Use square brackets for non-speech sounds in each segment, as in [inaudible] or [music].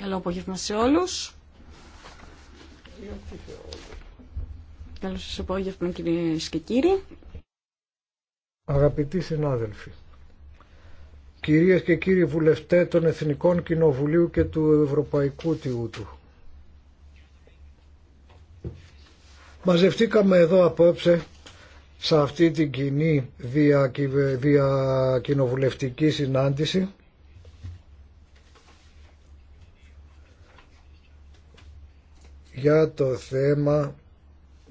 Καλό απόγευμα σε όλους. Καλό σας απόγευμα κυρίες και κύριοι. Αγαπητοί συνάδελφοι, κυρίες και κύριοι βουλευτέ των Εθνικών Κοινοβουλίου και του Ευρωπαϊκού Τιούτου. Μαζευτήκαμε εδώ απόψε σε αυτή την κοινή διακοινοβουλευτική συνάντηση για το θέμα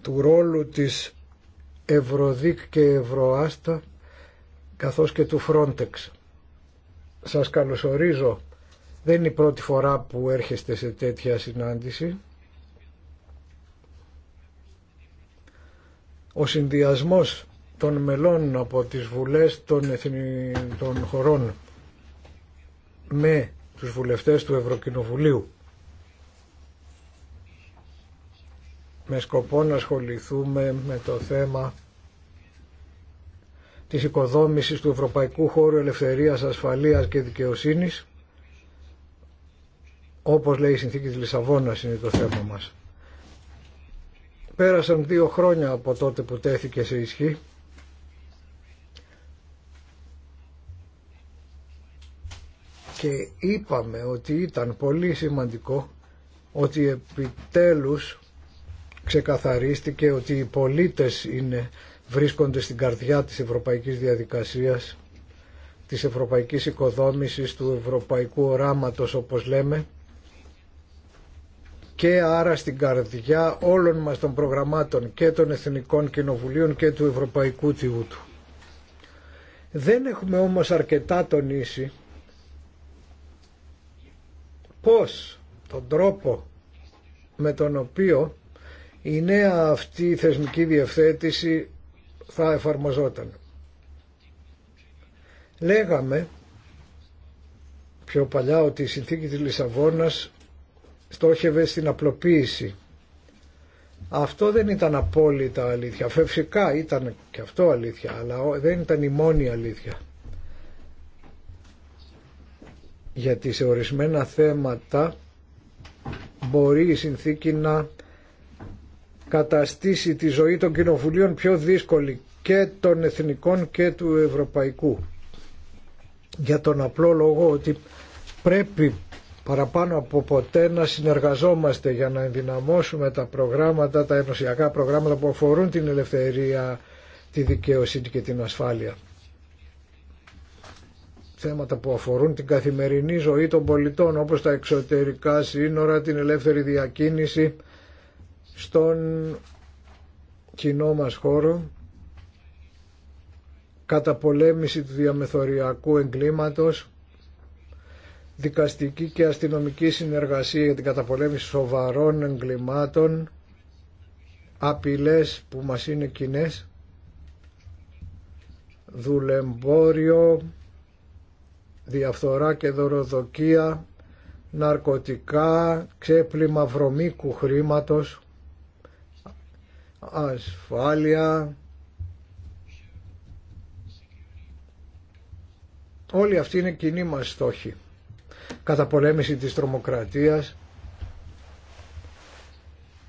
του ρόλου της Ευρωδίκ και Ευρωάστα καθώς και του Frontex. Σας καλωσορίζω. Δεν είναι η πρώτη φορά που έρχεστε σε τέτοια συνάντηση. Ο συνδυασμός των μελών από τις βουλές των, των χωρών με τους βουλευτές του Ευρωκοινοβουλίου με σκοπό να ασχοληθούμε με το θέμα της οικοδόμησης του Ευρωπαϊκού Χώρου Ελευθερίας, Ασφαλείας και Δικαιοσύνης. Όπως λέει η συνθήκη της Λισαβόνας είναι το θέμα μας. Πέρασαν δύο χρόνια από τότε που τέθηκε σε ισχύ και είπαμε ότι ήταν πολύ σημαντικό ότι επιτέλους ξεκαθαρίστηκε ότι οι πολίτες είναι, βρίσκονται στην καρδιά της ευρωπαϊκής διαδικασίας, της ευρωπαϊκής οικοδόμησης, του ευρωπαϊκού οράματος όπως λέμε και άρα στην καρδιά όλων μας των προγραμμάτων και των Εθνικών Κοινοβουλίων και του Ευρωπαϊκού Τιούτου. Δεν έχουμε όμως αρκετά τονίσει πώς τον τρόπο με τον οποίο η νέα αυτή θεσμική διευθέτηση θα εφαρμοζόταν. Λέγαμε πιο παλιά ότι η συνθήκη της Λισαβόνας στόχευε στην απλοποίηση. Αυτό δεν ήταν απόλυτα αλήθεια. Φευσικά ήταν και αυτό αλήθεια, αλλά δεν ήταν η μόνη αλήθεια. Γιατί σε ορισμένα θέματα μπορεί η συνθήκη να καταστήσει τη ζωή των κοινοβουλίων πιο δύσκολη και των εθνικών και του ευρωπαϊκού. Για τον απλό λόγο ότι πρέπει παραπάνω από ποτέ να συνεργαζόμαστε για να ενδυναμώσουμε τα προγράμματα, τα ενωσιακά προγράμματα που αφορούν την ελευθερία, τη δικαιοσύνη και την ασφάλεια. Θέματα που αφορούν την καθημερινή ζωή των πολιτών όπως τα εξωτερικά σύνορα, την ελεύθερη διακίνηση, στον κοινό μας χώρο καταπολέμηση του διαμεθοριακού εγκλήματος δικαστική και αστυνομική συνεργασία για την καταπολέμηση σοβαρών εγκλημάτων απειλές που μας είναι κοινέ, δουλεμπόριο διαφθορά και δωροδοκία ναρκωτικά, ξέπλυμα βρωμίκου χρήματος ασφάλεια όλοι αυτοί είναι κοινοί μας στόχοι πολέμηση της τρομοκρατίας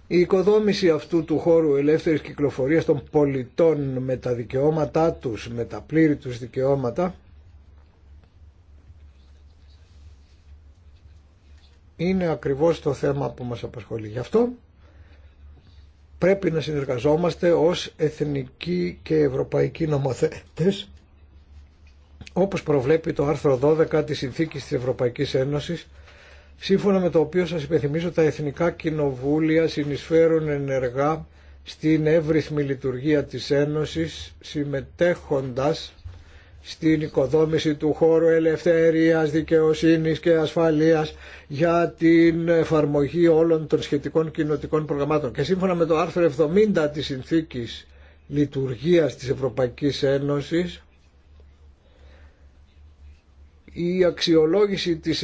η οικοδόμηση αυτού του χώρου ελεύθερης κυκλοφορίας των πολιτών με τα δικαιώματά τους, με τα πλήρη τους δικαιώματα είναι ακριβώς το θέμα που μας απασχολεί. Γι' αυτό πρέπει να συνεργαζόμαστε ως εθνικοί και ευρωπαϊκοί νομοθέτες όπως προβλέπει το άρθρο 12 της Συνθήκης της Ευρωπαϊκής Ένωσης σύμφωνα με το οποίο σας υπενθυμίζω τα εθνικά κοινοβούλια συνεισφέρουν ενεργά στην εύρυθμη λειτουργία της Ένωσης συμμετέχοντας στην οικοδόμηση του χώρου ελευθερίας, δικαιοσύνης και ασφαλείας για την εφαρμογή όλων των σχετικών κοινοτικών προγραμμάτων. Και σύμφωνα με το άρθρο 70 της Συνθήκης Λειτουργίας της Ευρωπαϊκής Ένωσης, η αξιολόγηση της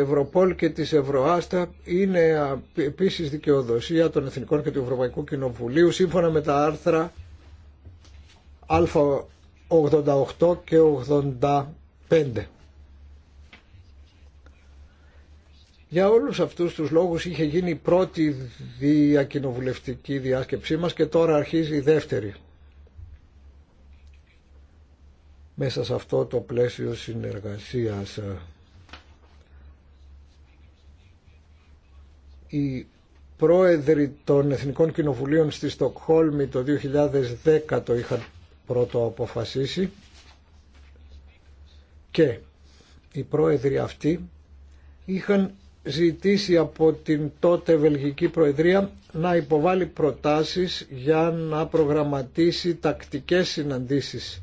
Ευρωπόλ και της Ευρωάστα είναι επίσης δικαιοδοσία των Εθνικών και του Ευρωπαϊκού Κοινοβουλίου σύμφωνα με τα άρθρα α 88 και 85. Για όλους αυτούς τους λόγους είχε γίνει η πρώτη διακοινοβουλευτική διάσκεψή μας και τώρα αρχίζει η δεύτερη. Μέσα σε αυτό το πλαίσιο συνεργασίας η πρόεδροι των Εθνικών Κοινοβουλίων στη Στοκχόλμη το 2010 το είχαν πρώτο αποφασίσει και οι πρόεδροι αυτοί είχαν ζητήσει από την τότε Βελγική Προεδρία να υποβάλει προτάσεις για να προγραμματίσει τακτικές συναντήσεις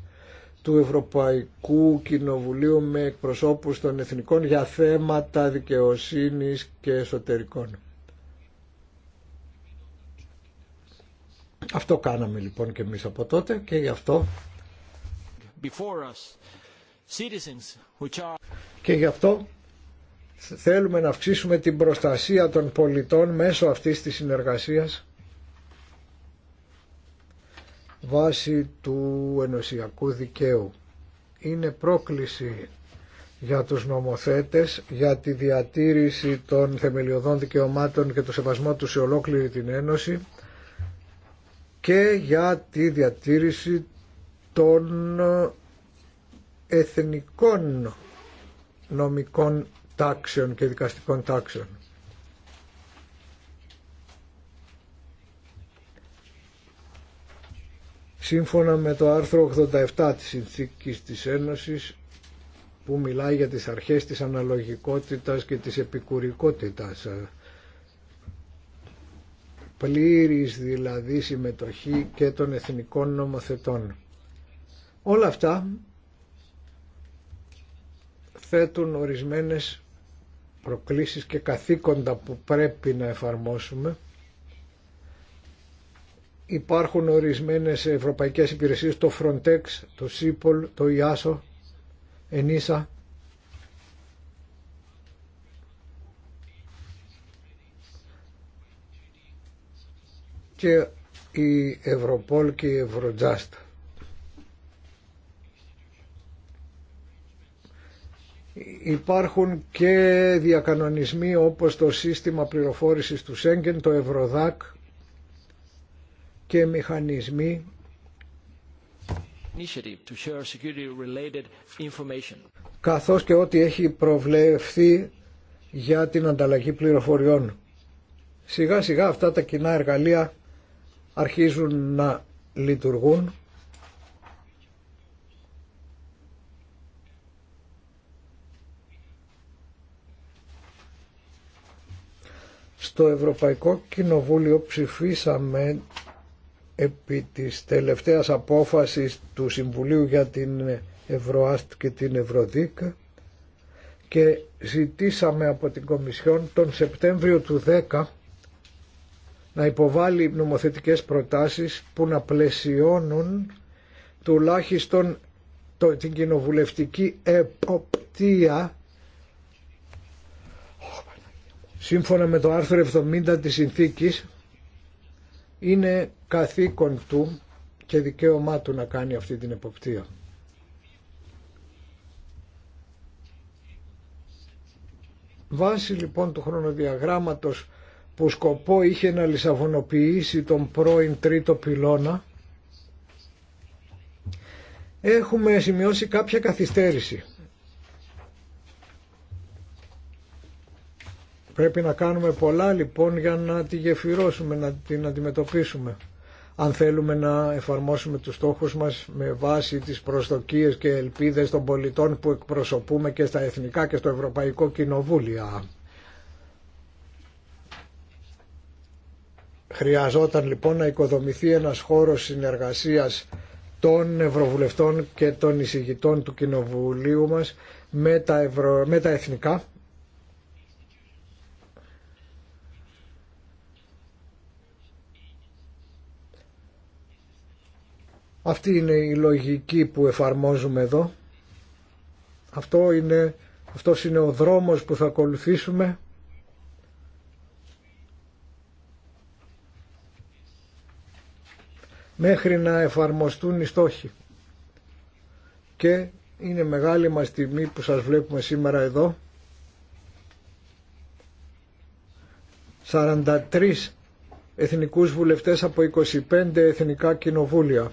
του Ευρωπαϊκού Κοινοβουλίου με εκπροσώπους των Εθνικών για θέματα δικαιοσύνης και εσωτερικών. Αυτό κάναμε λοιπόν και εμείς από τότε και γι' αυτό και γι' αυτό θέλουμε να αυξήσουμε την προστασία των πολιτών μέσω αυτής της συνεργασίας βάσει του ενωσιακού δικαίου. Είναι πρόκληση για τους νομοθέτες, για τη διατήρηση των θεμελιωδών δικαιωμάτων και το σεβασμό του σε ολόκληρη την Ένωση και για τη διατήρηση των εθνικών νομικών τάξεων και δικαστικών τάξεων. Σύμφωνα με το άρθρο 87 της Συνθήκης της Ένωσης που μιλάει για τις αρχές της αναλογικότητας και της επικουρικότητας ε, πλήρης δηλαδή συμμετοχή και των εθνικών νομοθετών. Όλα αυτά θέτουν ορισμένες προκλήσεις και καθήκοντα που πρέπει να εφαρμόσουμε. Υπάρχουν ορισμένες ευρωπαϊκές υπηρεσίες, το Frontex, το SIPOL, το IASO, ENISA, και η Ευρωπόλ και η Ευρωτζάστ. Υπάρχουν και διακανονισμοί όπως το σύστημα πληροφόρησης του Σέγγεν, το Ευρωδάκ και μηχανισμοί καθώς και ό,τι έχει προβλεφθεί για την ανταλλαγή πληροφοριών. Σιγά σιγά αυτά τα κοινά εργαλεία αρχίζουν να λειτουργούν Στο Ευρωπαϊκό Κοινοβούλιο ψηφίσαμε επί της τελευταίας απόφασης του Συμβουλίου για την Ευρωάστ και την Ευρωδίκα και ζητήσαμε από την Κομισιόν τον Σεπτέμβριο του 10 να υποβάλει νομοθετικές προτάσεις που να πλαισιώνουν τουλάχιστον την κοινοβουλευτική εποπτεία σύμφωνα με το άρθρο 70 της συνθήκης είναι καθήκον του και δικαίωμά του να κάνει αυτή την εποπτεία. Βάσει λοιπόν του χρονοδιαγράμματος που σκοπό είχε να λισαβονοποιήσει τον πρώην τρίτο πυλώνα, έχουμε σημειώσει κάποια καθυστέρηση. Πρέπει να κάνουμε πολλά λοιπόν για να τη γεφυρώσουμε, να την αντιμετωπίσουμε. Αν θέλουμε να εφαρμόσουμε τους στόχους μας με βάση τις προσδοκίες και ελπίδες των πολιτών που εκπροσωπούμε και στα εθνικά και στο Ευρωπαϊκό Κοινοβούλιο. Χρειαζόταν λοιπόν να οικοδομηθεί ένας χώρο συνεργασίας των Ευρωβουλευτών και των εισηγητών του Κοινοβουλίου μας με τα, με τα εθνικά Αυτή είναι η λογική που εφαρμόζουμε εδώ. Αυτό είναι, αυτός είναι ο δρόμος που θα ακολουθήσουμε μέχρι να εφαρμοστούν οι στόχοι. Και είναι μεγάλη μας τιμή που σας βλέπουμε σήμερα εδώ. 43 εθνικούς βουλευτές από 25 εθνικά κοινοβούλια.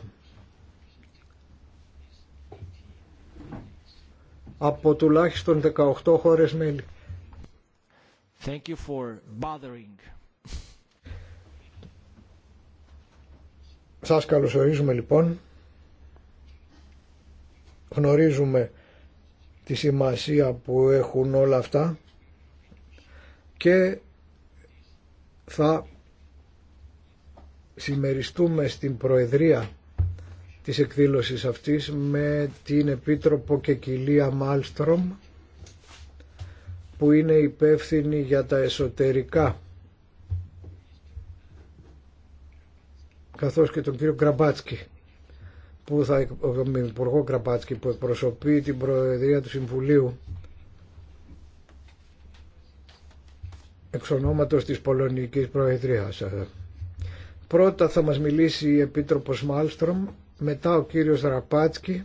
από τουλάχιστον 18 χώρες μέλη. Thank you for bothering. Σας καλωσορίζουμε λοιπόν. Γνωρίζουμε τη σημασία που έχουν όλα αυτά και θα συμμεριστούμε στην Προεδρία της εκδήλωσης αυτής με την Επίτροπο και Μάλστρομ που είναι υπεύθυνη για τα εσωτερικά καθώς και τον κύριο Γκραμπάτσκι που θα, τον Υπουργό Γκραμπάτσκι που εκπροσωπεί την Προεδρία του Συμβουλίου εξ ονόματος της Πολωνικής Προεδρίας. Πρώτα θα μας μιλήσει η Επίτροπος Μάλστρομ, μετά ο κύριος Ραπάτσκι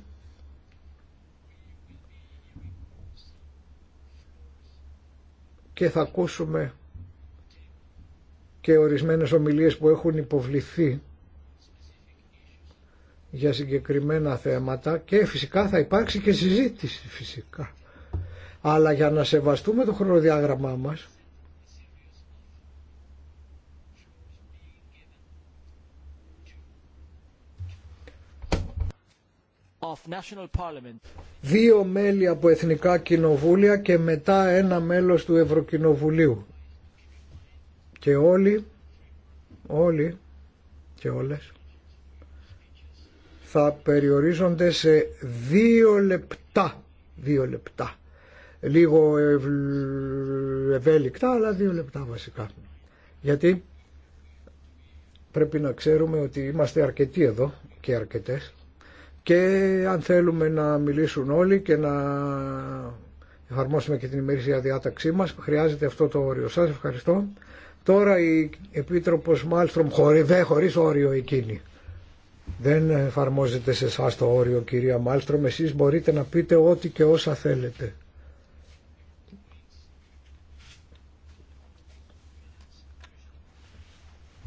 και θα ακούσουμε και ορισμένες ομιλίες που έχουν υποβληθεί για συγκεκριμένα θέματα και φυσικά θα υπάρξει και συζήτηση φυσικά. Αλλά για να σεβαστούμε το χρονοδιάγραμμά μας δύο μέλη από εθνικά κοινοβούλια και μετά ένα μέλος του Ευρωκοινοβουλίου. Και όλοι, όλοι και όλες θα περιορίζονται σε δύο λεπτά. Δύο λεπτά. Λίγο ευέλικτα, αλλά δύο λεπτά βασικά. Γιατί πρέπει να ξέρουμε ότι είμαστε αρκετοί εδώ και αρκετές και αν θέλουμε να μιλήσουν όλοι και να εφαρμόσουμε και την ημερήσια διάταξή μας χρειάζεται αυτό το όριο. Σας ευχαριστώ. Τώρα η Επίτροπος Μάλστρομ δέ χωρίς όριο εκείνη. Δεν εφαρμόζεται σε εσά το όριο κυρία Μάλστρομ, εσείς μπορείτε να πείτε ό,τι και όσα θέλετε.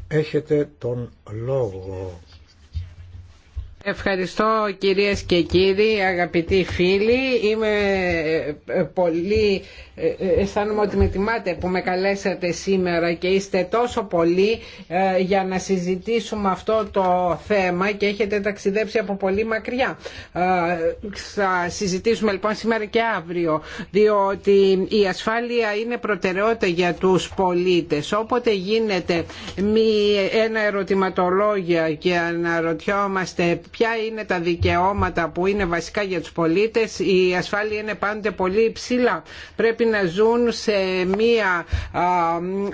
Έχετε τον λόγο. Ευχαριστώ κυρίες και κύριοι, αγαπητοί φίλοι. Είμαι ε, πολύ... Ε, ε, αισθάνομαι ότι με τιμάτε που με καλέσατε σήμερα και είστε τόσο πολλοί για να συζητήσουμε αυτό το θέμα και έχετε ταξιδέψει από πολύ μακριά. Θα συζητήσουμε λοιπόν σήμερα και αύριο, διότι η ασφάλεια είναι προτεραιότητα για τους πολίτες. Όποτε γίνεται ένα ερωτηματολόγιο και αναρωτιόμαστε ποια είναι τα δικαιώματα που είναι βασικά για τους πολίτες η ασφάλεια είναι πάντα πολύ υψηλά. Πρέπει να ζουν σε μία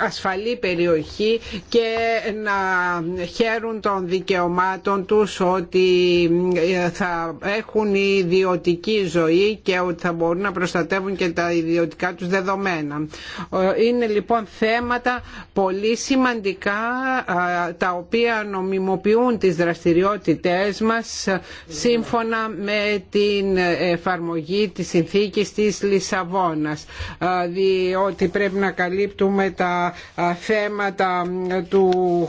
ασφαλή περιοχή και να χαίρουν των δικαιωμάτων τους ότι ε, θα έχουν ιδιωτική ζωή και ότι θα μπορούν να προστατεύουν και τα ιδιωτικά τους δεδομένα. Ε, είναι λοιπόν θέματα πολύ σημαντικά τα οποία νομιμοποιούν τις δραστηριότητες σύμφωνα με την εφαρμογή της συνθήκης της Λισαβόνας διότι πρέπει να καλύπτουμε τα θέματα του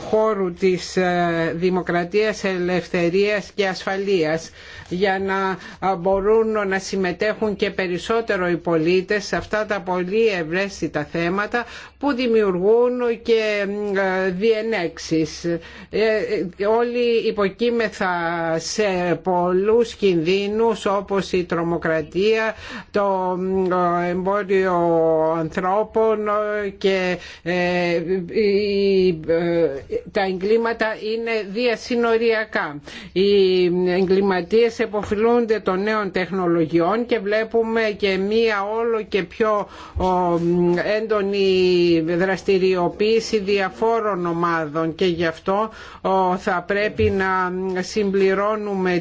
χώρου της ε, δημοκρατίας, ελευθερίας και ασφαλείας για να μπορούν να συμμετέχουν και περισσότερο οι πολίτες σε αυτά τα πολύ ευρέστητα θέματα που δημιουργούν και διενέξεις. Ε, ε, όλοι υποκείμεθα σε πολλούς κινδύνους όπως η τρομοκρατία, το εμπόριο ανθρώπων και ε, ε, τα εγκλήματα είναι διασυνοριακά. Οι εγκληματίες εποφιλούνται των νέων τεχνολογιών και βλέπουμε και μία όλο και πιο έντονη δραστηριοποίηση διαφόρων ομάδων και γι' αυτό θα πρέπει να συμπληρώσουμε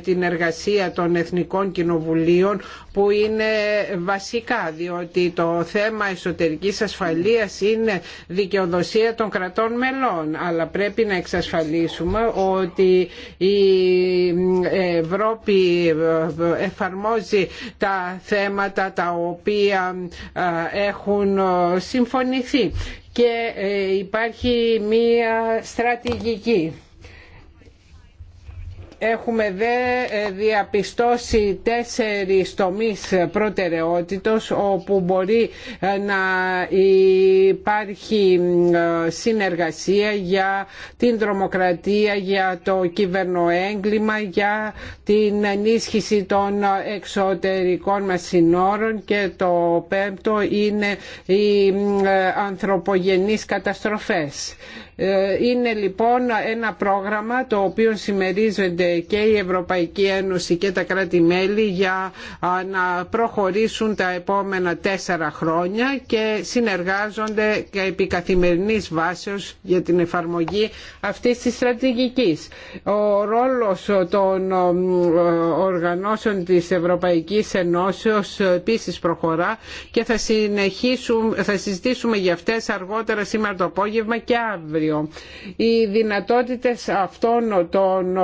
την εργασία των Εθνικών Κοινοβουλίων που είναι βασικά διότι το θέμα εσωτερικής ασφαλείας είναι δικαιοδοσία των κρατών μελών αλλά πρέπει να εξασφαλίσουμε ότι η Ευρώπη εφαρμόζει τα θέματα τα οποία ε, έχουν ε, συμφωνηθεί και ε, υπάρχει μία στρατηγική Έχουμε δε ε, διαπιστώσει τέσσερις τομείς προτεραιότητος όπου μπορεί ε, να υπάρχει ε, συνεργασία για την τρομοκρατία, για το κυβερνοέγκλημα, για την ενίσχυση των εξωτερικών μας συνόρων και το πέμπτο είναι οι ανθρωπογενείς καταστροφές. Ε, είναι λοιπόν ένα πρόγραμμα το οποίο συμμερίζονται και η Ευρωπαϊκή Ένωση και τα κράτη-μέλη για να προχωρήσουν τα επόμενα τέσσερα χρόνια και συνεργάζονται και επί καθημερινής βάσεως για την εφαρμογή αυτής της στρατηγικής. Ο ρόλος των οργανώσεων της Ευρωπαϊκής Ενώσεως επίσης προχωρά και θα, θα συζητήσουμε για αυτές αργότερα σήμερα το απόγευμα και αύριο οι δυνατότητες αυτών των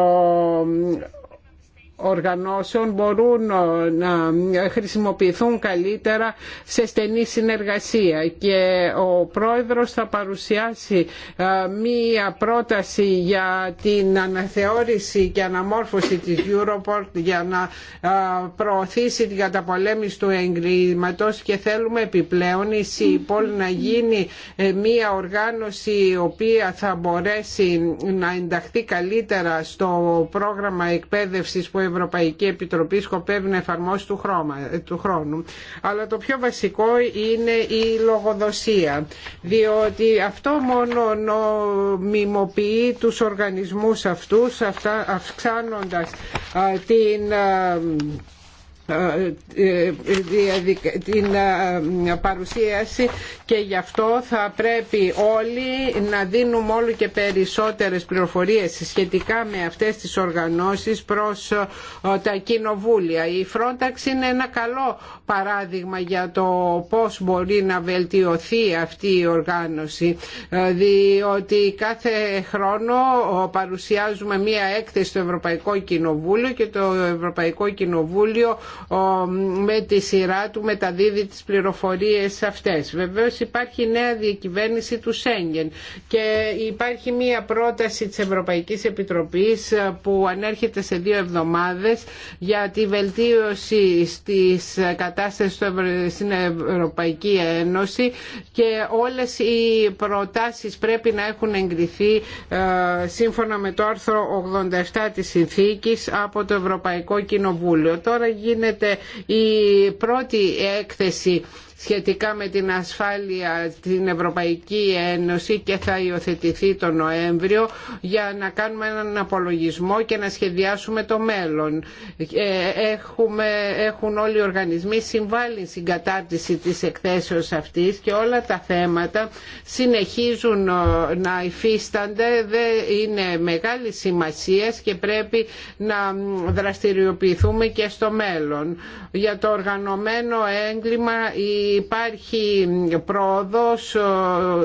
οργανώσεων μπορούν ε, να χρησιμοποιηθούν καλύτερα σε στενή συνεργασία και ο πρόεδρος θα παρουσιάσει ε, μία πρόταση για την αναθεώρηση και αναμόρφωση της Europort για να ε, προωθήσει την καταπολέμηση του εγκλήματος και θέλουμε επιπλέον η ΣΥΠΟΛ να γίνει μία οργάνωση η οποία θα μπορέσει να ενταχθεί καλύτερα στο πρόγραμμα εκπαίδευσης που Ευρωπαϊκή Επιτροπή σκοπεύει να εφαρμόσει του, του χρόνου. Αλλά το πιο βασικό είναι η λογοδοσία, διότι αυτό μόνο νομιμοποιεί τους οργανισμούς αυτούς, αυξάνοντας την ε, ε, την ε, παρουσίαση και γι' αυτό θα πρέπει όλοι να δίνουμε όλο και περισσότερες πληροφορίες σχετικά με αυτές τις οργανώσεις προς τα κοινοβούλια. Η Frontex είναι ένα καλό παράδειγμα για το πώς μπορεί να βελτιωθεί αυτή η οργάνωση διότι κάθε χρόνο παρουσιάζουμε μία έκθεση στο Ευρωπαϊκό Κοινοβούλιο και το Ευρωπαϊκό Κοινοβούλιο με τη σειρά του μεταδίδει τις πληροφορίες αυτές. Βεβαίως υπάρχει νέα διακυβέρνηση του Σέγγεν και υπάρχει μία πρόταση της Ευρωπαϊκής Επιτροπής ε, που ανέρχεται σε δύο εβδομάδες για τη βελτίωση της κατάστασης στην Ευρωπαϊκή Ένωση και όλες οι προτάσεις πρέπει να έχουν εγκριθεί ε, σύμφωνα με το άρθρο 87 της Συνθήκης από το Ευρωπαϊκό Κοινοβούλιο. Τώρα γίνεται γίνεται η πρώτη έκθεση σχετικά με την ασφάλεια στην Ευρωπαϊκή Ένωση και θα υιοθετηθεί τον Νοέμβριο για να κάνουμε έναν απολογισμό και να σχεδιάσουμε το μέλλον. Ε, έχουμε, έχουν όλοι οι οργανισμοί συμβάλει στην κατάρτιση της εκθέσεως αυτής και όλα τα θέματα συνεχίζουν ε, να υφίστανται, δεν είναι μεγάλη σημασία και πρέπει να δραστηριοποιηθούμε και στο μέλλον. Για το οργανωμένο έγκλημα η υπάρχει πρόοδος ε,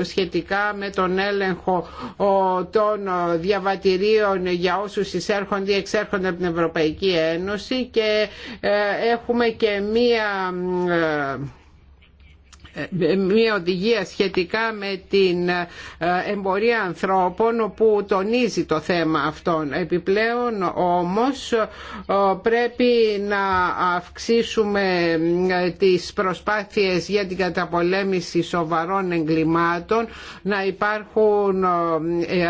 σχετικά με τον έλεγχο ε, των διαβατηρίων για όσους εισέρχονται ή εξέρχονται από την Ευρωπαϊκή Ένωση και ε, έχουμε και μία ε, μια οδηγία σχετικά με την ε, εμπορία ανθρώπων που τονίζει το θέμα αυτόν. Επιπλέον όμως ε, πρέπει να αυξήσουμε τις προσπάθειες για την καταπολέμηση σοβαρών εγκλημάτων να υπάρχουν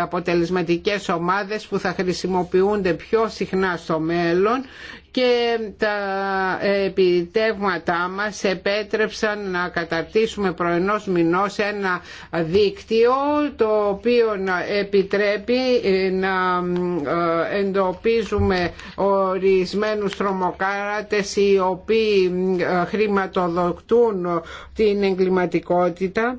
αποτελεσματικές ομάδες που θα χρησιμοποιούνται πιο συχνά στο μέλλον και τα επιτεύγματά μας επέτρεψαν να καταρτήσουμε προενός μηνός ένα δίκτυο το οποίο επιτρέπει ε, να ε, εντοπίζουμε ορισμένους τρομοκάρατες οι οποίοι ε, χρηματοδοτούν την εγκληματικότητα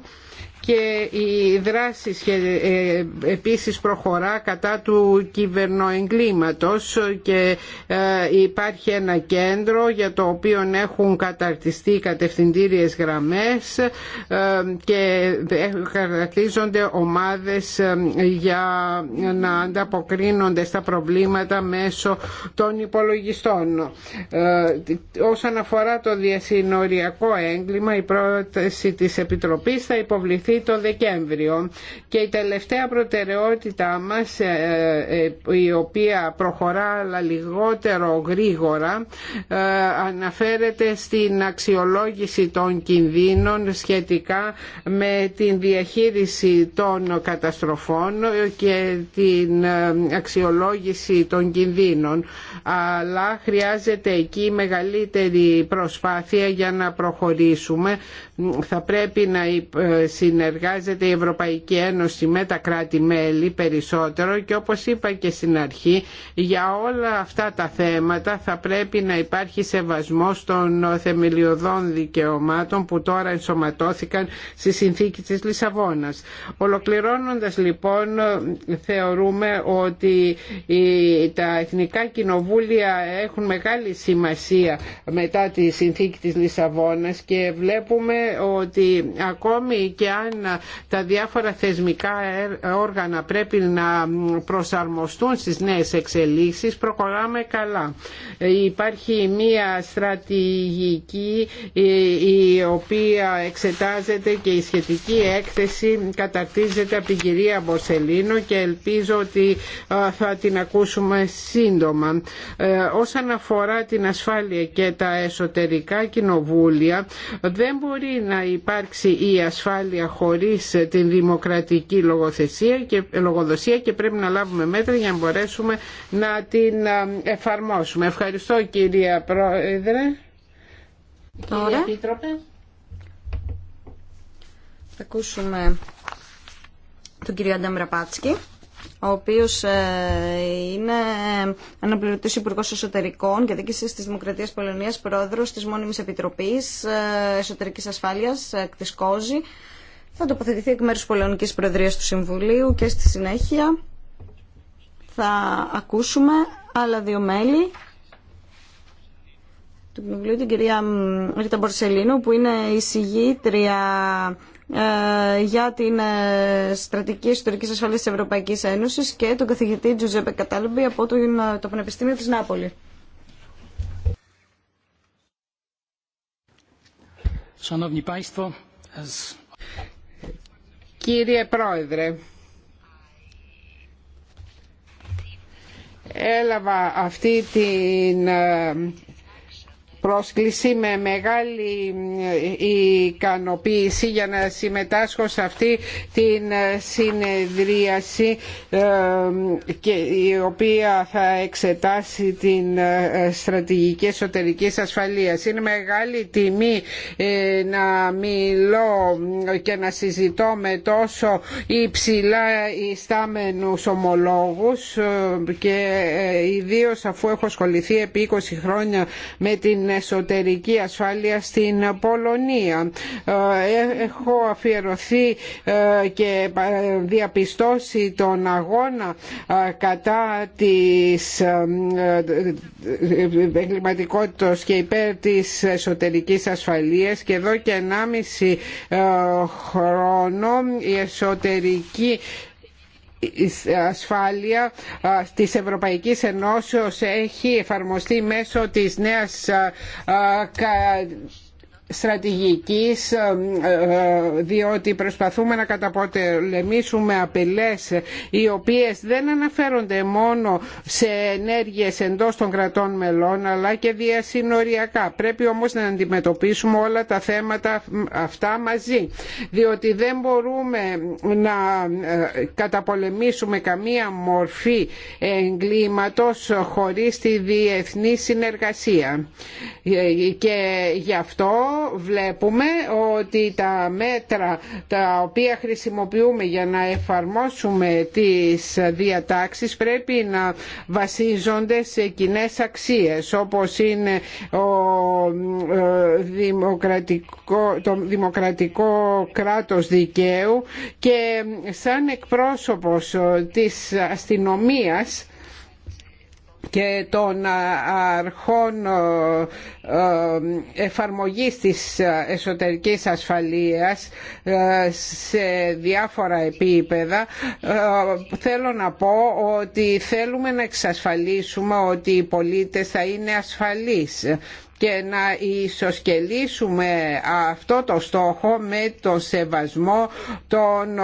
και οι δράσεις ε, επίσης προχωρά κατά του κυβερνοεγκλήματος και ε, υπάρχει ένα κέντρο για το οποίο έχουν καταρτιστεί κατευθυντήριες γραμμές ε, και καταρτίζονται ομάδες για να ανταποκρίνονται στα προβλήματα μέσω των υπολογιστών. Όσον αφορά το διασυνοριακό έγκλημα, η πρόταση της Επιτροπής θα υποβληθεί ακολουθεί το Δεκέμβριο και η τελευταία προτεραιότητά μας ε, ε, η οποία προχωρά αλλά λιγότερο γρήγορα ε, αναφέρεται στην αξιολόγηση των κινδύνων σχετικά με την διαχείριση των καταστροφών και την αξιολόγηση των κινδύνων αλλά χρειάζεται εκεί μεγαλύτερη προσπάθεια για να προχωρήσουμε θα πρέπει να συνεχίσουμε συνεργάζεται η Ευρωπαϊκή Ένωση με τα κράτη-μέλη περισσότερο και όπως είπα και στην αρχή για όλα αυτά τα θέματα θα πρέπει να υπάρχει σεβασμός των θεμελιωδών δικαιωμάτων που τώρα ενσωματώθηκαν στη συνθήκη της Λισαβόνας. Ολοκληρώνοντας λοιπόν θεωρούμε ότι τα εθνικά κοινοβούλια έχουν μεγάλη σημασία μετά τη συνθήκη της Λισαβόνας και βλέπουμε ότι ακόμη και αν τα διάφορα θεσμικά όργανα πρέπει να προσαρμοστούν στις νέες εξελίξεις προχωράμε καλά. Υπάρχει μία στρατηγική η οποία εξετάζεται και η σχετική έκθεση καταρτίζεται από την κυρία Μποσελίνο και ελπίζω ότι θα την ακούσουμε σύντομα. Ε, όσον αφορά την ασφάλεια και τα εσωτερικά κοινοβούλια δεν μπορεί να υπάρξει η ασφάλεια χωρίς ε, την δημοκρατική λογοθεσία και, ε, λογοδοσία και πρέπει να λάβουμε μέτρα για να μπορέσουμε να την ε, εφαρμόσουμε. Ευχαριστώ κυρία Πρόεδρε. Τώρα. Κυρία Θα ακούσουμε τον κύριο Ανταμραπάτσκι ο οποίος είναι αναπληρωτής Υπουργός Εσωτερικών και Δίκησης της Δημοκρατίας Πολωνίας, πρόεδρος της Μόνιμης Επιτροπής Εσωτερικής Ασφάλειας της ΚΟΖΗ, θα τοποθετηθεί εκ μέρους Πολωνικής Προεδρίας του Συμβουλίου και στη συνέχεια θα ακούσουμε άλλα δύο μέλη του Κοινοβουλίου, την κυρία Ρίτα Μπορσελίνου, που είναι η συγγήτρια ε, για την ε, στρατηγική ιστορική ασφάλεια της Ευρωπαϊκής Ένωσης και τον καθηγητή Τζουζέπε Κατάλμπη από ε, το Πανεπιστήμιο της Νάπολη. Κύριε Πρόεδρε, έλαβα αυτή την ε, πρόσκληση με μεγάλη ικανοποίηση για να συμμετάσχω σε αυτή την συνεδρίαση ε, η οποία θα εξετάσει την ε, στρατηγική εσωτερική ασφαλείας. Είναι μεγάλη τιμή ε, να μιλώ και να συζητώ με τόσο υψηλά ιστάμενους ομολόγους και ιδίως αφού έχω ασχοληθεί επί 20 χρόνια με την εσωτερική ασφάλεια στην Πολωνία. Ε, έχω αφιερωθεί ε, και διαπιστώσει τον αγώνα ε, κατά της εγκληματικότητας και υπέρ της εσωτερικής ασφαλείας και εδώ και 1,5 χρόνο η εσωτερική ασφάλεια της Ευρωπαϊκής Ενώσεως έχει εφαρμοστεί μέσω της νέας στρατηγικής ε, ε, διότι προσπαθούμε να καταπολεμήσουμε απελές οι οποίες δεν αναφέρονται μόνο σε ενέργειες εντός των κρατών μελών αλλά και διασυνοριακά. Πρέπει όμως να αντιμετωπίσουμε όλα τα θέματα αυτά μαζί διότι δεν μπορούμε να ε, καταπολεμήσουμε καμία μορφή εγκλήματος χωρίς τη διεθνή συνεργασία και γι' αυτό βλέπουμε ότι τα μέτρα τα οποία χρησιμοποιούμε για να εφαρμόσουμε τις διατάξεις πρέπει να βασίζονται σε κοινέ αξίες όπως είναι ο ε, δημοκρατικό, το δημοκρατικό κράτος δικαίου και σαν εκπρόσωπος της αστυνομίας και των αρχών εφαρμογής της εσωτερικής ασφαλείας ε, σε διάφορα επίπεδα ε, θέλω να πω ότι θέλουμε να εξασφαλίσουμε ότι οι πολίτες θα είναι ασφαλείς και να ισοσκελίσουμε αυτό το στόχο με το σεβασμό των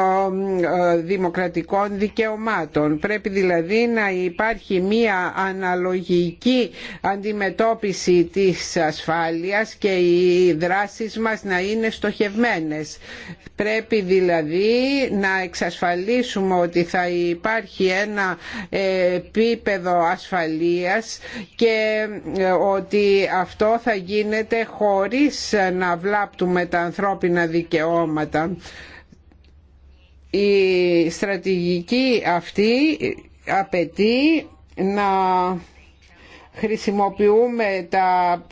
δημοκρατικών δικαιωμάτων. Πρέπει δηλαδή να υπάρχει μία αναλογική αντιμετώπιση της ασφάλειας και οι δράσεις μας να είναι στοχευμένες. Πρέπει δηλαδή να εξασφαλίσουμε ότι θα υπάρχει ένα επίπεδο ασφαλείας και ε, ότι αυτό αυτό θα γίνεται χωρίς να βλάπτουμε τα ανθρώπινα δικαιώματα. Η στρατηγική αυτή απαιτεί να χρησιμοποιούμε τα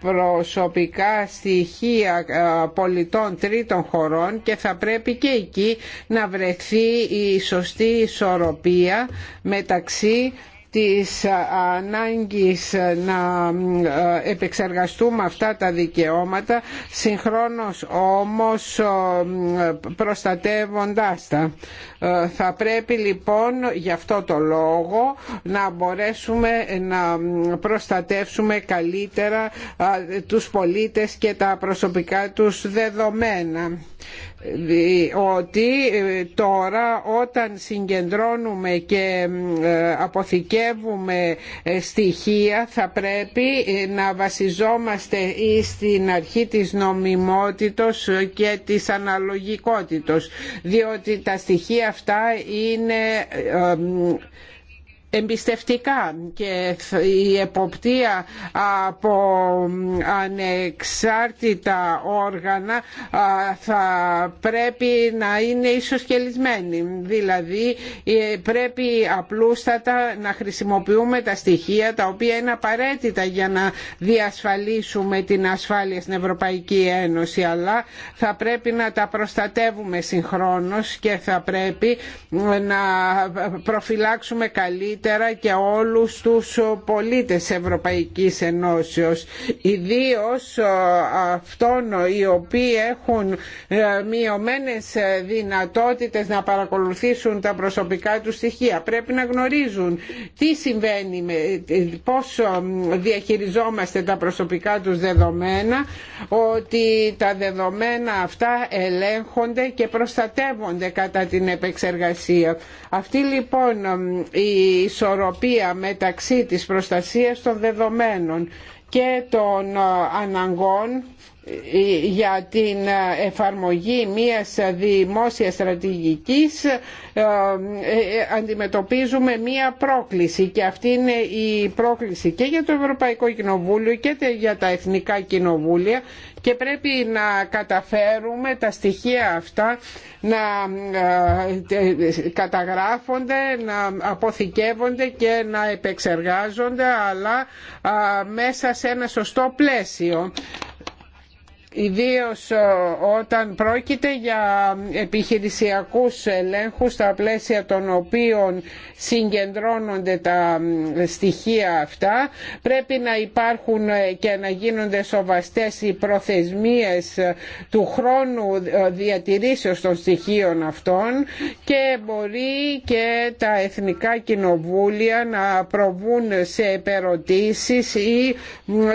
προσωπικά στοιχεία πολιτών τρίτων χωρών και θα πρέπει και εκεί να βρεθεί η σωστή ισορροπία μεταξύ της ανάγκης να ε, επεξεργαστούμε αυτά τα δικαιώματα συγχρόνως όμως ε, προστατεύοντάς τα. Ε, θα πρέπει λοιπόν γι' αυτό το λόγο να μπορέσουμε να προστατεύσουμε καλύτερα τους πολίτες και τα προσωπικά τους δεδομένα ότι ε, τώρα όταν συγκεντρώνουμε και ε, αποθηκεύουμε ε, στοιχεία θα πρέπει να βασιζόμαστε στην αρχή της νομιμότητος και της αναλογικότητος διότι τα στοιχεία αυτά είναι εμπιστευτικά και η εποπτεία από ανεξάρτητα όργανα θα πρέπει να είναι ισοσκελισμένη. Δηλαδή ε, πρέπει απλούστατα να χρησιμοποιούμε τα στοιχεία τα οποία είναι απαραίτητα για να διασφαλίσουμε την ασφάλεια στην Ευρωπαϊκή Ένωση αλλά θα πρέπει να τα προστατεύουμε συγχρόνως και θα πρέπει να προφυλάξουμε καλύτερα καλύτερα για όλους τους πολίτες Ευρωπαϊκής Ενώσεως ιδίως ε, αυτών οι οποίοι έχουν ε, μειωμένες δυνατότητες να παρακολουθήσουν τα προσωπικά τους στοιχεία πρέπει να γνωρίζουν τι συμβαίνει πώς ε, διαχειριζόμαστε τα προσωπικά τους δεδομένα ότι τα δεδομένα αυτά ελέγχονται και προστατεύονται κατά την επεξεργασία αυτή λοιπόν η ισορροπία μεταξύ της προστασίας των δεδομένων και των ε, αναγκών ε, για την ε, εφαρμογή μιας δημόσιας στρατηγικής αντιμετωπίζουμε μία πρόκληση και αυτή είναι η πρόκληση και για το Ευρωπαϊκό Κοινοβούλιο και για τα Εθνικά Κοινοβούλια και πρέπει να καταφέρουμε τα στοιχεία αυτά να ε, ε, καταγράφονται, να αποθηκεύονται και να επεξεργάζονται αλλά ε, μέσα σε ένα σωστό πλαίσιο ιδίως ε, όταν πρόκειται για επιχειρησιακούς ελέγχους στα πλαίσια των οποίων συγκεντρώνονται τα στοιχεία αυτά πρέπει να υπάρχουν ε, και να γίνονται σοβαστές οι προθεσμίες ε, του χρόνου διατηρήσεως των στοιχείων αυτών και μπορεί και τα εθνικά κοινοβούλια να προβούν σε επερωτήσεις ή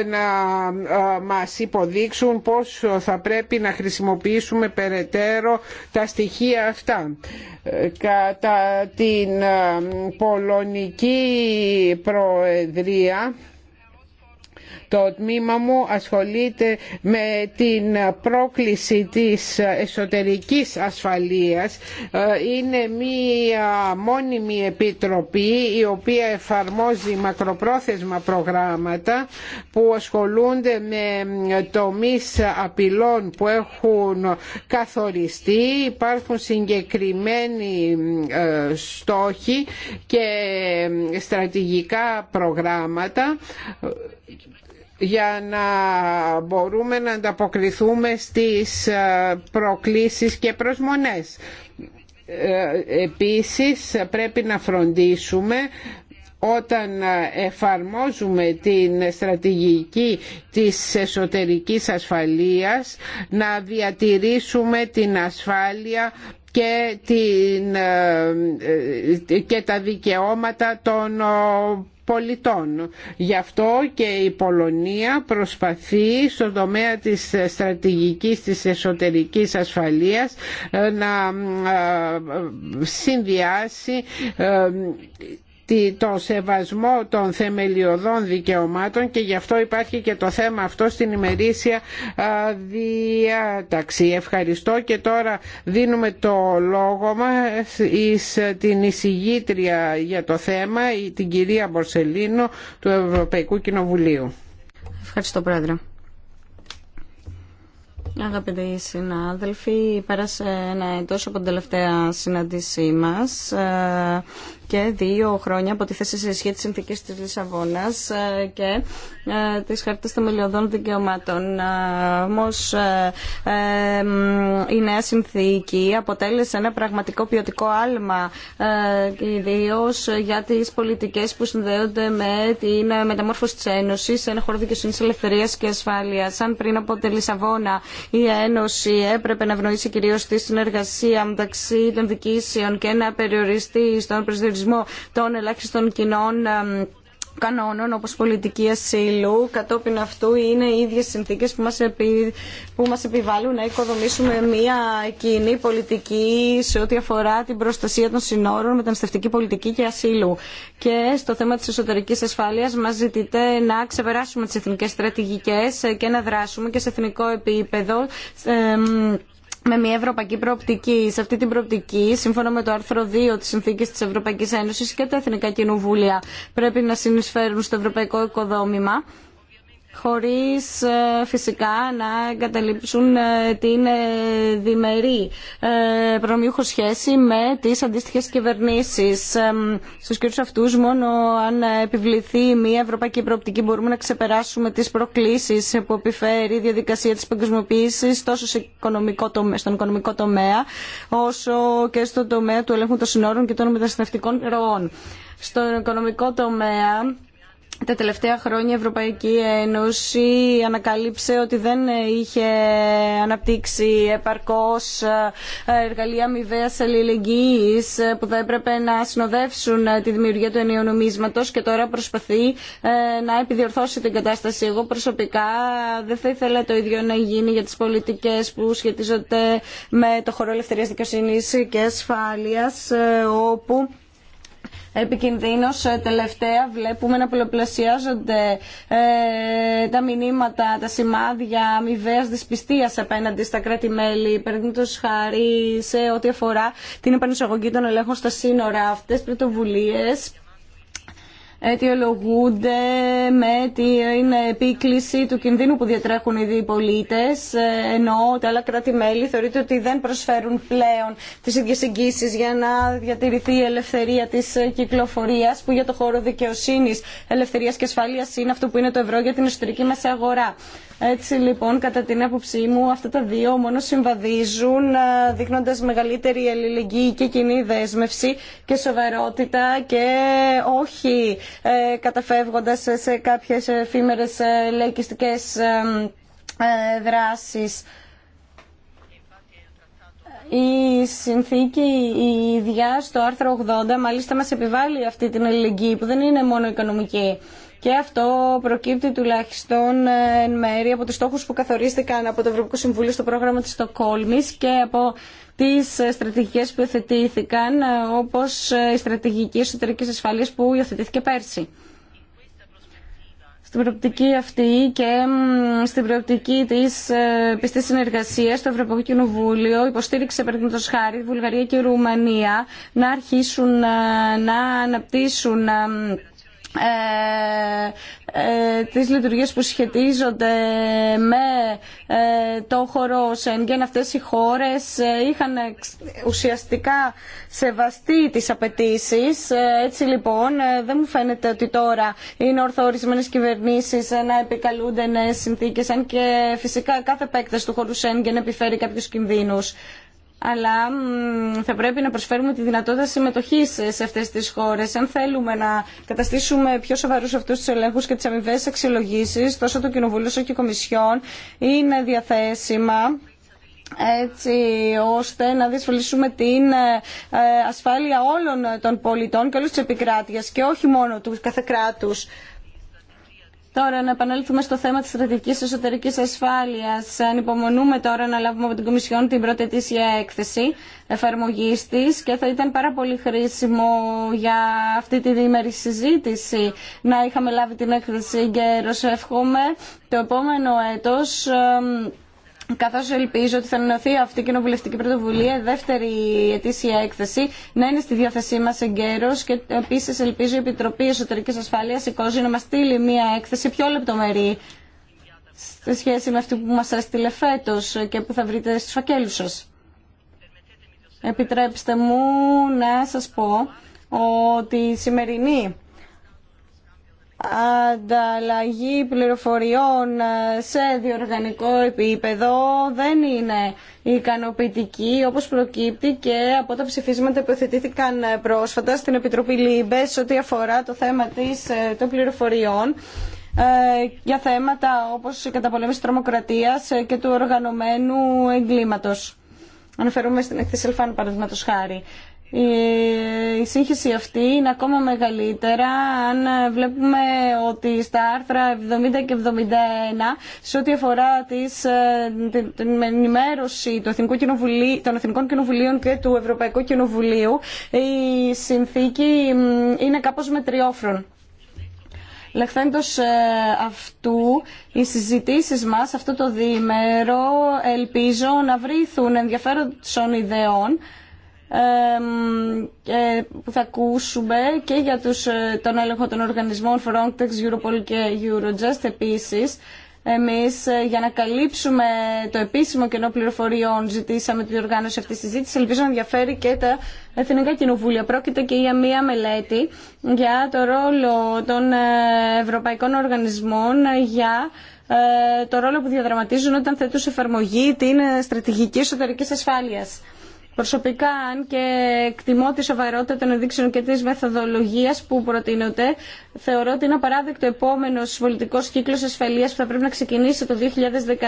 να μας υποδείξουν πώς πώς θα πρέπει να χρησιμοποιήσουμε περαιτέρω τα στοιχεία αυτά. Κατά την ε, Πολωνική Προεδρία το τμήμα μου ασχολείται με την πρόκληση της εσωτερικής ασφαλείας. Είναι μία μόνιμη επιτροπή η οποία εφαρμόζει μακροπρόθεσμα προγράμματα που ασχολούνται με τομείς απειλών που έχουν καθοριστεί. Υπάρχουν συγκεκριμένοι ε, στόχοι και στρατηγικά προγράμματα για να μπορούμε να ανταποκριθούμε στις ε, προκλήσεις και προσμονές. Ε, επίσης πρέπει να φροντίσουμε όταν εφαρμόζουμε την στρατηγική της εσωτερικής ασφαλείας να διατηρήσουμε την ασφάλεια και, ε, και τα δικαιώματα των πολιτών. Γι' αυτό και η Πολωνία προσπαθεί στον τομέα της στρατηγικής της εσωτερικής ασφαλείας ε, να ε, συνδυάσει ε, το σεβασμό των θεμελιωδών δικαιωμάτων και γι' αυτό υπάρχει και το θέμα αυτό στην ημερήσια διάταξη. Ευχαριστώ και τώρα δίνουμε το λόγο μας εις την εισηγήτρια για το θέμα, την κυρία Μπορσελίνο του Ευρωπαϊκού Κοινοβουλίου. Ευχαριστώ Πρόεδρε. Αγαπητοί συνάδελφοι, πέρασε ένα έτος από την τελευταία συναντήσή μας και δύο χρόνια από τη θέση σε σχέση τη συνθήκη τη Λισαβόνα ε, και ε, χάρτη των Μελιωδών Δικαιωμάτων. Ε, Όμω η νέα συνθήκη αποτέλεσε ένα πραγματικό ποιοτικό άλμα ιδίω για τι πολιτικέ που συνδέονται με την μεταμόρφωση τη Ένωση, σε ένα χώρο δικαιοσύνη, ελευθερία και ασφάλεια. Αν πριν από τη Λισαβόνα η Ένωση έπρεπε να ευνοήσει κυρίω τη συνεργασία μεταξύ των δικήσεων και να περιοριστεί στον προσδιορισμό καθορισμό των ελάχιστων κοινών κανόνων όπως πολιτική ασύλου κατόπιν αυτού είναι οι ίδιες συνθήκες που μας, επι... που μας επιβάλλουν να οικοδομήσουμε μια κοινή πολιτική σε ό,τι αφορά την προστασία των συνόρων, μεταναστευτική πολιτική και ασύλου. Και στο θέμα της εσωτερικής ασφάλειας μας ζητείται να ξεπεράσουμε τις εθνικές στρατηγικές και να δράσουμε και σε εθνικό επίπεδο με μια ευρωπαϊκή προοπτική. Σε αυτή την προοπτική, σύμφωνα με το άρθρο 2 της Συνθήκης της Ευρωπαϊκής Ένωση και τα Εθνικά Κοινοβούλια πρέπει να συνεισφέρουν στο ευρωπαϊκό οικοδόμημα χωρίς ε, φυσικά να εγκαταλείψουν ε, την ε, διμερή προνομιούχο σχέση με τις αντίστοιχες κυβερνήσεις. Στους κύριους αυτούς μόνο αν επιβληθεί μια ευρωπαϊκή προοπτική μπορούμε να ξεπεράσουμε τις προκλήσεις που επιφέρει η διαδικασία της παγκοσμιοποίησης τόσο οικονομικό τομέα, στον οικονομικό τομέα όσο και στον τομέα του ελέγχου των συνόρων και των μετασταυτικών ροών. Στον οικονομικό τομέα τα τελευταία χρόνια η Ευρωπαϊκή Ένωση ανακαλύψε ότι δεν είχε αναπτύξει επαρκώς ε, εργαλεία βέα αλληλεγγύης που θα έπρεπε να συνοδεύσουν ε, τη δημιουργία του ενιαίου και τώρα προσπαθεί ε, να επιδιορθώσει την κατάσταση. Εγώ προσωπικά δεν θα ήθελα το ίδιο να γίνει για τις πολιτικές που σχετίζονται με το χώρο ελευθερίας δικαιοσύνης και ασφάλειας όπου επικινδύνος. Ε, τελευταία βλέπουμε να πολλαπλασιάζονται ε, τα μηνύματα, τα σημάδια αμοιβαία δυσπιστίας απέναντι στα κράτη-μέλη, παραδείγματος χάρη σε ό,τι αφορά την επανεισαγωγή των ελέγχων στα σύνορα. Αυτές πρωτοβουλίες αιτιολογούνται με την επίκληση του κινδύνου που διατρέχουν οι πολίτε ενώ τα άλλα κράτη-μέλη θεωρείται ότι δεν προσφέρουν πλέον τις ίδιες εγγύσει για να διατηρηθεί η ελευθερία της κυκλοφορίας, που για το χώρο δικαιοσύνη ελευθερίας και ασφάλειας είναι αυτό που είναι το ευρώ για την εσωτερική μα αγορά. Έτσι λοιπόν, κατά την άποψή μου, αυτά τα δύο μόνο συμβαδίζουν, δείχνοντας μεγαλύτερη αλληλεγγύη και κοινή δέσμευση και σοβαρότητα και όχι ε, καταφεύγοντας σε κάποιες εφήμερες ε, λαϊκιστικές ε, ε, δράσεις. Η συνθήκη η ίδια στο άρθρο 80 μάλιστα μας επιβάλλει αυτή την αλληλεγγύη που δεν είναι μόνο οικονομική. Και αυτό προκύπτει τουλάχιστον ε, εν μέρη από του στόχου που καθορίστηκαν από το Ευρωπαϊκό Συμβούλιο στο πρόγραμμα τη Στοκόλμη και από τι ε, στρατηγικέ που υιοθετήθηκαν, ε, όπω η στρατηγική εσωτερική ασφάλειας που υιοθετήθηκε πέρσι. Στην προοπτική αυτή και στην προοπτική τη πιστή συνεργασία, το Ευρωπαϊκό Κοινοβούλιο υποστήριξε, παραδείγματο χάρη, Βουλγαρία και Ρουμανία να αρχίσουν να αναπτύσσουν ε, ε, τις λειτουργίες που σχετίζονται με ε, το χώρο Σένγκεν. Αυτές οι χώρες ε, είχαν ουσιαστικά σεβαστεί τις απαιτήσει. έτσι λοιπόν δεν μου φαίνεται ότι τώρα είναι ορθορισμένες κυβερνήσεις να επικαλούνται νέες συνθήκες αν και φυσικά κάθε παίκτη του χώρου Σένγκεν επιφέρει κάποιους κινδύνους αλλά θα πρέπει να προσφέρουμε τη δυνατότητα συμμετοχή σε αυτέ τι χώρε. Αν θέλουμε να καταστήσουμε πιο σοβαρού αυτού του ελέγχου και τι αμοιβέ αξιολογήσει, τόσο το Κοινοβούλιο όσο και η Κομισιόν είναι διαθέσιμα έτσι ώστε να διασφαλίσουμε την ε, ε, ασφάλεια όλων των πολιτών και όλων της επικράτειας και όχι μόνο του κάθε κράτους. Τώρα να επανέλθουμε στο θέμα της στρατηγικής εσωτερικής ασφάλειας. Ανυπομονούμε τώρα να λάβουμε από την Κομισιόν την πρώτη ετήσια έκθεση εφαρμογής της και θα ήταν πάρα πολύ χρήσιμο για αυτή τη διήμερη συζήτηση να είχαμε λάβει την έκθεση και Εύχομαι το επόμενο έτος Καθώ ελπίζω ότι θα ενωθεί αυτή η κοινοβουλευτική πρωτοβουλία, δεύτερη ετήσια έκθεση να είναι στη διάθεσή μα εγκαίρω και επίσης ελπίζω η Επιτροπή εσωτερική ασφάλεια η ΚΟΖΗ, να μα στείλει μια έκθεση πιο λεπτομερή σε σχέση με αυτή που μας έστειλε φέτο και που θα βρείτε στου φακέλου. σα. Επιτρέψτε μου να σας πω ότι η σημερινή ανταλλαγή πληροφοριών ε, σε διοργανικό επίπεδο δεν είναι ικανοποιητική όπως προκύπτει και από τα ψηφίσματα που θετήθηκαν ε, πρόσφατα στην Επιτροπή ΛΥΜΠΕΣ ό,τι αφορά το θέμα της, ε, των πληροφοριών για θέματα όπως η καταπολέμηση τρομοκρατίας και του οργανωμένου εγκλήματος. Αναφέρομαι στην εκθέση Ελφάνου παραδείγματος χάρη η σύγχυση αυτή είναι ακόμα μεγαλύτερα αν βλέπουμε ότι στα άρθρα 70 και 71 σε ό,τι αφορά ε, την ενημέρωση των Εθνικών Κοινοβουλίων και του Ευρωπαϊκού Κοινοβουλίου η συνθήκη είναι κάπως μετριόφρον. Λεχθέντος ε, αυτού, οι συζητήσεις μας αυτό το διήμερο ελπίζω να βρήθουν ενδιαφέροντων ιδεών που θα ακούσουμε και για τους, ε, τον έλεγχο των οργανισμών Frontex, Europol και Eurojust επίσης. Εμείς ε, για να καλύψουμε το επίσημο κενό πληροφοριών ζητήσαμε την οργάνωση αυτής της συζήτησης. Ελπίζω να ενδιαφέρει και τα Εθνικά Κοινοβούλια. Πρόκειται και για μία μελέτη για το ρόλο των ε, ευρωπαϊκών οργανισμών για το ρόλο που διαδραματίζουν όταν θέτουν σε εφαρμογή την στρατηγική εσωτερικής ασφάλειας. Προσωπικά, αν και εκτιμώ τη σοβαρότητα των ενδείξεων και τη μεθοδολογία που προτείνονται, θεωρώ ότι είναι απαράδεκτο επόμενο πολιτικό κύκλο ασφαλεία που θα πρέπει να ξεκινήσει το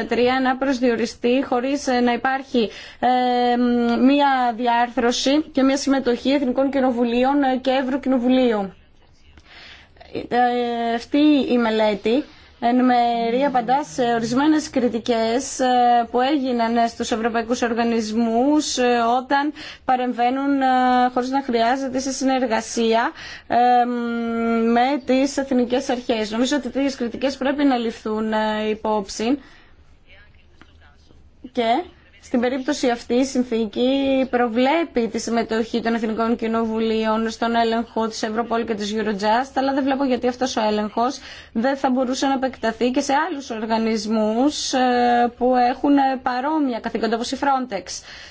2013 να προσδιοριστεί χωρί ε, να υπάρχει ε, μία διάρθρωση και μία συμμετοχή Εθνικών Κοινοβουλίων ε, και Ευρωκοινοβουλίου. αυτή η μελέτη εν μερή απαντά σε ορισμένες κριτικές ε, που έγιναν στους ευρωπαϊκούς οργανισμούς ε, όταν παρεμβαίνουν ε, χωρίς να χρειάζεται σε συνεργασία με τις εθνικές αρχές. Νομίζω ότι τις κριτικές πρέπει να ληφθούν υπόψη και στην περίπτωση αυτή η συνθήκη προβλέπει τη συμμετοχή των Εθνικών Κοινοβουλίων στον έλεγχο της Ευρωπόλ και της Eurojust, αλλά δεν βλέπω γιατί αυτός ο έλεγχος δεν θα μπορούσε να επεκταθεί και σε άλλους οργανισμούς ε, που έχουν παρόμοια καθήκοντα όπως η Frontex.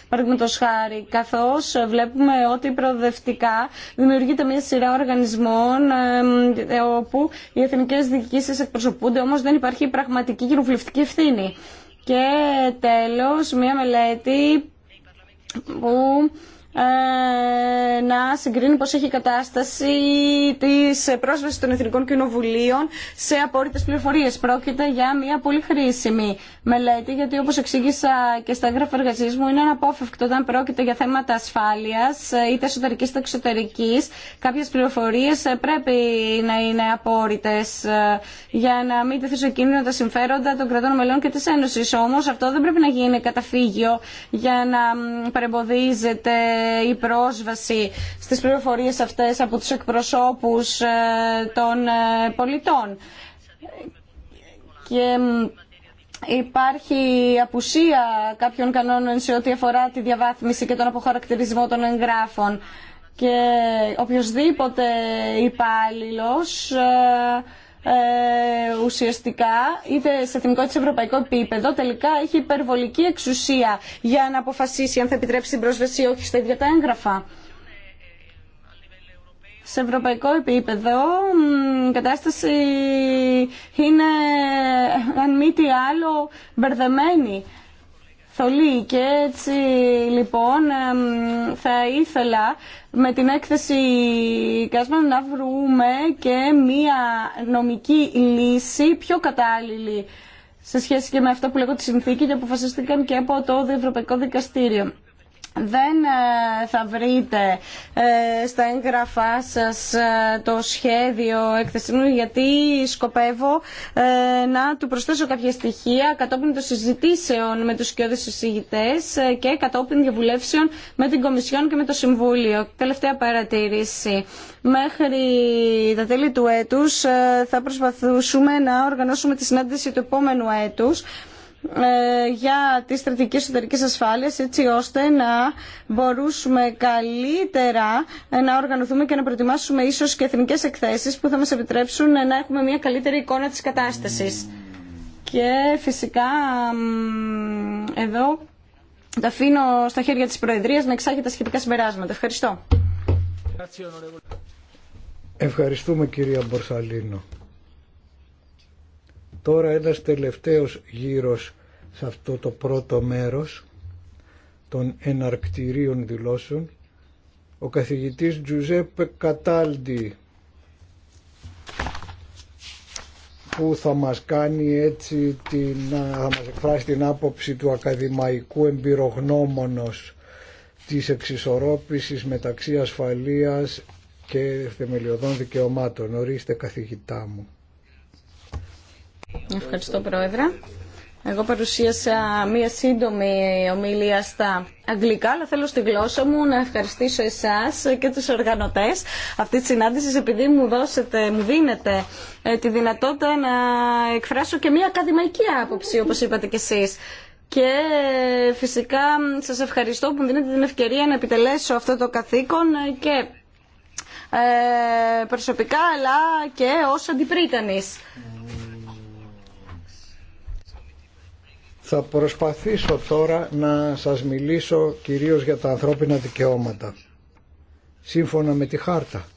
Παραδείγματο χάρη, καθώς βλέπουμε ότι προοδευτικά δημιουργείται μια σειρά οργανισμών ε, ε, όπου οι εθνικές διοικήσεις εκπροσωπούνται, όμως δεν υπάρχει πραγματική κοινοβουλευτική ευθύνη. Και τέλος, μια μελέτη που ε, να συγκρίνει πώς έχει η κατάσταση της πρόσβασης των Εθνικών Κοινοβουλίων σε απόρριτες πληροφορίες. Πρόκειται για μια πολύ χρήσιμη μελέτη, γιατί όπως εξήγησα και στα έγγραφα εργασία μου, είναι αναπόφευκτο όταν πρόκειται για θέματα ασφάλειας, είτε εσωτερική είτε εξωτερικής. Κάποιες πληροφορίες πρέπει να είναι απόρριτες ε, για να μην τεθεί σε κίνδυνο τα συμφέροντα των κρατών μελών και της Ένωσης. Όμως αυτό δεν πρέπει να γίνει καταφύγιο για να παρεμποδίζεται η πρόσβαση στις πληροφορίες αυτές από τους εκπροσώπους ε, των ε, πολιτών. Και υπάρχει απουσία κάποιων κανόνων σε ό,τι αφορά τη διαβάθμιση και τον αποχαρακτηρισμό των εγγράφων. Και οποιοδήποτε υπάλληλος ε, ε, ουσιαστικά είτε σε εθνικό είτε σε ευρωπαϊκό επίπεδο τελικά έχει υπερβολική εξουσία για να αποφασίσει αν θα επιτρέψει την πρόσβαση ή όχι στα ίδια τα έγγραφα. Σε ευρωπαϊκό επίπεδο η κατάσταση είναι αν μη τι άλλο μπερδεμένη θολή και έτσι λοιπόν θα ήθελα με την έκθεση Κάσμα να βρούμε και μία νομική λύση πιο κατάλληλη σε σχέση και με αυτό που λέγω τη συνθήκη και αποφασίστηκαν και από το Ευρωπαϊκό Δικαστήριο δεν ε, θα βρείτε ε, στα έγγραφά σας ε, το σχέδιο εκθεσινού γιατί σκοπεύω να του προσθέσω κάποια στοιχεία κατόπιν των συζητήσεων με τους σκιώδες συζητητές και κατόπιν διαβουλεύσεων με την Κομισιόν και με το Συμβούλιο. Τελευταία παρατήρηση. Μέχρι τα τέλη του έτους θα προσπαθούσουμε να οργανώσουμε τη συνάντηση του επόμενου έτους ε, για τη στρατηγική εσωτερική ασφάλεια, έτσι ώστε να μπορούσουμε καλύτερα να οργανωθούμε και να προετοιμάσουμε ίσως και εθνικέ εκθέσεις που θα μας επιτρέψουν να έχουμε μια καλύτερη εικόνα της κατάστασης. Και φυσικά εδώ τα αφήνω στα χέρια της Προεδρίας να εξάγει τα σχετικά συμπεράσματα. Ευχαριστώ. Ευχαριστούμε κυρία Μπορσαλίνο. Τώρα ένας τελευταίος γύρος σε αυτό το πρώτο μέρος των εναρκτηρίων δηλώσεων ο καθηγητής Τζουζέπε Κατάλντι που θα μας κάνει έτσι την, θα μας εκφράσει την άποψη του ακαδημαϊκού εμπειρογνώμονος της εξισορρόπησης μεταξύ ασφαλείας και θεμελιωδών δικαιωμάτων. Ορίστε καθηγητά μου. Ευχαριστώ, Πρόεδρε. Εγώ παρουσίασα μία σύντομη ομιλία στα αγγλικά, αλλά θέλω στη γλώσσα μου να ευχαριστήσω εσάς και τους οργανωτές αυτή της συνάντηση επειδή μου, δώσετε, μου δίνετε ε, τη δυνατότητα να εκφράσω και μία ακαδημαϊκή άποψη, όπως είπατε κι εσείς. Και ε, φυσικά σας ευχαριστώ που μου δίνετε την ευκαιρία να επιτελέσω αυτό το καθήκον και ε, προσωπικά, αλλά και ως αντιπρίτανης. Θα προσπαθήσω τώρα να σας μιλήσω κυρίως για τα ανθρώπινα δικαιώματα. Σύμφωνα με τη χάρτα,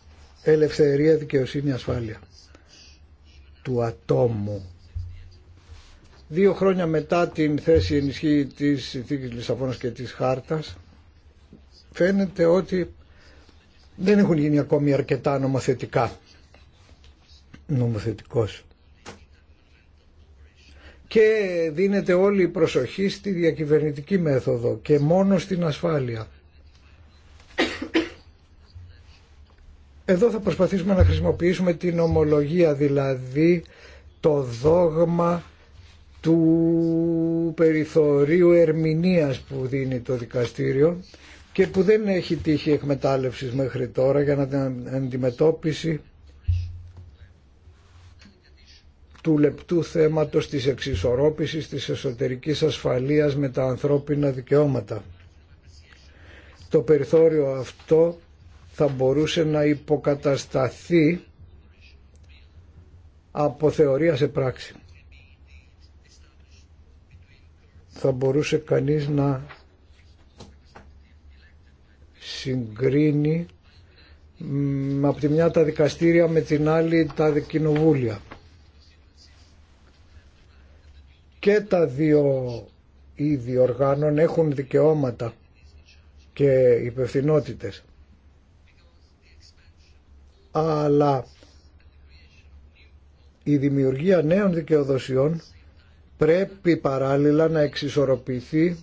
ελευθερία, δικαιοσύνη, ασφάλεια του ατόμου. Δύο χρόνια μετά την θέση ενισχύ της Συνθήκης Λισαβόνας και της Χάρτας, φαίνεται ότι δεν έχουν γίνει ακόμη αρκετά νομοθετικά. Νομοθετικός και δίνεται όλη η προσοχή στη διακυβερνητική μέθοδο και μόνο στην ασφάλεια. Εδώ θα προσπαθήσουμε να χρησιμοποιήσουμε την ομολογία, δηλαδή το δόγμα του περιθωρίου ερμηνείας που δίνει το δικαστήριο και που δεν έχει τύχει εκμετάλλευσης μέχρι τώρα για να την αντιμετώπιση του λεπτού θέματος της εξισορρόπησης της εσωτερικής ασφαλείας με τα ανθρώπινα δικαιώματα. Το περιθώριο αυτό θα μπορούσε να υποκατασταθεί από θεωρία σε πράξη. Θα μπορούσε κανείς να συγκρίνει από τη μια τα δικαστήρια με την άλλη τα κοινοβούλια. και τα δύο είδη οργάνων έχουν δικαιώματα και υπευθυνότητε. Αλλά η δημιουργία νέων δικαιοδοσιών πρέπει παράλληλα να εξισορροπηθεί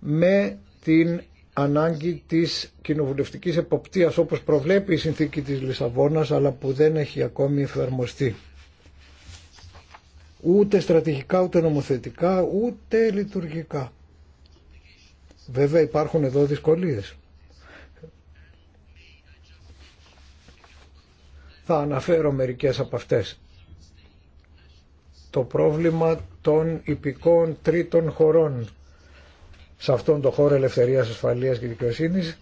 με την ανάγκη της κοινοβουλευτικής εποπτείας όπως προβλέπει η συνθήκη της Λισαβόνας αλλά που δεν έχει ακόμη εφαρμοστεί ούτε στρατηγικά, ούτε νομοθετικά, ούτε λειτουργικά. Βέβαια υπάρχουν εδώ δυσκολίες. Θα αναφέρω μερικές από αυτές. Το πρόβλημα των υπηκών τρίτων χωρών σε αυτόν τον χώρο ελευθερίας, ασφαλείας και δικαιοσύνης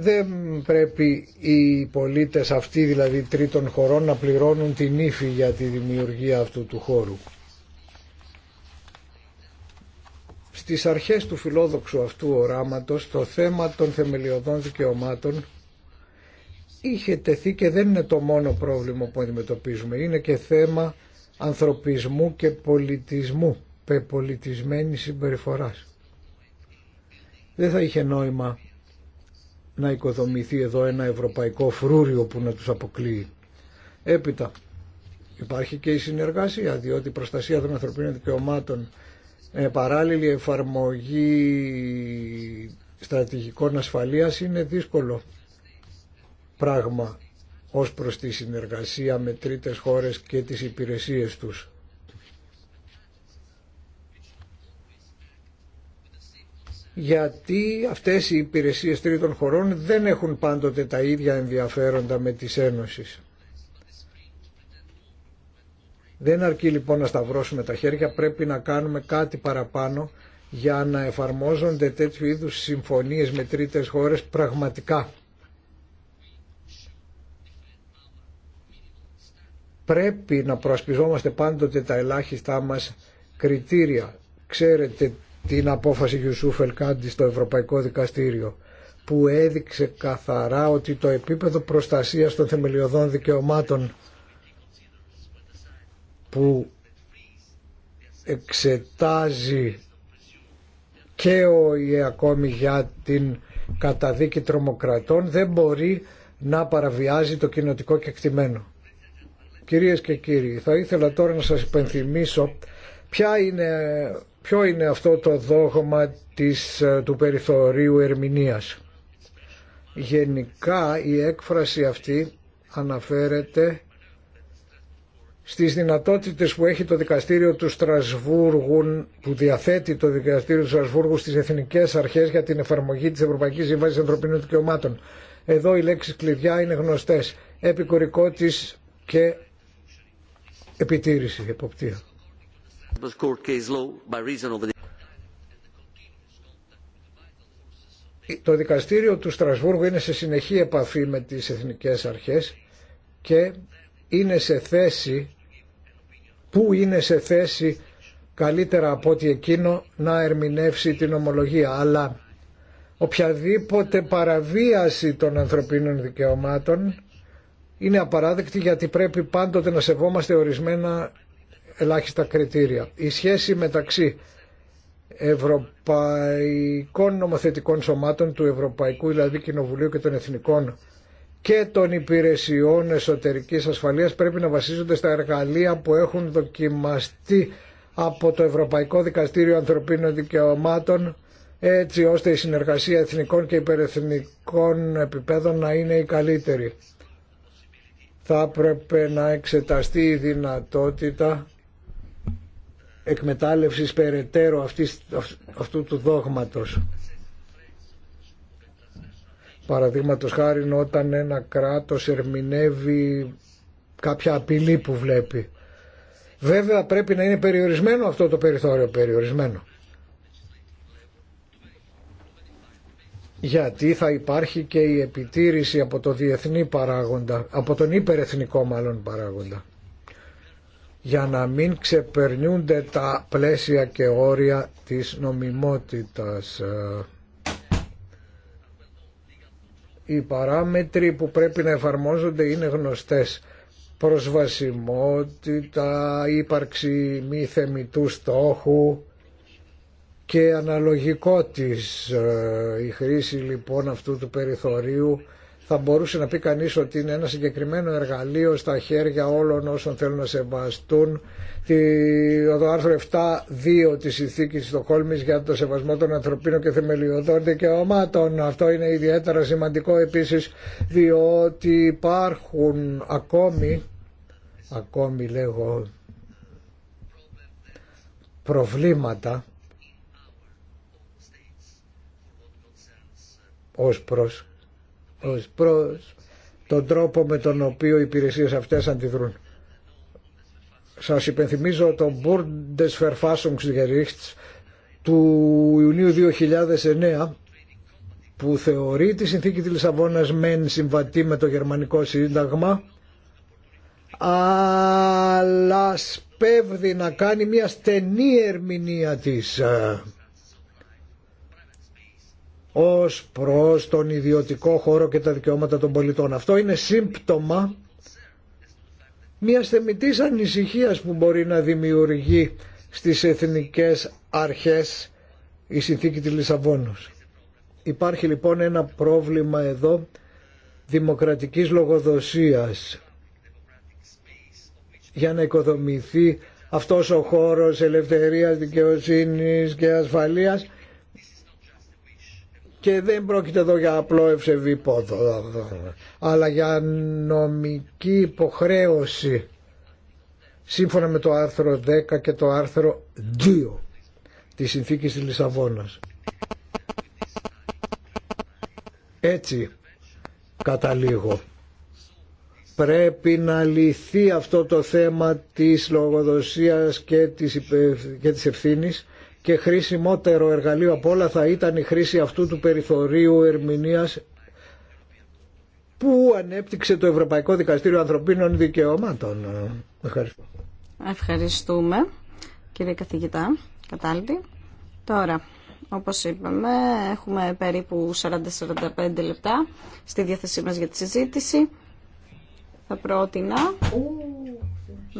δεν πρέπει οι πολίτες αυτοί, δηλαδή τρίτων χωρών, να πληρώνουν την ύφη για τη δημιουργία αυτού του χώρου. Στις αρχές του φιλόδοξου αυτού οράματος, το θέμα των θεμελιωδών δικαιωμάτων είχε τεθεί και δεν είναι το μόνο πρόβλημα που αντιμετωπίζουμε. Είναι και θέμα ανθρωπισμού και πολιτισμού, πεπολιτισμένης συμπεριφοράς. Δεν θα είχε νόημα να οικοδομηθεί εδώ ένα ευρωπαϊκό φρούριο που να τους αποκλείει. Έπειτα υπάρχει και η συνεργασία, διότι η προστασία των ανθρωπίνων δικαιωμάτων ε, παράλληλη εφαρμογή στρατηγικών ασφαλείας είναι δύσκολο πράγμα ως προς τη συνεργασία με τρίτες χώρες και τις υπηρεσίες τους. γιατί αυτές οι υπηρεσίες τρίτων χωρών δεν έχουν πάντοτε τα ίδια ενδιαφέροντα με τις Ένωσης. Δεν αρκεί λοιπόν να σταυρώσουμε τα χέρια, πρέπει να κάνουμε κάτι παραπάνω για να εφαρμόζονται τέτοιου είδους συμφωνίες με τρίτες χώρες πραγματικά. Πρέπει να προασπιζόμαστε πάντοτε τα ελάχιστά μας κριτήρια. Ξέρετε την απόφαση Γιουσούφ Ελκάντη στο Ευρωπαϊκό Δικαστήριο που έδειξε καθαρά ότι το επίπεδο προστασίας των θεμελιωδών δικαιωμάτων που εξετάζει και ο ΙΕ ακόμη για την καταδίκη τρομοκρατών δεν μπορεί να παραβιάζει το κοινοτικό κεκτημένο. Κυρίες και κύριοι, θα ήθελα τώρα να σας υπενθυμίσω ποια είναι Ποιο είναι αυτό το δόγμα της, ε, του περιθωρίου ερμηνείας. Γενικά η έκφραση αυτή αναφέρεται στις δυνατότητες που έχει το δικαστήριο του Στρασβούργου, που διαθέτει το δικαστήριο του Στρασβούργου στις εθνικές αρχές για την εφαρμογή της Ευρωπαϊκής Σύμβασης Ανθρωπίνων Δικαιωμάτων. Εδώ οι λέξεις κλειδιά είναι γνωστές. Επικορικό και επιτήρηση, εποπτεία. Το δικαστήριο του Στρασβούργου είναι σε συνεχή επαφή με τις εθνικές αρχές και είναι σε θέση, που είναι σε θέση καλύτερα από ότι εκείνο να ερμηνεύσει την ομολογία. Αλλά οποιαδήποτε παραβίαση των ανθρωπίνων δικαιωμάτων είναι απαράδεκτη γιατί πρέπει πάντοτε να σεβόμαστε ορισμένα ελάχιστα κριτήρια. Η σχέση μεταξύ ευρωπαϊκών νομοθετικών σωμάτων του Ευρωπαϊκού δηλαδή Κοινοβουλίου και των Εθνικών και των υπηρεσιών εσωτερικής ασφαλείας πρέπει να βασίζονται στα εργαλεία που έχουν δοκιμαστεί από το Ευρωπαϊκό Δικαστήριο Ανθρωπίνων Δικαιωμάτων έτσι ώστε η συνεργασία εθνικών και υπερεθνικών επιπέδων να είναι η καλύτερη. Θα έπρεπε να εξεταστεί η δυνατότητα εκμετάλλευσης περαιτέρω αυτού του δόγματος. Παραδείγματο χάρη όταν ένα κράτος ερμηνεύει κάποια απειλή που βλέπει. Βέβαια πρέπει να είναι περιορισμένο αυτό το περιθώριο, περιορισμένο. Γιατί θα υπάρχει και η επιτήρηση από το διεθνή παράγοντα, από τον υπερεθνικό μάλλον παράγοντα για να μην ξεπερνούνται τα πλαίσια και όρια της νομιμότητας. Οι παράμετροι που πρέπει να εφαρμόζονται είναι γνωστές. Προσβασιμότητα, ύπαρξη μη θεμητού στόχου και αναλογικό της ε, η χρήση λοιπόν αυτού του περιθωρίου θα μπορούσε να πει κανείς ότι είναι ένα συγκεκριμένο εργαλείο στα χέρια όλων όσων θέλουν να σεβαστούν το άρθρο 7.2 της Ιθήκης Στοκόλμης για το σεβασμό των ανθρωπίνων και θεμελιωδών δικαιωμάτων. Αυτό είναι ιδιαίτερα σημαντικό επίσης διότι υπάρχουν ακόμη, ακόμη λέγω, προβλήματα ως προς προς τον τρόπο με τον οποίο οι υπηρεσίες αυτές αντιδρούν. Σας υπενθυμίζω το Bundesverfassungsgericht του Ιουνίου 2009 που θεωρεί τη συνθήκη της Λισαβόνας μεν συμβατή με το γερμανικό σύνταγμα αλλά σπέβδει να κάνει μια στενή ερμηνεία της ε, ως προς τον ιδιωτικό χώρο και τα δικαιώματα των πολιτών. Αυτό είναι σύμπτωμα μιας θεμητής ανησυχίας που μπορεί να δημιουργεί στις εθνικές αρχές η συνθήκη της Λισαβόνος. Υπάρχει λοιπόν ένα πρόβλημα εδώ δημοκρατικής λογοδοσίας για να οικοδομηθεί αυτός ο χώρος ελευθερίας, δικαιοσύνης και ασφαλείας και δεν πρόκειται εδώ για απλό ευσεβή πόδο αλλά για νομική υποχρέωση σύμφωνα με το άρθρο 10 και το άρθρο 2 της συνθήκης της Λισαβόνας. Έτσι καταλήγω. Πρέπει να λυθεί αυτό το θέμα της λογοδοσίας και της, και της ευθύνης και χρήσιμότερο εργαλείο από όλα θα ήταν η χρήση αυτού του περιθωρίου ερμηνείας που ανέπτυξε το Ευρωπαϊκό Δικαστήριο Ανθρωπίνων Δικαιωμάτων. Ευχαριστώ. Ευχαριστούμε κύριε καθηγητά Κατάλτη. Τώρα, όπως είπαμε, έχουμε περίπου 40-45 λεπτά στη διάθεσή μας για τη συζήτηση. Θα πρότεινα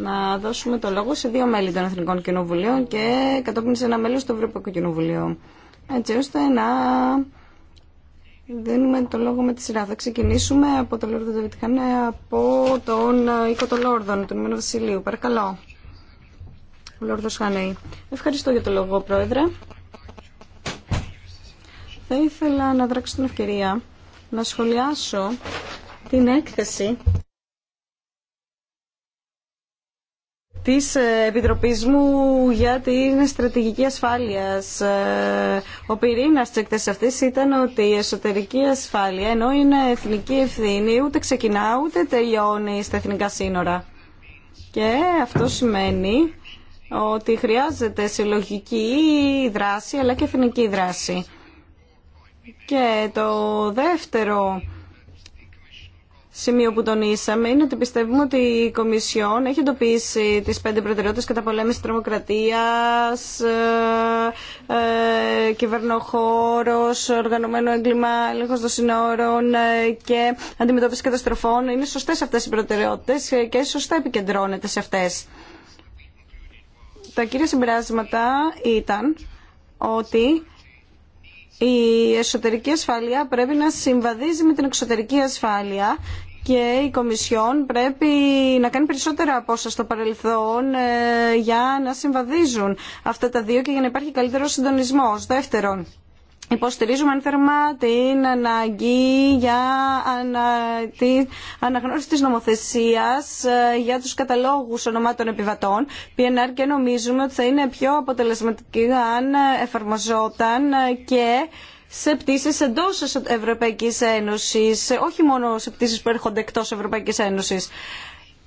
να δώσουμε το λόγο σε δύο μέλη των Εθνικών Κοινοβουλίων και κατόπιν σε ένα μέλος του Ευρωπαϊκού Κοινοβουλίου. Έτσι ώστε να δίνουμε το λόγο με τη σειρά. Θα ξεκινήσουμε από τον Λόρδο Δαβιτχανέ, από τον οίκο των Λόρδων, του Ηνωμένου Βασιλείου. Παρακαλώ. Ο Λόρδος Χανέη. Ευχαριστώ για το λόγο, Πρόεδρε. Θα ήθελα να δράξω την ευκαιρία να σχολιάσω την έκθεση της ε, Επιτροπής μου για την στρατηγική ασφάλειας. Ε, ο πυρήνας της εκθέσης αυτής ήταν ότι η εσωτερική ασφάλεια, ενώ είναι εθνική ευθύνη, ούτε ξεκινά ούτε τελειώνει στα εθνικά σύνορα. Και αυτό σημαίνει ότι χρειάζεται συλλογική δράση αλλά και εθνική δράση. Και το δεύτερο σημείο που τονίσαμε είναι ότι πιστεύουμε ότι η Κομισιόν έχει εντοπίσει τις πέντε προτεραιότητες κατά πολέμηση τρομοκρατίας, ε, ε κυβερνοχώρος, οργανωμένο έγκλημα, έλεγχος των συνόρων ε, και αντιμετώπιση καταστροφών. Είναι σωστές αυτές οι προτεραιότητες και σωστά επικεντρώνεται σε αυτές. Τα κύρια συμπεράσματα ήταν ότι η εσωτερική ασφάλεια πρέπει να συμβαδίζει με την εξωτερική ασφάλεια και η Κομισιόν πρέπει να κάνει περισσότερα από όσα στο παρελθόν ε, για να συμβαδίζουν αυτά τα δύο και για να υπάρχει καλύτερο συντονισμός. Δεύτερον, Υποστηρίζουμε αν θερμά την αναγκή για την αναγνώριση της νομοθεσίας ε, για τους καταλόγους ονομάτων επιβατών, PNR, και νομίζουμε ότι θα είναι πιο αποτελεσματική αν εφαρμοζόταν ε, και σε πτήσει εντό Ευρωπαϊκή Ένωση, όχι μόνο σε πτήσει που έρχονται εκτό Ευρωπαϊκή Ένωση.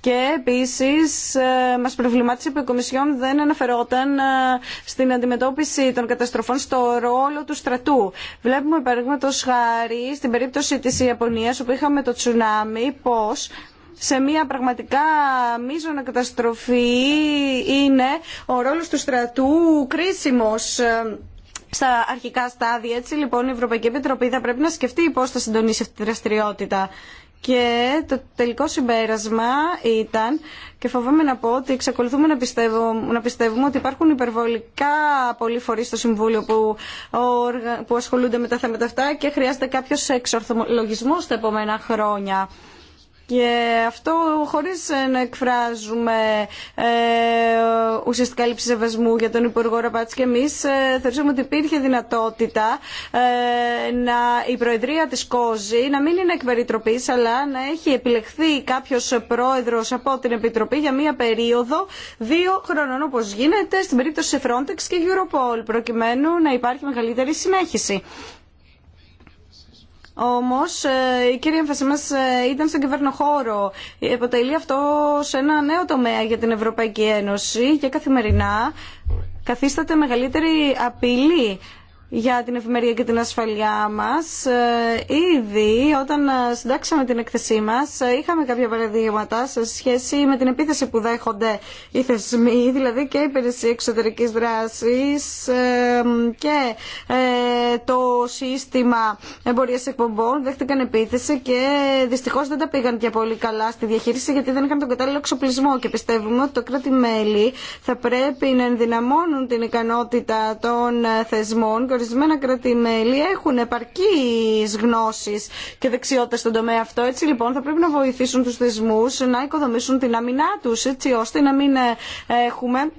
Και επίση ε, μα προβλημάτισε που η Κομισιόν δεν αναφερόταν ε, στην αντιμετώπιση των καταστροφών στο ρόλο του στρατού. Βλέπουμε, παραδείγματο χάρη, στην περίπτωση τη Ιαπωνία, όπου είχαμε το τσουνάμι, πω σε μια πραγματικά μείζωνα καταστροφή είναι ο ρόλος του στρατού κρίσιμος ε, στα αρχικά στάδια. Έτσι λοιπόν η Ευρωπαϊκή Επιτροπή θα πρέπει να σκεφτεί πώς θα συντονίσει αυτή τη δραστηριότητα. Και το τελικό συμπέρασμα ήταν, και φοβάμαι να πω ότι εξακολουθούμε να, πιστεύω, να πιστεύουμε ότι υπάρχουν υπερβολικά πολλοί φορεί στο Συμβούλιο που, που ασχολούνται με τα θέματα αυτά και χρειάζεται κάποιο εξορθολογισμό στα επόμενα χρόνια. Και αυτό χωρίς να εκφράζουμε ε, ουσιαστικά λήψη σεβασμού για τον Υπουργό Ραπάτση και εμείς ε, ότι υπήρχε δυνατότητα ε, να, η Προεδρία της Κόζη να μην είναι εκ αλλά να έχει επιλεχθεί κάποιος πρόεδρος από την Επιτροπή για μία περίοδο δύο χρονών όπως γίνεται στην περίπτωση Frontex και Europol προκειμένου να υπάρχει μεγαλύτερη συνέχιση. Όμω, ε, η κύρια έμφαση μα ε, ήταν στον κυβερνοχώρο. Αποτελεί αυτό σε ένα νέο τομέα για την Ευρωπαϊκή Ένωση και καθημερινά καθίσταται μεγαλύτερη απειλή για την εφημερία και την ασφαλειά μας. Ε, ήδη όταν ε, συντάξαμε την εκθεσή μας ε, είχαμε κάποια παραδείγματα σε σχέση με την επίθεση που δέχονται οι θεσμοί, δηλαδή και η υπηρεσία εξωτερικής δράσης και το σύστημα εμπορίας εκπομπών δέχτηκαν επίθεση και δυστυχώς δεν τα πήγαν και πολύ καλά στη διαχείριση γιατί δεν είχαν τον κατάλληλο εξοπλισμό και πιστεύουμε ότι το κράτη-μέλη θα πρέπει να ενδυναμώνουν την ικανότητα των θεσμών ορισμένα κρατημέλη έχουν επαρκεί γνώσει και δεξιότητε στον τομέα αυτό. Έτσι λοιπόν θα πρέπει να βοηθήσουν του θεσμού να οικοδομήσουν την αμυνά του, έτσι ώστε να μην ε, έχουμε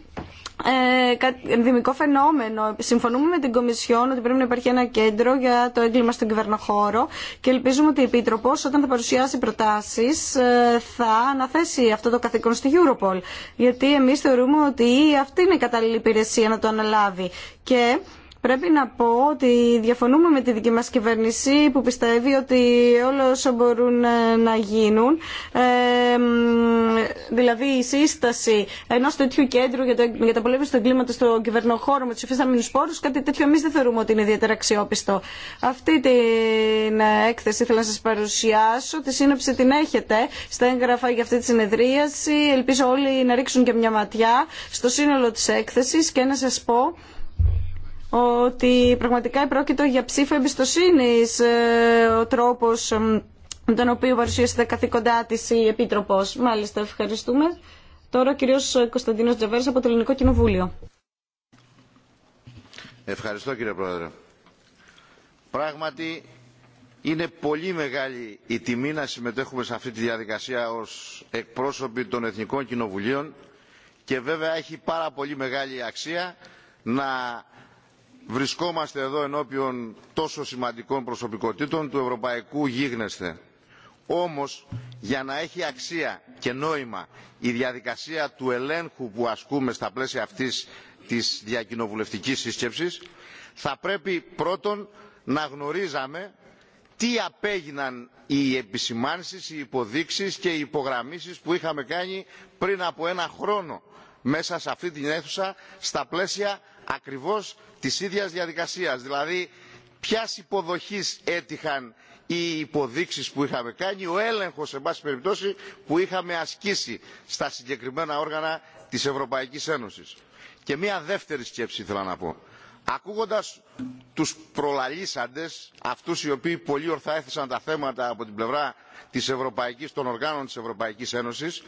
ε, ενδημικό φαινόμενο. Συμφωνούμε με την Κομισιόν ότι πρέπει να υπάρχει ένα κέντρο για το έγκλημα στον κυβερνοχώρο και ελπίζουμε ότι η Επίτροπο όταν θα παρουσιάσει προτάσει ε, θα αναθέσει αυτό το καθήκον στη Europol. Γιατί εμεί θεωρούμε ότι αυτή είναι η κατάλληλη υπηρεσία να το αναλάβει. Και Πρέπει να πω ότι διαφωνούμε με τη δική μας κυβέρνηση που πιστεύει ότι όλα όσα μπορούν ε, να γίνουν, ε, δηλαδή η σύσταση ενός τέτοιου κέντρου για τα πολέμηση του εγκλήματος στο κυβερνοχώρο με τους υφιστάμενους πόρους, κάτι τέτοιο εμείς δεν θεωρούμε ότι είναι ιδιαίτερα αξιόπιστο. Αυτή την ε, έκθεση ήθελα να σας παρουσιάσω, τη σύνοψη την έχετε στα έγγραφα για αυτή τη συνεδρίαση. Ελπίζω όλοι να ρίξουν και μια ματιά στο σύνολο της έκθεσης και να σας πω ότι πραγματικά πρόκειται για ψήφο εμπιστοσύνη ε, ο τρόπο ε, με τον οποίο παρουσίασε τα καθήκοντά τη η Επίτροπο. Μάλιστα, ευχαριστούμε. Τώρα ο κύριο Κωνσταντίνο Τζαβέρη από το Ελληνικό Κοινοβούλιο. Ευχαριστώ κύριε Πρόεδρε. Πράγματι είναι πολύ μεγάλη η τιμή να συμμετέχουμε σε αυτή τη διαδικασία ως εκπρόσωποι των Εθνικών Κοινοβουλίων και βέβαια έχει πάρα πολύ μεγάλη αξία να βρισκόμαστε εδώ ενώπιον τόσο σημαντικών προσωπικότητων του ευρωπαϊκού γίγνεσθε. Όμως, για να έχει αξία και νόημα η διαδικασία του ελέγχου που ασκούμε στα πλαίσια αυτής της διακοινοβουλευτικής σύσκεψης, θα πρέπει πρώτον να γνωρίζαμε τι απέγιναν οι επισημάνσεις, οι υποδείξεις και οι υπογραμμίσεις που είχαμε κάνει πριν από ένα χρόνο μέσα σε αυτή την αίθουσα στα πλαίσια ακριβώς της ίδιας διαδικασίας. Δηλαδή, ποιας υποδοχής έτυχαν οι υποδείξεις που είχαμε κάνει, ο έλεγχος, σε πάση περιπτώσει, που είχαμε ασκήσει στα συγκεκριμένα όργανα της Ευρωπαϊκής Ένωσης. Και μία δεύτερη σκέψη ήθελα να πω. Ακούγοντας τους προλαλήσαντες, αυτούς οι οποίοι πολύ ορθά έθεσαν τα θέματα από την πλευρά των οργάνων της Ευρωπαϊκής Ένωσης,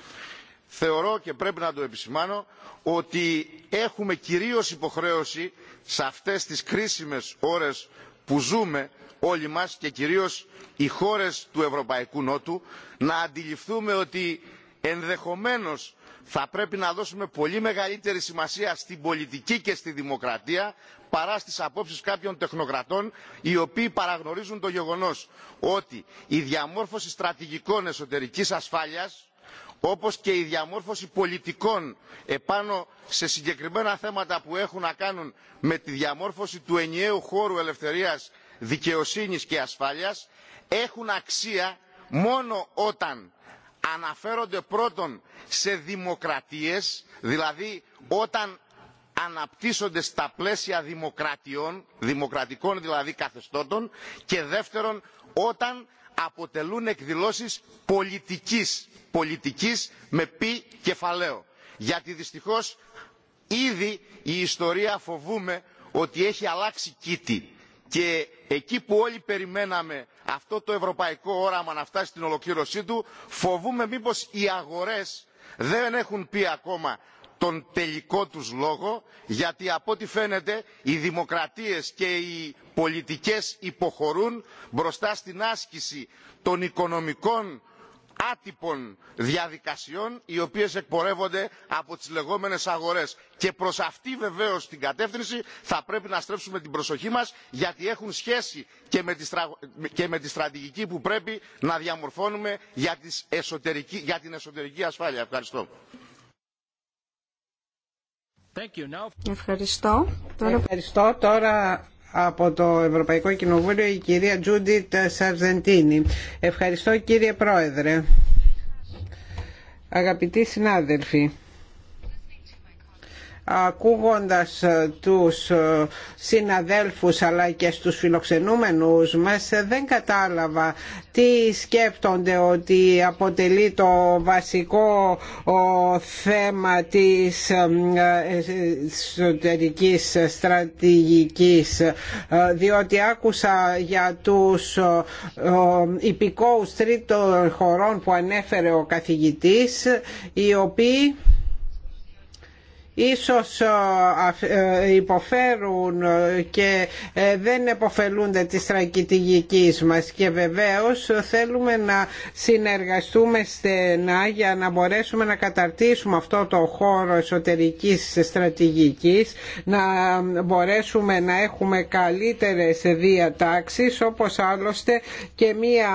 θεωρώ και πρέπει να το επισημάνω ότι έχουμε κυρίως υποχρέωση σε αυτές τις κρίσιμες ώρες που ζούμε όλοι μας και κυρίως οι χώρες του Ευρωπαϊκού Νότου να αντιληφθούμε ότι ενδεχομένως θα πρέπει να δώσουμε πολύ μεγαλύτερη σημασία στην πολιτική και στη δημοκρατία παρά στις απόψεις κάποιων τεχνοκρατών οι οποίοι παραγνωρίζουν το γεγονός ότι η διαμόρφωση στρατηγικών εσωτερικής ασφάλειας όπως και η διαμόρφωση πολιτικών επάνω σε συγκεκριμένα θέματα που έχουν να κάνουν με τη διαμόρφωση του ενιαίου χώρου ελευθερίας, δικαιοσύνης και ασφάλειας έχουν αξία μόνο όταν αναφέρονται πρώτον σε δημοκρατίες, δηλαδή όταν αναπτύσσονται στα πλαίσια δημοκρατιών, δημοκρατικών δηλαδή καθεστώτων και δεύτερον όταν αποτελούν εκδηλώσεις πολιτικής, πολιτικής με πι κεφαλαίο. Γιατί δυστυχώς ήδη η ιστορία φοβούμε ότι έχει αλλάξει κήτη και εκεί που όλοι περιμέναμε αυτό το ευρωπαϊκό όραμα να φτάσει στην ολοκλήρωσή του φοβούμε μήπως οι αγορές δεν έχουν πει ακόμα τον τελικό τους λόγο γιατί από ό,τι φαίνεται οι δημοκρατίες και οι πολιτικές υποχωρούν μπροστά στην άσκηση των οικονομικών άτυπων διαδικασιών οι οποίες εκπορεύονται από τις λεγόμενες αγορές. Και προς αυτή βεβαίως την κατεύθυνση θα πρέπει να στρέψουμε την προσοχή μας γιατί έχουν σχέση και με τη, στρα... στρατηγική που πρέπει να διαμορφώνουμε για, τις για την εσωτερική ασφάλεια. Ευχαριστώ. Ευχαριστώ. Τώρα... Ευχαριστώ. Τώρα από το Ευρωπαϊκό Κοινοβούλιο η κυρία Τζούντιτ Σαρζεντίνη. Ευχαριστώ κύριε Πρόεδρε. Αγαπητοί συνάδελφοι ακούγοντας ε, τους ε, συναδέλφους αλλά και στους φιλοξενούμενους μας ε, δεν κατάλαβα τι σκέπτονται ότι αποτελεί το βασικό θέμα της εσωτερικής στρατηγικής διότι άκουσα για τους υπηκόους τρίτων χωρών που ανέφερε ο καθηγητής οι οποίοι ίσως ε, υποφέρουν ε, και ε, δεν εποφελούνται της στρατηγικής μας και βεβαίως θέλουμε να συνεργαστούμε στενά για να μπορέσουμε να καταρτήσουμε αυτό το χώρο εσωτερικής στρατηγικής να μπορέσουμε να έχουμε καλύτερες διατάξεις όπως άλλωστε και μία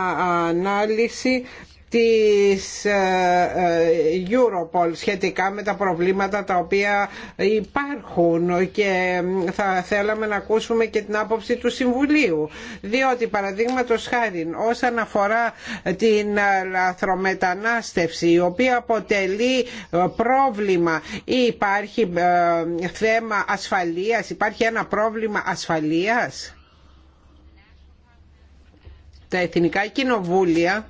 ανάλυση της ε, ε, Europol σχετικά με τα προβλήματα τα οποία υπάρχουν και θα θέλαμε να ακούσουμε και την άποψη του Συμβουλίου διότι παραδείγματο χάρη όσον αφορά την ε, λαθρομετανάστευση η οποία αποτελεί πρόβλημα ή υπάρχει θέμα ασφαλείας υπάρχει ένα πρόβλημα ασφαλείας τα εθνικά κοινοβούλια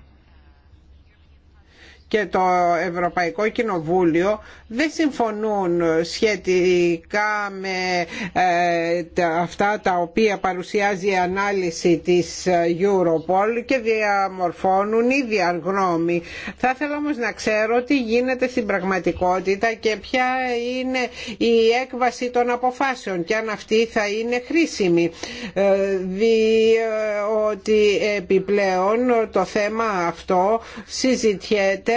και το Ευρωπαϊκό Κοινοβούλιο δεν συμφωνούν σχετικά με ε, αυτά τα οποία παρουσιάζει η ανάλυση της ε, Europol και διαμορφώνουν ή διαγνώμη. Θα ήθελα όμως να ξέρω τι γίνεται στην πραγματικότητα και ποια είναι η έκβαση των αποφάσεων και αν αυτή θα είναι χρήσιμη. Ε, Διότι επιπλέον το θέμα αυτό συζητιέται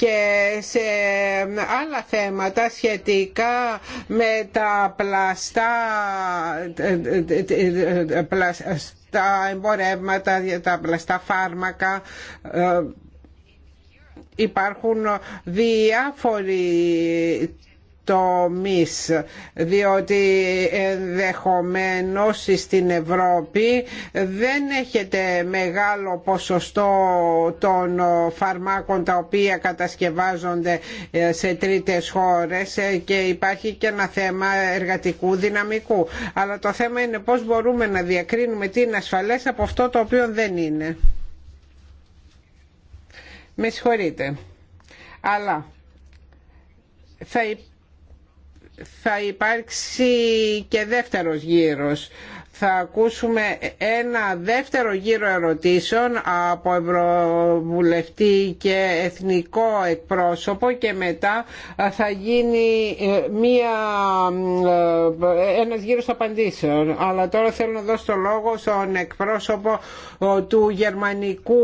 και σε άλλα θέματα σχετικά με τα πλαστά τα εμπορεύματα, τα πλαστά φάρμακα ε, υπάρχουν διάφοροι τομείς διότι ενδεχομένως στην Ευρώπη δεν έχετε μεγάλο ποσοστό των φαρμάκων τα οποία κατασκευάζονται ε, σε τρίτες χώρες ε, και υπάρχει και ένα θέμα εργατικού δυναμικού αλλά το θέμα είναι πώς μπορούμε να διακρίνουμε τι είναι ασφαλές από αυτό το οποίο δεν είναι. Με συγχωρείτε. Αλλά θα υπάρχει θα υπάρξει και δεύτερος γύρος. Θα ακούσουμε ένα δεύτερο γύρο ερωτήσεων από Ευρωβουλευτή και Εθνικό Εκπρόσωπο και μετά θα γίνει ε, μία, ε, ένας γύρος απαντήσεων. Αλλά τώρα θέλω να δώσω το λόγο στον εκπρόσωπο ε, του Γερμανικού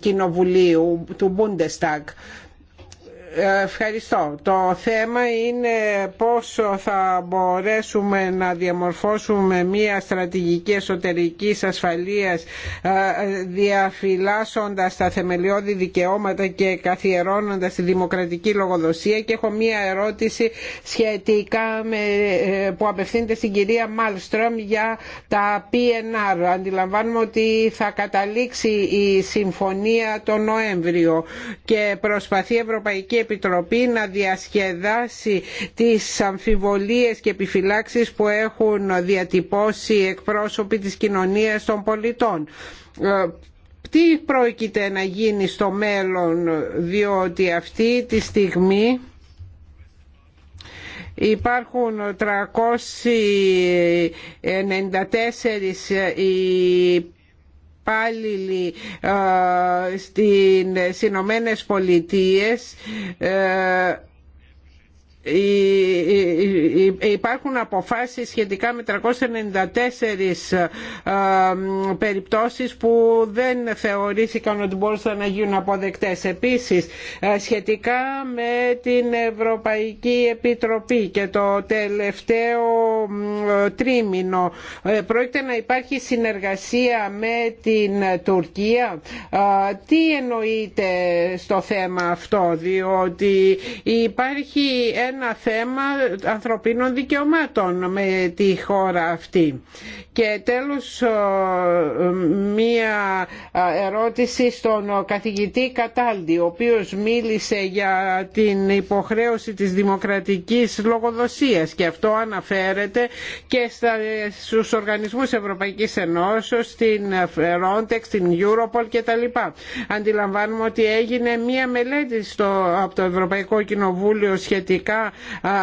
Κοινοβουλίου, του Bundestag Ευχαριστώ. Το θέμα είναι πώς θα μπορέσουμε να διαμορφώσουμε μια στρατηγική εσωτερικής ασφαλείας ε, διαφυλάσσοντας τα θεμελιώδη δικαιώματα και καθιερώνοντας τη δημοκρατική λογοδοσία και έχω μια ερώτηση σχετικά με, ε, που απευθύνεται στην κυρία Μάλστρομ για τα PNR. Αντιλαμβάνουμε ότι θα καταλήξει η συμφωνία τον Νοέμβριο και προσπαθεί η Ευρωπαϊκή Επιτροπή να διασκεδάσει τις αμφιβολίες και επιφυλάξεις που έχουν διατυπώσει οι εκπρόσωποι της κοινωνίας των πολιτών ε, τι πρόκειται να γίνει στο μέλλον διότι αυτή τη στιγμή υπάρχουν 394 οι υπάλληλοι ε, στις Ηνωμένε Πολιτείες ε, υπάρχουν αποφάσεις σχετικά με 394 ε, περιπτώσεις που δεν θεωρήθηκαν ότι μπορούσαν να γίνουν αποδεκτές. Επίσης ε, σχετικά με την Ευρωπαϊκή Επιτροπή και το τελευταίο τρίμηνο ε, πρόκειται να υπάρχει συνεργασία με την Τουρκία. Τι εννοείται στο θέμα αυτό διότι υπάρχει ένα ένα θέμα ανθρωπίνων δικαιωμάτων με τη χώρα αυτή. Και τέλος μία ερώτηση στον καθηγητή Κατάλτη, ο οποίος μίλησε για την υποχρέωση της δημοκρατικής λογοδοσίας και αυτό αναφέρεται και στους οργανισμούς Ευρωπαϊκής Ενώσεως, στην Frontex, την Europol κτλ. Αντιλαμβάνουμε ότι έγινε μία μελέτη στο, από το Ευρωπαϊκό Κοινοβούλιο σχετικά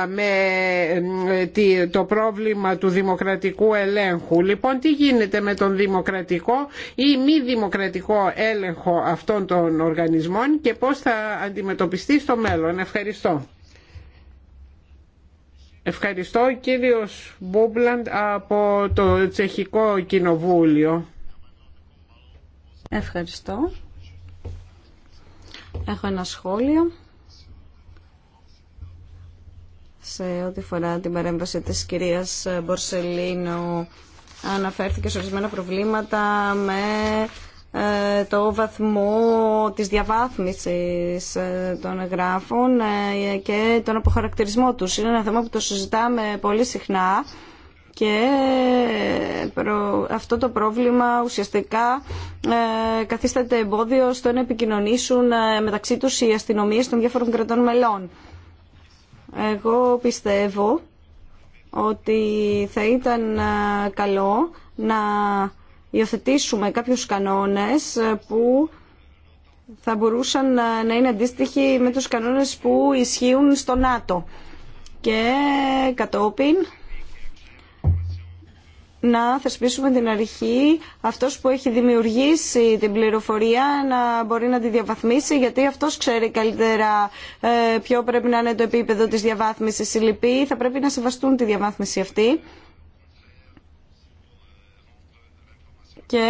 με το πρόβλημα του δημοκρατικού ελέγχου. Λοιπόν, τι γίνεται με τον δημοκρατικό ή μη δημοκρατικό έλεγχο αυτών των οργανισμών και πώς θα αντιμετωπιστεί στο μέλλον. Ευχαριστώ. Ευχαριστώ κύριος Μπούμπλαντ από το Τσεχικό Κοινοβούλιο. Ευχαριστώ. Έχω ένα σχόλιο σε ό,τι φορά την παρέμβαση της κυρίας Μπορσελίνου αναφέρθηκε σε ορισμένα προβλήματα με ε, το βαθμό της διαβάθμισης ε, των εγγράφων ε, και τον αποχαρακτηρισμό τους. Είναι ένα θέμα που το συζητάμε πολύ συχνά και αυτό το πρόβλημα ουσιαστικά καθίσταται εμπόδιο στο να επικοινωνήσουν μεταξύ τους οι αστυνομίες των διάφορων κρατών μελών. Εγώ πιστεύω ότι θα ήταν καλό να υιοθετήσουμε κάποιους κανόνες που θα μπορούσαν να είναι αντίστοιχοι με τους κανόνες που ισχύουν στο ΝΑΤΟ. Και κατόπιν να θεσπίσουμε την αρχή αυτός που έχει δημιουργήσει την πληροφορία να μπορεί να τη διαβαθμίσει γιατί αυτός ξέρει καλύτερα ε, ποιο πρέπει να είναι το επίπεδο της διαβάθμισης. Οι λοιποί θα πρέπει να σεβαστούν τη διαβάθμιση αυτή. Και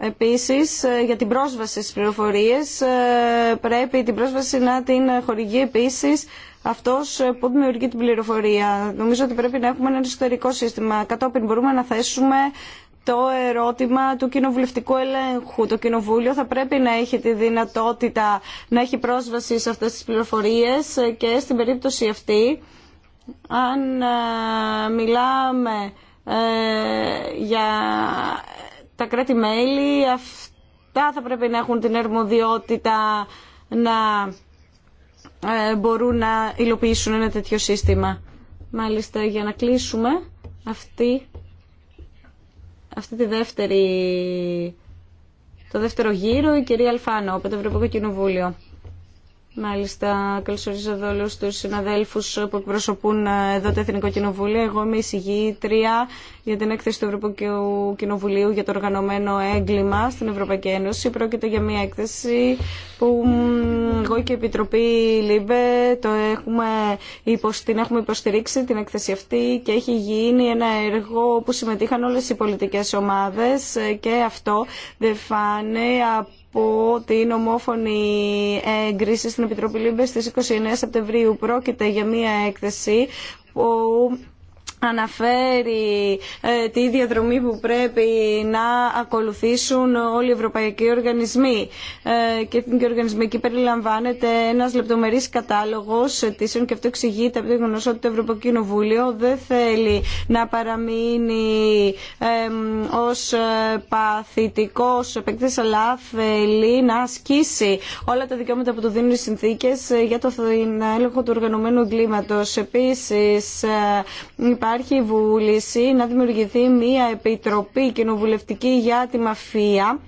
Επίσης, ε, για την πρόσβαση στις πληροφορίες ε, πρέπει την πρόσβαση να την χορηγεί επίσης αυτός ε, που δημιουργεί την πληροφορία. Νομίζω ότι πρέπει να έχουμε ένα εσωτερικό σύστημα. Κατόπιν μπορούμε να θέσουμε το ερώτημα του κοινοβουλευτικού ελέγχου. Το κοινοβούλιο θα πρέπει να έχει τη δυνατότητα να έχει πρόσβαση σε αυτές τις πληροφορίες και στην περίπτωση αυτή, αν μιλάμε για τα κράτη-μέλη αυτά θα πρέπει να έχουν την ερμοδιότητα να ε, μπορούν να υλοποιήσουν ένα τέτοιο σύστημα. Μάλιστα, για να κλείσουμε αυτή, αυτή τη δεύτερη, το δεύτερο γύρο, η κυρία Αλφάνο από το Ευρωπαϊκό Κοινοβούλιο. Μάλιστα, καλωσορίζω εδώ όλου του συναδέλφου που εκπροσωπούν ε, εδώ το Εθνικό Κοινοβούλιο. Εγώ είμαι εισηγήτρια για την έκθεση του Ευρωπαϊκού Κοινοβουλίου για το οργανωμένο έγκλημα στην Ευρωπαϊκή Ένωση. Πρόκειται για μια έκθεση που εγώ και η Επιτροπή ΛΥΜΠΕ το έχουμε, την έχουμε υποστηρίξει την έκθεση αυτή και έχει γίνει ένα έργο που συμμετείχαν όλες οι πολιτικές ομάδες ε, και αυτό δεν φάνε από που την ομόφωνη έγκριση στην Επιτροπή Λίμπε στις 29 Σεπτεμβρίου. Πρόκειται για μια έκθεση που αναφέρει ε, τη διαδρομή που πρέπει να ακολουθήσουν όλοι οι ευρωπαϊκοί οργανισμοί ε, και την οργανισμοί. Εκεί περιλαμβάνεται ένας λεπτομερής κατάλογος αιτήσεων και αυτό εξηγείται από το γεγονό ότι το Ευρωπαϊκό Κοινοβούλιο δεν θέλει να παραμείνει ως ε, παθητικός επέκτης, αλλά θέλει να ασκήσει όλα τα δικαιώματα που του δίνουν οι συνθήκες για το έλεγχο του οργανωμένου εγκλήματος. Επίσης, υπάρχει βούληση να δημιουργηθεί μια επιτροπή κοινοβουλευτική για τη μαφία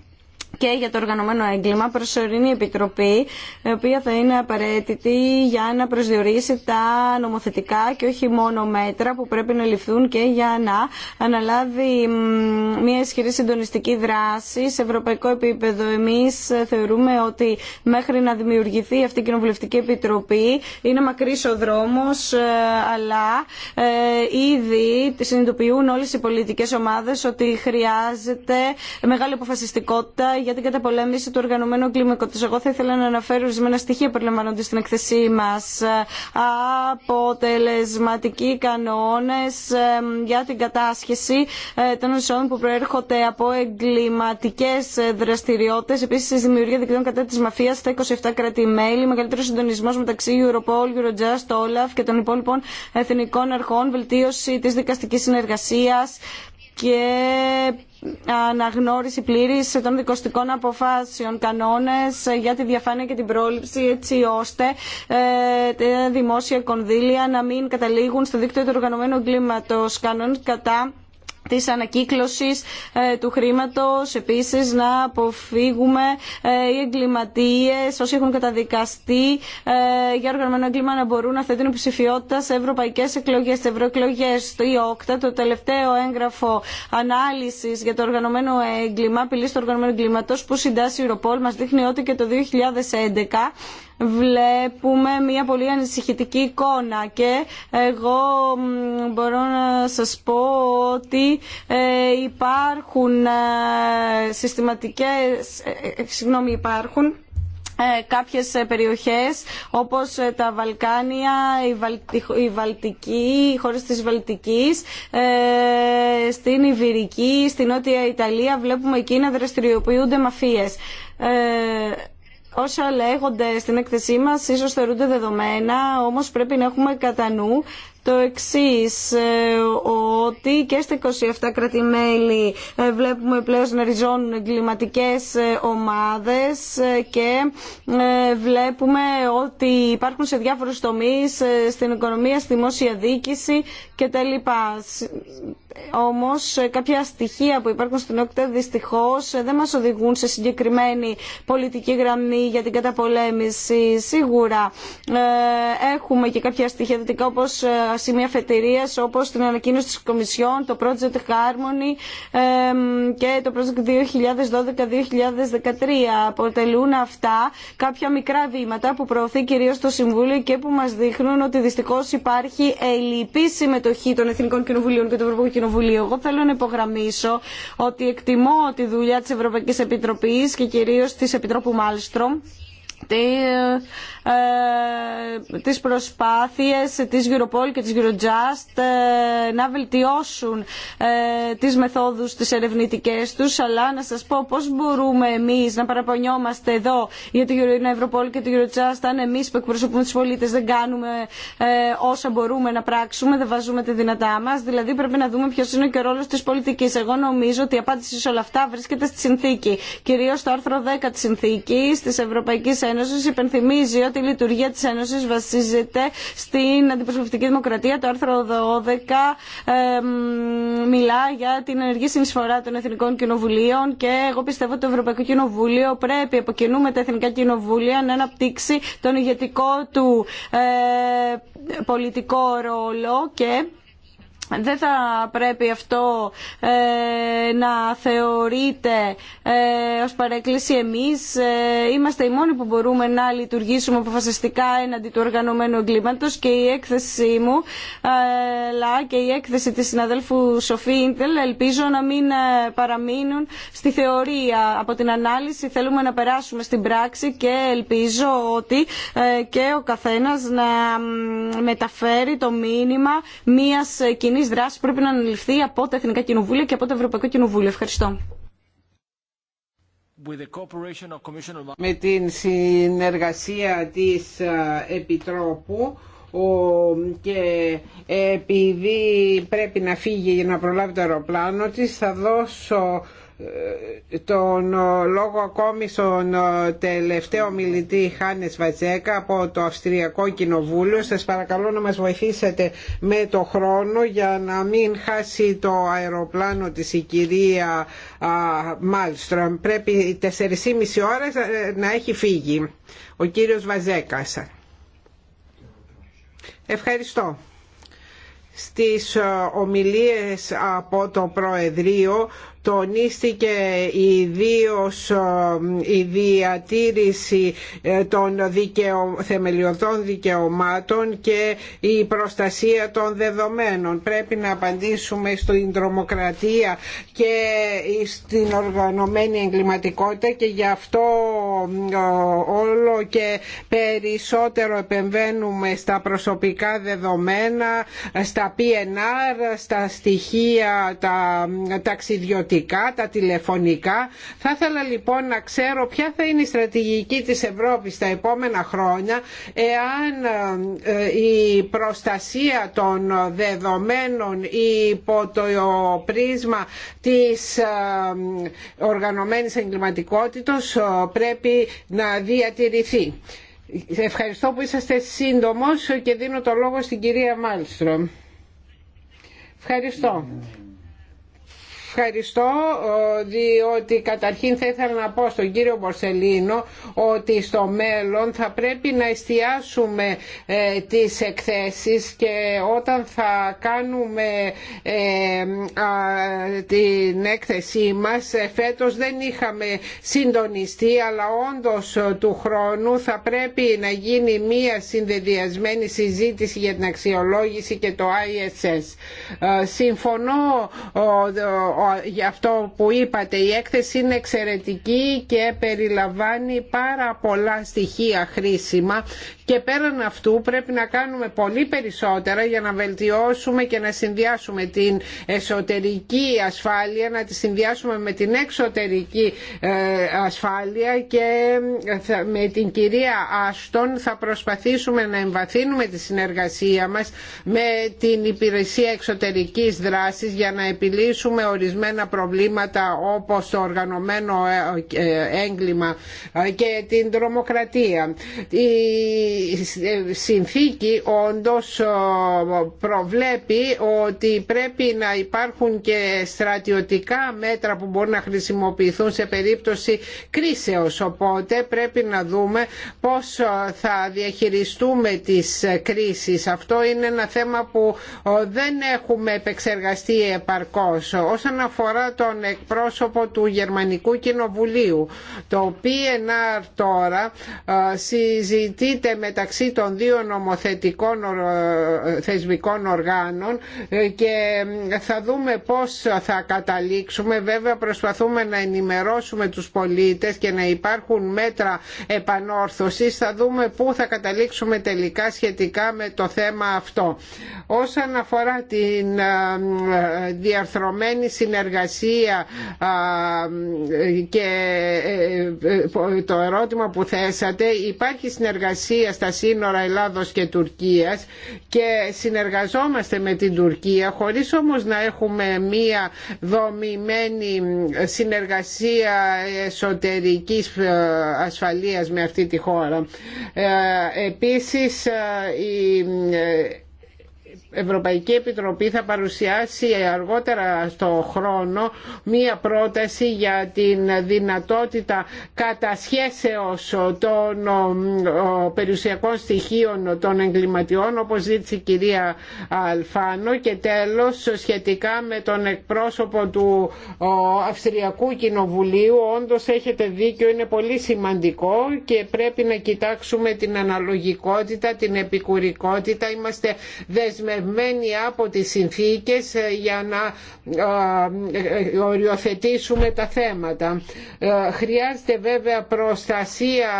και για το οργανωμένο έγκλημα προσωρινή επιτροπή, η οποία θα είναι απαραίτητη για να προσδιορίσει τα νομοθετικά και όχι μόνο μέτρα που πρέπει να ληφθούν και για να αναλάβει μια ισχυρή συντονιστική δράση σε ευρωπαϊκό επίπεδο. Εμεί θεωρούμε ότι μέχρι να δημιουργηθεί αυτή η κοινοβουλευτική επιτροπή είναι μακρύ ο δρόμο, ε, αλλά ε, ήδη συνειδητοποιούν όλε οι πολιτικέ ομάδε ότι χρειάζεται μεγάλη αποφασιστικότητα για την καταπολέμηση του οργανωμένου εγκλήματο. Εγώ θα ήθελα να αναφέρω ορισμένα στοιχεία που περιλαμβάνονται στην εκθεσή μα. Αποτελεσματικοί κανόνε για την κατάσχεση ε, των ουσιών που προέρχονται από εγκληματικέ δραστηριότητε. Επίση, η δημιουργία δικτύων κατά τη μαφία στα 27 κράτη-μέλη. Μεγαλύτερο συντονισμό μεταξύ Europol, Eurojust, Olaf και των υπόλοιπων εθνικών αρχών. Βελτίωση τη δικαστική συνεργασία και αναγνώριση πλήρης των δικοστικών αποφάσεων, κανόνες για τη διαφάνεια και την πρόληψη έτσι ώστε ε, δημόσια κονδύλια να μην καταλήγουν στο δίκτυο του οργανωμένου εγκλήματος, κανόνες κατά της ανακύκλωσης ε, του χρήματος, επίσης να αποφύγουμε ε, οι εγκληματίες όσοι έχουν καταδικαστεί ε, για οργανωμένο έγκλημα να μπορούν να θέτουν ψηφιότητα σε ευρωπαϊκές εκλογές, σε ευρωεκλογές. Το ΙΟΚΤΑ, το τελευταίο έγγραφο ανάλυσης για το οργανωμένο έγκλημα, απειλή του οργανωμένο έγκληματος που συντάσσει η Ευρωπόλ. μας δείχνει ότι και το 2011 βλέπουμε μια πολύ ανησυχητική εικόνα και εγώ μπορώ να σας πω ότι ε, υπάρχουν ε, συστηματικές, ε, συγγνώμη υπάρχουν κάποιες περιοχές όπως τα Βαλκάνια, η, η Βαλτική, οι χώρες της Βαλτικής, στην Ιβυρική, στην Νότια Ιταλία βλέπουμε εκεί να δραστηριοποιούνται μαφίες όσα λέγονται στην έκθεσή μας ίσως θεωρούνται δεδομένα, όμως πρέπει να έχουμε κατά νου το εξή, ε, ότι και στα 27 κρατημέλη ε, βλέπουμε πλέον να ριζώνουν εγκληματικέ ε, ομάδε και βλέπουμε ότι υπάρχουν σε διάφορου τομεί στην οικονομία, στη δημόσια δίκηση κτλ όμως ε, κάποια στοιχεία που υπάρχουν στην ΟΚΤΕ δυστυχώς ε, δεν μας οδηγούν σε συγκεκριμένη πολιτική γραμμή για την καταπολέμηση. Σίγουρα ε, έχουμε και κάποια στοιχεία δυτικά όπως σημεία φετηρίας, όπως την ανακοίνωση της Κομισιόν, το Project Harmony και το Project 2012-2013. Αποτελούν αυτά κάποια μικρά βήματα που προωθεί κυρίως το Συμβούλιο και που μας δείχνουν ότι δυστυχώς υπάρχει ελλειπή συμμετοχή των Εθνικών Κοινοβουλίων και του Ευρωπαϊκών εγώ θέλω να υπογραμμίσω ότι εκτιμώ τη δουλειά της Ευρωπαϊκής Επιτροπής και κυρίως της Επιτρόπου Μάλστρομ ε, ε, τις προσπάθειες της Europol και της Eurojust ε, να βελτιώσουν τις μεθόδους τις ερευνητικές τους αλλά να σας πω πώς μπορούμε εμείς να παραπονιόμαστε εδώ για την Europol και την Eurojust αν εμείς που εκπροσωπούμε τους πολίτες δεν κάνουμε όσα μπορούμε να πράξουμε δεν βάζουμε τη δυνατά μας δηλαδή πρέπει να δούμε ποιος είναι και ο ρόλος της πολιτικής εγώ νομίζω ότι η απάντηση σε όλα αυτά βρίσκεται στη συνθήκη κυρίως στο άρθρο 10 της συνθήκης της Ευρωπαϊκής Ένωσης υπενθυμίζει ότι η λειτουργία της Ένωσης βασίζεται στην αντιπροσωπευτική δημοκρατία. Το άρθρο 12 μιλά για την ενεργή συνεισφορά των Εθνικών Κοινοβουλίων και εγώ πιστεύω ότι το Ευρωπαϊκό Κοινοβούλιο πρέπει από κοινού με τα Εθνικά Κοινοβούλια να αναπτύξει τον ηγετικό του ε, πολιτικό ρόλο και δεν θα πρέπει αυτό ε, να θεωρείται ε, ως παρέκκληση εμείς. Ε, είμαστε οι μόνοι που μπορούμε να λειτουργήσουμε αποφασιστικά έναντι του οργανωμένου εγκλήματος και η έκθεσή μου αλλά και η έκθεση της συναδέλφου Σοφή Ίντελ ελπίζω να μην παραμείνουν στη θεωρία. Από την ανάλυση θέλουμε να περάσουμε στην πράξη και ελπίζω ότι και ο καθένας να μεταφέρει το μήνυμα μιας κοινή δράση πρέπει να αναλυφθεί από τα Εθνικά Κοινοβούλια και από το Ευρωπαϊκό Κοινοβούλιο. Ευχαριστώ. Με την συνεργασία της Επιτρόπου και επειδή πρέπει να φύγει για να προλάβει το αεροπλάνο της θα δώσω τον ε, λόγο ακόμη στον ε, τελευταίο μιλητή Χάνες Βατζέκα από το Αυστριακό Κοινοβούλιο. Σας παρακαλώ να μας βοηθήσετε με το χρόνο για να μην χάσει το αεροπλάνο της η κυρία Μάλστρομ. Πρέπει 4,5 ώρες ε, να έχει φύγει ο κύριος Βαζέκας. Ευχαριστώ στις ομιλίες από το Προεδρείο τονίστηκε ιδίως ε, η διατήρηση ε, των δικαιο... θεμελιωδών δικαιωμάτων και η προστασία των δεδομένων. Πρέπει να απαντήσουμε στην τρομοκρατία και στην οργανωμένη εγκληματικότητα και γι' αυτό ε, όλο και περισσότερο επεμβαίνουμε στα προσωπικά δεδομένα, στα PNR, στα στοιχεία τα ταξιδιωτικά τα τηλεφωνικά. Θα ήθελα λοιπόν να ξέρω ποια θα είναι η στρατηγική της Ευρώπης τα επόμενα χρόνια εάν ε, ε, η προστασία των δεδομένων υπό το πρίσμα της ε, οργανωμένης εγκληματικότητα πρέπει να διατηρηθεί. Ευχαριστώ που είσαστε σύντομος και δίνω το λόγο στην κυρία Μάλστρομ. Ευχαριστώ. Ευχαριστώ διότι καταρχήν θα ήθελα να πω στον κύριο Μπορσελίνο ότι στο μέλλον θα πρέπει να εστιάσουμε ε, τις εκθέσεις και όταν θα κάνουμε ε, την έκθεσή μας ε, φέτος δεν είχαμε συντονιστεί αλλά όντως του χρόνου θα πρέπει να γίνει μία συνδεδιασμένη συζήτηση για την αξιολόγηση και το ISS. Συμφωνώ Γι' αυτό που είπατε. Η έκθεση είναι εξαιρετική και περιλαμβάνει πάρα πολλά στοιχεία χρήσιμα και πέραν αυτού πρέπει να κάνουμε πολύ περισσότερα για να βελτιώσουμε και να συνδυάσουμε την εσωτερική ασφάλεια, να τη συνδυάσουμε με την εξωτερική ε, ασφάλεια και ε, με την κυρία Άστον θα προσπαθήσουμε να εμβαθύνουμε τη συνεργασία μας με την υπηρεσία εξωτερικής δράσης για να επιλύσουμε ορισμένα προβλήματα όπως το οργανωμένο ε, έγκλημα και την τρομοκρατία συνθήκη όντως προβλέπει ότι πρέπει να υπάρχουν και στρατιωτικά μέτρα που μπορούν να χρησιμοποιηθούν σε περίπτωση κρίσεως. Οπότε πρέπει να δούμε πώς θα διαχειριστούμε τις κρίσεις. Αυτό είναι ένα θέμα που δεν έχουμε επεξεργαστεί επαρκώς. Όσον αφορά τον εκπρόσωπο του Γερμανικού Κοινοβουλίου, το PNR τώρα ε, συζητείται με μεταξύ των δύο νομοθετικών θεσμικών οργάνων και θα δούμε πώς θα καταλήξουμε. Βέβαια προσπαθούμε να ενημερώσουμε τους πολίτες και να υπάρχουν μέτρα επανόρθωσης. Θα δούμε πού θα καταλήξουμε τελικά σχετικά με το θέμα αυτό. Όσον αφορά την ε, διαρθρωμένη συνεργασία και ε, ε, το ερώτημα που θέσατε, υπάρχει συνεργασία στα σύνορα Ελλάδος και Τουρκίας και συνεργαζόμαστε με την Τουρκία χωρίς όμως να έχουμε μία δομημένη συνεργασία εσωτερικής ε, ασφαλείας με αυτή τη χώρα. Ε, επίσης ε, η Ευρωπαϊκή Επιτροπή θα παρουσιάσει αργότερα στο χρόνο μία πρόταση για την δυνατότητα κατασχέσεως των περιουσιακών στοιχείων των εγκληματιών όπως ζήτησε η κυρία Αλφάνο και τέλος σχετικά με τον εκπρόσωπο του Αυστριακού Κοινοβουλίου όντως έχετε δίκιο είναι πολύ σημαντικό και πρέπει να κοιτάξουμε την αναλογικότητα, την επικουρικότητα είμαστε δεσμευμένοι από τις συνθήκες ε, για να ε, ε, οριοθετήσουμε τα θέματα. Χρειάζεται βέβαια προστασία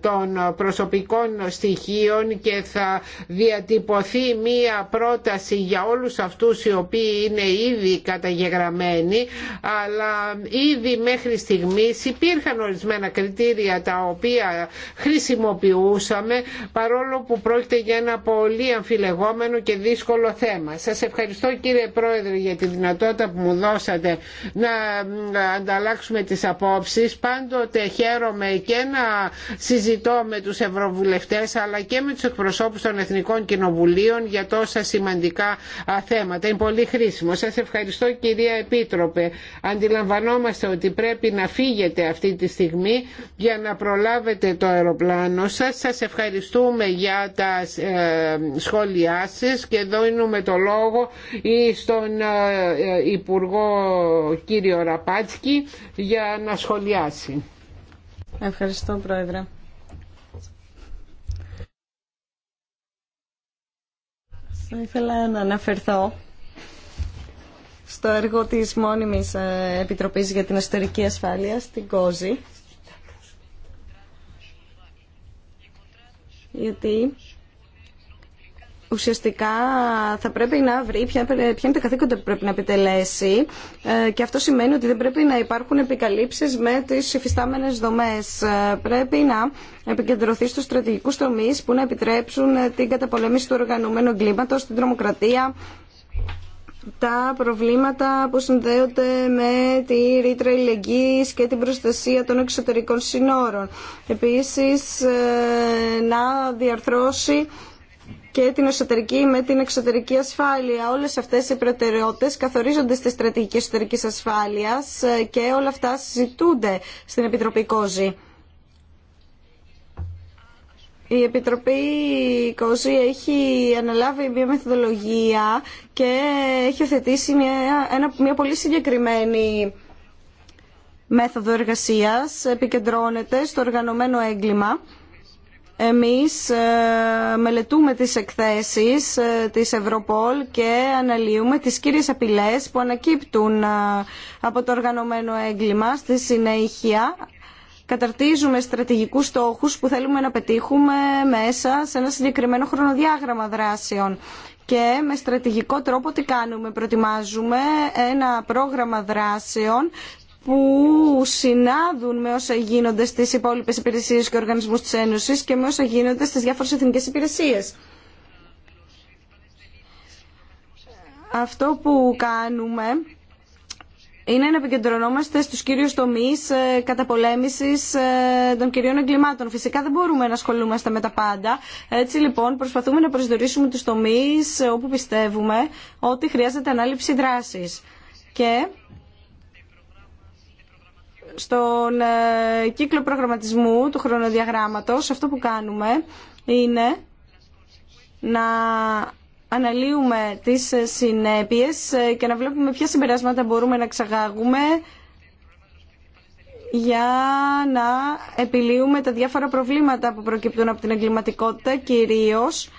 των προσωπικών στοιχείων και θα διατυπωθεί μία πρόταση για όλους αυτούς οι οποίοι είναι ήδη καταγεγραμμένοι αλλά ήδη μέχρι στιγμής υπήρχαν ορισμένα κριτήρια τα οποία χρησιμοποιούσαμε παρόλο που πρόκειται για ένα πολύ αμφιλεγόμενο και δύσκολο θέμα. Σας ευχαριστώ κύριε Πρόεδρε για τη δυνατότητα που μου δώσατε να ανταλλάξουμε τις απόψεις. Πάντοτε χαίρομαι και να συζητώ με τους ευρωβουλευτές αλλά και με τους εκπροσώπους των Εθνικών Κοινοβουλίων για τόσα σημαντικά θέματα. Είναι πολύ χρήσιμο. Σας ευχαριστώ κυρία Επίτροπε. Αντιλαμβανόμαστε ότι πρέπει να φύγετε αυτή τη στιγμή για να προλάβετε το αεροπλάνο σας. Σας ευχαριστούμε για τα ε, σχόλιά και δίνουμε το λόγο ή στον ε, ε, Υπουργό κύριο Ραπάτσκι για να σχολιάσει. Ευχαριστώ Πρόεδρε. Θα ήθελα να αναφερθώ στο έργο της μόνιμης ε, Επιτροπής για την Εσωτερική Ασφάλεια στην Κόζη. Γιατί ουσιαστικά θα πρέπει να βρει ποια, ποια είναι τα καθήκοντα που πρέπει να επιτελέσει ε, και αυτό σημαίνει ότι δεν πρέπει να υπάρχουν επικαλύψεις με τις υφιστάμενες δομές. Ε, πρέπει να επικεντρωθεί στους στρατηγικούς τομείς που να επιτρέψουν ε, την καταπολέμηση του οργανωμένου εγκλήματος, την τρομοκρατία, τα προβλήματα που συνδέονται με τη ρήτρα ηλεγγύης και την προστασία των εξωτερικών συνόρων. Επίσης, να διαρθρώσει και την εσωτερική με την εξωτερική ασφάλεια. Όλες αυτές οι προτεραιότητες καθορίζονται στη στρατηγική εσωτερική ασφάλειας ε, και όλα αυτά συζητούνται στην Επιτροπή Κόζη. Η Επιτροπή Κόζη έχει αναλάβει μια μεθοδολογία και έχει οθετήσει μια, μια πολύ συγκεκριμένη μέθοδο εργασίας. Επικεντρώνεται στο οργανωμένο έγκλημα εμείς ε, μελετούμε τις εκθέσεις ε, της Ευρωπόλ και αναλύουμε τις κύριες απειλές που ανακύπτουν ε, από το οργανωμένο έγκλημα. Στη συνέχεια καταρτίζουμε στρατηγικούς στόχους που θέλουμε να πετύχουμε μέσα σε ένα συγκεκριμένο χρονοδιάγραμμα δράσεων. Και με στρατηγικό τρόπο τι κάνουμε. Προετοιμάζουμε ένα πρόγραμμα δράσεων που συνάδουν με όσα γίνονται στις υπόλοιπες υπηρεσίες και οργανισμούς της Ένωσης και με όσα γίνονται στις διάφορες εθνικές υπηρεσίες. Αυτό που κάνουμε είναι να επικεντρωνόμαστε στους κύριους τομείς ε, καταπολέμησης ε, των κυρίων εγκλημάτων. Φυσικά δεν μπορούμε να ασχολούμαστε με τα πάντα. Έτσι λοιπόν προσπαθούμε να προσδιορίσουμε τους τομείς όπου πιστεύουμε ότι χρειάζεται ανάληψη δράσης. Και στον ε, κύκλο προγραμματισμού του χρονοδιαγράμματος αυτό που κάνουμε είναι να αναλύουμε τις συνέπειες ε, και να βλέπουμε ποια συμπεράσματα μπορούμε να ξαγάγουμε για να επιλύουμε τα διάφορα προβλήματα που προκύπτουν από την εγκληματικότητα, κυρίως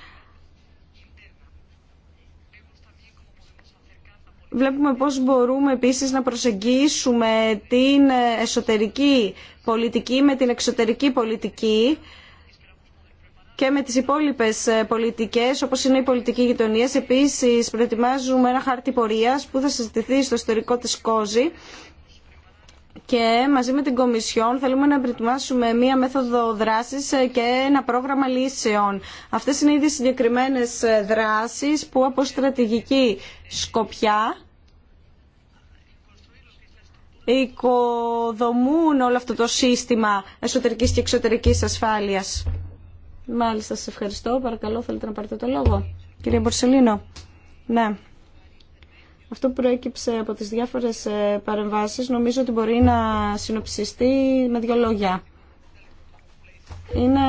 Βλέπουμε πώς μπορούμε επίσης να προσεγγίσουμε την εσωτερική πολιτική με την εξωτερική πολιτική και με τις υπόλοιπες πολιτικές όπως είναι η πολιτική γειτονία. Επίσης προετοιμάζουμε ένα χάρτη πορείας που θα συζητηθεί στο ιστορικό της Κόζη και μαζί με την Κομισιόν θέλουμε να προετοιμάσουμε μία μέθοδο δράσης και ένα πρόγραμμα λύσεων. Αυτές είναι ήδη συγκεκριμένες δράσεις που από στρατηγική σκοπιά οικοδομούν όλο αυτό το σύστημα εσωτερικής και εξωτερικής ασφάλειας. Μάλιστα, σας ευχαριστώ. Παρακαλώ, θέλετε να πάρετε το λόγο. Κύριε Μπορσελίνο. Ναι. Αυτό που προέκυψε από τις διάφορες ε, παρεμβάσεις νομίζω ότι μπορεί να συνοψιστεί με δύο λόγια. Είναι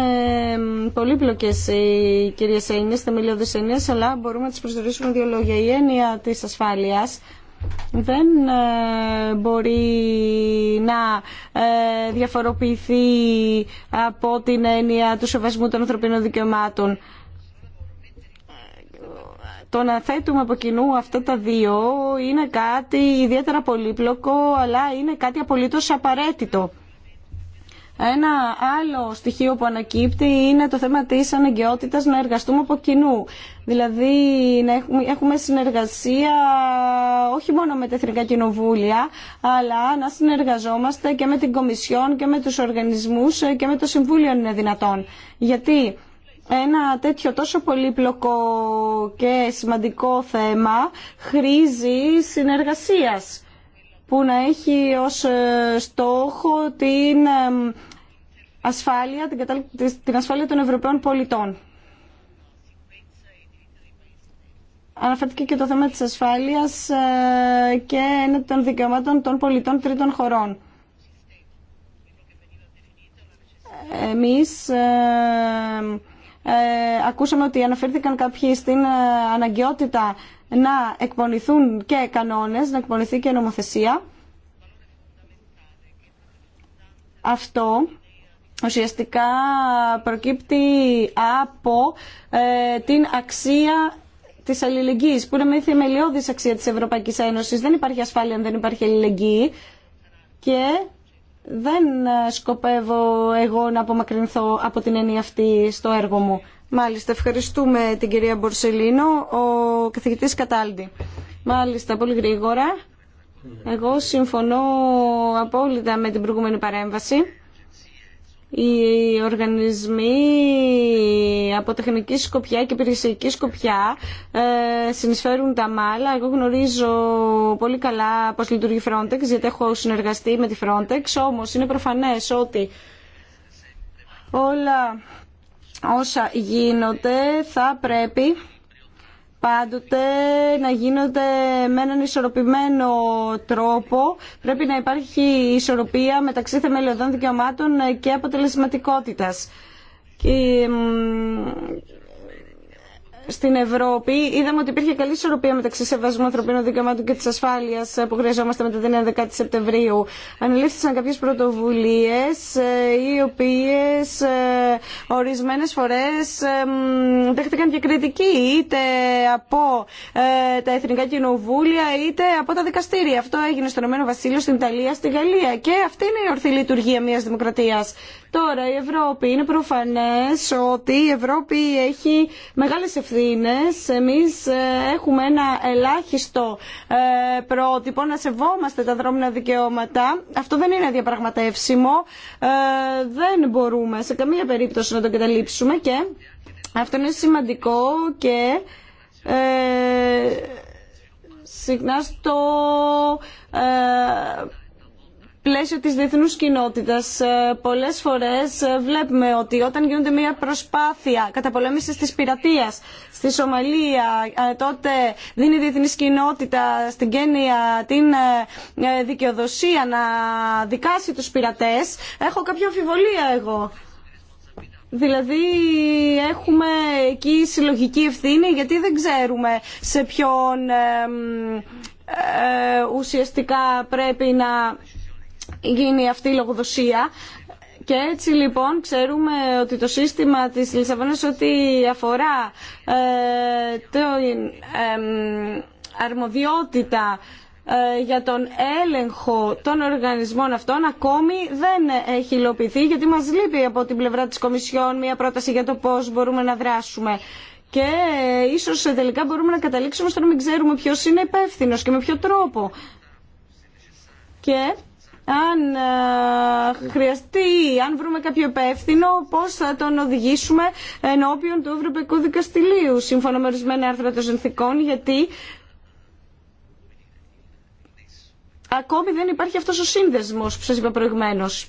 πολύπλοκες οι κυρίες έννοιες, θεμελιώδεις έννοιες, αλλά μπορούμε να τις προσδιορίσουμε με δύο λόγια. Η έννοια της ασφάλειας δεν ε, μπορεί να ε, διαφοροποιηθεί από την έννοια του σεβασμού των ανθρωπίνων δικαιωμάτων το να θέτουμε από κοινού αυτά τα δύο είναι κάτι ιδιαίτερα πολύπλοκο, αλλά είναι κάτι απολύτως απαραίτητο. Ένα άλλο στοιχείο που ανακύπτει είναι το θέμα της αναγκαιότητας να εργαστούμε από κοινού. Δηλαδή να έχουμε, συνεργασία όχι μόνο με τα εθνικά κοινοβούλια, αλλά να συνεργαζόμαστε και με την Κομισιόν και με τους οργανισμούς και με το Συμβούλιο είναι δυνατόν. Γιατί ένα τέτοιο τόσο πολύπλοκο και σημαντικό θέμα χρήζει συνεργασίας που να έχει ως ε, στόχο την ε, ασφάλεια, την ασφάλεια των Ευρωπαίων πολιτών. Αναφέρθηκε και το θέμα της ασφάλειας ε, και των δικαιωμάτων των πολιτών τρίτων χωρών. Εμείς ε, ακούσαμε ότι αναφέρθηκαν κάποιοι στην ε, αναγκαιότητα να εκπονηθούν και κανόνες, να εκπονηθεί και νομοθεσία. Αυτό ουσιαστικά προκύπτει από ε, την αξία της αλληλεγγύης, που είναι μια θεμελιώδης αξία της Ευρωπαϊκής Ένωσης. Δεν υπάρχει ασφάλεια αν δεν υπάρχει αλληλεγγύη και δεν ε, σκοπεύω εγώ να απομακρυνθώ από την έννοια αυτή στο έργο μου. Μάλιστα, ευχαριστούμε την κυρία Μπορσελίνο, ο καθηγητής Κατάλντι. Μάλιστα, πολύ γρήγορα. Εγώ συμφωνώ απόλυτα με την προηγούμενη παρέμβαση οι οργανισμοί από τεχνική σκοπιά και υπηρεσιακή σκοπιά ε, συνεισφέρουν τα μάλλα. Εγώ γνωρίζω πολύ καλά πώς λειτουργεί η Frontex, γιατί έχω συνεργαστεί με τη Frontex, όμως είναι προφανές ότι όλα όσα γίνονται θα πρέπει πάντοτε να γίνονται με έναν ισορροπημένο τρόπο. Πρέπει να υπάρχει ισορροπία μεταξύ θεμελιωδών δικαιωμάτων και αποτελεσματικότητας. Και στην Ευρώπη είδαμε ότι υπήρχε καλή ισορροπία μεταξύ σεβασμού ανθρωπίνων δικαιωμάτων και τη ασφάλεια ε, που χρειαζόμαστε μετά την 11η Σεπτεμβρίου. Ανελήφθησαν κάποιε πρωτοβουλίε, ε, οι οποίε ορισμένε φορέ ε, δέχτηκαν και κριτική είτε από τα εθνικά κοινοβούλια είτε από τα δικαστήρια. Αυτό έγινε στο Ηνωμένο Βασίλειο, στην Ιταλία, στη Γαλλία. Και αυτή είναι η ορθή λειτουργία μια δημοκρατία. Τώρα η Ευρώπη, είναι προφανές ότι η Ευρώπη έχει μεγάλες ευθύνες. Εμείς ε, έχουμε ένα ελάχιστο ε, πρότυπο να σεβόμαστε τα δρόμινα δικαιώματα. Αυτό δεν είναι διαπραγματεύσιμο. Ε, δεν μπορούμε σε καμία περίπτωση να το καταλήψουμε και αυτό είναι σημαντικό και συχνά στο πλαίσιο της διεθνούς κοινότητας ε, πολλές φορές ε, βλέπουμε ότι όταν γίνεται μια προσπάθεια καταπολέμησης της πειρατείας στη Σομαλία ε, τότε δίνει η διεθνής κοινότητα στην Κένια την δικαιοδοσία να δικάσει τους πειρατές έχω κάποια αμφιβολία εγώ. Δηλαδή έχουμε εκεί συλλογική ευθύνη γιατί δεν ξέρουμε σε ποιον ουσιαστικά πρέπει να γίνει αυτή η λογοδοσία. Και έτσι λοιπόν ξέρουμε ότι το σύστημα της Λισαβόνας ότι αφορά ε, το, αρμοδιότητα ε, για τον έλεγχο των οργανισμών αυτών ακόμη δεν έχει υλοποιηθεί γιατί μας λείπει από την πλευρά της Κομισιόν μια πρόταση για το πώς μπορούμε να δράσουμε. Και ε, ίσως τελικά μπορούμε να καταλήξουμε στο να μην ξέρουμε ποιος είναι υπεύθυνο και με ποιο τρόπο. Και αν ε, χρειαστεί, αν βρούμε κάποιο υπεύθυνο, πώς θα τον οδηγήσουμε ενώπιον του Ευρωπαϊκού Δικαστηρίου, σύμφωνα με ορισμένα άρθρα των συνθήκων, γιατί ακόμη δεν υπάρχει αυτός ο σύνδεσμος που σας είπα προηγουμένως.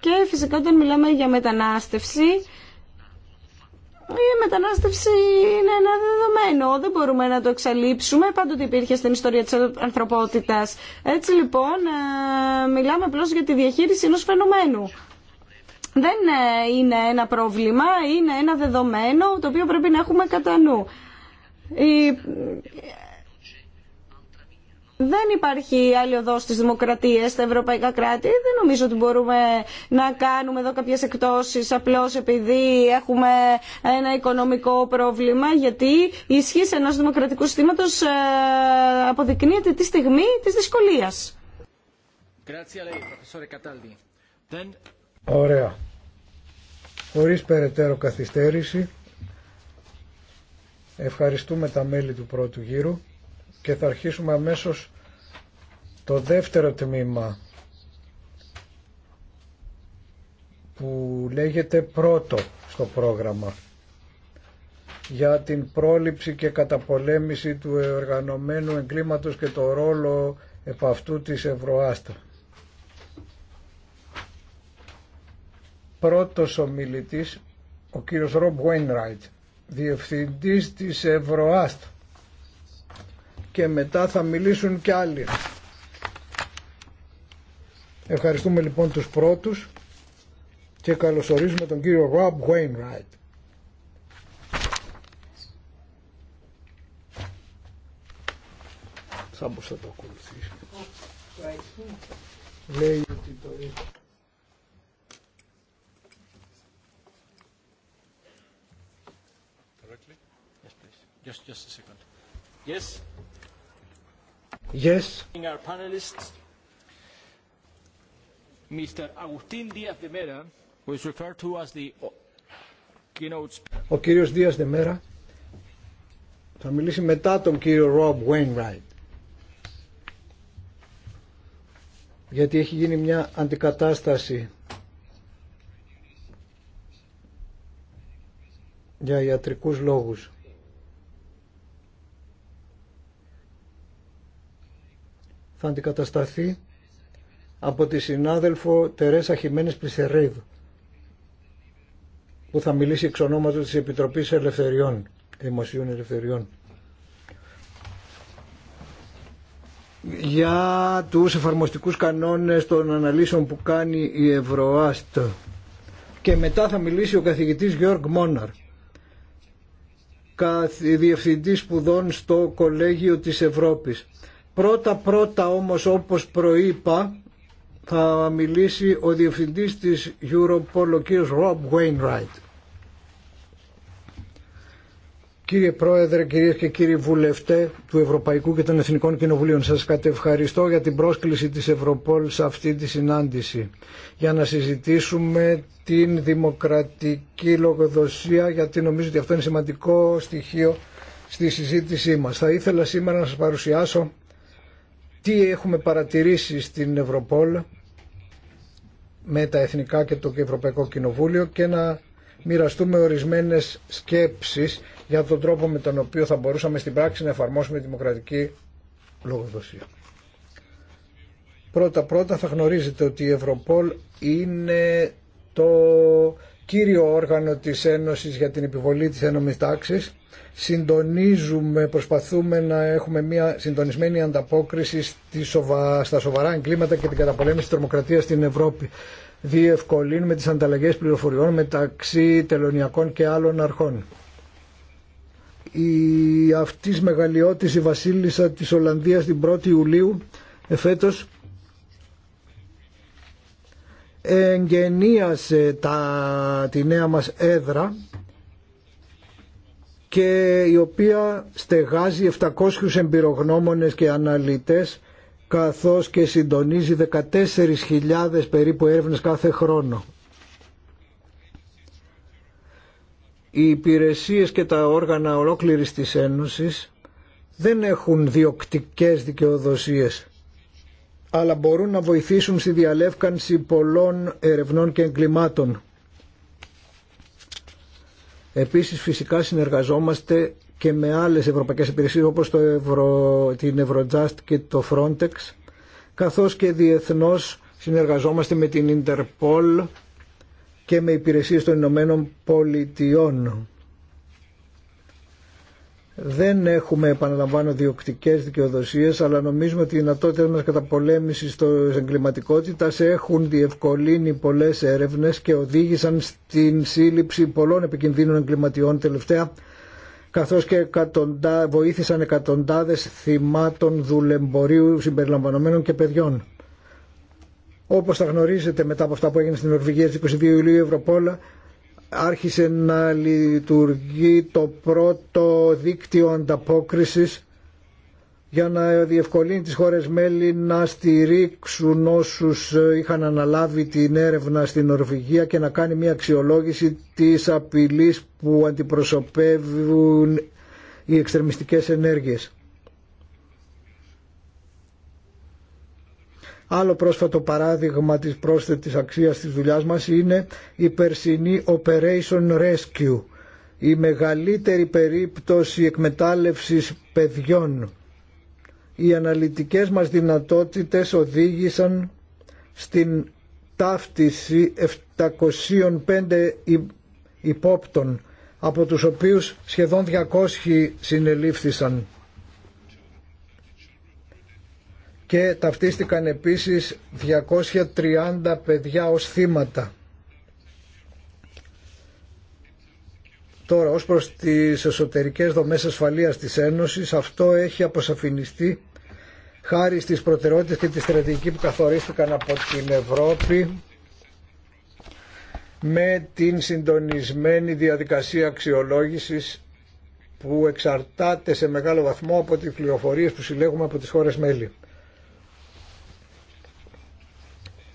Και φυσικά όταν μιλάμε για μετανάστευση, η μετανάστευση είναι ένα δεδομένο, δεν μπορούμε να το εξαλείψουμε, πάντοτε υπήρχε στην ιστορία της ανθρωπότητας. Έτσι λοιπόν ε, μιλάμε απλώ για τη διαχείριση ενός φαινομένου. Δεν ε, είναι ένα πρόβλημα, είναι ένα δεδομένο το οποίο πρέπει να έχουμε κατά νου δεν υπάρχει άλλη οδό στι δημοκρατίες στα ευρωπαϊκά κράτη. Δεν νομίζω ότι μπορούμε να κάνουμε εδώ κάποιες εκτόσει απλώς επειδή έχουμε ένα οικονομικό πρόβλημα γιατί η ισχύ ενός δημοκρατικού συστήματος ε, αποδεικνύεται τη στιγμή της δυσκολίας. Ωραία. Χωρί περαιτέρω καθυστέρηση ευχαριστούμε τα μέλη του πρώτου γύρου και θα αρχίσουμε αμέσως το δεύτερο τμήμα που λέγεται πρώτο στο πρόγραμμα για την πρόληψη και καταπολέμηση του οργανωμένου εγκλήματος και το ρόλο επ' αυτού της Ευρωάστρα. Πρώτος ομιλητής, ο κύριος Ρομπ Βουέινράιτ, διευθυντής της Ευρωάστρα και μετά θα μιλήσουν και άλλοι. Ευχαριστούμε λοιπόν τους πρώτους και καλωσορίζουμε τον κύριο Rob Wainwright. Σαν πως θα το ακολουθήσει. Λέει ότι το Just, just a second. Yes. Ο κύριος Δίας Δεμέρα θα μιλήσει μετά τον κύριο Ρομπ Wainwright. Γιατί έχει γίνει μια αντικατάσταση για ιατρικούς λόγους. θα αντικατασταθεί από τη συνάδελφο Τερέσα Χιμένης Πλησερέιδου που θα μιλήσει εξ ονόματος της Επιτροπής Ελευθεριών, Δημοσίων Ελευθεριών. Για τους εφαρμοστικούς κανόνες των αναλύσεων που κάνει η Ευρωάστ και μετά θα μιλήσει ο καθηγητής Γιώργ Μόναρ διευθυντής σπουδών στο Κολέγιο της Ευρώπης Πρώτα πρώτα όμως όπως προείπα θα μιλήσει ο διευθυντής της Europol ο κύριος Rob Wainwright. Κύριε Πρόεδρε, κυρίες και κύριοι βουλευτέ του Ευρωπαϊκού και των Εθνικών Κοινοβουλίων, σας κατευχαριστώ για την πρόσκληση της Ευρωπόλ σε αυτή τη συνάντηση για να συζητήσουμε την δημοκρατική λογοδοσία γιατί νομίζω ότι αυτό είναι σημαντικό στοιχείο στη συζήτησή μας. Θα ήθελα σήμερα να σας παρουσιάσω τι έχουμε παρατηρήσει στην Ευρωπόλ με τα Εθνικά και το Ευρωπαϊκό Κοινοβούλιο και να μοιραστούμε ορισμένες σκέψεις για τον τρόπο με τον οποίο θα μπορούσαμε στην πράξη να εφαρμόσουμε δημοκρατική λογοδοσία. Πρώτα πρώτα θα γνωρίζετε ότι η Ευρωπόλ είναι το κύριο όργανο της Ένωσης για την επιβολή της ένωμης τάξης. Συντονίζουμε, προσπαθούμε να έχουμε μια συντονισμένη ανταπόκριση στη σοβα... στα σοβαρά εγκλήματα και την καταπολέμηση της τρομοκρατίας στην Ευρώπη. Διευκολύνουμε τις ανταλλαγές πληροφοριών μεταξύ τελωνιακών και άλλων αρχών. Η αυτής μεγαλειώτης η βασίλισσα της Ολλανδίας την 1η Ιουλίου εφέτος εγγενίασε τα, τη νέα μας έδρα και η οποία στεγάζει 700 εμπειρογνώμονες και αναλυτές καθώς και συντονίζει 14.000 περίπου έρευνες κάθε χρόνο. Οι υπηρεσίες και τα όργανα ολόκληρης της Ένωσης δεν έχουν διοκτικές δικαιοδοσίες αλλά μπορούν να βοηθήσουν στη διαλεύκανση πολλών ερευνών και εγκλημάτων. Επίσης φυσικά συνεργαζόμαστε και με άλλες ευρωπαϊκές υπηρεσίες όπως το Ευρω... την Eurojust και το Frontex καθώς και διεθνώς συνεργαζόμαστε με την Interpol και με υπηρεσίες των Ηνωμένων Πολιτειών δεν έχουμε επαναλαμβάνω διοκτικές δικαιοδοσίες αλλά νομίζουμε ότι οι δυνατότητες μας πολέμηση στο εγκληματικότητα έχουν διευκολύνει πολλές έρευνες και οδήγησαν στην σύλληψη πολλών επικινδύνων εγκληματιών τελευταία καθώς και εκατοντά, βοήθησαν εκατοντάδες θυμάτων δουλεμπορίου συμπεριλαμβανομένων και παιδιών. Όπως θα γνωρίζετε μετά από αυτά που έγινε στην Ορβηγία στις 22 Ιουλίου η Ευρωπόλα άρχισε να λειτουργεί το πρώτο δίκτυο ανταπόκρισης για να διευκολύνει τις χώρες μέλη να στηρίξουν όσους είχαν αναλάβει την έρευνα στην Νορβηγία και να κάνει μια αξιολόγηση της απειλής που αντιπροσωπεύουν οι εξτρεμιστικές ενέργειες. Άλλο πρόσφατο παράδειγμα της πρόσθετης αξίας της δουλειάς μας είναι η περσινή Operation Rescue, η μεγαλύτερη περίπτωση εκμετάλλευσης παιδιών. Οι αναλυτικές μας δυνατότητες οδήγησαν στην ταύτιση 705 υπόπτων, από τους οποίους σχεδόν 200 συνελήφθησαν. και ταυτίστηκαν επίσης 230 παιδιά ως θύματα. Τώρα, ως προς τις εσωτερικές δομές ασφαλείας της Ένωσης, αυτό έχει αποσαφινιστεί χάρη στις προτεραιότητες και τη στρατηγική που καθορίστηκαν από την Ευρώπη με την συντονισμένη διαδικασία αξιολόγησης που εξαρτάται σε μεγάλο βαθμό από τις πληροφορίες που συλλέγουμε από τις χώρες μέλη.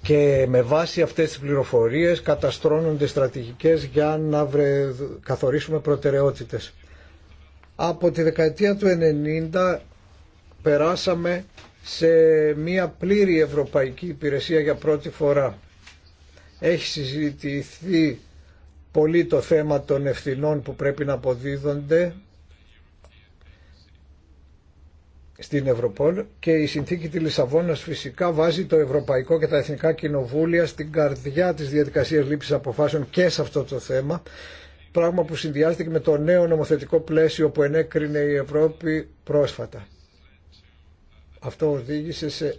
και με βάση αυτές τις πληροφορίες καταστρώνονται στρατηγικές για να βρε... καθορίσουμε προτεραιότητες. Από τη δεκαετία του 90 περάσαμε σε μια πλήρη ευρωπαϊκή υπηρεσία για πρώτη φορά. Έχει συζητηθεί πολύ το θέμα των ευθυνών που πρέπει να αποδίδονται στην Ευρωπόλ και η συνθήκη της Λισαβόνας φυσικά βάζει το Ευρωπαϊκό και τα Εθνικά Κοινοβούλια στην καρδιά της διαδικασίας λήψης αποφάσεων και σε αυτό το θέμα πράγμα που συνδυάζεται με το νέο νομοθετικό πλαίσιο που ενέκρινε η Ευρώπη πρόσφατα. Αυτό οδήγησε σε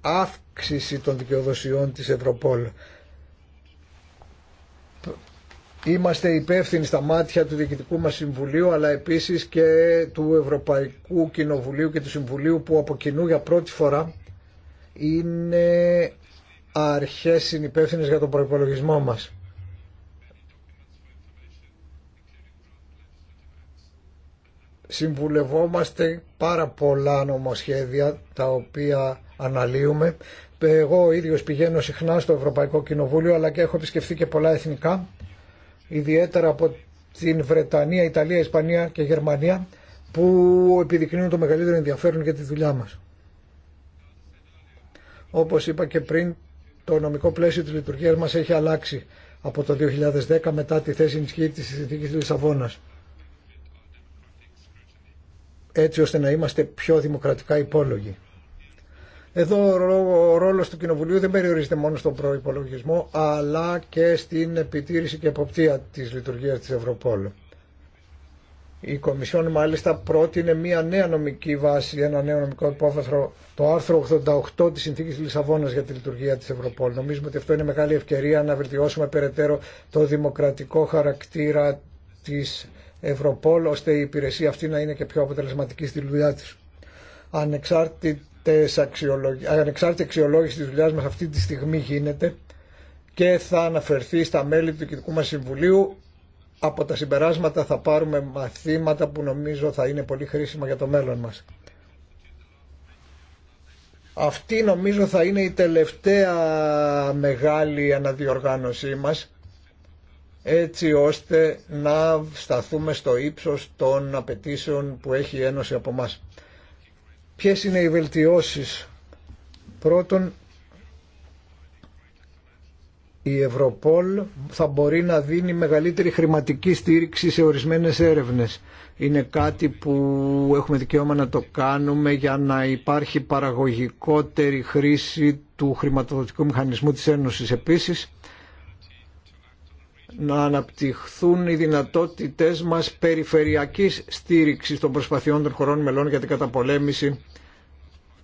αύξηση των δικαιοδοσιών της Ευρωπόλ Είμαστε υπεύθυνοι στα μάτια του Διοικητικού μας Συμβουλίου αλλά επίσης και του Ευρωπαϊκού Κοινοβουλίου και του Συμβουλίου που από κοινού για πρώτη φορά είναι αρχές συνυπεύθυνες για τον προϋπολογισμό μας. Συμβουλευόμαστε πάρα πολλά νομοσχέδια τα οποία αναλύουμε. Εγώ ίδιος πηγαίνω συχνά στο Ευρωπαϊκό Κοινοβούλιο αλλά και έχω επισκεφθεί και πολλά εθνικά ιδιαίτερα από την Βρετανία, Ιταλία, Ισπανία και Γερμανία που επιδεικνύουν το μεγαλύτερο ενδιαφέρον για τη δουλειά μας. Όπως είπα και πριν, το νομικό πλαίσιο της λειτουργίας μας έχει αλλάξει από το 2010 μετά τη θέση ενισχύτηση της συνθήκης της Λισαβόνας έτσι ώστε να είμαστε πιο δημοκρατικά υπόλογοι. Εδώ ο ρόλος του Κοινοβουλίου δεν περιορίζεται μόνο στον προϋπολογισμό αλλά και στην επιτήρηση και εποπτεία της λειτουργίας της Ευρωπόλου. Η Κομισιόν μάλιστα πρότεινε μια νέα νομική βάση, ένα νέο νομικό υπόβαθρο, το άρθρο 88 της Συνθήκης Λισαβόνας για τη λειτουργία της Ευρωπόλου. Νομίζουμε ότι αυτό είναι μεγάλη ευκαιρία να βελτιώσουμε περαιτέρω το δημοκρατικό χαρακτήρα της Ευρωπόλου ώστε η υπηρεσία αυτή να είναι και πιο αποτελεσματική στη δουλειά της. Ανεξάρτητα ανεξάρτητη αξιολόγηση της δουλειά μας αυτή τη στιγμή γίνεται και θα αναφερθεί στα μέλη του Κοινικού μας Συμβουλίου. Από τα συμπεράσματα θα πάρουμε μαθήματα που νομίζω θα είναι πολύ χρήσιμα για το μέλλον μας. Αυτή νομίζω θα είναι η τελευταία μεγάλη αναδιοργάνωσή μας έτσι ώστε να σταθούμε στο ύψος των απαιτήσεων που έχει η Ένωση από μας. Ποιες είναι οι βελτιώσεις. Πρώτον, η Ευρωπόλ θα μπορεί να δίνει μεγαλύτερη χρηματική στήριξη σε ορισμένες έρευνες. Είναι κάτι που έχουμε δικαίωμα να το κάνουμε για να υπάρχει παραγωγικότερη χρήση του χρηματοδοτικού μηχανισμού της Ένωσης. Επίσης, να αναπτυχθούν οι δυνατότητες μας περιφερειακής στήριξης των προσπαθειών των χωρών μελών για την καταπολέμηση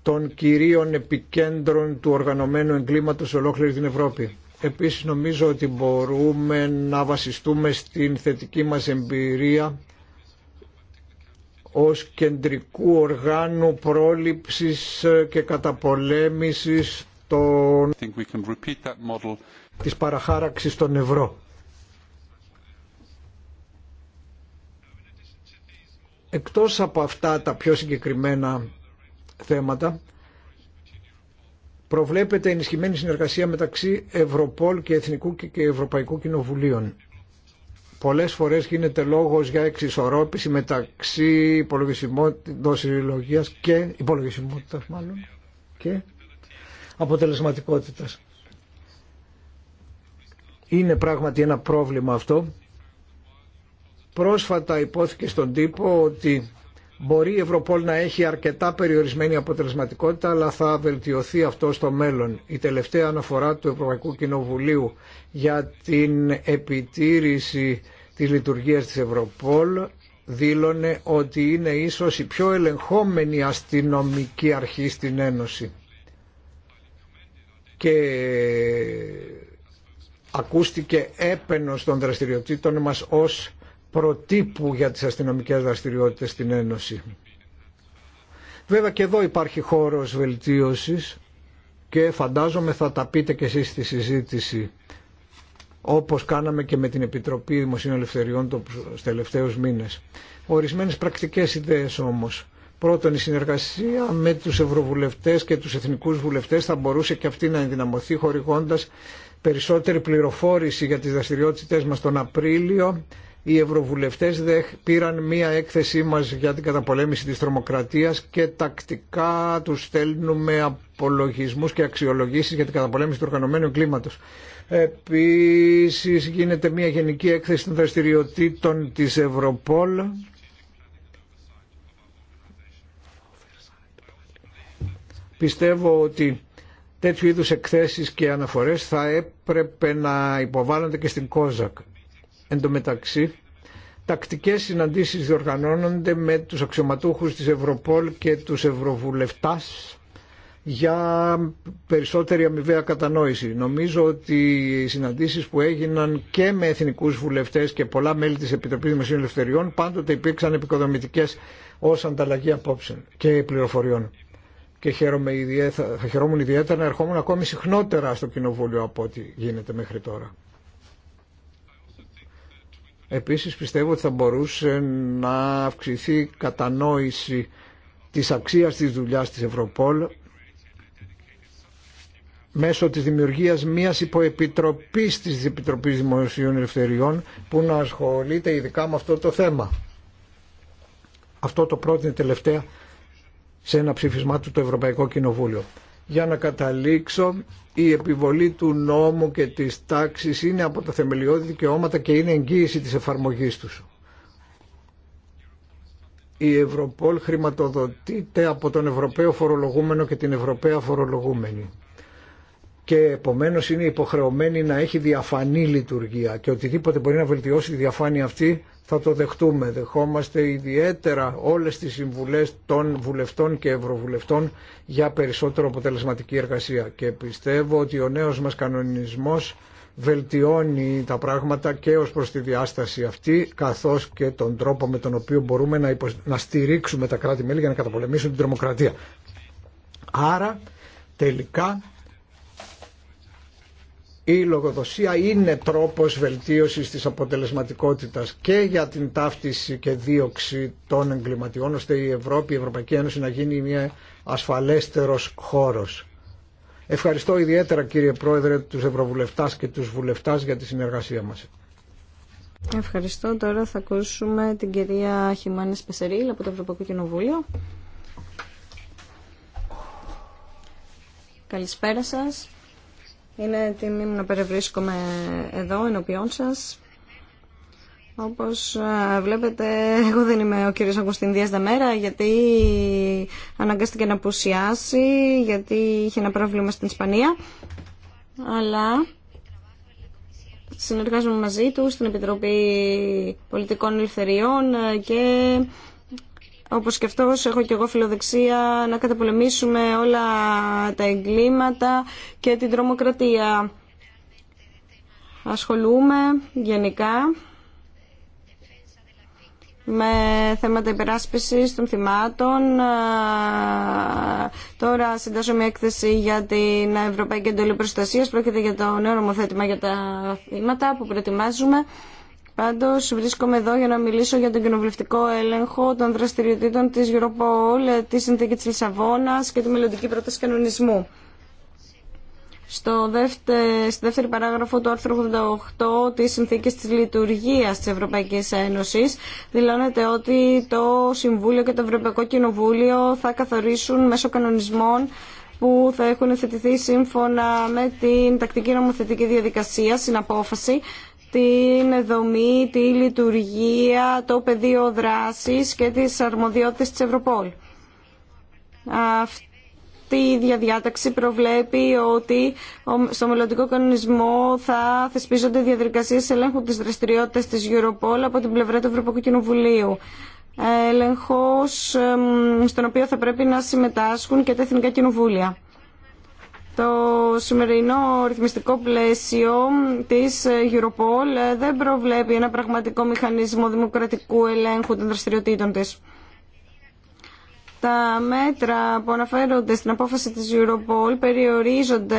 των κυρίων επικέντρων του οργανωμένου εγκλήματος ολόκληρη την Ευρώπη. Επίσης νομίζω ότι μπορούμε να βασιστούμε στην θετική μας εμπειρία ως κεντρικού οργάνου πρόληψης και καταπολέμησης των... της παραχάραξης των ευρώ. Εκτός από αυτά τα πιο συγκεκριμένα θέματα προβλέπεται ενισχυμένη συνεργασία μεταξύ Ευρωπόλ και Εθνικού και Ευρωπαϊκού Κοινοβουλίων. Πολλές φορές γίνεται λόγος για εξισορρόπηση μεταξύ υπολογισμότητας συλλογίας και υπολογισμότητας μάλλον και αποτελεσματικότητας. Είναι πράγματι ένα πρόβλημα αυτό. Πρόσφατα υπόθηκε στον τύπο ότι Μπορεί η Ευρωπόλ να έχει αρκετά περιορισμένη αποτελεσματικότητα, αλλά θα βελτιωθεί αυτό στο μέλλον. Η τελευταία αναφορά του Ευρωπαϊκού Κοινοβουλίου για την επιτήρηση της λειτουργίας της Ευρωπόλ δήλωνε ότι είναι ίσως η πιο ελεγχόμενη αστυνομική αρχή στην Ένωση. Και ακούστηκε έπαινος των δραστηριοτήτων μας ως προτύπου για τις αστυνομικές δραστηριότητες στην Ένωση. Βέβαια και εδώ υπάρχει χώρος βελτίωσης και φαντάζομαι θα τα πείτε και εσείς στη συζήτηση όπως κάναμε και με την Επιτροπή Δημοσίων Ελευθεριών τους τελευταίους μήνες. Ορισμένες πρακτικές ιδέες όμως. Πρώτον, η συνεργασία με τους ευρωβουλευτές και τους εθνικούς βουλευτές θα μπορούσε και αυτή να ενδυναμωθεί χορηγώντας περισσότερη πληροφόρηση για τις δραστηριότητες μας τον Απρίλιο οι ευρωβουλευτές πήραν μία έκθεσή μας για την καταπολέμηση της τρομοκρατίας και τακτικά τους στέλνουμε απολογισμούς και αξιολογήσεις για την καταπολέμηση του οργανωμένου κλίματος. Επίσης γίνεται μία γενική έκθεση των δραστηριοτήτων της Ευρωπόλ πιστεύω ότι τέτοιου είδους εκθέσεις και αναφορές θα έπρεπε να υποβάλλονται και στην ΚΟΖΑΚ. Εν τω μεταξύ, τακτικές συναντήσεις διοργανώνονται με τους αξιωματούχους της Ευρωπόλ και τους Ευρωβουλευτά για περισσότερη αμοιβαία κατανόηση. Νομίζω ότι οι συναντήσεις που έγιναν και με εθνικούς βουλευτές και πολλά μέλη της Επιτροπής Δημοσίων Ελευθεριών πάντοτε υπήρξαν επικοδομητικές ως ανταλλαγή απόψεων και πληροφοριών. Και χαίρομαι ιδιαίτερα, θα χαιρόμουν ιδιαίτερα να ερχόμουν ακόμη συχνότερα στο Κοινοβούλιο από ό,τι γίνεται μέχρι τώρα. Επίσης πιστεύω ότι θα μπορούσε να αυξηθεί κατανόηση της αξίας της δουλειάς της Ευρωπόλ μέσω της δημιουργίας μιας υποεπιτροπής της Επιτροπής Δημοσίων Ελευθεριών που να ασχολείται ειδικά με αυτό το θέμα. Αυτό το πρότεινε τελευταία σε ένα ψήφισμά του το Ευρωπαϊκό Κοινοβούλιο. Για να καταλήξω η επιβολή του νόμου και της τάξης είναι από τα θεμελιώδη δικαιώματα και είναι εγγύηση της εφαρμογής τους. Η Ευρωπόλ χρηματοδοτείται από τον Ευρωπαίο Φορολογούμενο και την Ευρωπαία Φορολογούμενη και επομένως είναι υποχρεωμένη να έχει διαφανή λειτουργία και οτιδήποτε μπορεί να βελτιώσει τη διαφάνεια αυτή θα το δεχτούμε. Δεχόμαστε ιδιαίτερα όλες τις συμβουλές των βουλευτών και ευρωβουλευτών για περισσότερο αποτελεσματική εργασία και πιστεύω ότι ο νέος μας κανονισμός βελτιώνει τα πράγματα και ως προς τη διάσταση αυτή καθώς και τον τρόπο με τον οποίο μπορούμε να, να στηρίξουμε τα κράτη-μέλη για να καταπολεμήσουν την τρομοκρατία. Άρα τελικά η λογοδοσία είναι τρόπος βελτίωσης της αποτελεσματικότητας και για την ταύτιση και δίωξη των εγκληματιών ώστε η Ευρώπη, η Ευρωπαϊκή Ένωση να γίνει μια ασφαλέστερος χώρος. Ευχαριστώ ιδιαίτερα κύριε Πρόεδρε τους Ευρωβουλευτάς και τους Βουλευτάς για τη συνεργασία μας. Ευχαριστώ. Τώρα θα ακούσουμε την κυρία Χιμάνη Πεσερίλ από το Ευρωπαϊκό Κοινοβούλιο. Καλησπέρα σας. Είναι τιμή μου να περιβρίσκομαι εδώ ενώπιόν σα. Όπως βλέπετε, εγώ δεν είμαι ο κύριος Αγκουστίν Δίας Δαμέρα, γιατί αναγκάστηκε να απουσιάσει, γιατί είχε ένα πρόβλημα στην Ισπανία. Αλλά συνεργάζομαι μαζί του στην Επιτροπή Πολιτικών Ελευθεριών και όπως και αυτός έχω και εγώ φιλοδεξία να καταπολεμήσουμε όλα τα εγκλήματα και την τρομοκρατία. Ασχολούμαι γενικά με θέματα υπεράσπισης των θυμάτων. Τώρα συντάσσω μια έκθεση για την Ευρωπαϊκή Εντολή Προστασίας. Πρόκειται για το νέο νομοθέτημα για τα θύματα που προετοιμάζουμε. Πάντω, βρίσκομαι εδώ για να μιλήσω για τον κοινοβουλευτικό έλεγχο των δραστηριοτήτων τη Europol, τη συνθήκη τη Λισαβόνα και τη μελλοντική πρόταση κανονισμού. Στο στη δεύτερη παράγραφο του άρθρου 88 της Συνθήκης της Λειτουργίας της Ευρωπαϊκής Ένωσης δηλώνεται ότι το Συμβούλιο και το Ευρωπαϊκό Κοινοβούλιο θα καθορίσουν μέσω κανονισμών που θα έχουν θετηθεί σύμφωνα με την τακτική νομοθετική διαδικασία συναπόφαση, την δομή, τη λειτουργία, το πεδίο δράσης και τις αρμοδιότητες της Ευρωπόλ. Αυτή η διαδιάταξη προβλέπει ότι στο μελλοντικό κανονισμό θα θεσπίζονται διαδικασίες ελέγχου της δραστηριότητας της Ευρωπόλ από την πλευρά του Ευρωπαϊκού Κοινοβουλίου έλεγχος στον οποίο θα πρέπει να συμμετάσχουν και τα Εθνικά Κοινοβούλια. Το σημερινό ρυθμιστικό πλαίσιο της Europol δεν προβλέπει ένα πραγματικό μηχανισμό δημοκρατικού ελέγχου των δραστηριοτήτων της. Τα μέτρα που αναφέρονται στην απόφαση της Europol περιορίζονται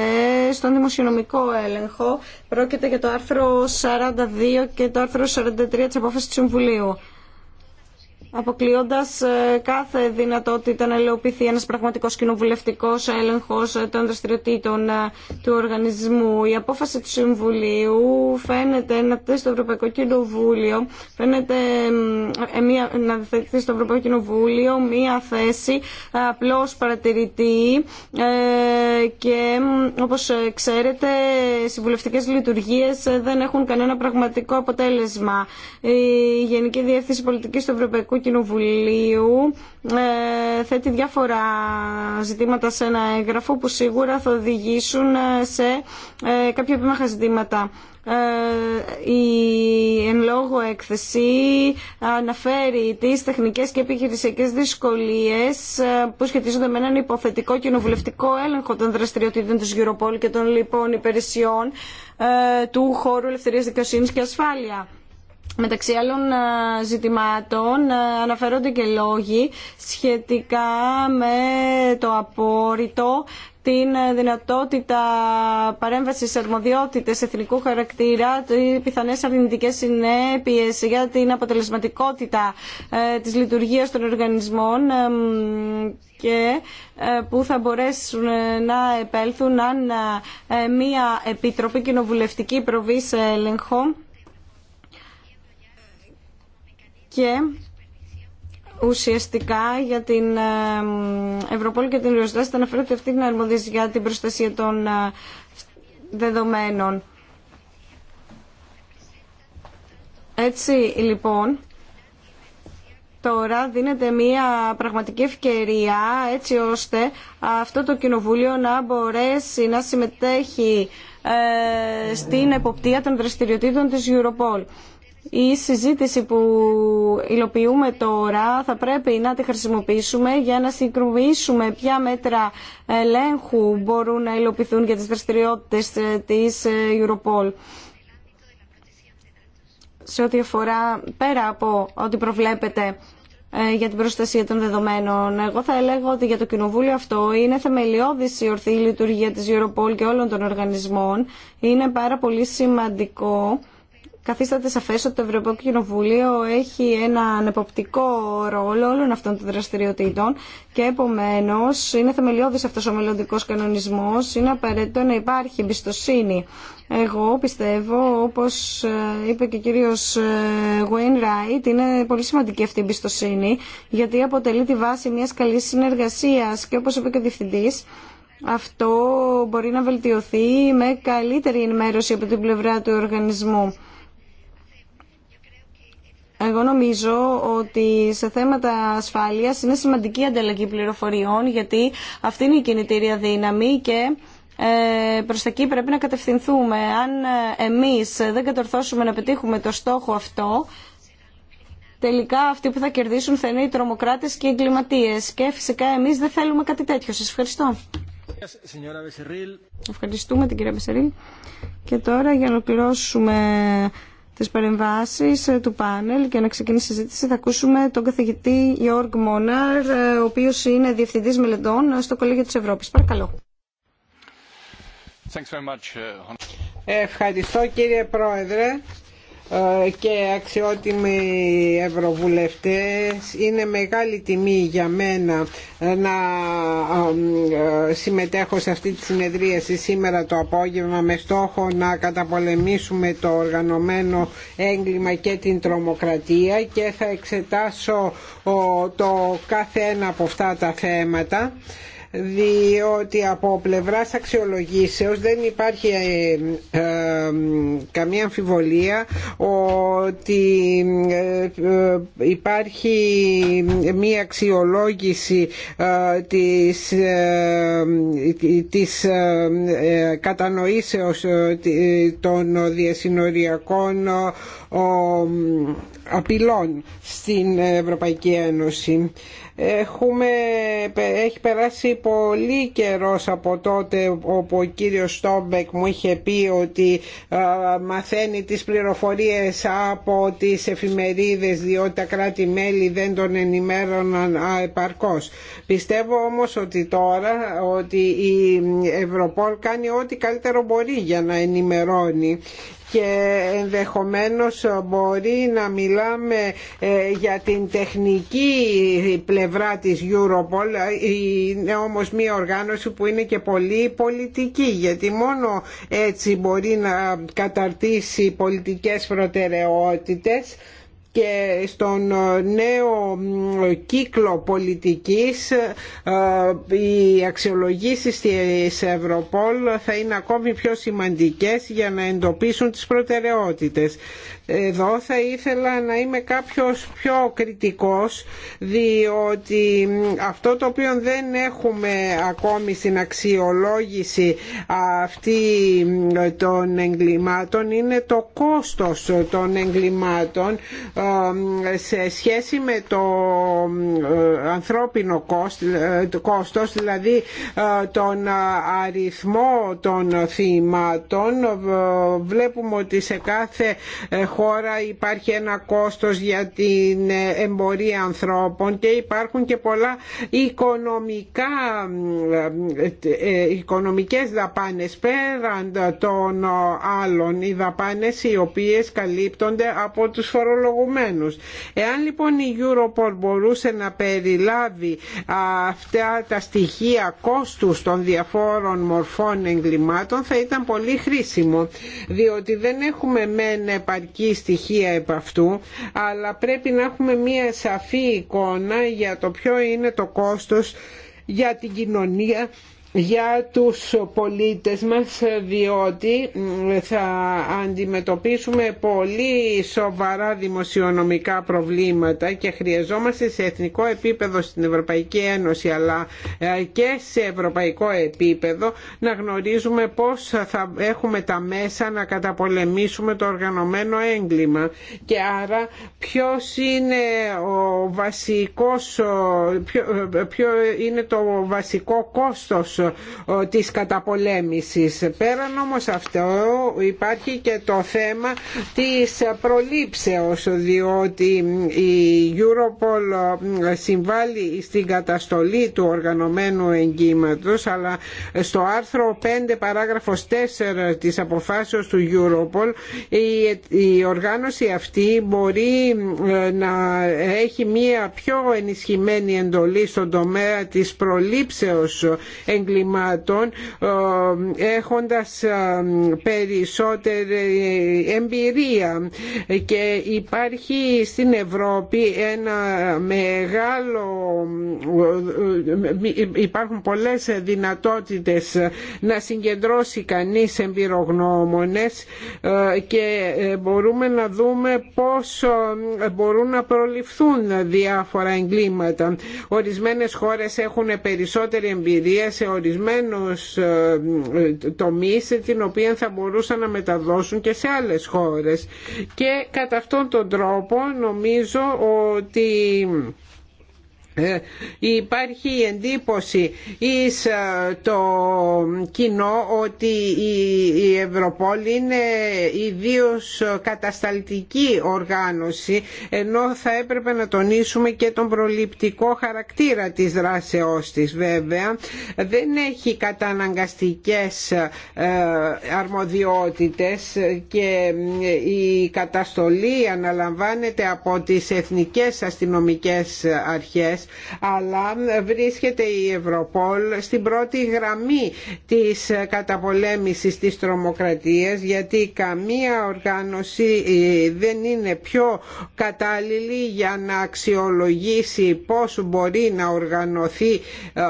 στον δημοσιονομικό έλεγχο. Πρόκειται για το άρθρο 42 και το άρθρο 43 της απόφασης του Συμβουλίου αποκλείοντας ε, κάθε δυνατότητα να ελαιοποιηθεί ένας πραγματικό κοινοβουλευτικό έλεγχος ε, των δραστηριοτήτων ε, του οργανισμού. Η απόφαση του Συμβουλίου φαίνεται να θέσει στο Ευρωπαϊκό Κοινοβούλιο, φαίνεται να στο Ευρωπαϊκό Κοινοβούλιο μία θέση απλώ παρατηρητή και όπω ξέρετε συμβουλευτικές λειτουργίες δεν έχουν κανένα πραγματικό αποτέλεσμα. Η Γενική Διεύθυνση Πολιτικής του Ευρωπαϊκού Κοινοβουλίου ε, θέτει διάφορα ζητήματα σε ένα έγγραφο που σίγουρα θα οδηγήσουν ε, σε ε, κάποια επίμαχα ζητήματα. Η εν λόγω έκθεση αναφέρει τις τεχνικές και επιχειρησιακές δυσκολίες που σχετίζονται με έναν υποθετικό κοινοβουλευτικό έλεγχο των δραστηριοτήτων της Europol και των λοιπών υπηρεσιών του χώρου ελευθερίας δικαιοσύνης και ασφάλεια Μεταξύ άλλων ε, ζητημάτων ε, αναφέρονται και λόγοι σχετικά με το απόρριτο την ε, δυνατότητα παρέμβαση σε αρμοδιότητε εθνικού χαρακτήρα, οι πιθανέ αρνητικέ συνέπειε για την αποτελεσματικότητα τη λειτουργία των οργανισμών και που θα μπορέσουν να επέλθουν αν μια επιτροπή κοινοβουλευτική προβεί σε έλεγχο και ουσιαστικά για την ε, Ευρωπόλη και την Ριοστάση θα αναφέρεται αυτή την αρμοδίση για την προστασία των ε, δεδομένων. Έτσι λοιπόν, τώρα δίνεται μια πραγματική ευκαιρία έτσι ώστε αυτό το κοινοβούλιο να μπορέσει να συμμετέχει ε, στην εποπτεία των δραστηριοτήτων της Europol η συζήτηση που υλοποιούμε τώρα θα πρέπει να τη χρησιμοποιήσουμε για να συγκρουμήσουμε ποια μέτρα ελέγχου μπορούν να υλοποιηθούν για τις δραστηριότητες ε, της ε, Europol. Σε ό,τι αφορά πέρα από ό,τι προβλέπετε ε, για την προστασία των δεδομένων. Εγώ θα έλεγα ότι για το Κοινοβούλιο αυτό είναι θεμελιώδης η ορθή λειτουργία της Europol και όλων των οργανισμών. Είναι πάρα πολύ σημαντικό καθίσταται σαφέ ότι το Ευρωπαϊκό Κοινοβούλιο έχει έναν εποπτικό ρόλο όλων αυτών των δραστηριοτήτων και επομένω είναι θεμελιώδη αυτό ο μελλοντικό κανονισμό, είναι απαραίτητο να υπάρχει εμπιστοσύνη. Εγώ πιστεύω, όπω ε, είπε και ο Γουέιν Ράιτ, ε, είναι πολύ σημαντική αυτή η εμπιστοσύνη γιατί αποτελεί τη βάση μια καλή συνεργασία και όπω είπε και ο διευθυντή, αυτό μπορεί να βελτιωθεί με καλύτερη ενημέρωση από την πλευρά του οργανισμού. Εγώ νομίζω ότι σε θέματα ασφάλειας είναι σημαντική η ανταλλαγή πληροφοριών γιατί αυτή είναι η κινητήρια δύναμη και ε, τα εκεί πρέπει να κατευθυνθούμε. Αν ε, εμείς δεν κατορθώσουμε να πετύχουμε το στόχο αυτό, τελικά αυτοί που θα κερδίσουν θα είναι οι τρομοκράτες και οι εγκληματίες. Και φυσικά εμείς δεν θέλουμε κάτι τέτοιο. Σας ευχαριστώ. Ευχαριστούμε την κυρία Μπεσερίλ. Και τώρα για να ολοκληρώσουμε τις παρεμβάσεις ε, του πάνελ και να ξεκινήσει η συζήτηση θα ακούσουμε τον καθηγητή Γιώργ Μόναρ, ε, ο οποίος είναι διευθυντής μελετών στο Κολέγιο της Ευρώπης. Παρακαλώ. Ε, Ευχαριστώ κύριε Πρόεδρε. Ε, και αξιότιμοι ευρωβουλευτές είναι μεγάλη τιμή για μένα ε, να ε, συμμετέχω σε αυτή τη συνεδρίαση σήμερα το απόγευμα με στόχο να καταπολεμήσουμε το οργανωμένο έγκλημα και την τρομοκρατία και θα εξετάσω το κάθε ένα από αυτά τα θέματα διότι από πλευράς αξιολογήσεως δεν υπάρχει ε, ε, καμία αμφιβολία ότι ε, υπάρχει μία αξιολόγηση της, της κατανοήσεως των διασυνοριακών απειλών στην Ευρωπαϊκή Ένωση. Έχουμε, έχει περάσει πολύ καιρός από τότε όπου ο κύριος Στόμπεκ μου είχε πει ότι μαθαίνει τις πληροφορίες από τις εφημερίδες διότι τα κράτη-μέλη δεν τον ενημέρωναν επαρκώς. Πιστεύω όμως ότι τώρα ότι η Ευρωπόλ κάνει ό,τι καλύτερο μπορεί για να ενημερώνει και ενδεχομένως μπορεί να μιλάμε ε, για την τεχνική πλευρά της Europol είναι όμως μια οργάνωση που είναι και πολύ πολιτική γιατί μόνο έτσι μπορεί να καταρτήσει πολιτικές προτεραιότητες και στον ε, νέο κύκλο πολιτικής ε, οι αξιολογήσεις της Ευρωπόλ θα είναι ακόμη πιο σημαντικές για να εντοπίσουν τις προτεραιότητες. Εδώ θα ήθελα να είμαι κάποιος πιο κριτικός διότι αυτό το οποίο δεν έχουμε ακόμη στην αξιολόγηση αυτή των εγκλημάτων είναι το κόστος των εγκλημάτων ε, σε σχέση με το ε, ανθρώπινο ε, κόστος δηλαδή τον αριθμό των θυμάτων βλέπουμε ότι σε κάθε χώρα υπάρχει ένα κόστος για την ε, εμπορία ανθρώπων και υπάρχουν και πολλά οικονομικά, ε, ε, οικονομικές δαπάνες πέραν των άλλων οι δαπάνες οι οποίες καλύπτονται από τους φορολογουμένους. Εάν λοιπόν η Europol μπορούσε να περιλάβει αυτά τα στοιχεία κόστους των διαφόρων μορφών εγκλημάτων θα ήταν πολύ χρήσιμο διότι δεν έχουμε μεν επαρκή στοιχεία επ' αυτού αλλά πρέπει να έχουμε μία σαφή εικόνα για το ποιο είναι το κόστος για την κοινωνία για τους πολίτες μας διότι θα αντιμετωπίσουμε πολύ σοβαρά δημοσιονομικά προβλήματα και χρειαζόμαστε σε εθνικό επίπεδο στην Ευρωπαϊκή Ένωση αλλά ε, και σε ευρωπαϊκό επίπεδο να γνωρίζουμε πώς θα έχουμε τα μέσα να καταπολεμήσουμε το οργανωμένο έγκλημα και άρα ποιος είναι ο βασικός ποιο, είναι το βασικό κόστος ε, της καταπολέμησης. Πέραν όμως αυτό υπάρχει και το θέμα της προλήψεως διότι η Europol ε, συμβάλλει στην καταστολή του οργανωμένου εγκλήματος αλλά στο άρθρο 5 παράγραφος 4 της αποφάσεως του Europol η οργάνωση αυτή μπορεί ε, να έχει μία πιο ενισχυμένη εντολή στον τομέα της προλήψεως εγκλημάτων ε, έχοντας ε, περισσότερη εμπειρία και υπάρχει στην Ευρώπη ένα μεγάλο ε, υπάρχουν πολλές δυνατότητες να συγκεντρώσει κανείς εμπειρογνώμονες και μπορούμε να δούμε πώς μπορούν να προληφθούν διάφορα εγκλήματα. Ορισμένες χώρες έχουν περισσότερη εμπειρία σε ορισμένους ε, τομείς την οποία θα μπορούσαν να μεταδώσουν και σε άλλες χώρες. Και κατά αυτόν τον τρόπο νομίζω ότι Υπάρχει εντύπωση εις ε, το κοινό ότι η Ευρωπόλη είναι ιδίως κατασταλτική οργάνωση ενώ θα έπρεπε να τονίσουμε και τον προληπτικό χαρακτήρα της δράσεώς της βέβαια δεν έχει καταναγκαστικές ε, αρμοδιότητες και η καταστολή αναλαμβάνεται από τις εθνικές αστυνομικές αρχές αλλά βρίσκεται η Ευρωπόλ στην πρώτη γραμμή της καταπολέμησης της τρομοκρατίας γιατί καμία οργάνωση ε, δεν είναι πιο κατάλληλη για να αξιολογήσει πώς μπορεί να οργανωθεί ε,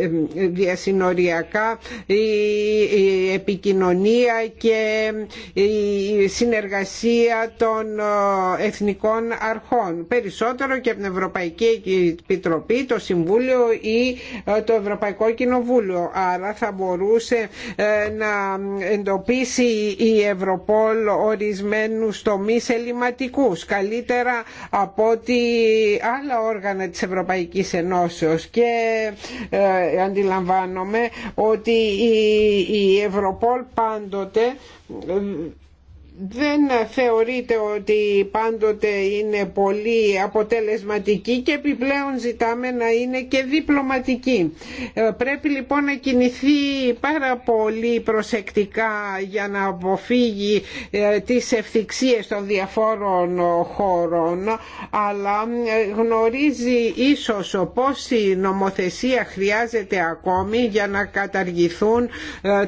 ε, διασυνοριακά η επικοινωνία και η συνεργασία των εθνικών αρχών περισσότερο και από την Ευρωπαϊκή Ευρωπαϊκή Επιτροπή, το Συμβούλιο ή ε, το Ευρωπαϊκό Κοινοβούλιο. Άρα θα μπορούσε ε, να εντοπίσει η Ευρωπόλ ορισμένους τομείς ελληματικούς, καλύτερα από ότι άλλα όργανα της Ευρωπαϊκής Ενώσεως και ε, αντιλαμβάνομαι ότι η Ευρωπόλ πάντοτε δεν θεωρείται ότι πάντοτε είναι πολύ αποτελεσματική και επιπλέον ζητάμε να είναι και διπλωματική. Ε, πρέπει λοιπόν να κινηθεί πάρα πολύ προσεκτικά για να αποφύγει ε, τις ευθυξίες των διαφόρων χώρων αλλά ε, γνωρίζει ίσως η νομοθεσία χρειάζεται ακόμη για να καταργηθούν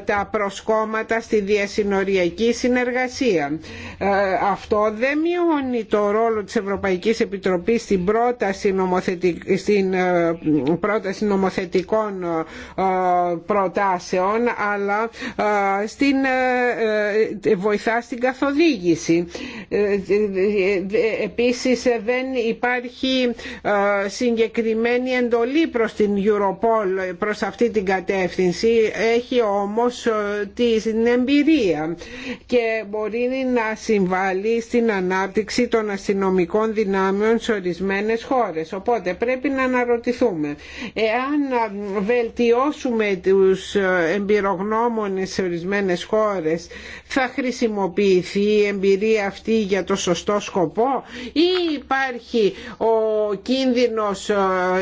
τα προσκόμματα στη διασυνοριακή συνεργασία ε, αυτό δεν μειώνει το ρόλο της Ευρωπαϊκής Επιτροπής στην πρόταση, νομοθετικ... στην ε, πρόταση νομοθετικών ε, προτάσεων αλλά στην... βοηθά στην καθοδήγηση. Επίσης δεν υπάρχει συγκεκριμένη εντολή προς την Europol προς αυτή την κατεύθυνση. Έχει όμως την εμπειρία και μπορεί να συμβάλλει στην ανάπτυξη των αστυνομικών δυνάμεων σε ορισμένες χώρες. Οπότε πρέπει να αναρωτηθούμε. Εάν βελτιώσουμε τους εμπειρογνώμονες σε ορισμένες χώρες θα χρησιμοποιηθεί η εμπειρία αυτή για το σωστό σκοπό ή υπάρχει ο κίνδυνος ε,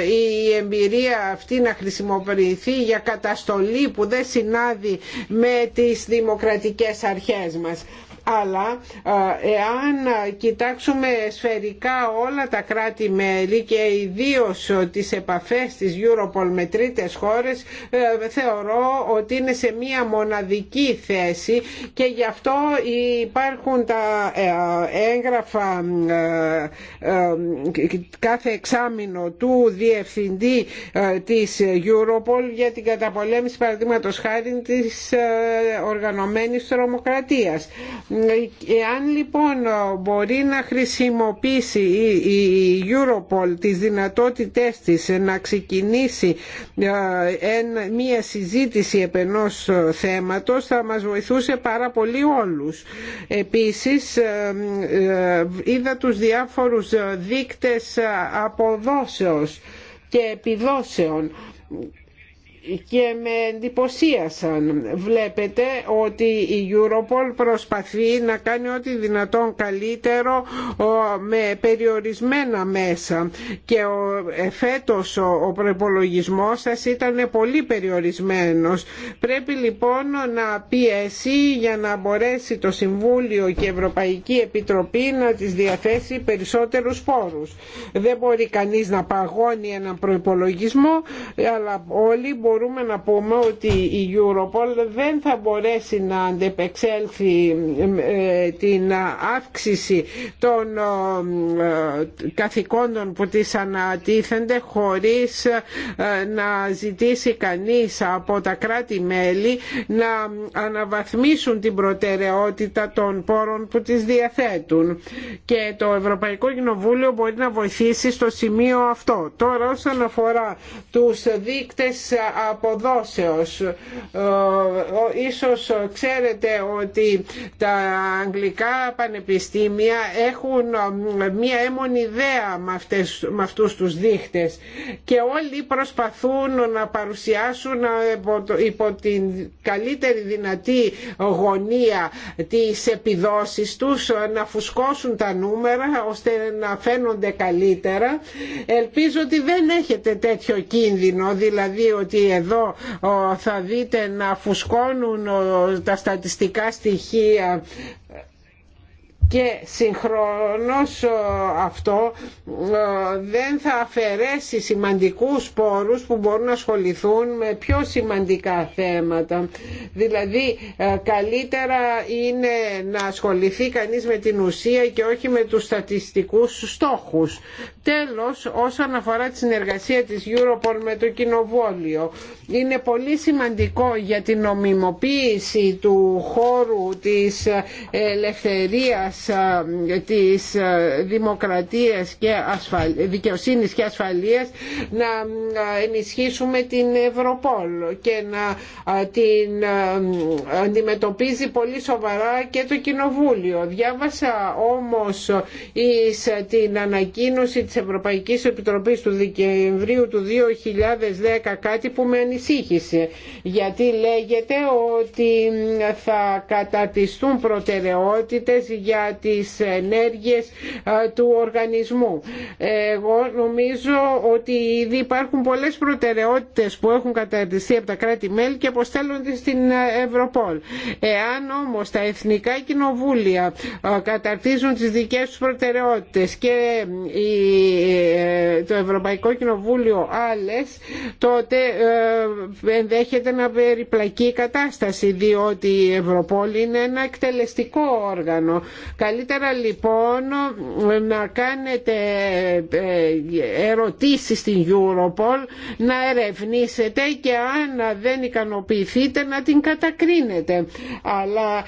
η εμπειρία αυτή να χρησιμοποιηθεί για καταστολή που δεν συνάδει με τις δημοκρατικές αρχές μας αλλά ε, εάν κοιτάξουμε σφαιρικά όλα τα κράτη-μέλη και ιδίω τις επαφές της Europol με τρίτες χώρες ε, θεωρώ ότι είναι σε μία μοναδική θέση και γι' αυτό υπάρχουν τα ε, έγγραφα κάθε εξάμεινο του Διευθυντή της Europol για την καταπολέμηση παραδείγματος χάρη της οργανωμένης τρομοκρατίας Εάν λοιπόν μπορεί να χρησιμοποιήσει η Europol τις δυνατότητές της να ξεκινήσει ε, μία συζήτηση επενός θέματος θα μας βοηθούσε πάρα πολύ όλους. Επίσης ε, ε, είδα τους διάφορους δείκτες αποδόσεως και επιδόσεων και με εντυπωσίασαν. Βλέπετε ότι η Europol προσπαθεί να κάνει ό,τι δυνατόν καλύτερο με περιορισμένα μέσα και ο, ε, φέτος ο προπολογισμός σας ήταν πολύ περιορισμένος. Πρέπει λοιπόν να πιέσει για να μπορέσει το Συμβούλιο και η Ευρωπαϊκή Επιτροπή να της διαθέσει περισσότερους φόρους. Δεν μπορεί κανείς να παγώνει έναν προπολογισμό αλλά όλοι μπορούμε να πούμε ότι η Europol δεν θα μπορέσει να αντεπεξέλθει ε, την αύξηση των ε, καθηκόντων που της ανατίθενται χωρίς ε, να ζητήσει κανείς από τα κράτη-μέλη να αναβαθμίσουν την προτεραιότητα των πόρων που τις διαθέτουν. Και το Ευρωπαϊκό Κοινοβούλιο μπορεί να βοηθήσει στο σημείο αυτό. Τώρα όσον αφορά τους δείκτες αποδόσεως. Ε, ίσως ξέρετε ότι τα αγγλικά πανεπιστήμια έχουν ε, μία έμονη ιδέα με, αυτές, με αυτούς τους δείχτες και όλοι προσπαθούν να παρουσιάσουν ε, υπό την καλύτερη δυνατή γωνία τις επιδόσεις τους, να φουσκώσουν τα νούμερα ώστε να φαίνονται καλύτερα. Ελπίζω ότι δεν έχετε τέτοιο κίνδυνο, δηλαδή ότι εδώ θα δείτε να φουσκώνουν τα στατιστικά στοιχεία και συγχρόνως αυτό δεν θα αφαιρέσει σημαντικούς πόρους που μπορούν να ασχοληθούν με πιο σημαντικά θέματα. Δηλαδή ε, καλύτερα είναι να ασχοληθεί κανείς με την ουσία και όχι με τους στατιστικούς στόχους. Τέλος, όσον αφορά τη συνεργασία της Europol με το Κοινοβόλιο, είναι πολύ σημαντικό για την νομιμοποίηση του χώρου της ε, ελευθερίας της ε, ε, δημοκρατίας και ασφαλ... δικαιοσύνης και ασφαλείας να ε, ενισχύσουμε την Ευρωπόλ και να την αντιμετωπίζει πολύ σοβαρά και το Κοινοβούλιο. Διάβασα όμως εις την ανακοίνωση της Ευρωπαϊκής Επιτροπής του Δεκεμβρίου του 2010 κάτι που με ανησύχησε γιατί λέγεται ότι θα κατατιστούν προτεραιότητες για τις ενέργειες του οργανισμού. Εγώ νομίζω ότι ήδη υπάρχουν πολλές προτεραιότητες που έχουν καταρτιστεί από τα κράτη-μέλη και αποστέλλονται στην Ευρωπόλ. Εάν όμως τα εθνικά κοινοβούλια καταρτίζουν τις δικές τους προτεραιότητες και ε, το Ευρωπαϊκό Κοινοβούλιο άλλες, τότε ε, ενδέχεται να περιπλακεί η κατάσταση διότι η Ευρωπόλ είναι ένα εκτελεστικό όργανο Καλύτερα λοιπόν να κάνετε ε, ερωτήσεις στην Europol, να ερευνήσετε και αν δεν ικανοποιηθείτε να την κατακρίνετε. Αλλά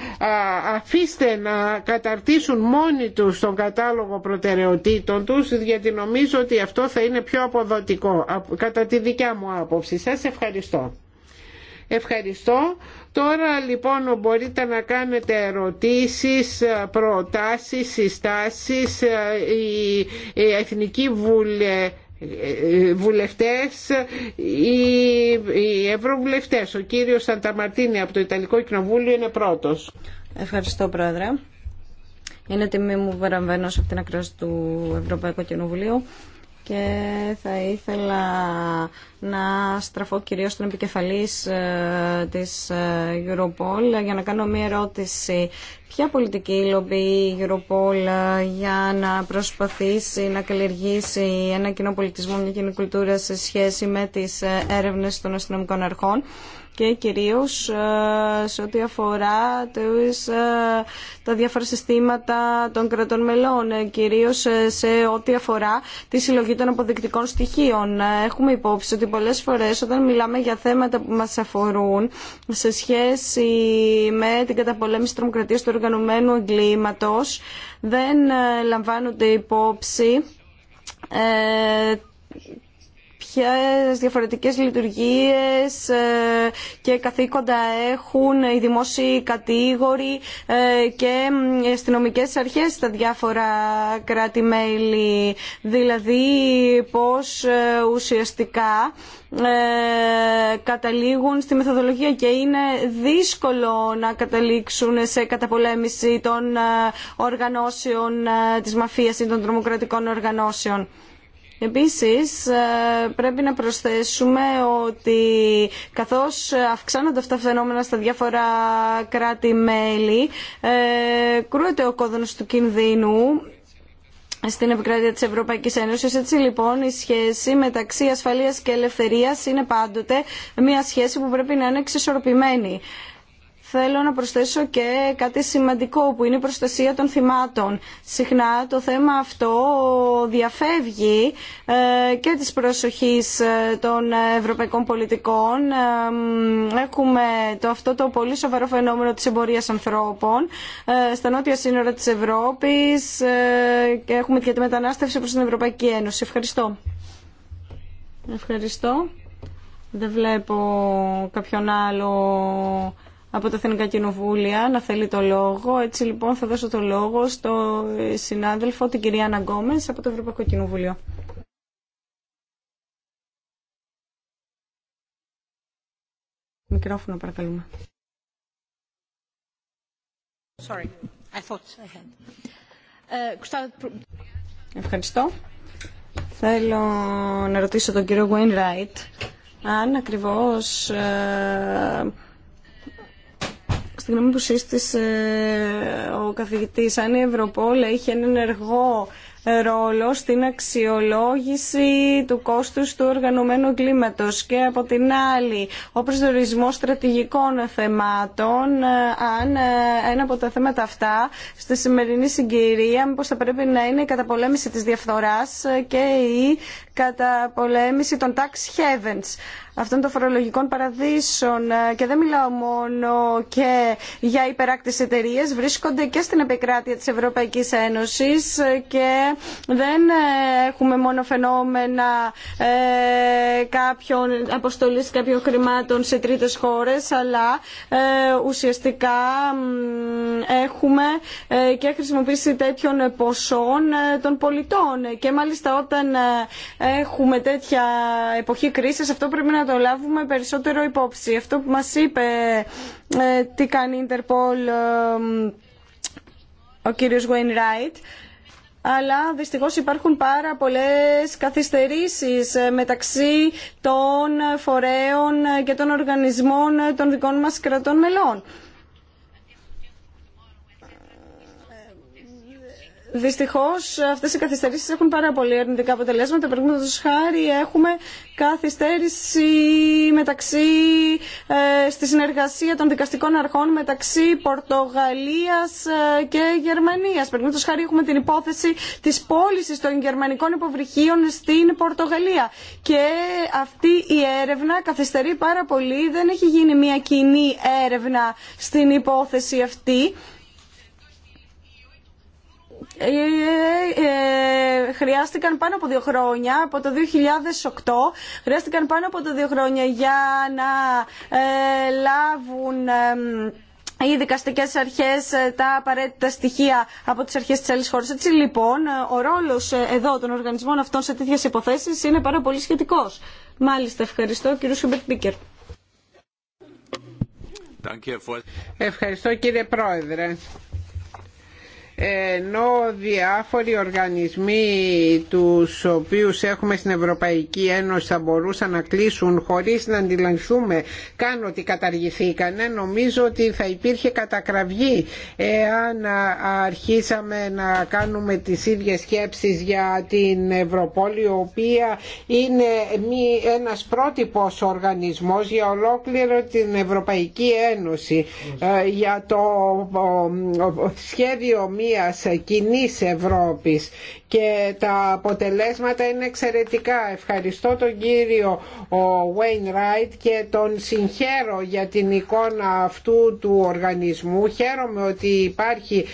αφήστε να καταρτήσουν μόνοι τους τον κατάλογο προτεραιοτήτων τους γιατί νομίζω ότι αυτό θα είναι πιο αποδοτικό κατά τη δικιά μου άποψη. Σας ευχαριστώ. Ευχαριστώ. Τώρα λοιπόν μπορείτε να κάνετε ερωτήσεις, προτάσεις, συστάσεις. Η ε, Εθνική Βουλή ε, βουλευτές ή οι ευρωβουλευτές. Ο κύριος Σανταμαρτίνη από το Ιταλικό Κοινοβούλιο είναι πρώτος. Ευχαριστώ Πρόεδρε. Είναι τιμή μου που παραμβαίνω σε αυτήν την ακρόαση του Ευρωπαϊκού Κοινοβουλίου και θα ήθελα να στραφώ κυρίως στον επικεφαλής ε, της ε, Europol για να κάνω μία ερώτηση. Ποια πολιτική υλοποιεί η Europol ε, για να προσπαθήσει να καλλιεργήσει ένα κοινό πολιτισμό, μια κοινή κουλτούρα σε σχέση με τις έρευνες των αστυνομικών αρχών και κυρίως ε, σε ό,τι αφορά ε, τα διάφορα συστήματα των κρατών μελών, ε, κυρίως σε ό,τι αφορά τη συλλογή των αποδεικτικών στοιχείων. Έχουμε υπόψη ότι πολλές φορές όταν μιλάμε για θέματα που μας αφορούν σε σχέση με την καταπολέμηση τρομοκρατίας του οργανωμένου εγκλήματος, δεν λαμβάνονται υπόψη διαφορετικές λειτουργίες ε, και καθήκοντα έχουν οι δημόσιοι κατήγοροι ε, και οι αστυνομικέ αρχές στα διάφορα κράτη-μέλη. Δηλαδή πώς ε, ουσιαστικά καταλήγουν στη μεθοδολογία και είναι δύσκολο να καταλήξουν σε καταπολέμηση των οργανώσεων της μαφίας ή των τρομοκρατικών οργανώσεων. Επίσης ε, πρέπει να προσθέσουμε ότι καθώς αυξάνονται αυτά τα φαινόμενα στα διάφορα κράτη-μέλη ε, κρούεται ο κόδωνος του κινδύνου στην επικράτεια της Ευρωπαϊκής Ένωσης. Έτσι λοιπόν η σχέση μεταξύ ασφαλείας και ελευθερίας είναι πάντοτε μια σχέση που πρέπει να είναι εξισορροπημένη. Θέλω να προσθέσω και κάτι σημαντικό που είναι η προστασία των θυμάτων. Συχνά το θέμα αυτό διαφεύγει ε, και της προσοχής ε, των ευρωπαϊκών πολιτικών. Ε, έχουμε το αυτό το πολύ σοβαρό φαινόμενο της εμπορίας ανθρώπων στα νότια σύνορα της Ευρώπης και έχουμε και τη μετανάστευση προς την Ευρωπαϊκή Ένωση. Ευχαριστώ. Ευχαριστώ. Δεν βλέπω κάποιον άλλο από τα Εθνικά Κοινοβούλια να θέλει το λόγο. Έτσι λοιπόν θα δώσω το λόγο στο συνάδελφο την κυρία Αναγκόμε από το Ευρωπαϊκό Κοινοβούλιο. Μικρόφωνο παρακαλούμε. Sorry. I thought I had. Ε, Ευχαριστώ. Θέλω να ρωτήσω τον κύριο Ράιτ αν ακριβώς ε, στην γνώμη που σύστησε ε, ο καθηγητής, αν η Ευρωπόλα είχε έναν εργό ρόλο στην αξιολόγηση του κόστους του οργανωμένου κλίματος και από την άλλη ο προσδιορισμός στρατηγικών θεμάτων ε, αν ε, ένα από τα θέματα αυτά στη σημερινή συγκυρία μήπως θα πρέπει να είναι η καταπολέμηση της διαφθοράς και η κατά πολέμηση των tax havens αυτών των φορολογικών παραδείσων ε, και δεν μιλάω μόνο και για υπεράκτης εταιρείε, βρίσκονται και στην επικράτεια της Ευρωπαϊκής Ένωσης ε, και δεν ε, έχουμε μόνο φαινόμενα κάποιων αποστολής κάποιων χρημάτων σε τρίτες χώρες αλλά ουσιαστικά έχουμε και χρησιμοποίηση τέτοιων ποσών των πολιτών και μάλιστα όταν έχουμε τέτοια εποχή κρίσης, αυτό πρέπει να το λάβουμε περισσότερο υπόψη. Αυτό που μας είπε ε, τι κάνει η Ιντερπολ ε, ο κύριος Γουέιν Ράιτ, αλλά δυστυχώς υπάρχουν πάρα πολλές καθυστερήσεις ε, μεταξύ των φορέων και των οργανισμών των δικών μας κρατών μελών. Δυστυχώ αυτέ οι καθυστερήσει έχουν πάρα πολύ αρνητικά αποτελέσματα. Παραδείγματο χάρη έχουμε καθυστέρηση μεταξύ, ε, στη συνεργασία των δικαστικών αρχών μεταξύ Πορτογαλία ε, και Γερμανία. Παραδείγματο χάρη έχουμε την υπόθεση τη πώληση των γερμανικών υποβρυχίων στην Πορτογαλία. Και αυτή η έρευνα καθυστερεί πάρα πολύ. Δεν έχει γίνει μια κοινή έρευνα στην υπόθεση αυτή ε, ε, ε, χρειάστηκαν πάνω από δύο χρόνια, από το 2008, χρειάστηκαν πάνω από το δύο χρόνια για να λάβουν οι δικαστικέ αρχές τα απαραίτητα στοιχεία από τις αρχές τη άλλη χώρα. Έτσι λοιπόν, ο ρόλος εδώ των οργανισμών αυτών σε τέτοιε υποθέσει είναι πάρα πολύ σχετικό. Μάλιστα, ευχαριστώ κύριο Σιμπερτ Μπίκερ. Ευχαριστώ κύριε Πρόεδρε ενώ διάφοροι οργανισμοί τους οποίους έχουμε στην Ευρωπαϊκή Ένωση θα μπορούσαν να κλείσουν χωρίς να αντιλαμβανθούμε καν ότι καταργηθήκανε νομίζω ότι θα υπήρχε κατακραυγή εάν αρχίσαμε να κάνουμε τις ίδιες σκέψεις για την Ευρωπόλη η οποία είναι ένας πρότυπος οργανισμός για ολόκληρο την Ευρωπαϊκή Ένωση ε, για το σχέδιο μη μιας κοινή Ευρώπης και τα αποτελέσματα είναι εξαιρετικά. Ευχαριστώ τον κύριο Wayne Wright και τον συγχαίρω για την εικόνα αυτού του οργανισμού. Χαίρομαι ότι υπάρχει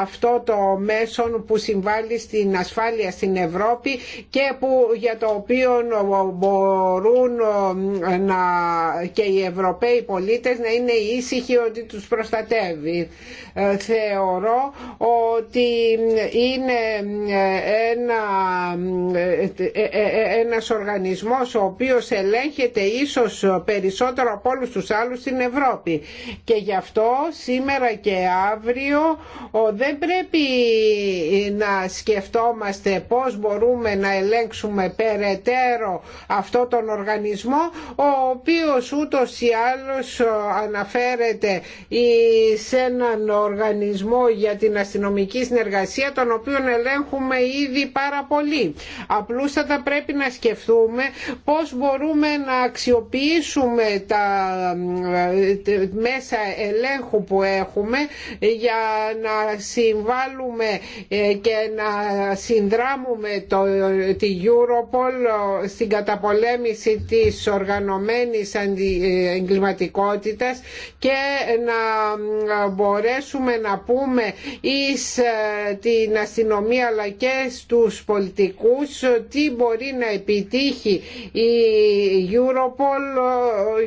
αυτό το μέσο που συμβάλλει στην ασφάλεια στην Ευρώπη και που, για το οποίο μπορούν να, και οι Ευρωπαίοι πολίτες να είναι ήσυχοι ότι τους προστατεύει. Ε, θεωρώ ότι είναι ε, ένα, ε, ε, ένας οργανισμός ο οποίος ελέγχεται ίσως περισσότερο από όλους τους άλλους στην Ευρώπη και γι' αυτό σήμερα και αύριο δεν πρέπει να σκεφτόμαστε πώς μπορούμε να ελέγξουμε περαιτέρω αυτό τον οργανισμό ο οποίος ούτως ή άλλως αναφέρεται σε έναν οργανισμό για την αστυνομική συνεργασία τον οποίο ελέγχουμε ήδη πάρα πολύ. Απλούστατα πρέπει να σκεφτούμε πώς μπορούμε να αξιοποιήσουμε τα ε, ε, μέσα ελέγχου που έχουμε για να συμβάλλουμε ε, και να συνδράμουμε το, τη Europol στην καταπολέμηση της οργανωμένης εγκληματικότητας και να μπορέσουμε να πούμε εις την αστυνομία αλλά και και στους πολιτικούς τι μπορεί να επιτύχει η Europol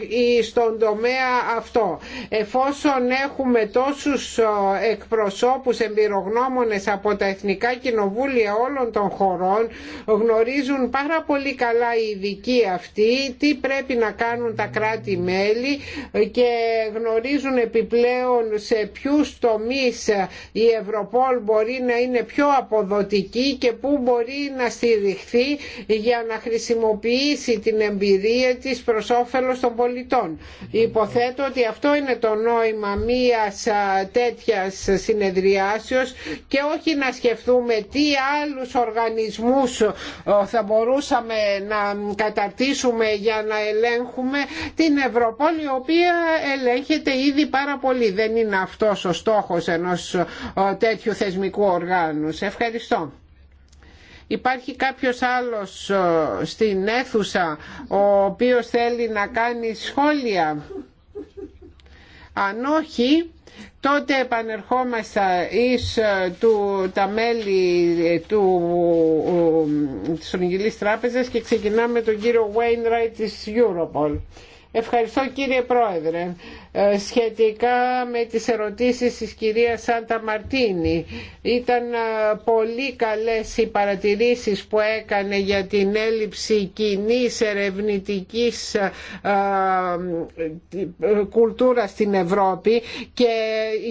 ε, ε, στον τομέα αυτό. Εφόσον έχουμε τόσους ε, εκπροσώπους εμπειρογνώμονες από τα Εθνικά Κοινοβούλια όλων των χωρών γνωρίζουν πάρα πολύ καλά οι ειδικοί αυτοί τι πρέπει να κάνουν τα κράτη-μέλη και γνωρίζουν επιπλέον σε ποιους τομείς η Ευρωπόλ μπορεί να είναι πιο αποδοτική και πού μπορεί να στηριχθεί για να χρησιμοποιήσει την εμπειρία της προς όφελος των πολιτών. Υποθέτω ότι αυτό είναι το νόημα μίας τέτοιας συνεδριάσεως και όχι να σκεφτούμε τι άλλους οργανισμούς θα μπορούσαμε να καταρτήσουμε για να ελέγχουμε την Ευρωπόλη η οποία ελέγχεται ήδη πάρα πολύ. Δεν είναι αυτός ο στόχος ενός τέτοιου θεσμικού οργάνου. ευχαριστώ. Υπάρχει κάποιος άλλος ε, στην αίθουσα ο οποίος θέλει να κάνει σχόλια. Αν όχι, τότε επανερχόμαστε εις ε, του, τα μέλη ε, του, της Τράπεζα και ξεκινάμε τον κύριο Wainwright της Europol. Ευχαριστώ κύριε Πρόεδρε. Ε, σχετικά με τις ερωτήσεις της κυρίας Σάντα Μαρτίνη. Ήταν ε, πολύ καλές οι παρατηρήσεις που έκανε για την έλλειψη κοινή ερευνητικής ε, κουλτούρας στην Ευρώπη και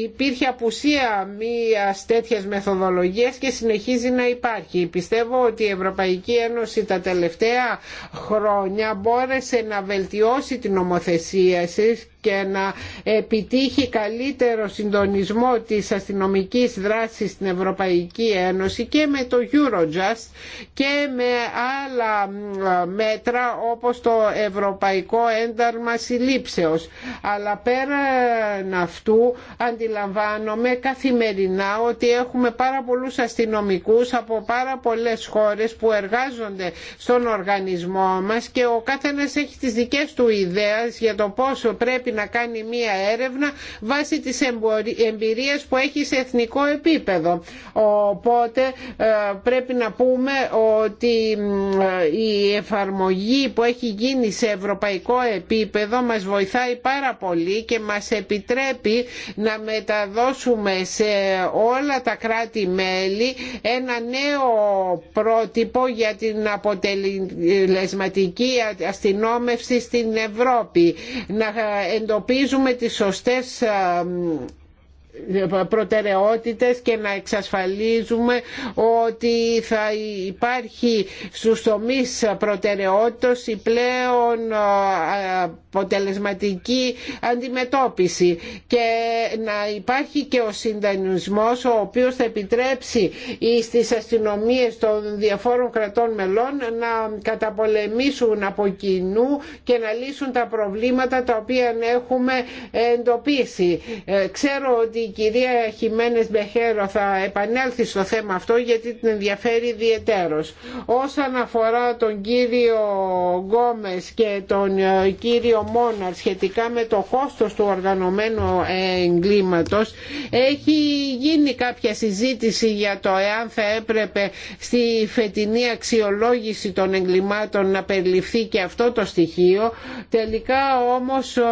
υπήρχε απουσία μια τέτοια μεθοδολογίας και συνεχίζει να υπάρχει. Πιστεύω ότι η Ευρωπαϊκή Ένωση τα τελευταία χρόνια μπόρεσε να βελτιώσει την νομοθεσία και να επιτύχει καλύτερο συντονισμό της αστυνομικής δράσης στην Ευρωπαϊκή Ένωση και με το Eurojust και με άλλα μέτρα όπως το Ευρωπαϊκό Ένταρμα Συλλήψεως. Αλλά πέραν αυτού αντιλαμβάνομαι καθημερινά ότι έχουμε πάρα πολλούς αστυνομικούς από πάρα πολλές χώρες που εργάζονται στον οργανισμό μας και ο καθένας έχει τις δικές του ιδέες για το πόσο πρέπει να κάνει μία έρευνα βάσει της εμπειρίας που έχει σε εθνικό επίπεδο. Οπότε ε, πρέπει να πούμε ότι η εφαρμογή που έχει γίνει σε ευρωπαϊκό επίπεδο μας βοηθάει πάρα πολύ και μας επιτρέπει να μεταδώσουμε σε όλα τα κράτη-μέλη ένα νέο πρότυπο για την αποτελεσματική αστυνόμευση στην Ευρώπη. Να εντοπίζουμε τις σωστές προτεραιότητες και να εξασφαλίζουμε ότι θα υπάρχει στους τομείς προτεραιότητας η πλέον αποτελεσματική αντιμετώπιση και να υπάρχει και ο συντανισμός ο οποίος θα επιτρέψει στις αστυνομίες των διαφόρων κρατών μελών να καταπολεμήσουν από κοινού και να λύσουν τα προβλήματα τα οποία έχουμε εντοπίσει. Ε, ξέρω ότι η κυρία Χιμένες Μπεχέρο θα επανέλθει στο θέμα αυτό γιατί την ενδιαφέρει ιδιαιτέρως. Όσον αφορά τον κύριο Γκόμες και τον ε, κύριο Μόναρ σχετικά με το κόστος του οργανωμένου εγκλήματος έχει γίνει κάποια συζήτηση για το εάν θα έπρεπε στη φετινή αξιολόγηση των εγκλημάτων να περιληφθεί και αυτό το στοιχείο. Τελικά όμως ε,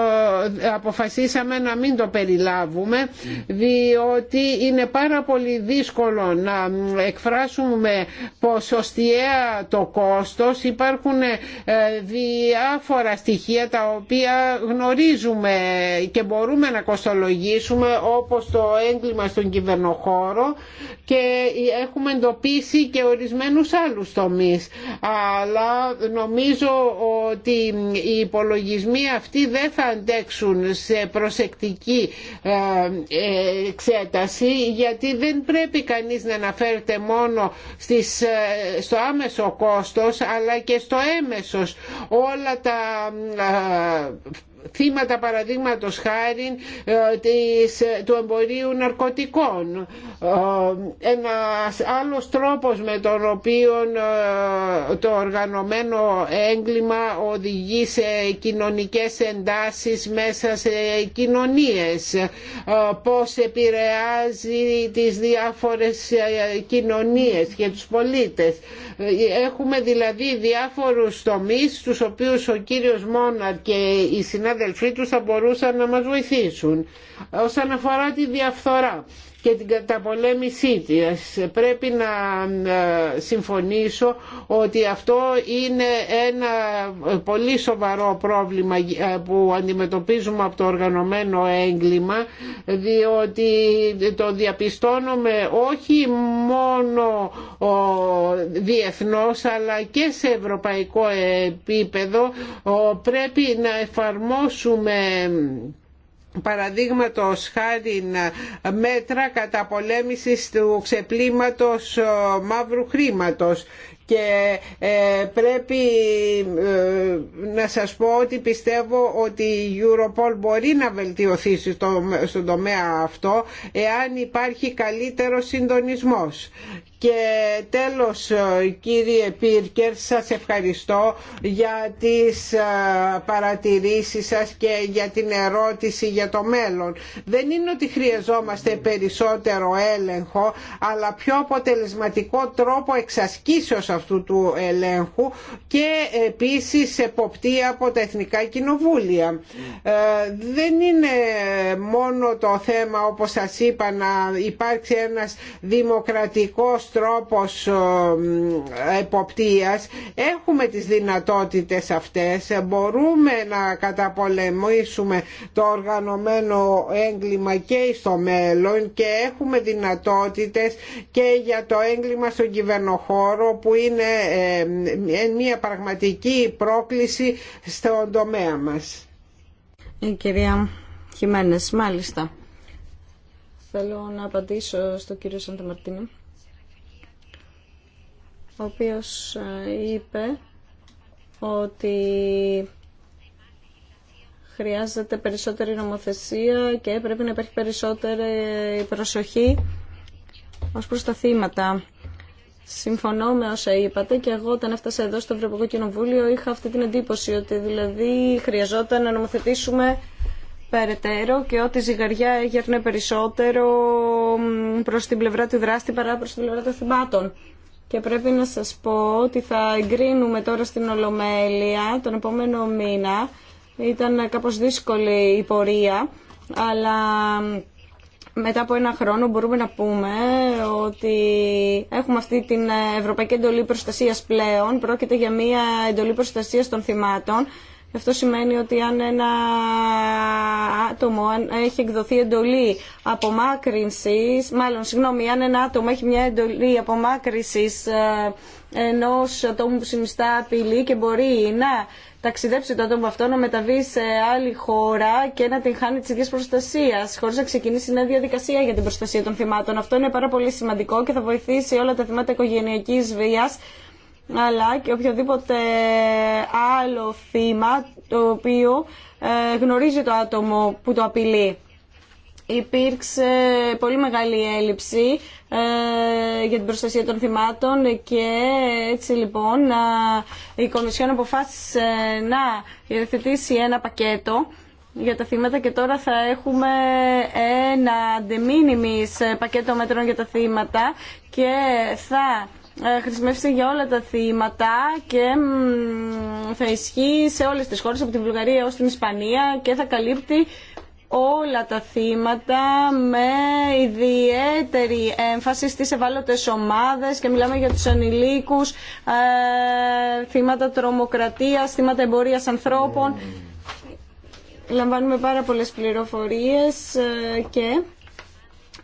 αποφασίσαμε να μην το περιλάβουμε διότι είναι πάρα πολύ δύσκολο να εκφράσουμε ποσοστιαία το κόστος. Υπάρχουν ε, διάφορα στοιχεία τα οποία γνωρίζουμε και μπορούμε να κοστολογήσουμε όπως το έγκλημα στον κυβερνοχώρο και έχουμε εντοπίσει και ορισμένους άλλους τομείς. Αλλά νομίζω ότι οι υπολογισμοί αυτοί δεν θα αντέξουν σε προσεκτική ε, εξέταση γιατί δεν πρέπει κανείς να αναφέρεται μόνο στις, ε, στο άμεσο κόστος αλλά και στο έμεσος όλα τα ε, θύματα παραδείγματος χάρη ε, της, ε, του εμπορίου ναρκωτικών. Ε, Ένα άλλος τρόπος με τον οποίο το οργανωμένο έγκλημα οδηγεί σε κοινωνικές εντάσεις μέσα σε κοινωνίες, πώς επηρεάζει τις διάφορες κοινωνίες και τους πολίτες. Έχουμε δηλαδή διάφορους τομείς στους οποίους ο κύριος Μόναρ και η συνάδελφοι συνάδελφοί τους θα μπορούσαν να μας βοηθήσουν. Όσον αφορά τη διαφθορά, και την καταπολέμησή της. Πρέπει να ε, συμφωνήσω ότι αυτό είναι ένα πολύ σοβαρό πρόβλημα ε, που αντιμετωπίζουμε από το οργανωμένο έγκλημα διότι το διαπιστώνουμε όχι μόνο διεθνώς αλλά και σε ευρωπαϊκό επίπεδο πρέπει να εφαρμόσουμε παραδείγματος χάρη μέτρα κατά πολέμησης του ξεπλήματος ε, μαύρου χρήματος και ε, πρέπει ε, να σας πω ότι πιστεύω ότι η Europol μπορεί να βελτιωθεί στον τομέα αυτό εάν υπάρχει καλύτερος συντονισμός και τέλος ε, κύριε Πίρκερ σας ευχαριστώ για τις ε, παρατηρήσεις σας και για την ερώτηση για το μέλλον. Δεν είναι ότι χρειαζόμαστε περισσότερο έλεγχο αλλά πιο αποτελεσματικό τρόπο εξασκήσεως αυτού του ελέγχου και επίσης εποπτεία από τα Εθνικά Κοινοβούλια. Ε, δεν είναι μόνο το θέμα όπως σας είπα να υπάρξει ένας δημοκρατικός τρόπος ε, εποπτείας έχουμε τις δυνατότητες αυτές μπορούμε να καταπολεμήσουμε το οργανωμένο έγκλημα και στο μέλλον και έχουμε δυνατότητες και για το έγκλημα στον κυβερνοχώρο που είναι ε, ε, μια πραγματική πρόκληση στον τομέα μας. Η κυρία Χιμένες, μάλιστα. Θέλω να απαντήσω στον κύριο Σαντεμαρτίνο ο οποίος ε, είπε ότι χρειάζεται περισσότερη νομοθεσία και πρέπει να υπάρχει περισσότερη προσοχή ως προς τα θύματα. Συμφωνώ με όσα είπατε και εγώ όταν έφτασα εδώ στο Ευρωπαϊκό Κοινοβούλιο είχα αυτή την εντύπωση ότι δηλαδή χρειαζόταν να νομοθετήσουμε περαιτέρω και ότι η ζυγαριά έγινε περισσότερο προς την πλευρά του δράστη παρά προς την πλευρά των θυμάτων. Και πρέπει να σας πω ότι θα εγκρίνουμε τώρα στην Ολομέλεια τον επόμενο μήνα. Ήταν κάπως δύσκολη η πορεία, αλλά μετά από ένα χρόνο μπορούμε να πούμε ότι έχουμε αυτή την Ευρωπαϊκή Εντολή Προστασίας πλέον. Πρόκειται για μια εντολή προστασίας των θυμάτων αυτό σημαίνει ότι αν ένα άτομο έχει εκδοθεί εντολή απομάκρυνση, μάλλον συγγνώμη, αν ένα άτομο έχει μια εντολή απομάκρυνσης ε, ενό ατόμου που συνιστά απειλή και μπορεί να ταξιδέψει το άτομο αυτό, να μεταβεί σε άλλη χώρα και να την χάνει τη ίδια προστασία, χωρί να ξεκινήσει μια διαδικασία για την προστασία των θυμάτων. Αυτό είναι πάρα πολύ σημαντικό και θα βοηθήσει όλα τα θυμάτα οικογενειακή βία αλλά και οποιοδήποτε άλλο θύμα το οποίο ε, γνωρίζει το άτομο που το απειλεί. Υπήρξε πολύ μεγάλη έλλειψη ε, για την προστασία των θυμάτων και έτσι λοιπόν η Κομισιόν αποφάσισε να υιοθετήσει ένα πακέτο για τα θύματα και τώρα θα έχουμε ένα αντεμήνυμις πακέτο μέτρων για τα θύματα και θα ε, χρησιμεύσει για όλα τα θύματα και θα ισχύει σε όλες τις χώρες από την Βουλγαρία ως την Ισπανία και θα καλύπτει όλα τα θύματα με ιδιαίτερη έμφαση στις ευάλωτες ομάδες και μιλάμε για τους ανηλίκους, ε, θύματα τρομοκρατίας, θύματα εμπορίας ανθρώπων. Λαμβάνουμε πάρα πολλές πληροφορίες ε, και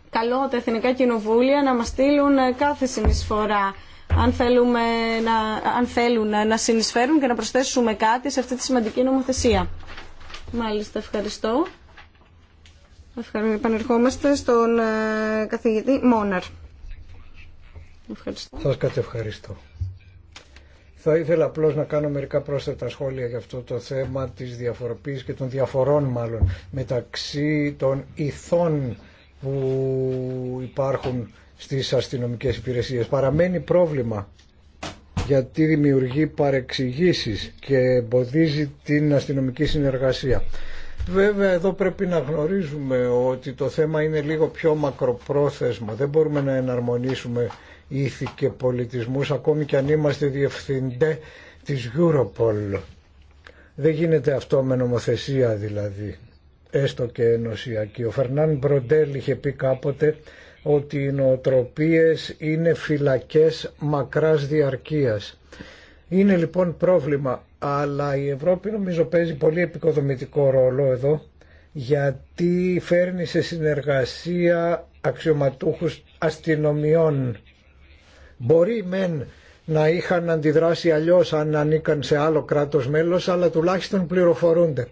Καλό τα εθνικά κοινοβούλια να μας στείλουν ε, κάθε συνεισφορά αν, θέλουμε να, αν θέλουν ε, να συνεισφέρουν και να προσθέσουμε κάτι σε αυτή τη σημαντική νομοθεσία. Μάλιστα, ευχαριστώ. Επανερχόμαστε στον ε, καθηγητή Μόναρ. Ευχαριστώ. Σας κατευχαριστώ. Θα ήθελα απλώς να κάνω μερικά πρόσθετα σχόλια για αυτό το θέμα της διαφοροποίησης και των διαφορών μάλλον μεταξύ των ηθών που υπάρχουν στις αστυνομικές υπηρεσίες. Παραμένει πρόβλημα γιατί δημιουργεί παρεξηγήσεις και εμποδίζει την αστυνομική συνεργασία. Βέβαια εδώ πρέπει να γνωρίζουμε ότι το θέμα είναι λίγο πιο μακροπρόθεσμο. Δεν μπορούμε να εναρμονίσουμε ήθη και πολιτισμούς ακόμη και αν είμαστε διευθυντέ της Europol. Δεν γίνεται αυτό με νομοθεσία δηλαδή έστω και ενωσιακή. Ο Φερνάν Μπροντέλ είχε πει κάποτε ότι οι νοοτροπίες είναι φυλακές μακράς διαρκείας. Είναι λοιπόν πρόβλημα, αλλά η Ευρώπη νομίζω παίζει πολύ επικοδομητικό ρόλο εδώ, γιατί φέρνει σε συνεργασία αξιωματούχους αστυνομιών. Μπορεί μεν να είχαν αντιδράσει αλλιώς αν ανήκαν σε άλλο κράτος μέλος, αλλά τουλάχιστον πληροφορούνται.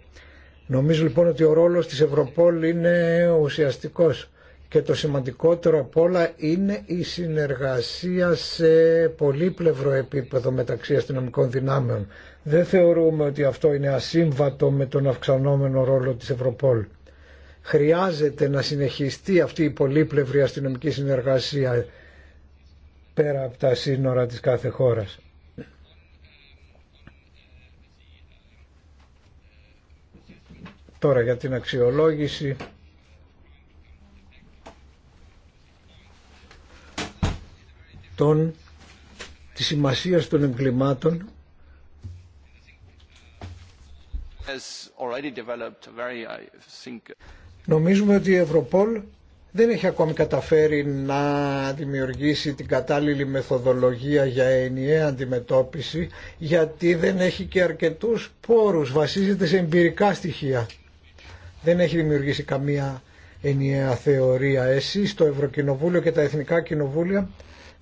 Νομίζω λοιπόν ότι ο ρόλος της Ευρωπόλ είναι ουσιαστικός και το σημαντικότερο απ' όλα είναι η συνεργασία σε πολύπλευρο επίπεδο μεταξύ αστυνομικών δυνάμεων. Δεν θεωρούμε ότι αυτό είναι ασύμβατο με τον αυξανόμενο ρόλο της Ευρωπόλ. Χρειάζεται να συνεχιστεί αυτή η πολύπλευρη αστυνομική συνεργασία πέρα από τα σύνορα της κάθε χώρας. Τώρα για την αξιολόγηση των, της σημασίας των εγκλημάτων Νομίζουμε ότι η Ευρωπόλ δεν έχει ακόμη καταφέρει να δημιουργήσει την κατάλληλη μεθοδολογία για ενιαία αντιμετώπιση γιατί δεν έχει και αρκετούς πόρους, βασίζεται σε εμπειρικά στοιχεία δεν έχει δημιουργήσει καμία ενιαία θεωρία. Εσείς το Ευρωκοινοβούλιο και τα Εθνικά Κοινοβούλια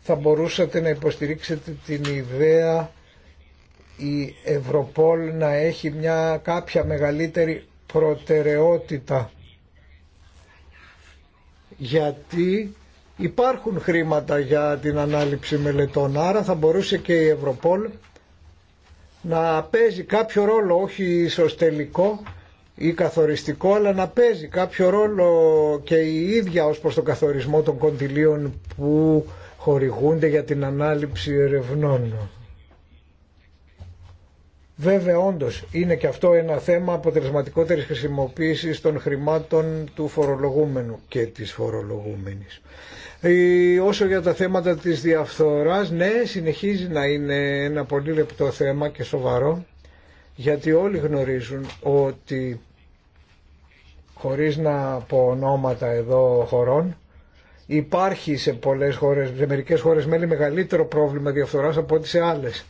θα μπορούσατε να υποστηρίξετε την ιδέα η Ευρωπόλ να έχει μια κάποια μεγαλύτερη προτεραιότητα γιατί υπάρχουν χρήματα για την ανάληψη μελετών άρα θα μπορούσε και η Ευρωπόλ να παίζει κάποιο ρόλο όχι ίσως τελικό ή καθοριστικό αλλά να παίζει κάποιο ρόλο και η ίδια ως προς τον καθορισμό των κοντιλίων που χορηγούνται για την ανάληψη ερευνών. Βέβαια όντως είναι και αυτό ένα θέμα αποτελεσματικότερης χρησιμοποίησης των χρημάτων του φορολογούμενου και της φορολογούμενης. Ε, όσο για τα θέματα της διαφθοράς, ναι, συνεχίζει να είναι ένα πολύ λεπτό θέμα και σοβαρό γιατί όλοι γνωρίζουν ότι χωρίς να πω ονόματα εδώ χωρών υπάρχει σε πολλές χώρες, σε μερικές χώρες μέλη μεγαλύτερο πρόβλημα διαφθοράς από ό,τι σε άλλες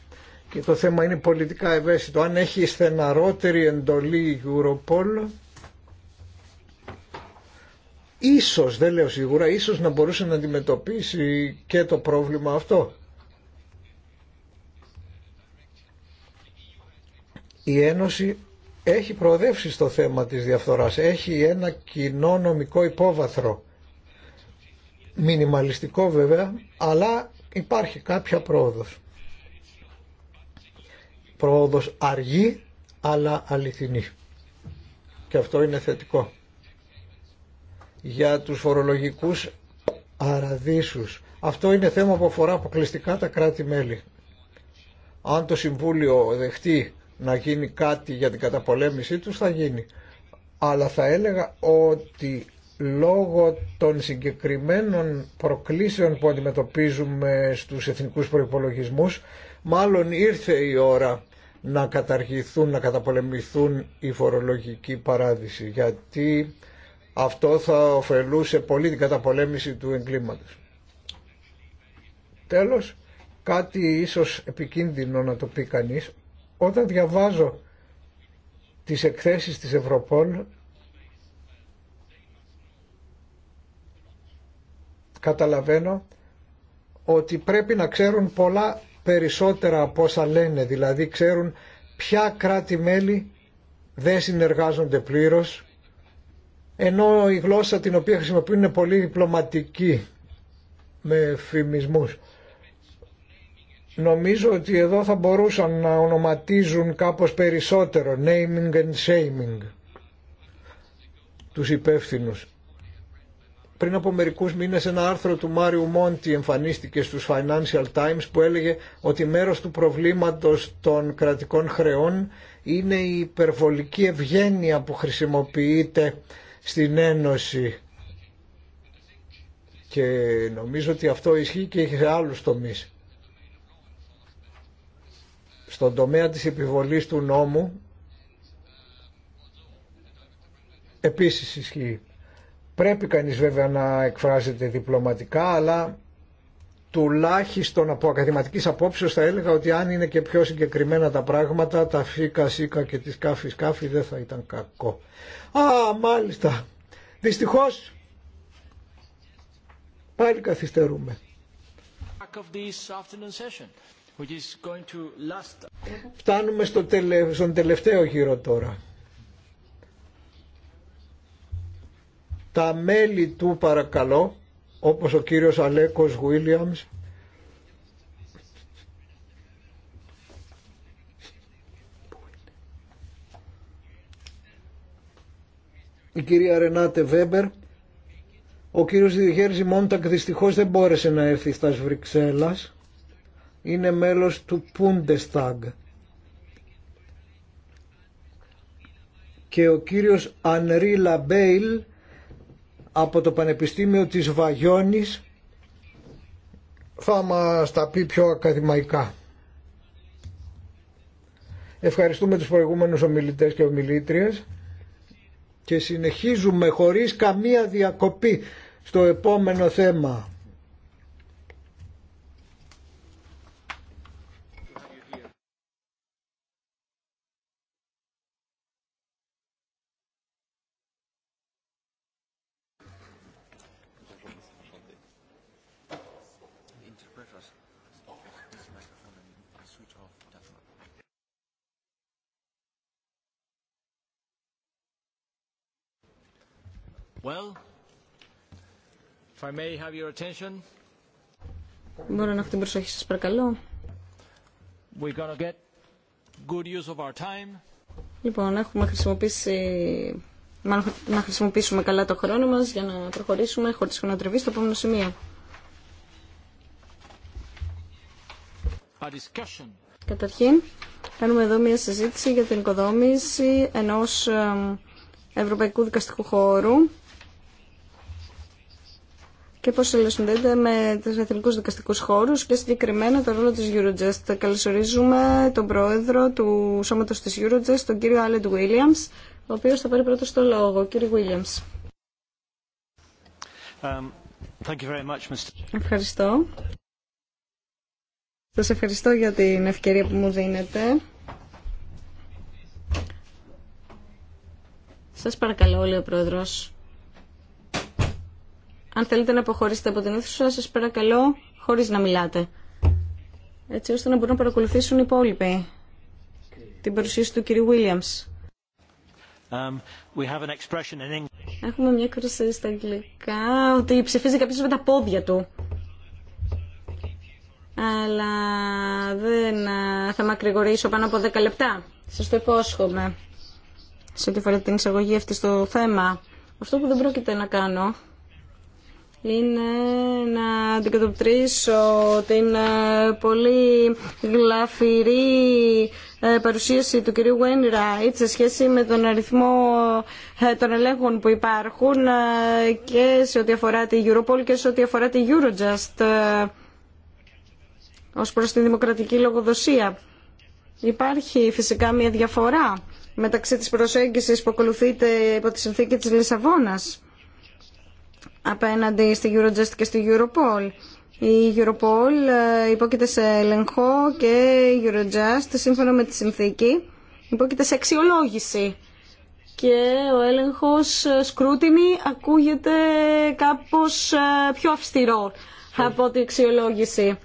και το θέμα είναι πολιτικά ευαίσθητο. Αν έχει στεναρότερη εντολή η Europol ίσως, δεν λέω σίγουρα, ίσως να μπορούσε να αντιμετωπίσει και το πρόβλημα αυτό. η Ένωση έχει προοδεύσει στο θέμα της διαφθοράς, έχει ένα κοινό νομικό υπόβαθρο, μινιμαλιστικό βέβαια, αλλά υπάρχει κάποια πρόοδος. Πρόοδος αργή, αλλά αληθινή. Και αυτό είναι θετικό. Για τους φορολογικούς αραδίσους. Αυτό είναι θέμα που αφορά αποκλειστικά τα κράτη-μέλη. Αν το Συμβούλιο δεχτεί να γίνει κάτι για την καταπολέμησή τους θα γίνει. Αλλά θα έλεγα ότι λόγω των συγκεκριμένων προκλήσεων που αντιμετωπίζουμε στους εθνικούς προϋπολογισμούς μάλλον ήρθε η ώρα να καταργηθούν, να καταπολεμηθούν οι φορολογικοί παράδεισοι γιατί αυτό θα ωφελούσε πολύ την καταπολέμηση του εγκλήματος. Τέλος, κάτι ίσως επικίνδυνο να το πει κανείς, όταν διαβάζω τις εκθέσεις της Ευρωπόλ καταλαβαίνω ότι πρέπει να ξέρουν πολλά περισσότερα από όσα λένε, δηλαδή ξέρουν ποια κράτη-μέλη δεν συνεργάζονται πλήρως, ενώ η γλώσσα την οποία χρησιμοποιούν είναι πολύ διπλωματική με φημισμούς. Νομίζω ότι εδώ θα μπορούσαν να ονοματίζουν κάπως περισσότερο naming and shaming τους υπεύθυνους. Πριν από μερικούς μήνες ένα άρθρο του Μάριου Μόντι εμφανίστηκε στους Financial Times που έλεγε ότι μέρος του προβλήματος των κρατικών χρεών είναι η υπερβολική ευγένεια που χρησιμοποιείται στην Ένωση. Και νομίζω ότι αυτό ισχύει και σε άλλους τομείς στον τομέα της επιβολής του νόμου επίσης ισχύει. Πρέπει κανείς βέβαια να εκφράζεται διπλωματικά, αλλά τουλάχιστον από ακαδηματικής απόψεως θα έλεγα ότι αν είναι και πιο συγκεκριμένα τα πράγματα, τα φίκα, σίκα και τις κάφη, σκάφη δεν θα ήταν κακό. Α, μάλιστα. Δυστυχώς, πάλι καθυστερούμε. Φτάνουμε στον τελευταίο γύρο τώρα. Τα μέλη του παρακαλώ, όπως ο κύριος Αλέκος Γουίλιαμς, η κυρία Ρενάτε Βέμπερ, ο κύριος Διογέρζη Μόντακ δυστυχώς δεν μπόρεσε να έρθει στα Βρυξέλλας είναι μέλος του Bundestag. Και ο κύριος Ανρί Λαμπέιλ από το Πανεπιστήμιο της Βαγιώνης θα μας τα πει πιο ακαδημαϊκά. Ευχαριστούμε τους προηγούμενους ομιλητές και ομιλήτριες και συνεχίζουμε χωρίς καμία διακοπή στο επόμενο θέμα. Μπορώ να έχω την προσοχή σας παρακαλώ. Λοιπόν, να χρησιμοποιήσουμε καλά το χρόνο μας για να προχωρήσουμε χωρίς χρονοτριβή στο επόμενο σημείο. Καταρχήν, κάνουμε εδώ μια συζήτηση για την οικοδόμηση ενός ευρωπαϊκού δικαστικού χώρου και πώς συνδέεται με τους εθνικούς δικαστικούς χώρους και συγκεκριμένα το ρόλο της Eurojust. Καλωσορίζουμε τον πρόεδρο του σώματος της Eurojust, τον κύριο Άλεντ Βίλιαμ, ο οποίος θα πάρει πρώτο το λόγο. Κύριε Βίλιαμς. Um, ευχαριστώ. Σας ευχαριστώ για την ευκαιρία που μου δίνετε. Σας παρακαλώ λέει ο Πρόεδρος αν θέλετε να αποχωρήσετε από την αίθουσα, σας παρακαλώ χωρίς να μιλάτε. Έτσι ώστε να μπορούν να παρακολουθήσουν οι υπόλοιποι την παρουσίαση του κυρίου Williams. Um, Έχουμε μια κρουσία στα αγγλικά ότι ψηφίζει κάποιος με τα πόδια του. Αλλά δεν θα με ακρηγορήσω πάνω από 10 λεπτά. Σας το υπόσχομαι. Σε ό,τι αφορά την εισαγωγή αυτή στο θέμα. Αυτό που δεν πρόκειται να κάνω είναι να αντικατοπτρίσω την ε, πολύ γλαφυρή ε, παρουσίαση του κυρίου Wainwright σε σχέση με τον αριθμό ε, των ελέγχων που υπάρχουν και σε ό,τι αφορά τη Europol και σε ό,τι αφορά τη Eurojust ως προς την δημοκρατική λογοδοσία. Υπάρχει φυσικά μια διαφορά μεταξύ της προσέγγισης που ακολουθείται υπό τη συνθήκη της Λισαβόνας απέναντι στη Eurojust και στη Europol. Η Europol ε, υπόκειται σε ελεγχό και η Eurojust, σύμφωνα με τη συνθήκη, υπόκειται σε αξιολόγηση. Και ο έλεγχος ε, σκρούτινη ακούγεται κάπως ε, πιο αυστηρό από την αξιολόγηση.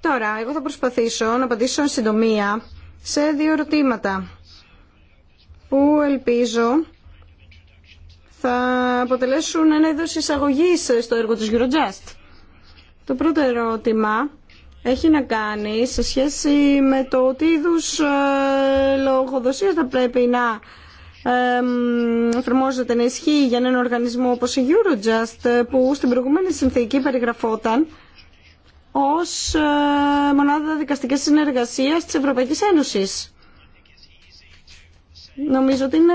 Τώρα, εγώ θα προσπαθήσω να απαντήσω συντομία σε δύο ερωτήματα που ελπίζω θα αποτελέσουν ένα είδος εισαγωγής στο έργο της Eurojust. Το πρώτο ερώτημα έχει να κάνει σε σχέση με το ότι είδους ε, λογοδοσία θα πρέπει να εφαρμόζεται να ισχύει για έναν οργανισμό όπως η Eurojust που στην προηγούμενη συνθήκη περιγραφόταν ως ε, μονάδα δικαστικής συνεργασίας της Ευρωπαϊκής Ένωσης. Νομίζω ότι είναι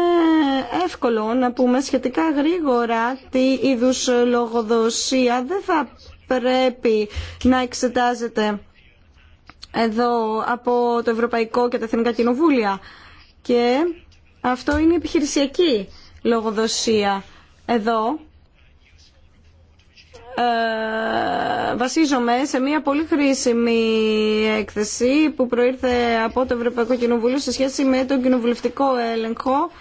εύκολο να πούμε σχετικά γρήγορα τι είδου λογοδοσία δεν θα πρέπει να εξετάζεται εδώ από το Ευρωπαϊκό και τα Εθνικά Κοινοβούλια. Και αυτό είναι η επιχειρησιακή λογοδοσία. Εδώ ε, βασίζομαι σε μια πολύ χρήσιμη έκθεση που προήρθε από το Ευρωπαϊκό Κοινοβούλιο σε σχέση με τον κοινοβουλευτικό έλεγχο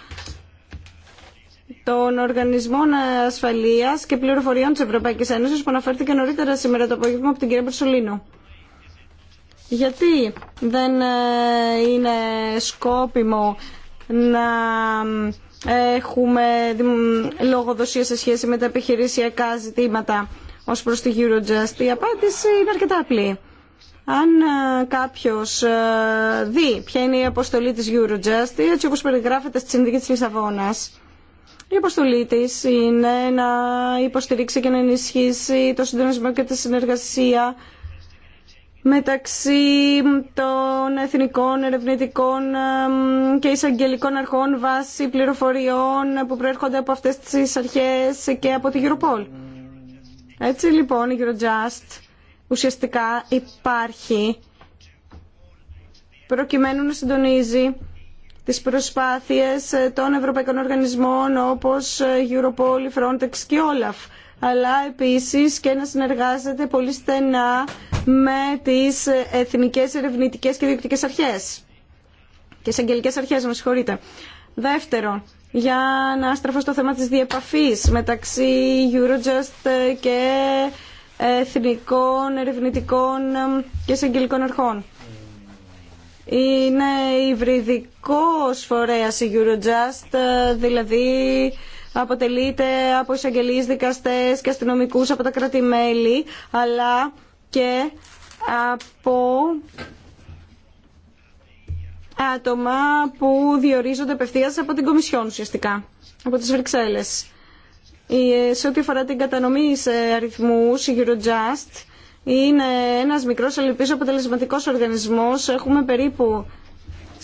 των Οργανισμών Ασφαλείας και Πληροφοριών της Ευρωπαϊκή Ένωση που αναφέρθηκε νωρίτερα σήμερα το απόγευμα από την κυρία Μπερσολίνου. Γιατί δεν ε, είναι σκόπιμο να ε, έχουμε λογοδοσία σε σχέση με τα επιχειρησιακά ζητήματα ως προς τη Eurojust η απάντηση είναι αρκετά απλή. Αν ε, κάποιος ε, δει ποια είναι η αποστολή της Eurojust, έτσι όπως περιγράφεται στη Συνδίκη της Λισαβόνας, η αποστολή τη είναι να υποστηρίξει και να ενισχύσει το συντονισμό και τη συνεργασία μεταξύ των εθνικών ερευνητικών και εισαγγελικών αρχών βάσει πληροφοριών που προέρχονται από αυτές τις αρχές και από την Europol. Έτσι λοιπόν η Eurojust ουσιαστικά υπάρχει προκειμένου να συντονίζει τις προσπάθειες των ευρωπαϊκών οργανισμών όπως Europol, Frontex και Olaf αλλά επίσης και να συνεργάζεται πολύ στενά με τις εθνικές ερευνητικές και διοικητικές αρχές και εισαγγελικές αρχές, με συγχωρείτε. Δεύτερον, για να στραφώ στο θέμα της διεπαφής μεταξύ Eurojust και εθνικών, ερευνητικών και εισαγγελικών αρχών. Είναι υβριδικός φορέας η Eurojust, δηλαδή αποτελείται από εισαγγελείς, δικαστές και αστυνομικούς από τα κράτη-μέλη, αλλά και από άτομα που διορίζονται απευθεία από την Κομισιόν ουσιαστικά, από τις Βρυξέλλες. Ε, σε ό,τι αφορά την κατανομή σε αριθμούς, η Eurojust είναι ένας μικρός ελπίζω αποτελεσματικός οργανισμός. Έχουμε περίπου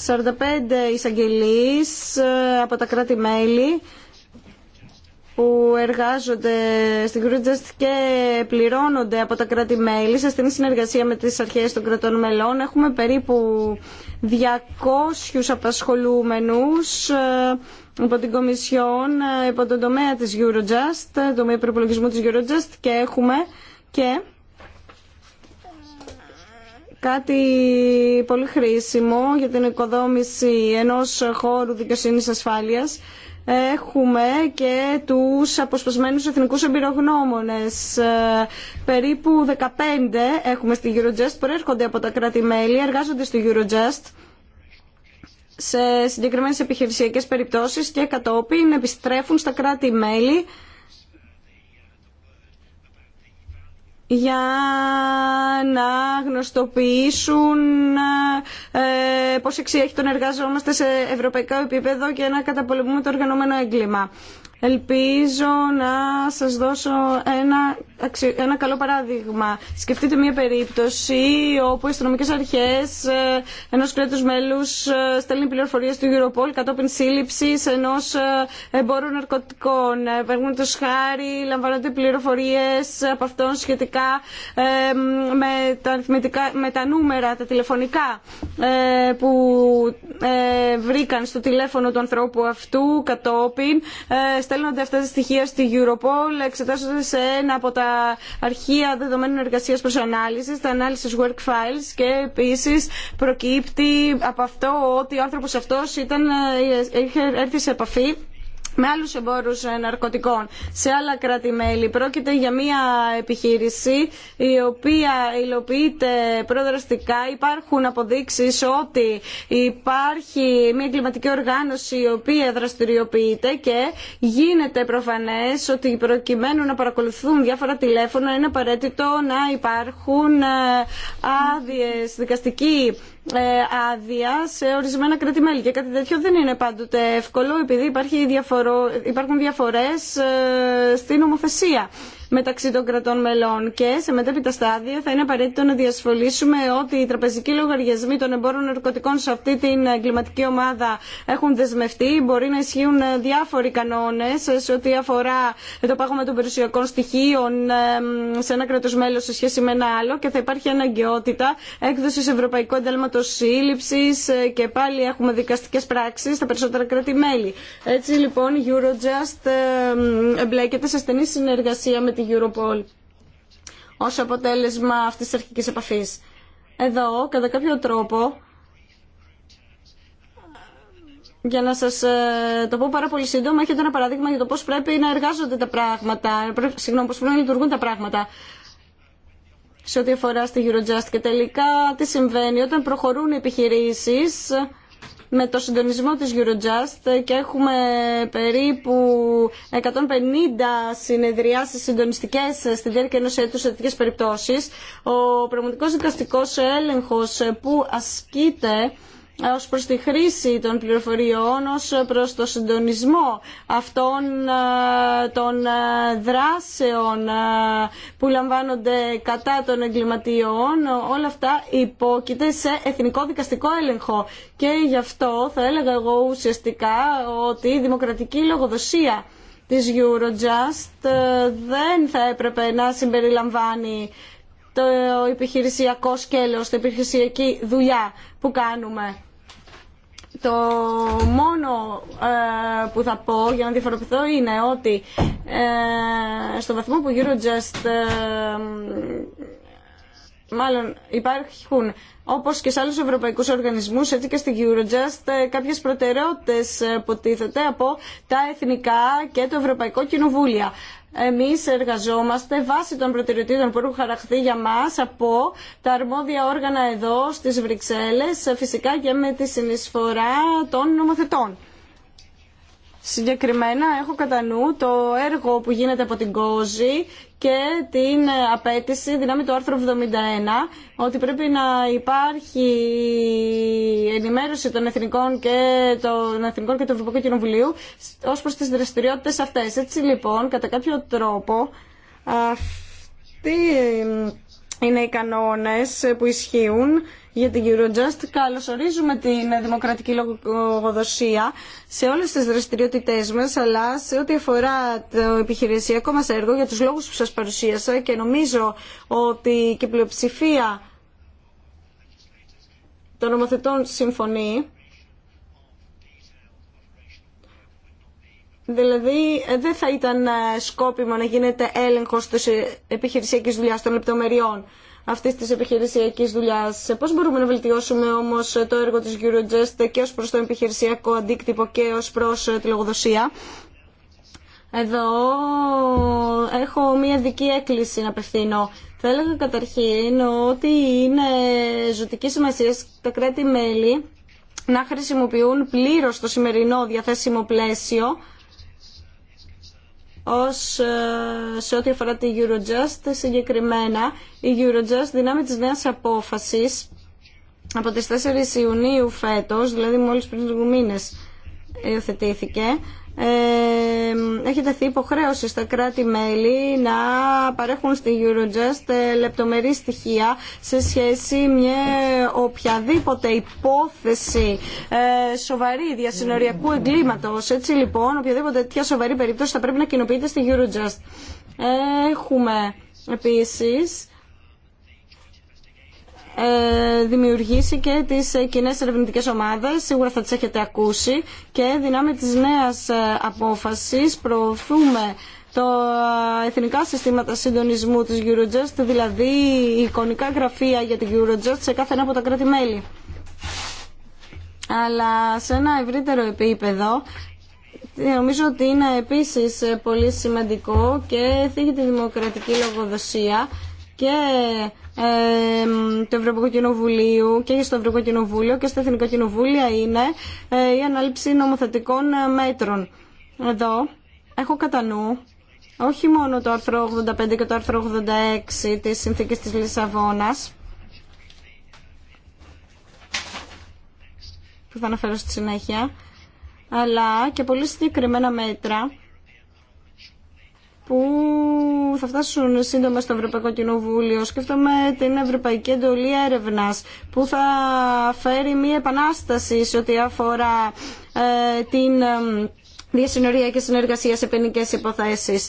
45 εισαγγελείς ε, από τα κράτη-μέλη που εργάζονται στην Eurojust και πληρώνονται από τα κράτη-μέλη σε στενή συνεργασία με τις αρχές των κρατών μελών. Έχουμε περίπου 200 απασχολούμενους ε, από την Κομισιόν, από ε, τον τομέα της Eurojust, ε, τομέα προπολογισμού της Eurojust και έχουμε και κάτι πολύ χρήσιμο για την οικοδόμηση ενός χώρου δικαιοσύνης ασφάλειας έχουμε και τους αποσπασμένους εθνικούς εμπειρογνώμονες. Ε, περίπου 15 έχουμε στη Eurojust, προέρχονται από τα κράτη-μέλη, εργάζονται στη Eurojust σε συγκεκριμένες επιχειρησιακές περιπτώσεις και κατόπιν επιστρέφουν στα κράτη-μέλη για να γνωστοποιήσουν ε, πώς εξιέχει τον εργαζόμαστε σε ευρωπαϊκό επίπεδο και να καταπολεμούμε το οργανωμένο έγκλημα. Ελπίζω να σας δώσω ένα, ένα καλό παράδειγμα. Σκεφτείτε μια περίπτωση όπου οι αστυνομικές αρχές ε, ενός κράτους μέλους ε, στέλνει πληροφορίες του Europol κατόπιν σύλληψης ενός ε, εμπόρου ναρκωτικών. τους χάρη λαμβάνονται πληροφορίες από αυτόν σχετικά με τα, με τα νούμερα, τα τηλεφωνικά που βρήκαν στο τηλέφωνο του ανθρώπου αυτού κατόπιν στέλνονται αυτά τα στοιχεία στη Europol, εξετάζονται σε ένα από τα αρχεία δεδομένων εργασία προ ανάλυση, τα analysis work files και επίση προκύπτει από αυτό ότι ο άνθρωπο αυτό ήταν, ε, είχε έρθει σε επαφή με άλλους εμπόρους ε, ναρκωτικών σε άλλα κράτη-μέλη. Πρόκειται για μια επιχείρηση η οποία υλοποιείται προδραστικά. Υπάρχουν αποδείξεις ότι υπάρχει μια κλιματική οργάνωση η οποία δραστηριοποιείται και γίνεται προφανές ότι προκειμένου να παρακολουθούν διάφορα τηλέφωνα είναι απαραίτητο να υπάρχουν ε, άδειε δικαστική ε, άδεια σε ορισμενα κρατημέλη κράτη-μέλη. Και κάτι τέτοιο δεν είναι πάντοτε εύκολο επειδή υπάρχει διαφορο... υπάρχουν διαφορές ε, στην νομοθεσία μεταξύ των κρατών μελών και σε μετέπειτα στάδια θα είναι απαραίτητο να διασφαλίσουμε ότι οι τραπεζικοί λογαριασμοί των εμπόρων ναρκωτικών σε αυτή την εγκληματική ομάδα έχουν δεσμευτεί. Μπορεί να ισχύουν διάφοροι κανόνε σε ό,τι αφορά το πάγωμα των περιουσιακών στοιχείων σε ένα κράτο μέλο σε σχέση με ένα άλλο και θα υπάρχει αναγκαιότητα έκδοση Ευρωπαϊκού Εντάλματο Σύλληψη και πάλι έχουμε δικαστικέ πράξει στα περισσότερα κράτη-μέλη. Έτσι λοιπόν η Eurojust εμπλέκεται σε στενή συνεργασία με τη Europol ως αποτέλεσμα αυτής της αρχικής επαφής. Εδώ, κατά κάποιο τρόπο, για να σας ε, το πω πάρα πολύ σύντομα, έχετε ένα παράδειγμα για το πώς πρέπει να εργάζονται τα πράγματα, συγγνώμη, πώς πρέπει να λειτουργούν τα πράγματα σε ό,τι αφορά στη Eurojust. Και τελικά τι συμβαίνει όταν προχωρούν οι επιχειρήσεις με το συντονισμό της Eurojust και έχουμε περίπου 150 συνεδριάσεις συντονιστικές στη διάρκεια ενός έτους σε τέτοιες περιπτώσεις. Ο πραγματικός δικαστικός έλεγχος που ασκείται ως προς τη χρήση των πληροφοριών, ως προς το συντονισμό αυτών ε, των ε, δράσεων ε, που λαμβάνονται κατά των εγκληματιών, όλα αυτά υπόκειται σε εθνικό δικαστικό έλεγχο. Και γι' αυτό θα έλεγα εγώ ουσιαστικά ότι η δημοκρατική λογοδοσία της Eurojust δεν θα έπρεπε να συμπεριλαμβάνει το επιχειρησιακό σκέλος, την επιχειρησιακή δουλειά που κάνουμε. Το μόνο ε, που θα πω για να διαφοροποιηθώ είναι ότι ε, στο βαθμό που Eurojust ε, μάλλον υπάρχουν όπως και σε άλλους ευρωπαϊκούς οργανισμούς έτσι και στην Eurojust κάποιες προτεραιότητες που από τα εθνικά και το Ευρωπαϊκό Κοινοβούλια εμείς εργαζόμαστε βάσει των προτεραιοτήτων που έχουν χαραχθεί για μας από τα αρμόδια όργανα εδώ στις Βρυξέλλες, φυσικά και με τη συνεισφορά των νομοθετών. Συγκεκριμένα έχω κατά νου το έργο που γίνεται από την Κόζη και την απέτηση δυνάμει του άρθρου 71 ότι πρέπει να υπάρχει ενημέρωση των εθνικών και, των εθνικών και του Ευρωπαϊκού Κοινοβουλίου ως προς τις δραστηριότητες αυτές. Έτσι λοιπόν, κατά κάποιο τρόπο, αυτή είναι οι κανόνες που ισχύουν για την Eurojust. Καλωσορίζουμε την δημοκρατική λογοδοσία σε όλες τις δραστηριότητές μας, αλλά σε ό,τι αφορά το επιχειρησιακό μας έργο, για τους λόγους που σας παρουσίασα και νομίζω ότι και η πλειοψηφία των νομοθετών συμφωνεί, Δηλαδή ε, δεν θα ήταν ε, σκόπιμο να γίνεται έλεγχος της ε, επιχειρησιακής δουλειάς των λεπτομεριών αυτή τη επιχειρησιακή δουλειά. Πώ μπορούμε να βελτιώσουμε όμω το έργο τη Eurojust και ω προ το επιχειρησιακό αντίκτυπο και ω προ τη λογοδοσία. Εδώ έχω μία δική έκκληση να απευθύνω. Θα έλεγα καταρχήν ότι είναι ζωτική σημασία τα κράτη-μέλη να χρησιμοποιούν πλήρως το σημερινό διαθέσιμο πλαίσιο ως, ε, σε ό,τι αφορά τη Eurojust συγκεκριμένα η Eurojust δυνάμει της νέας απόφασης από τις 4 Ιουνίου φέτος, δηλαδή μόλις πριν δύο μήνες υιοθετήθηκε ε, έχει τεθεί υποχρέωση στα κράτη-μέλη να παρέχουν στη Eurojust ε, λεπτομερή στοιχεία σε σχέση με οποιαδήποτε υπόθεση ε, σοβαρή διασυνοριακού εγκλήματος. Έτσι λοιπόν, οποιαδήποτε τέτοια σοβαρή περίπτωση θα πρέπει να κοινοποιείται στη Eurojust. Έχουμε επίσης ε, δημιουργήσει και τις κοινέ ερευνητικέ ομάδες, σίγουρα θα τις έχετε ακούσει και δυνάμει της νέας ε, απόφασης προωθούμε το εθνικά συστήματα συντονισμού της Eurojust, δηλαδή η εικονικά γραφεία για την Eurojust σε κάθε ένα από τα κράτη-μέλη. Αλλά σε ένα ευρύτερο επίπεδο νομίζω ότι είναι επίσης πολύ σημαντικό και θίγει τη δημοκρατική λογοδοσία και ε, του Ευρωπαϊκού Κοινοβουλίου και στο Ευρωπαϊκό Κοινοβούλιο και στα Εθνικά Κοινοβούλια είναι ε, η ανάληψη νομοθετικών ε, μέτρων. Εδώ έχω κατά νου όχι μόνο το άρθρο 85 και το άρθρο 86 της Συνθήκης της Λισαβόνας, που θα αναφέρω στη συνέχεια, αλλά και πολύ συγκεκριμένα μέτρα που θα φτάσουν σύντομα στο Ευρωπαϊκό Κοινοβούλιο. Σκέφτομαι την Ευρωπαϊκή Εντολή Έρευνα που θα φέρει μία επανάσταση σε ό,τι αφορά ε, την ε, διασυνορία και συνεργασία σε ποινικέ υποθέσει.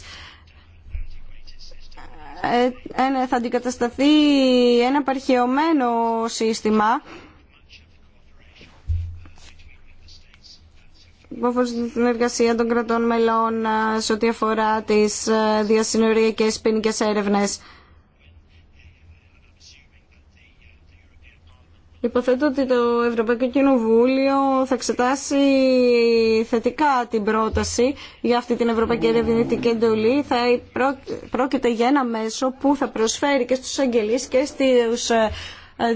Ε, θα αντικατασταθεί ένα παρχαιωμένο σύστημα την εργασία των κρατών μελών ε, σε ό,τι αφορά τις ε, διασυνοριακές ποινικέ έρευνες. Υποθέτω ότι το Ευρωπαϊκό Κοινοβούλιο θα εξετάσει θετικά την πρόταση για αυτή την Ευρωπαϊκή Ερευνητική Εντολή. Θα πρόκειται για ένα μέσο που θα προσφέρει και στους αγγελείς και στις ε,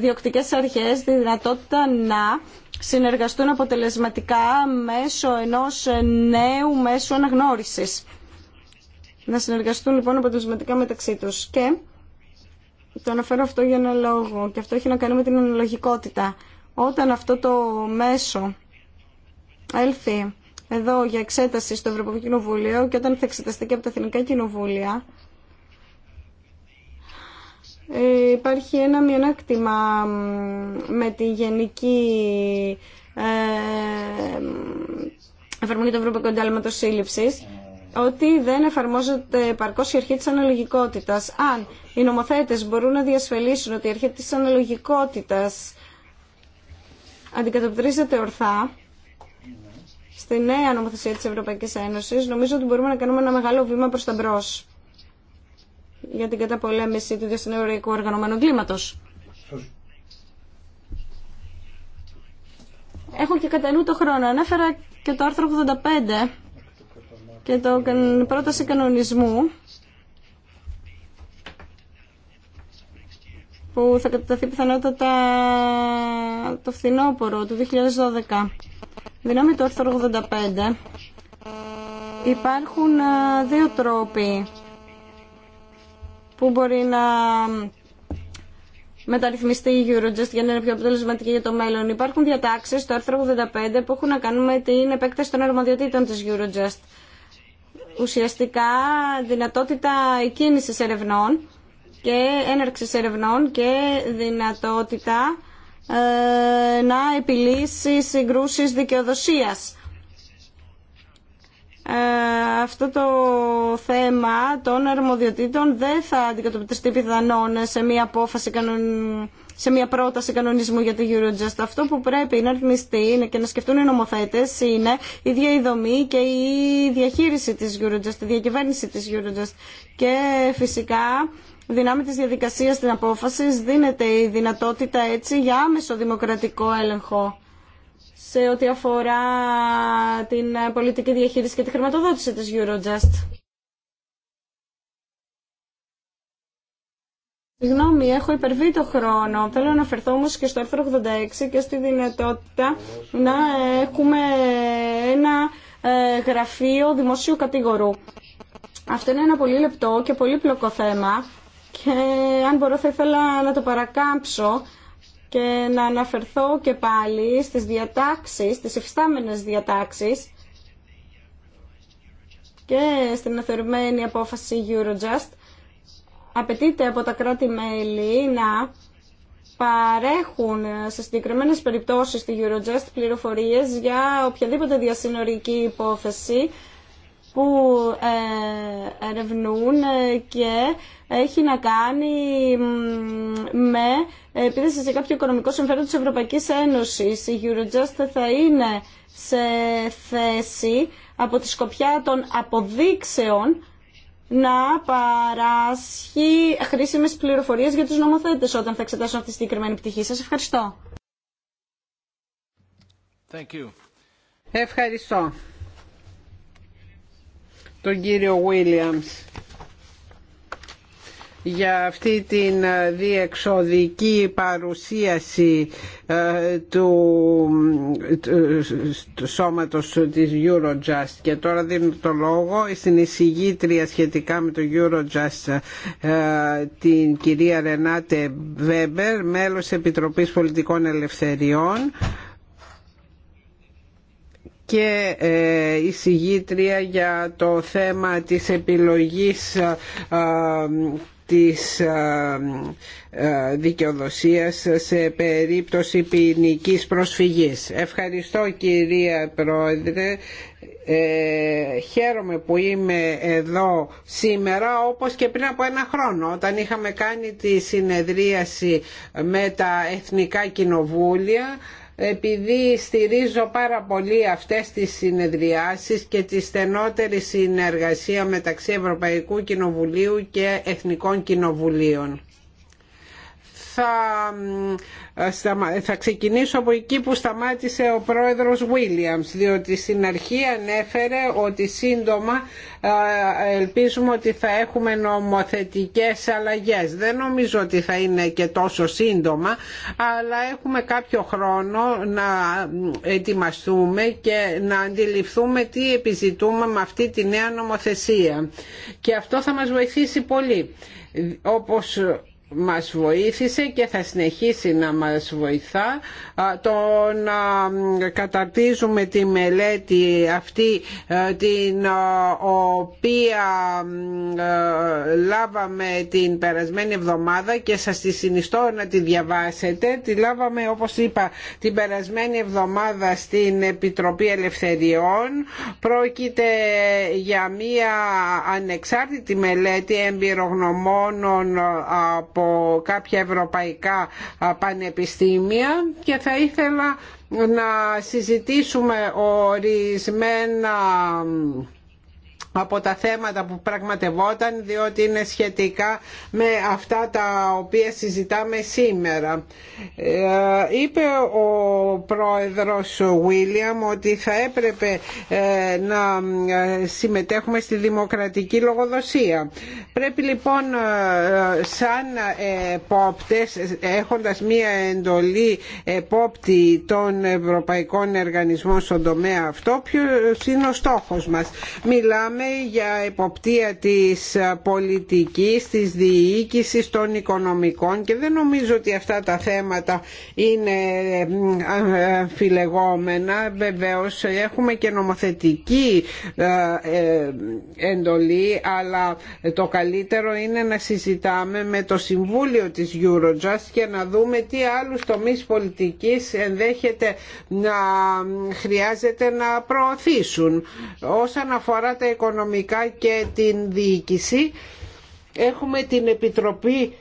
διοκτικές αρχές τη δυνατότητα να συνεργαστούν αποτελεσματικά μέσω ενός νέου μέσου αναγνώρισης. Να συνεργαστούν λοιπόν αποτελεσματικά μεταξύ τους. Και το αναφέρω αυτό για ένα λόγο και αυτό έχει να κάνει με την αναλογικότητα. Όταν αυτό το μέσο έλθει εδώ για εξέταση στο Ευρωπαϊκό Κοινοβούλιο και όταν θα εξεταστεί και από τα Εθνικά Κοινοβούλια, ε, υπάρχει ένα μειονάκτημα με τη γενική ε, εφαρμογή του Ευρωπαϊκού Εντάλματος Σύλληψης ότι δεν εφαρμόζεται παρκώς η αρχή της αναλογικότητας. Αν οι νομοθέτες μπορούν να διασφαλίσουν ότι η αρχή της αναλογικότητας αντικατοπτρίζεται ορθά στη νέα νομοθεσία της Ευρωπαϊκής Ένωσης, νομίζω ότι μπορούμε να κάνουμε ένα μεγάλο βήμα προς τα μπρος για την καταπολέμηση του διασυνεωρικού οργανωμένου κλίματος. Έχω και κατά νου το χρόνο. Ανέφερα και το άρθρο 85 και το πρόταση κανονισμού που θα καταταθεί πιθανότατα το φθινόπωρο του 2012. Δυνάμει το άρθρο 85 υπάρχουν ε, δύο τρόποι που μπορεί να μεταρρυθμιστεί η Eurojust για να είναι πιο αποτελεσματική για το μέλλον. Υπάρχουν διατάξεις στο άρθρο 85 που έχουν να κάνουν με την επέκταση των αρμοδιοτήτων της Eurojust. Ουσιαστικά δυνατότητα κίνησης ερευνών και έναρξη ερευνών και δυνατότητα ε, να επιλύσει συγκρούσεις δικαιοδοσίας ε, αυτό το θέμα των αρμοδιοτήτων δεν θα αντικατοπτριστεί πιθανόν σε μια απόφαση σε μια πρόταση κανονισμού για τη Eurojust. Αυτό που πρέπει να ρυθμιστεί και να σκεφτούν οι νομοθέτε είναι η ίδια και η διαχείριση τη Eurojust, η διακυβέρνηση τη Eurojust. Και φυσικά δυνάμει τη διαδικασία στην απόφαση δίνεται η δυνατότητα έτσι για άμεσο δημοκρατικό έλεγχο σε ό,τι αφορά την πολιτική διαχείριση και τη χρηματοδότηση της Eurojust. Συγγνώμη, έχω υπερβεί το χρόνο. Θέλω να αναφερθώ όμω και στο άρθρο 86 και στη δυνατότητα να έχουμε ένα ε, γραφείο δημοσίου κατηγορού. Αυτό είναι ένα πολύ λεπτό και πολύ πλοκό θέμα και αν μπορώ θα ήθελα να το παρακάμψω και να αναφερθώ και πάλι στις διατάξεις, στις εφιστάμενες διατάξεις και στην αφαιρμένη απόφαση Eurojust. Απαιτείται από τα κράτη-μέλη να παρέχουν σε συγκεκριμένες περιπτώσεις στη Eurojust πληροφορίες για οποιαδήποτε διασυνορική υπόθεση που ε, ερευνούν ε, και έχει να κάνει με επίθεση σε κάποιο οικονομικό συμφέρον της Ευρωπαϊκής Ένωσης. Η Eurojust θα είναι σε θέση από τη σκοπιά των αποδείξεων να παράσχει χρήσιμες πληροφορίες για τους νομοθέτες όταν θα εξετάσουν αυτή τη συγκεκριμένη πτυχή. Σας ευχαριστώ. Thank you. Ευχαριστώ τον κύριο Williams για αυτή την ε, διεξοδική παρουσίαση ε, του, ε, του σώματος της Eurojust και τώρα δίνω το λόγο στην εισηγήτρια σχετικά με το Eurojust την κυρία Ρενάτε Βέμπερ μέλος Επιτροπής Πολιτικών Ελευθεριών και ε, η συγγήτρια για το θέμα της επιλογής ε, της ε, δικαιοδοσίας σε περίπτωση ποινική προσφυγής. Ευχαριστώ κυρία Πρόεδρε. Ε, χαίρομαι που είμαι εδώ σήμερα όπως και πριν από ένα χρόνο όταν είχαμε κάνει τη συνεδρίαση με τα Εθνικά Κοινοβούλια επειδή στηρίζω πάρα πολύ αυτές τις συνεδριάσεις και τη στενότερη συνεργασία μεταξύ Ευρωπαϊκού Κοινοβουλίου και Εθνικών Κοινοβουλίων. Θα ε, ε, θα ξεκινήσω από εκεί που σταμάτησε ο πρόεδρος Βίλιαμς διότι στην αρχή ανέφερε ότι σύντομα ε, ελπίζουμε ότι θα έχουμε νομοθετικές αλλαγές. Δεν νομίζω ότι θα είναι και τόσο σύντομα αλλά έχουμε κάποιο χρόνο να ετοιμαστούμε και να αντιληφθούμε τι επιζητούμε με αυτή τη νέα νομοθεσία. Και αυτό θα μας βοηθήσει πολύ. Όπως μας βοήθησε και θα συνεχίσει να μας βοηθά το να καταρτίζουμε τη μελέτη αυτή ε, την ε, οποία ε, λάβαμε την περασμένη εβδομάδα και σας τη συνιστώ να τη διαβάσετε τη λάβαμε όπως είπα την περασμένη εβδομάδα στην Επιτροπή Ελευθεριών πρόκειται για μια ανεξάρτητη μελέτη εμπειρογνωμόνων από κάποια ευρωπαϊκά πανεπιστήμια και θα ήθελα να συζητήσουμε ορισμένα από τα θέματα που πραγματευόταν διότι είναι σχετικά με αυτά τα οποία συζητάμε σήμερα. Ε, είπε ο πρόεδρος Βίλιαμ ότι θα έπρεπε ε, να ε, συμμετέχουμε στη δημοκρατική λογοδοσία. Πρέπει λοιπόν σαν επόπτες έχοντας μία εντολή επόπτη των ευρωπαϊκών εργανισμών στον τομέα αυτό ποιος είναι ο στόχος μας. Μιλάμε για εποπτεία της πολιτικής, της διοίκησης, των οικονομικών και δεν νομίζω ότι αυτά τα θέματα είναι ε, φιλεγόμενα. Βεβαίως έχουμε και νομοθετική ε, ε, εντολή αλλά το καλύτερο είναι να συζητάμε με το Συμβούλιο της Eurojust και να δούμε τι άλλους τομείς πολιτικής ενδέχεται να χρειάζεται να προωθήσουν. Όσον αφορά τα οικονομικά οικονομικά και την διοίκηση. Έχουμε την Επιτροπή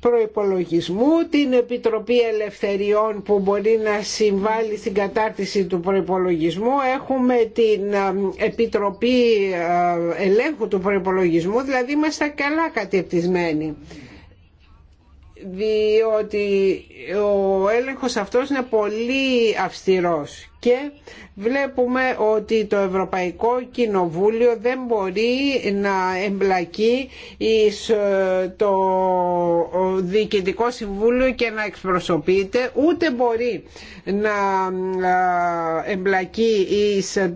προϋπολογισμού, την Επιτροπή Ελευθεριών που μπορεί να συμβάλλει στην κατάρτιση του προϋπολογισμού. Έχουμε την ε, Επιτροπή ε, Ελέγχου του Προϋπολογισμού, δηλαδή είμαστε καλά κατεπτυσμένοι διότι ο έλεγχος αυτός είναι πολύ αυστηρός και βλέπουμε ότι το Ευρωπαϊκό Κοινοβούλιο δεν μπορεί να εμπλακεί εις ε, το Διοικητικό Συμβούλιο και να εκπροσωπείται ούτε μπορεί να ε, εμπλακεί εις ε,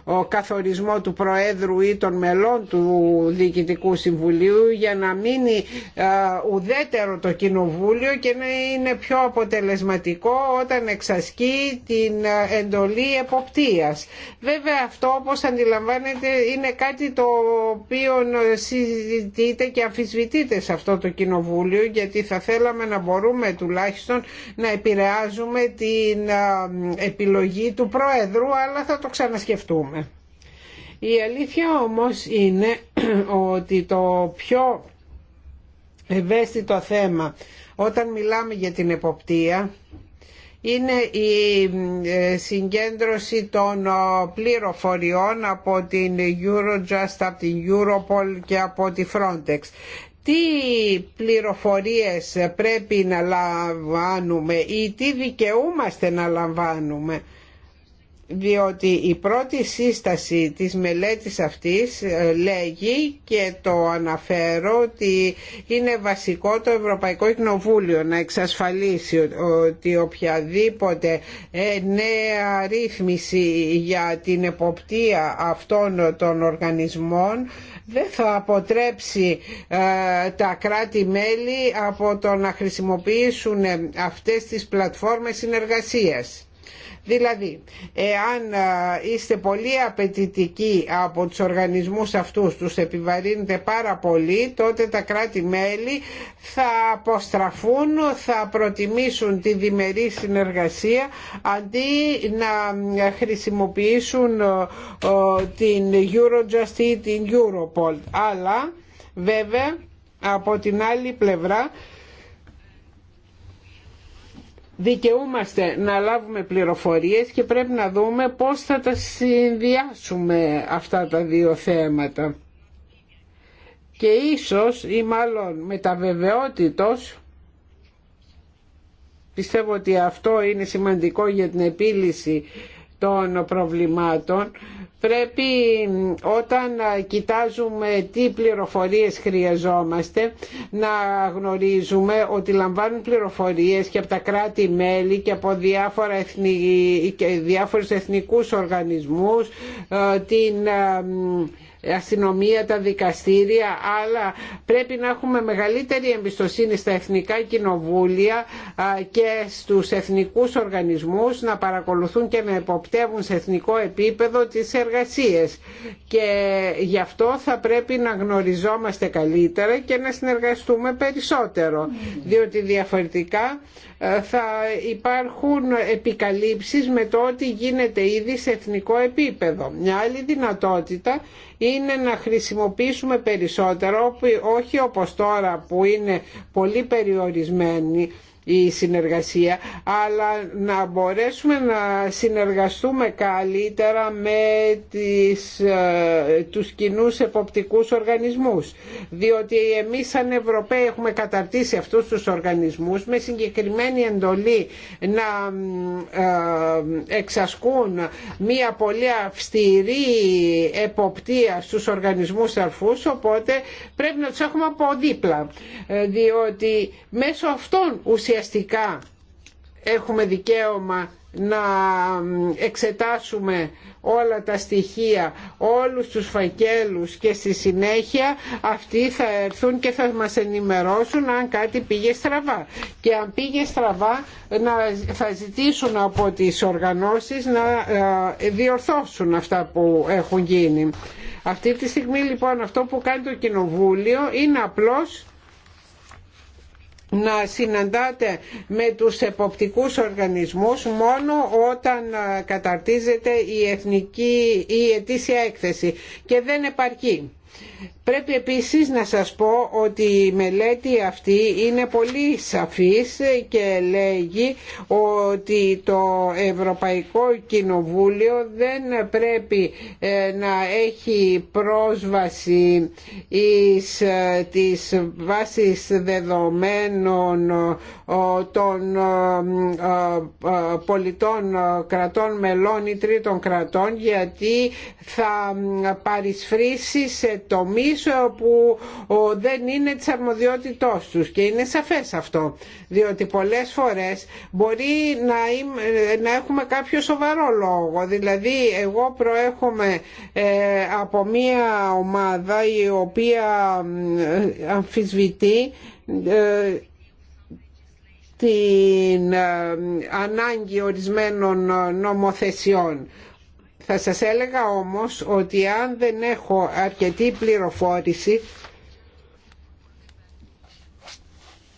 τον καθορισμό του Προέδρου ή των μελών του Διοικητικού Συμβουλίου για να μείνει ουδέτερο το Κοινοβούλιο και να είναι πιο αποτελεσματικό όταν εξασκεί την ε, εντολή εποπτείας. Βέβαια αυτό όπως αντιλαμβάνετε είναι κάτι το οποίο συζητείται και αμφισβητείται σε αυτό το κοινοβούλιο γιατί θα θέλαμε να μπορούμε τουλάχιστον να επηρεάζουμε την ε, επιλογή του Πρόεδρου αλλά θα το ξανασκεφτούμε. Η αλήθεια όμως είναι [clears throat] ότι το πιο ευαίσθητο θέμα όταν μιλάμε για την εποπτεία είναι η ε, συγκέντρωση των ε, πληροφοριών από την Eurojust, από την Europol και από τη Frontex τι πληροφορίες πρέπει να λαμβάνουμε ή τι δικαιούμαστε να λαμβάνουμε διότι η πρώτη σύσταση της μελέτης αυτής ε, λέγει και το αναφέρω ότι είναι βασικό το Ευρωπαϊκό Κοινοβούλιο να εξασφαλίσει ότι οποιαδήποτε ε, νέα ρύθμιση για την εποπτεία αυτών των οργανισμών δεν θα αποτρέψει ε, τα κράτη-μέλη από το να χρησιμοποιήσουν αυτές τις πλατφόρμες συνεργασίας. Δηλαδή, εάν είστε πολύ απαιτητικοί από τους οργανισμούς αυτούς, τους επιβαρύνετε πάρα πολύ, τότε τα κράτη-μέλη θα αποστραφούν, θα προτιμήσουν τη διμερή συνεργασία αντί να χρησιμοποιήσουν την Eurojust ή την Europol. Αλλά, βέβαια, από την άλλη πλευρά δικαιούμαστε να λάβουμε πληροφορίες και πρέπει να δούμε πώς θα τα συνδυάσουμε αυτά τα δύο θέματα. Και ίσως ή μάλλον με τα βεβαιότητος, πιστεύω ότι αυτό είναι σημαντικό για την επίλυση των προβλημάτων, πρέπει όταν κοιτάζουμε τι πληροφορίες χρειαζόμαστε να γνωρίζουμε ότι λαμβάνουν πληροφορίες και από τα κράτη-μέλη και από διάφορα εθνι... και διάφορους εθνικούς οργανισμούς ε, την ε, αστυνομία, τα δικαστήρια, αλλά πρέπει να έχουμε μεγαλύτερη εμπιστοσύνη στα εθνικά κοινοβούλια και στους εθνικούς οργανισμούς να παρακολουθούν και να εποπτεύουν σε εθνικό επίπεδο τις εργασίες. Και γι' αυτό θα πρέπει να γνωριζόμαστε καλύτερα και να συνεργαστούμε περισσότερο, διότι διαφορετικά ε, θα υπάρχουν επικαλύψεις με το ότι γίνεται ήδη σε εθνικό επίπεδο. Μια άλλη δυνατότητα είναι να χρησιμοποιήσουμε περισσότερο, όχι όπως τώρα που είναι πολύ περιορισμένη η συνεργασία αλλά να μπορέσουμε να συνεργαστούμε καλύτερα με τις, ε, τους κοινού εποπτικούς οργανισμούς διότι εμείς σαν Ευρωπαίοι έχουμε καταρτήσει αυτούς τους οργανισμούς με συγκεκριμένη εντολή να ε, εξασκούν μία πολύ αυστηρή εποπτεία στους οργανισμούς αρφούς οπότε πρέπει να τους έχουμε από δίπλα ε, διότι μέσω αυτών ουσιαστικά έχουμε δικαίωμα να εξετάσουμε όλα τα στοιχεία, όλους τους φακέλους και στη συνέχεια αυτοί θα έρθουν και θα μας ενημερώσουν αν κάτι πήγε στραβά. Και αν πήγε στραβά να, θα ζητήσουν από τις οργανώσεις να ε, διορθώσουν αυτά που έχουν γίνει. Αυτή τη στιγμή λοιπόν αυτό που κάνει το Κοινοβούλιο είναι απλώς να συναντάτε με τους εποπτικούς οργανισμούς μόνο όταν ε, καταρτίζεται η εθνική η ετήσια έκθεση και δεν επαρκεί. Πρέπει επίσης να σας πω ότι η μελέτη αυτή είναι πολύ σαφής και λέγει ότι το Ευρωπαϊκό Κοινοβούλιο δεν πρέπει ε, να έχει πρόσβαση εις ε, τις βάσεις δεδομένων ε, των πολιτών κρατών μελών ή τρίτων κρατών γιατί θα παρισφρήσει σε τομείς που δεν είναι της αρμοδιότητός τους και είναι σαφές αυτό διότι πολλές φορές μπορεί να, να έχουμε κάποιο σοβαρό λόγο δηλαδή εγώ προέρχομαι ε, από μία ομάδα η οποία αμφισβητεί ε, την ε, ανάγκη ορισμένων νομοθεσιών θα σας έλεγα όμως ότι αν δεν έχω αρκετή πληροφόρηση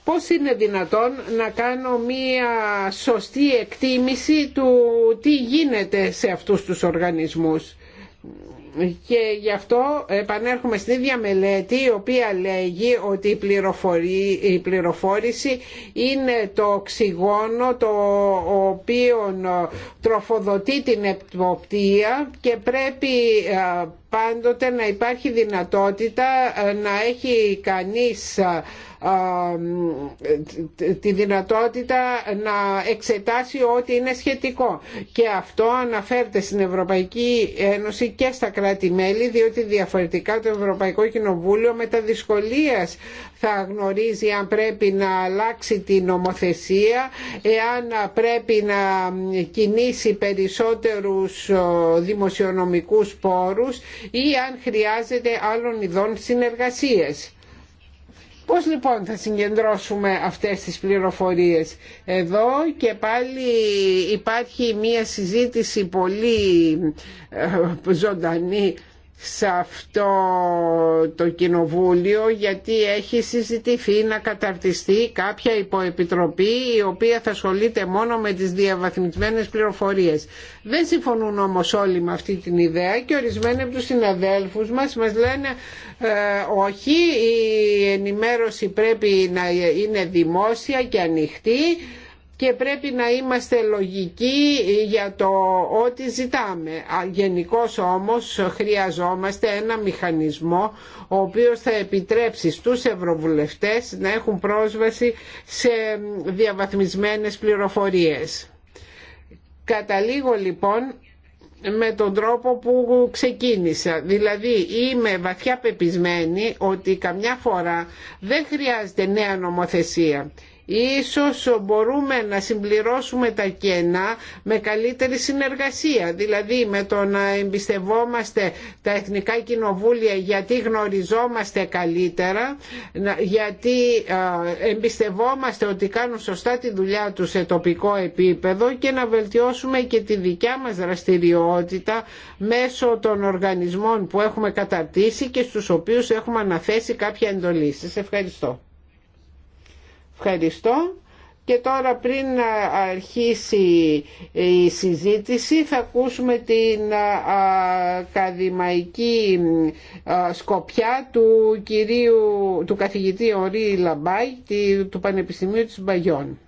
πώς είναι δυνατόν να κάνω μία σωστή εκτίμηση του τι γίνεται σε αυτούς τους οργανισμούς και γι' αυτό επανέρχομαι στην ίδια μελέτη η οποία λέγει ότι η πληροφόρηση είναι το οξυγόνο το οποίο τροφοδοτεί την επιποπτεία και πρέπει πάντοτε να υπάρχει δυνατότητα ε, να έχει κανείς ε, ε, τη δυνατότητα να εξετάσει ό,τι είναι σχετικό. Και αυτό αναφέρεται στην Ευρωπαϊκή Ένωση και στα κράτη-μέλη, διότι διαφορετικά το Ευρωπαϊκό Κοινοβούλιο με τα δυσκολίας θα γνωρίζει αν πρέπει να αλλάξει την νομοθεσία, εάν πρέπει να κινήσει περισσότερους δημοσιονομικούς πόρους ή αν χρειάζεται άλλων ειδών συνεργασίες. Πώς λοιπόν θα συγκεντρώσουμε αυτές τις πληροφορίες εδώ και πάλι υπάρχει μια συζήτηση πολύ ε, ζωντανή σε αυτό το κοινοβούλιο γιατί έχει συζητηθεί να καταρτιστεί κάποια υποεπιτροπή η οποία θα ασχολείται μόνο με τις διαβαθμισμένες πληροφορίες. Δεν συμφωνούν όμως όλοι με αυτή την ιδέα και ορισμένοι από τους συναδέλφους μας μας λένε ε, όχι η ενημέρωση πρέπει να είναι δημόσια και ανοιχτή και πρέπει να είμαστε λογικοί για το ότι ζητάμε. Γενικώ όμως χρειαζόμαστε ένα μηχανισμό ο οποίος θα επιτρέψει στους ευρωβουλευτές να έχουν πρόσβαση σε διαβαθμισμένες πληροφορίες. Καταλήγω λοιπόν με τον τρόπο που ξεκίνησα. Δηλαδή είμαι βαθιά πεπισμένη ότι καμιά φορά δεν χρειάζεται νέα νομοθεσία. Ίσως μπορούμε να συμπληρώσουμε τα κενά με καλύτερη συνεργασία, δηλαδή με το να εμπιστευόμαστε τα εθνικά κοινοβούλια γιατί γνωριζόμαστε καλύτερα, γιατί εμπιστευόμαστε ότι κάνουν σωστά τη δουλειά τους σε τοπικό επίπεδο και να βελτιώσουμε και τη δικιά μας δραστηριότητα μέσω των οργανισμών που έχουμε καταρτήσει και στους οποίους έχουμε αναθέσει κάποια εντολή. ευχαριστώ. Ευχαριστώ. Και τώρα πριν αρχίσει η συζήτηση θα ακούσουμε την ακαδημαϊκή σκοπιά του, κυρίου, του καθηγητή Ορί Λαμπάη του Πανεπιστημίου της Μπαγιών.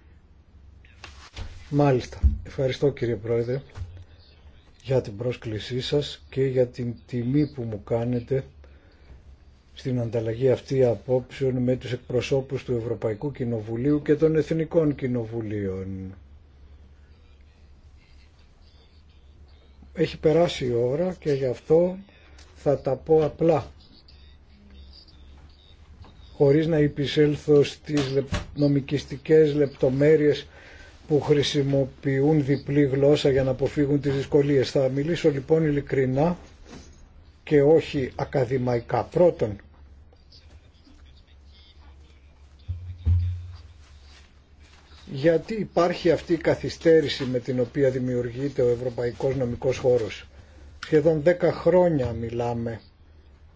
Μάλιστα. Ευχαριστώ κύριε Πρόεδρε για την πρόσκλησή σας και για την τιμή που μου κάνετε στην ανταλλαγή αυτή απόψεων με τους εκπροσώπους του Ευρωπαϊκού Κοινοβουλίου και των Εθνικών Κοινοβουλίων. Έχει περάσει η ώρα και γι' αυτό θα τα πω απλά χωρίς να υπησέλθω στις νομικιστικές λεπτομέρειες που χρησιμοποιούν διπλή γλώσσα για να αποφύγουν τις δυσκολίες. Θα μιλήσω λοιπόν ειλικρινά και όχι ακαδημαϊκά. Πρώτον, γιατί υπάρχει αυτή η καθυστέρηση με την οποία δημιουργείται ο Ευρωπαϊκός Νομικός Χώρος. Σχεδόν 10 χρόνια μιλάμε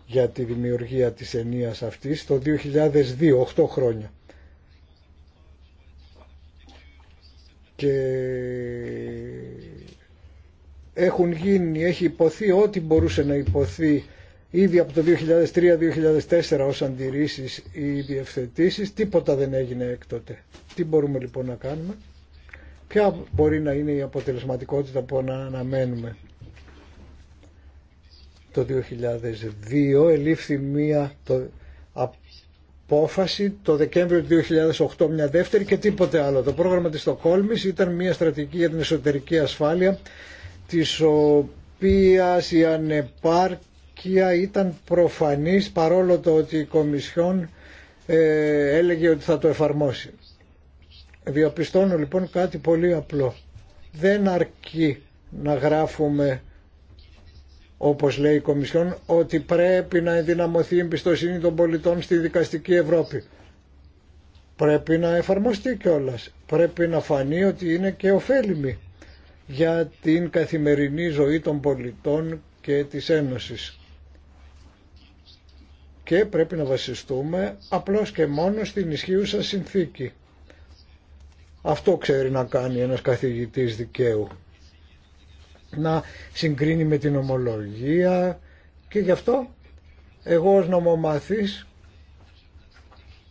για τη δημιουργία της ενίας αυτής, το 2002, 8 χρόνια. Και έχουν γίνει, έχει υποθεί ό,τι μπορούσε να υποθεί Ήδη από το 2003-2004 ως αντιρρήσεις ή διευθετήσεις τίποτα δεν έγινε εκ τότε. Τι μπορούμε λοιπόν να κάνουμε. Ποια μπορεί να είναι η διευθετησεις τιποτα δεν εγινε εκ τι μπορουμε λοιπον να κανουμε ποια μπορει να ειναι η αποτελεσματικοτητα που να αναμένουμε. Το 2002 ελήφθη μία το, απόφαση το Δεκέμβριο του 2008 μια δεύτερη και τίποτε άλλο. Το πρόγραμμα της Στοκόλμης ήταν μια στρατηγική για την εσωτερική ασφάλεια της οποίας η ανεπάρκεια για ήταν προφανής παρόλο το ότι η Κομισιόν ε, έλεγε ότι θα το εφαρμόσει. Διαπιστώνω λοιπόν κάτι πολύ απλό. Δεν αρκεί να γράφουμε όπως λέει η Κομισιόν ότι πρέπει να ενδυναμωθεί η εμπιστοσύνη των πολιτών στη δικαστική Ευρώπη. Πρέπει να εφαρμοστεί κιόλα. Πρέπει να φανεί ότι είναι και ωφέλιμη για την καθημερινή ζωή των πολιτών και της Ένωσης και πρέπει να βασιστούμε απλώς και μόνο στην ισχύουσα συνθήκη. Αυτό ξέρει να κάνει ένας καθηγητής δικαίου. Να συγκρίνει με την ομολογία και γι' αυτό εγώ ως νομομαθής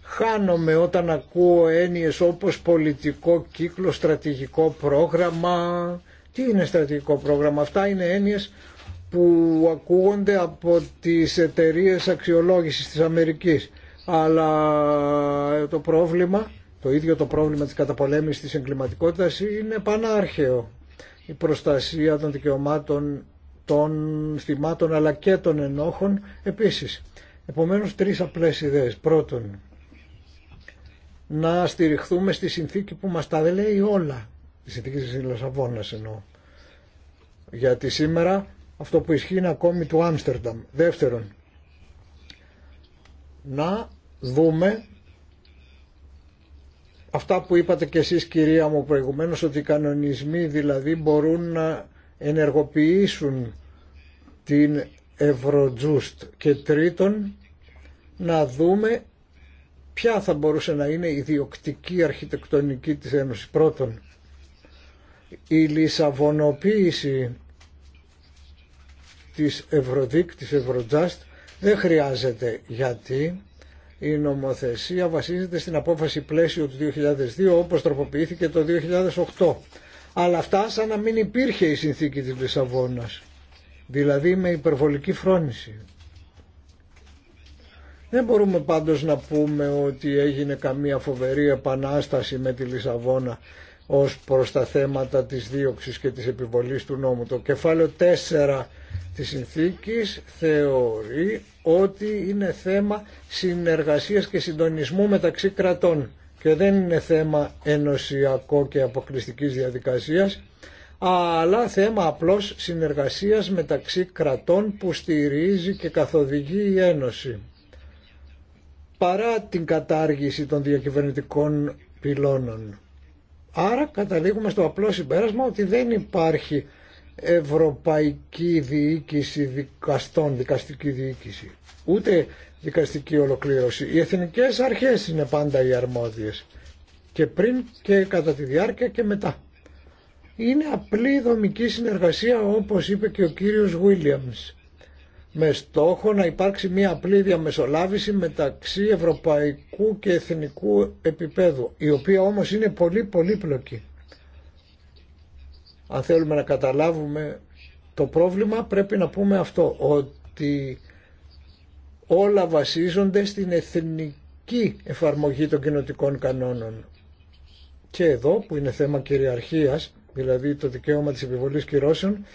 χάνομαι όταν ακούω έννοιες όπως πολιτικό κύκλο, στρατηγικό πρόγραμμα. Τι είναι στρατηγικό πρόγραμμα, αυτά είναι έννοιες που ακούγονται από τις εταιρείες αξιολόγησης της Αμερικής. Αλλά το πρόβλημα, το ίδιο το πρόβλημα της καταπολέμησης της εγκληματικότητας είναι πανάρχαιο. Η προστασία των δικαιωμάτων των θυμάτων αλλά και των ενόχων επίσης. Επομένως τρεις απλές ιδέες. Πρώτον, να στηριχθούμε στη συνθήκη που μας τα λέει όλα. Τη συνθήκη της Λασαβόνας εννοώ. Γιατί σήμερα αυτό που ισχύει ακόμη του Άμστερνταμ. Δεύτερον, να δούμε αυτά που είπατε και εσείς κυρία μου προηγουμένως ότι οι κανονισμοί δηλαδή μπορούν να ενεργοποιήσουν την Ευρωτζούστ και τρίτον να δούμε ποια θα μπορούσε να είναι η διοκτική αρχιτεκτονική της Ένωσης πρώτον η λισαβονοποίηση της Ευρωδίκ, της Ευρωτζάστ δεν χρειάζεται γιατί η νομοθεσία βασίζεται στην απόφαση πλαίσιο του 2002 όπως τροποποιήθηκε το 2008. Αλλά αυτά σαν να μην υπήρχε η συνθήκη της Λισαβόνας. Δηλαδή με υπερβολική φρόνηση. Δεν μπορούμε πάντως να πούμε ότι έγινε καμία φοβερή επανάσταση με τη Λισαβόνα ως προς τα θέματα της δίωξης και της επιβολής του νόμου. Το κεφάλαιο 4 της συνθήκης θεωρεί ότι είναι θέμα συνεργασίας και συντονισμού μεταξύ κρατών και δεν είναι θέμα ενωσιακό και αποκλειστικής διαδικασίας αλλά θέμα απλώς συνεργασίας μεταξύ κρατών που στηρίζει και καθοδηγεί η Ένωση. Παρά την κατάργηση των διακυβερνητικών πυλώνων. Άρα καταλήγουμε στο απλό συμπέρασμα ότι δεν υπάρχει ευρωπαϊκή διοίκηση δικαστών, δικαστική διοίκηση, ούτε δικαστική ολοκλήρωση. Οι εθνικές αρχές είναι πάντα οι αρμόδιες και πριν και κατά τη διάρκεια και μετά. Είναι απλή δομική συνεργασία όπως είπε και ο κύριος Βίλιαμς με στόχο να υπάρξει μια απλή διαμεσολάβηση μεταξύ ευρωπαϊκού και εθνικού επίπεδου, η οποία όμως είναι πολύ πολύπλοκη. Αν θέλουμε να καταλάβουμε το πρόβλημα πρέπει να πούμε αυτό, ότι όλα βασίζονται στην εθνική εφαρμογή των κοινοτικών κανόνων. Και εδώ που είναι θέμα κυριαρχίας, δηλαδή το δικαίωμα της επιβολής κυρώσεων,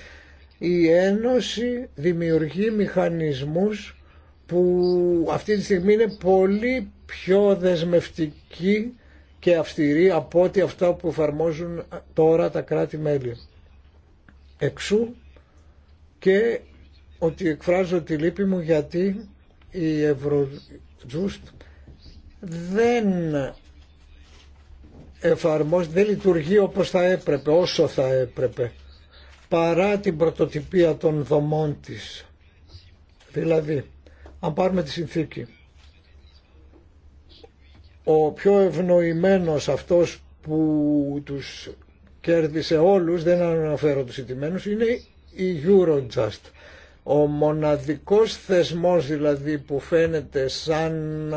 η Ένωση δημιουργεί μηχανισμούς που αυτή τη στιγμή είναι πολύ πιο δεσμευτικοί και αυστηρή από ό,τι αυτά που εφαρμόζουν τώρα τα κράτη-μέλη. Εξού και ότι εκφράζω τη λύπη μου γιατί η Ευρωτζούστ δεν εφαρμόζει, δεν λειτουργεί όπως θα έπρεπε, όσο θα έπρεπε, παρά την πρωτοτυπία των δομών της. Δηλαδή, αν πάρουμε τη συνθήκη, ο πιο ευνοημένος αυτός που τους κέρδισε όλους, δεν αναφέρω τους ειτημένους, είναι η Eurojust. Ο μοναδικός θεσμός δηλαδή που φαίνεται σαν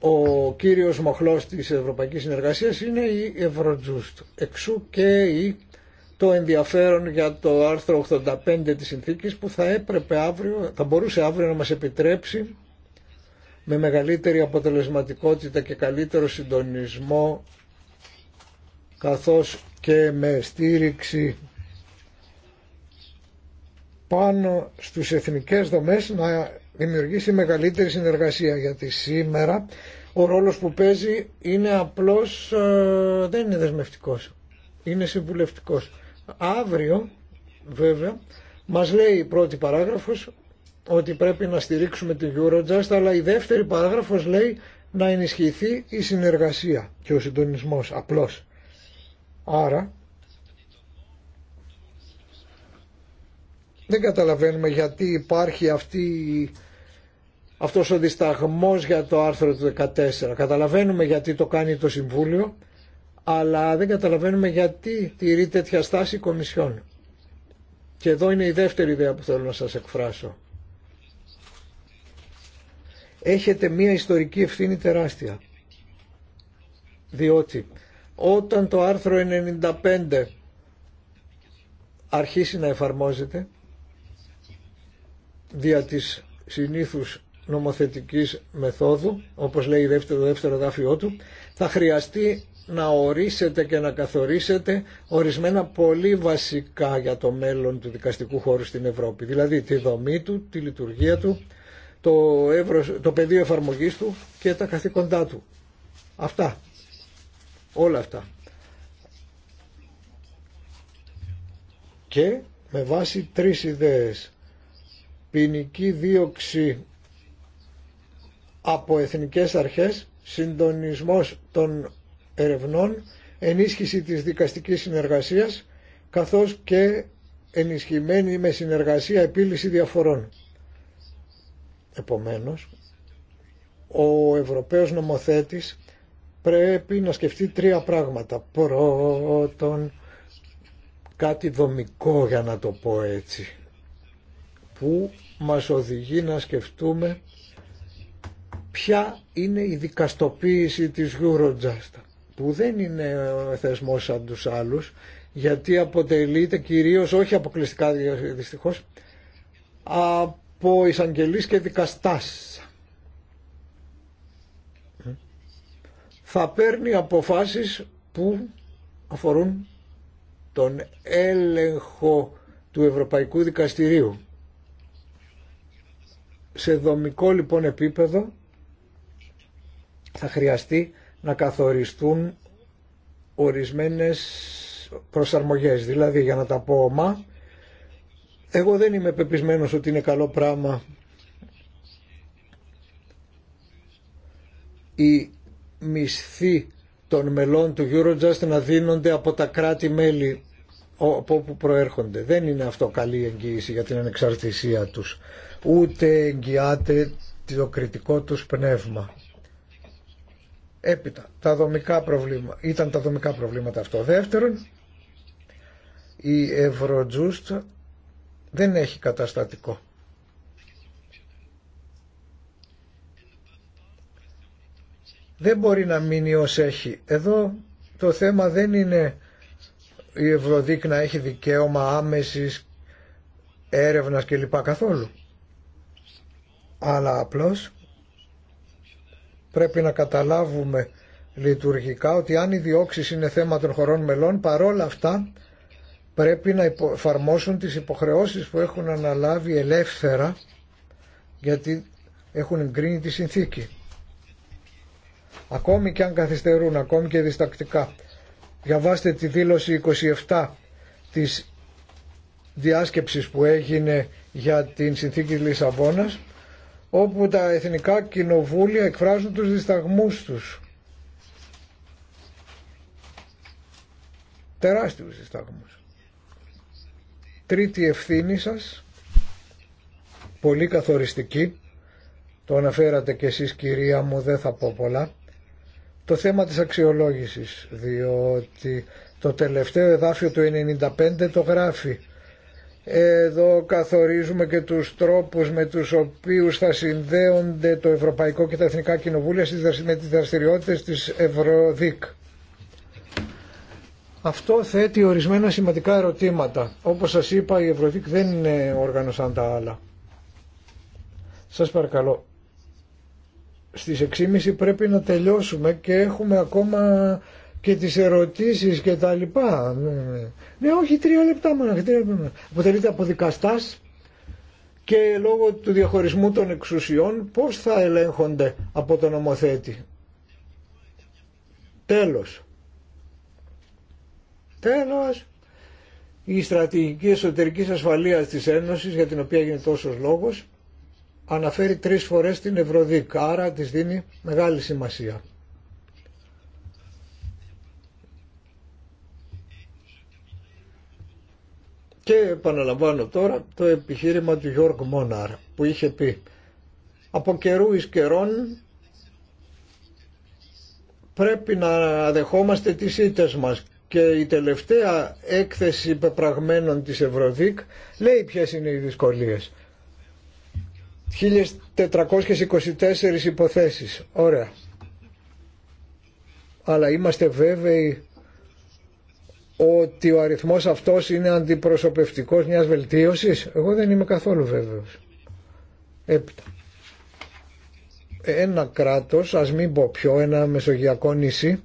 ο κύριος μοχλός της Ευρωπαϊκής Συνεργασίας είναι η Eurojust. Εξού και η το ενδιαφέρον για το άρθρο 85 της συνθήκης που θα έπρεπε αύριο, θα μπορούσε αύριο να μας επιτρέψει με μεγαλύτερη αποτελεσματικότητα και καλύτερο συντονισμό καθώς και με στήριξη πάνω στους εθνικές δομές να δημιουργήσει μεγαλύτερη συνεργασία γιατί σήμερα ο ρόλος που παίζει είναι απλώς ε, δεν είναι δεσμευτικός είναι συμβουλευτικός αύριο βέβαια μας λέει η πρώτη παράγραφος ότι πρέπει να στηρίξουμε την Eurojust, αλλά η δεύτερη παράγραφος λέει να ενισχυθεί η συνεργασία και ο συντονισμός απλώς. Άρα, δεν καταλαβαίνουμε γιατί υπάρχει αυτή, αυτός ο δισταγμός για το άρθρο του 14. Καταλαβαίνουμε γιατί το κάνει το Συμβούλιο, αλλά δεν καταλαβαίνουμε γιατί τηρεί τέτοια στάση η Κομισιόν. Και εδώ είναι η δεύτερη ιδέα που θέλω να σας εκφράσω έχετε μία ιστορική ευθύνη τεράστια. Διότι όταν το άρθρο 95 αρχίσει να εφαρμόζεται δια της συνήθους νομοθετικής μεθόδου, όπως λέει δεύτερο, δεύτερο δάφιό του, θα χρειαστεί να ορίσετε και να καθορίσετε ορισμένα πολύ βασικά για το μέλλον του δικαστικού χώρου στην Ευρώπη. Δηλαδή τη δομή του, τη λειτουργία του, το, εύρος, το πεδίο εφαρμογής του και τα καθήκοντά του. Αυτά. Όλα αυτά. Και με βάση τρεις ιδέες. Ποινική δίωξη από εθνικές αρχές, συντονισμός των ερευνών, ενίσχυση της δικαστικής συνεργασίας, καθώς και ενισχυμένη με συνεργασία επίλυση διαφορών. Επομένως, ο Ευρωπαίος νομοθέτης πρέπει να σκεφτεί τρία πράγματα. Πρώτον, κάτι δομικό για να το πω έτσι, που μας οδηγεί να σκεφτούμε ποια είναι η δικαστοποίηση της Eurojust, που δεν είναι θεσμός σαν τους άλλους, γιατί αποτελείται κυρίως, όχι αποκλειστικά δυστυχώς, από από εισαγγελείς και δικαστάς. Θα παίρνει αποφάσεις που αφορούν τον έλεγχο του Ευρωπαϊκού Δικαστηρίου. Σε δομικό λοιπόν επίπεδο θα χρειαστεί να καθοριστούν ορισμένες προσαρμογές. Δηλαδή για να τα πω ομά, εγώ δεν είμαι πεπισμένος ότι είναι καλό πράγμα η μισθή των μελών του Eurojust να δίνονται από τα κράτη-μέλη από όπου προέρχονται. Δεν είναι αυτό καλή εγγύηση για την ανεξαρτησία τους. Ούτε εγγυάται το κριτικό τους πνεύμα. Έπειτα, τα δομικά προβλήματα. Ήταν τα δομικά προβλήματα αυτό. Δεύτερον, η Eurojust δεν έχει καταστατικό. Δεν μπορεί να μείνει ως έχει. Εδώ το θέμα δεν είναι η Ευρωδίκ να έχει δικαίωμα άμεσης έρευνας κλπ. καθόλου. Αλλά απλώς πρέπει να καταλάβουμε λειτουργικά ότι αν οι διώξει είναι θέμα των χωρών μελών παρόλα αυτά πρέπει να εφαρμόσουν τις υποχρεώσεις που έχουν αναλάβει ελεύθερα γιατί έχουν εγκρίνει τη συνθήκη. Ακόμη και αν καθυστερούν, ακόμη και διστακτικά. Διαβάστε τη δήλωση 27 της διάσκεψης που έγινε για την συνθήκη της Λισαβόνας όπου τα εθνικά κοινοβούλια εκφράζουν τους δισταγμούς τους. Τεράστιους δισταγμούς. Τρίτη ευθύνη σας, πολύ καθοριστική, το αναφέρατε και εσείς κυρία μου, δεν θα πω πολλά, το θέμα της αξιολόγησης, διότι το τελευταίο εδάφιο του 95 το γράφει. Εδώ καθορίζουμε και τους τρόπους με τους οποίους θα συνδέονται το Ευρωπαϊκό και τα Εθνικά Κοινοβούλια με τις δραστηριότητες της Ευρωδίκ. Αυτό θέτει ορισμένα σημαντικά ερωτήματα. Όπως σας είπα η Ευρωδίκ δεν είναι όργανο σαν τα άλλα. Σας παρακαλώ. Στις 6.30 πρέπει να τελειώσουμε και έχουμε ακόμα και τις ερωτήσεις και τα λοιπά. Ναι, ναι. ναι όχι τρία λεπτά μόνο. Αποτελείται από δικαστάς και λόγω του διαχωρισμού των εξουσιών πώς θα ελέγχονται από τον νομοθέτη. Τέλος. Τέλος, η στρατηγική εσωτερικής ασφαλείας της Ένωσης, για την οποία γίνεται τόσος λόγος, αναφέρει τρεις φορές την Ευρωδίκ, άρα της δίνει μεγάλη σημασία. Και επαναλαμβάνω τώρα το επιχείρημα του Γιώργου Μόναρ που είχε πει «Από καιρού εις καιρών πρέπει να δεχόμαστε τις ήττες μας και η τελευταία έκθεση πεπραγμένων της Ευρωδίκ λέει ποιες είναι οι δυσκολίες. 1424 υποθέσεις. Ωραία. Αλλά είμαστε βέβαιοι ότι ο αριθμός αυτός είναι αντιπροσωπευτικός μιας βελτίωσης. Εγώ δεν είμαι καθόλου βέβαιος. Έπειτα. Ένα κράτος, ας μην πω πιο, ένα μεσογειακό νησί,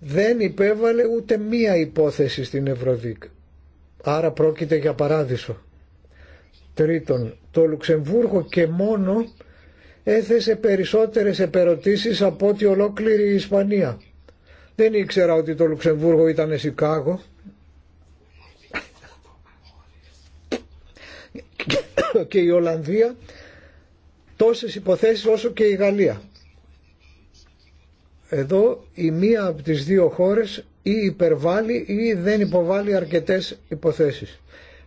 δεν υπέβαλε ούτε μία υπόθεση στην Ευρωδίκ. Άρα πρόκειται για παράδεισο. Τρίτον, το Λουξεμβούργο και μόνο έθεσε περισσότερες επερωτήσεις από ότι ολόκληρη η Ισπανία. Δεν ήξερα ότι το Λουξεμβούργο ήταν Σικάγο. και η Ολλανδία τόσες υποθέσεις όσο και η Γαλλία. Εδώ η μία από τις δύο χώρες ή υπερβάλλει ή δεν υποβάλλει αρκετές υποθέσεις.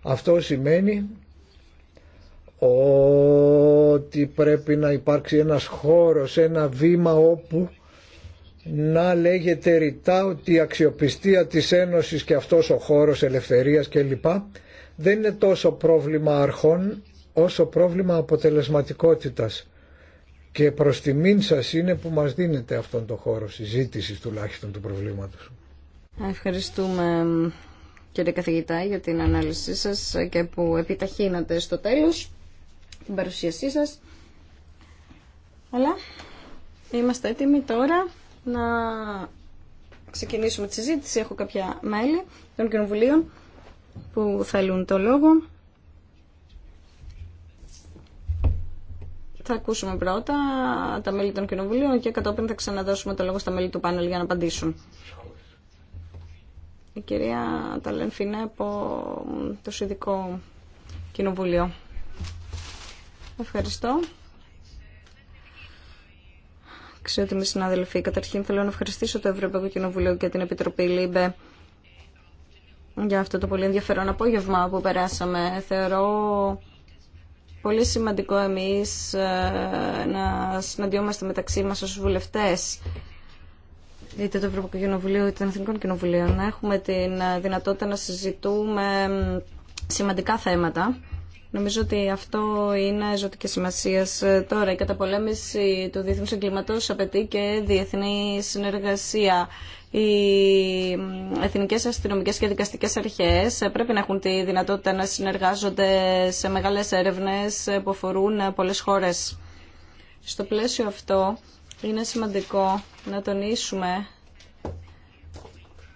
Αυτό σημαίνει ότι πρέπει να υπάρξει ένας χώρος, ένα βήμα όπου να λέγεται ρητά ότι η αξιοπιστία της Ένωσης και αυτός ο χώρος ελευθερίας κλπ δεν είναι τόσο πρόβλημα αρχών όσο πρόβλημα αποτελεσματικότητας και προς τιμήν σας είναι που μας δίνετε αυτόν τον χώρο συζήτησης τουλάχιστον του προβλήματος. Ευχαριστούμε κύριε καθηγητά για την ανάλυση σας και που επιταχύνατε στο τέλος την παρουσίασή σας. Αλλά είμαστε έτοιμοι τώρα να ξεκινήσουμε τη συζήτηση. Έχω κάποια μέλη των κοινοβουλίων που θέλουν το λόγο. Θα ακούσουμε πρώτα τα μέλη των κοινοβουλίων και κατόπιν θα ξαναδώσουμε το λόγο στα μέλη του πάνελ για να απαντήσουν. Η κυρία Ταλενφίνα από το Συνδικό Κοινοβούλιο. Ευχαριστώ. είμαι συνάδελφοι, καταρχήν θέλω να ευχαριστήσω το Ευρωπαϊκό Κοινοβουλίο και την Επιτροπή ΛΥΜΠΕ για αυτό το πολύ ενδιαφέρον απόγευμα που περάσαμε. Θεωρώ πολύ σημαντικό εμείς ε, να συναντιόμαστε μεταξύ μας ως βουλευτές είτε του Ευρωπαϊκού Κοινοβουλίου είτε των Εθνικών Κοινοβουλίων να έχουμε τη ε, δυνατότητα να συζητούμε σημαντικά θέματα. Νομίζω ότι αυτό είναι ζωτική σημασία ε, τώρα. Η καταπολέμηση του διεθνού εγκλήματο απαιτεί και διεθνή συνεργασία οι εθνικές αστυνομικέ και δικαστικέ αρχές πρέπει να έχουν τη δυνατότητα να συνεργάζονται σε μεγάλες έρευνες που αφορούν πολλές χώρες. Στο πλαίσιο αυτό είναι σημαντικό να τονίσουμε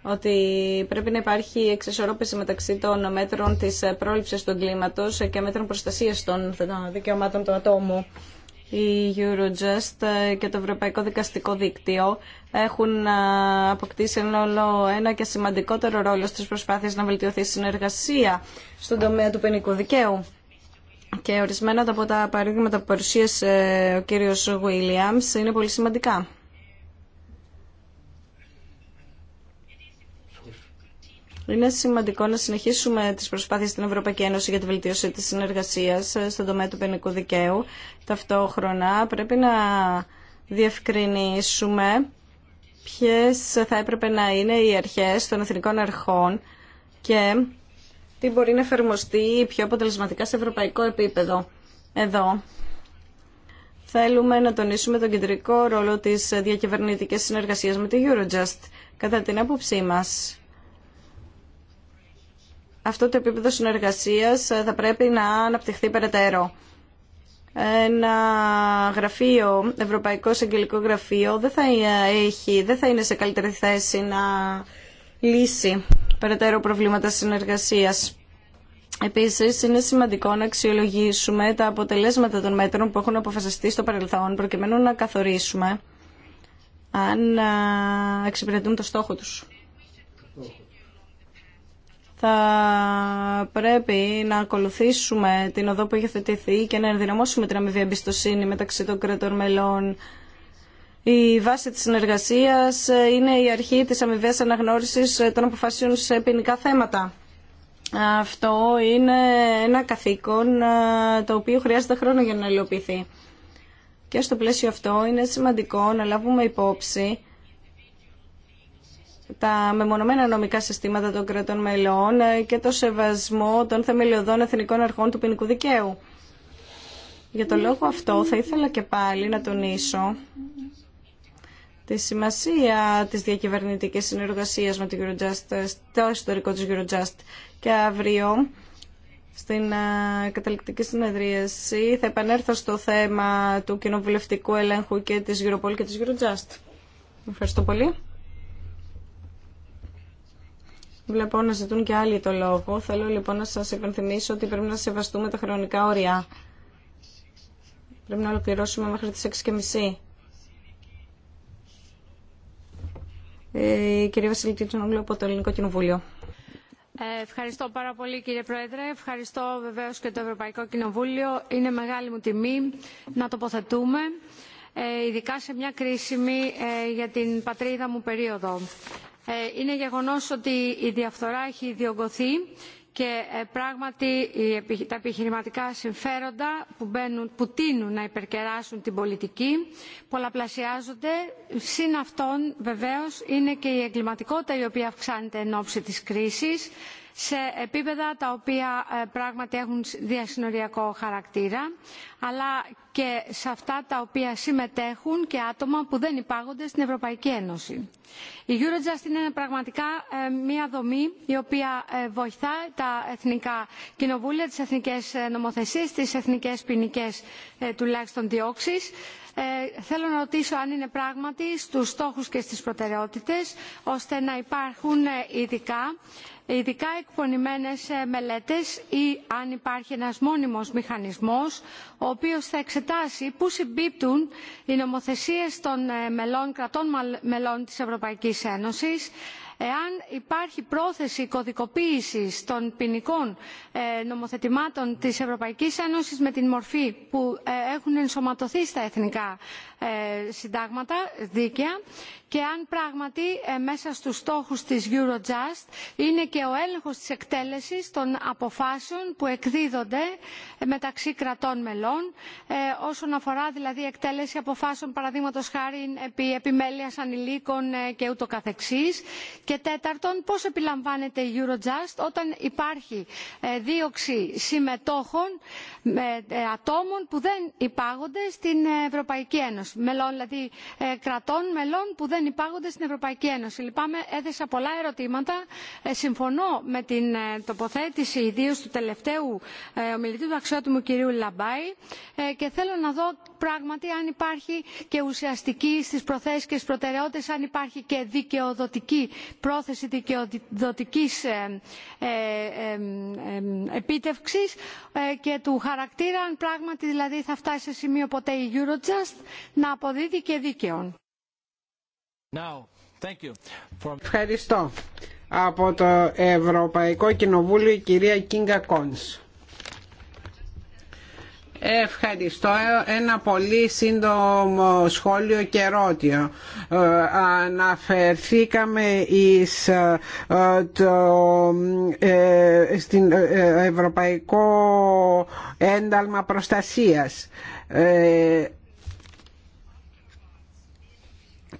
ότι πρέπει να υπάρχει εξισορρόπηση μεταξύ των μέτρων της πρόληψης του κλίματος και μέτρων προστασίας των δικαιωμάτων του ατόμου η Eurojust και το Ευρωπαϊκό Δικαστικό Δίκτυο έχουν αποκτήσει ένα, ένα και σημαντικότερο ρόλο στις προσπάθειες να βελτιωθεί η συνεργασία στον τομέα του ποινικού δικαίου. Και ορισμένα από τα παραδείγματα που παρουσίασε ο κύριος Williams είναι πολύ σημαντικά. Είναι σημαντικό να συνεχίσουμε τι προσπάθειε στην Ευρωπαϊκή Ένωση για τη βελτίωση τη συνεργασία ε, στον τομέα του ποινικού δικαίου. Ταυτόχρονα πρέπει να διευκρινίσουμε ποιε θα έπρεπε να είναι οι αρχέ των εθνικών αρχών και τι μπορεί να εφαρμοστεί πιο αποτελεσματικά σε ευρωπαϊκό επίπεδο. Εδώ θέλουμε να τονίσουμε τον κεντρικό ρόλο της διακυβερνητικής συνεργασίας με τη Eurojust. Κατά την άποψή μας, αυτό το επίπεδο συνεργασίας ε, θα πρέπει να αναπτυχθεί περαιτέρω. Ένα γραφείο, Ευρωπαϊκό Εγγελικό Γραφείο, δεν θα, ε, έχει, δεν θα είναι σε καλύτερη θέση να λύσει περαιτέρω προβλήματα συνεργασίας. Επίσης, είναι σημαντικό να αξιολογήσουμε τα αποτελέσματα των μέτρων που έχουν αποφασιστεί στο παρελθόν, προκειμένου να καθορίσουμε αν ε, εξυπηρετούν το στόχο τους θα πρέπει να ακολουθήσουμε την οδό που έχει θετηθεί και να ενδυναμώσουμε την αμοιβή εμπιστοσύνη μεταξύ των κρατών μελών. Η βάση της συνεργασίας είναι η αρχή της αμοιβή αναγνώρισης των αποφάσεων σε ποινικά θέματα. Αυτό είναι ένα καθήκον το οποίο χρειάζεται χρόνο για να υλοποιηθεί. Και στο πλαίσιο αυτό είναι σημαντικό να λάβουμε υπόψη τα μεμονωμένα νομικά συστήματα των κρατών μελών ε, και το σεβασμό των θεμελιωδών εθνικών αρχών του ποινικού δικαίου. Για το λόγο αυτό θα ήθελα και πάλι να τονίσω τη σημασία της διακυβερνητικής συνεργασίας με το Eurojust ιστορικό της Eurojust και αύριο στην ε, καταληκτική συνεδρίαση θα επανέλθω στο θέμα του κοινοβουλευτικού ελέγχου και της Europol και της Eurojust. Ευχαριστώ πολύ. Βλέπω να ζητούν και άλλοι το λόγο. Θέλω λοιπόν να σας υπενθυμίσω ότι πρέπει να σεβαστούμε τα χρονικά όρια. Πρέπει να ολοκληρώσουμε μέχρι τις 6.30. Ε, η κυρία Βασιλική Τσονόγλου από το Ελληνικό Κοινοβούλιο. Ε, ευχαριστώ πάρα πολύ κύριε Πρόεδρε. Ευχαριστώ βεβαίως και το Ευρωπαϊκό Κοινοβούλιο. Είναι μεγάλη μου τιμή να τοποθετούμε, ε, ειδικά σε μια κρίσιμη για την πατρίδα μου περίοδο ε, είναι γεγονός ότι η διαφθορά έχει διωγγωθεί και ε, πράγματι τα επιχειρηματικά συμφέροντα που, μπαίνουν, που τείνουν να υπερκεράσουν την πολιτική πολλαπλασιάζονται. Συν αυτών βεβαίως είναι και η εγκληματικότητα η οποία αυξάνεται εν ώψη της κρίσης σε επίπεδα τα οποία ε, πράγματι έχουν διασυνοριακό χαρακτήρα αλλά και σε αυτά τα οποία συμμετέχουν και άτομα που δεν υπάγονται στην Ευρωπαϊκή Ένωση. Η Eurojust είναι πραγματικά ε, μια δομή η οποία ε, βοηθά τα εθνικά κοινοβούλια, τις εθνικές νομοθεσίες, τις εθνικές ποινικέ τουλάχιστον διώξεις. Θέλω να ρωτήσω αν είναι πράγματι στους στόχους και στις προτεραιότητες ώστε να υπάρχουν ειδικά ειδικά εκπονημένες ε, μελέτες ή αν υπάρχει ένας μόνιμος μηχανισμός ο οποίος θα εξετάσει πού συμπίπτουν οι νομοθεσίες των ε, κρατών μελών της Ευρωπαϊκής Ένωσης εάν υπάρχει πρόθεση κωδικοποίησης των ποινικών ε, νομοθετημάτων της Ευρωπαϊκής Ένωσης με την μορφή που ε, έχουν ενσωματωθεί στα εθνικά ε, συντάγματα δίκαια και αν πράγματι μέσα στους στόχους της Eurojust είναι και ο έλεγχος της εκτέλεσης των αποφάσεων που εκδίδονται μεταξύ κρατών μελών όσον αφορά δηλαδή εκτέλεση αποφάσεων παραδείγματος χάρη επί επιμέλειας ανηλίκων και ούτω καθεξής και τέταρτον, πώς επιλαμβάνεται η Eurojust όταν υπάρχει ε, δίωξη συμμετόχων ε, ατόμων που δεν υπάγονται στην Ευρωπαϊκή Ένωση. Μελών, δηλαδή ε, κρατών μελών που δεν υπάγονται στην Ευρωπαϊκή Ένωση. Λυπάμαι, έθεσα πολλά ερωτήματα. Συμφωνώ με την τοποθέτηση ιδίω του τελευταίου ομιλητή του αξιότιμου κυρίου Λαμπάη και θέλω να δω πράγματι αν υπάρχει και ουσιαστική στις προθέσεις και στις προτεραιότητες αν υπάρχει και δικαιοδοτική πρόθεση δικαιοδοτικής ε, ε, ε, ε επίτευξης και του χαρακτήρα αν πράγματι δηλαδή θα φτάσει σε σημείο ποτέ η Eurojust να αποδίδει και δίκαιον. Ευχαριστώ. Από το Ευρωπαϊκό Κοινοβούλιο η κυρία Κίνγκα Κόνς. Ευχαριστώ. Ένα πολύ σύντομο σχόλιο και ερώτημα. Ε, αναφερθήκαμε ε, το, ε, στην ε, Ευρωπαϊκό Ένταλμα Προστασίας.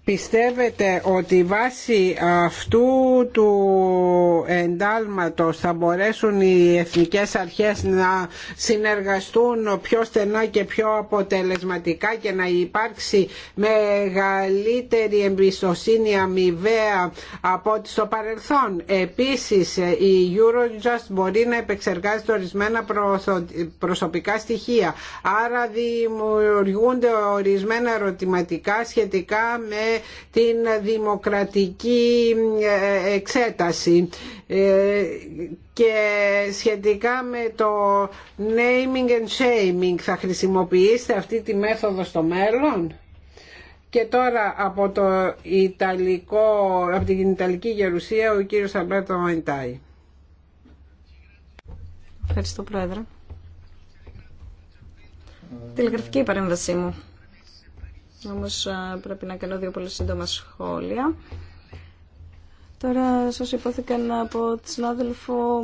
Πιστεύετε ότι βάσει αυτού του εντάλματος θα μπορέσουν οι εθνικές αρχές να συνεργαστούν πιο στενά και πιο αποτελεσματικά και να υπάρξει μεγαλύτερη εμπιστοσύνη αμοιβαία από ό,τι στο παρελθόν. Επίσης η Eurojust μπορεί να επεξεργάζεται ορισμένα προσωπικά στοιχεία. Άρα δημιουργούνται ορισμένα ερωτηματικά σχετικά με την δημοκρατική ε, εξέταση ε, και σχετικά με το naming and shaming θα χρησιμοποιήσετε αυτή τη μέθοδο στο μέλλον και τώρα από, το Ιταλικό, από την Ιταλική Γερουσία ο κύριος Αλμπέρτο Μαϊντάι. Ευχαριστώ Πρόεδρε. Τηλεγραφική παρέμβασή μου. Όμως πρέπει να κάνω δύο πολύ σύντομα σχόλια. Τώρα, σας υπόθηκαν από τη συνάδελφο